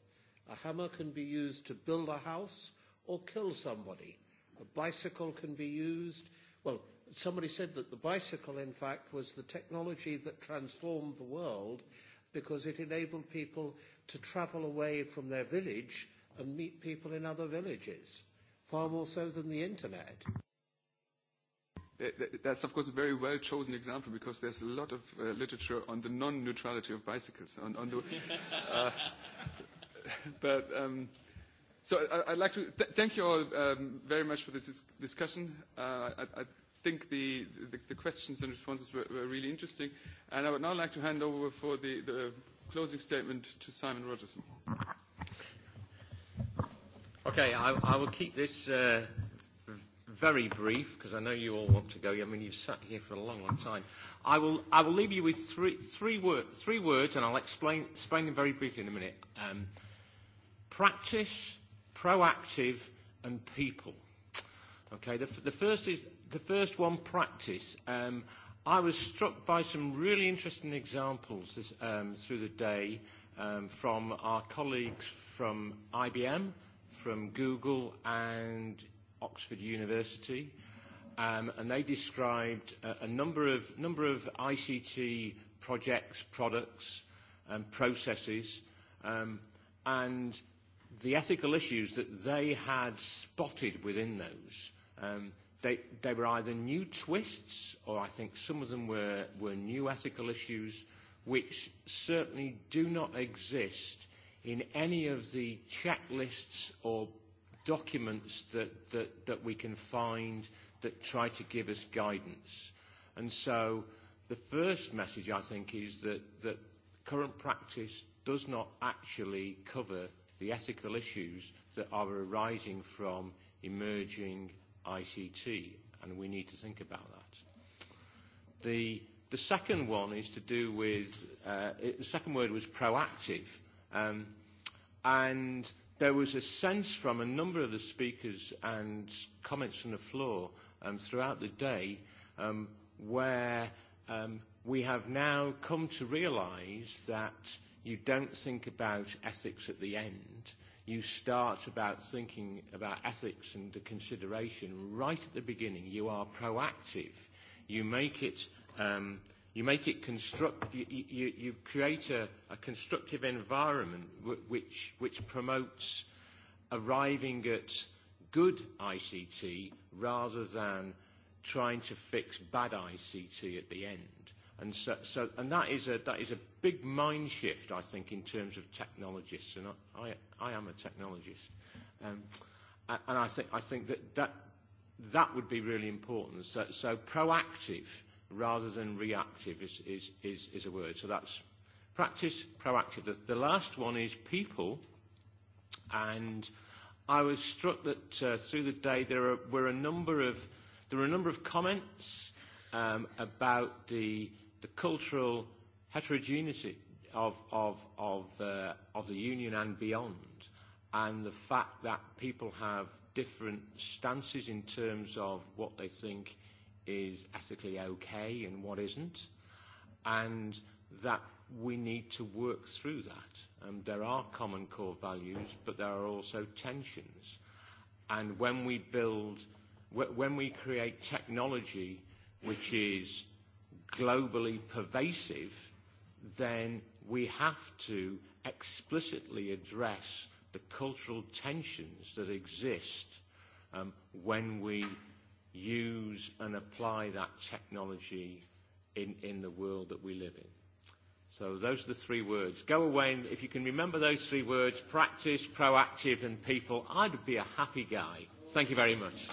A hammer can be used to build a house or kill somebody. A bicycle can be used, well, somebody said that the bicycle, in fact, was the technology that transformed the world because it enabled people to travel away from their village and meet people in other villages, far more so than the Internet. That's, of course, a very well-chosen example because there's a lot of literature on the non-neutrality of bicycles. But so I'd like to thank you all very much for this discussion. I think the questions and responses were really interesting. And I would now like to hand over for the closing statement to Simon Rogerson. Okay, I will keep this very brief because I know you all want to go. I mean, you've sat here for a long, long time. I will, I will leave you with three, three, wor- three words, and I'll explain, explain them very briefly in a minute. Um, practice, proactive, and people. Okay, the, the, first is, the first one, practice. Um, I was struck by some really interesting examples this, um, through the day um, from our colleagues from IBM, from Google, and Oxford University, and they described a number of number of ICT projects, products, and processes, and the ethical issues that they had spotted within those. They they were either new twists, or I think some of them were were new ethical issues, which certainly do not exist in any of the checklists or documents that, that, that we can find that try to give us guidance. And so the first message, I think, is that, that current practice does not actually cover the ethical issues that are arising from emerging ICT, and we need to think about that. The, the second one is to do with, the second word was proactive, and there was a sense from a number of the speakers and comments on the floor throughout the day where we have now come to realize that you don't think about ethics at the end. You start about thinking about ethics and the consideration right at the beginning. You are proactive. You make it You make it construct. You create a constructive environment which which promotes arriving at good ICT rather than trying to fix bad ICT at the end. And so so and that is a that is a big mind shift I think in terms of technologists and I I am a technologist. Um and I think I think that that that would be really important. So so proactive rather than reactive is, is, is, is a word. So that's practice, proactive. The, the last one is people. And I was struck that uh, through the day there are, were a number of there were a number of comments um, about the, the cultural heterogeneity of, of, of, uh, of the union and beyond and the fact that people have different stances in terms of what they think is ethically okay and what isn't, and that we need to work through that. there are common core values, but there are also tensions. And when we build, when we create technology which is globally pervasive, then we have to explicitly address the cultural tensions that exist when we use and apply that technology in, in the world that we live in. So those are the three words. Go away and if you can remember those three words, practice, proactive and people, I'd be a happy guy. Thank you very much.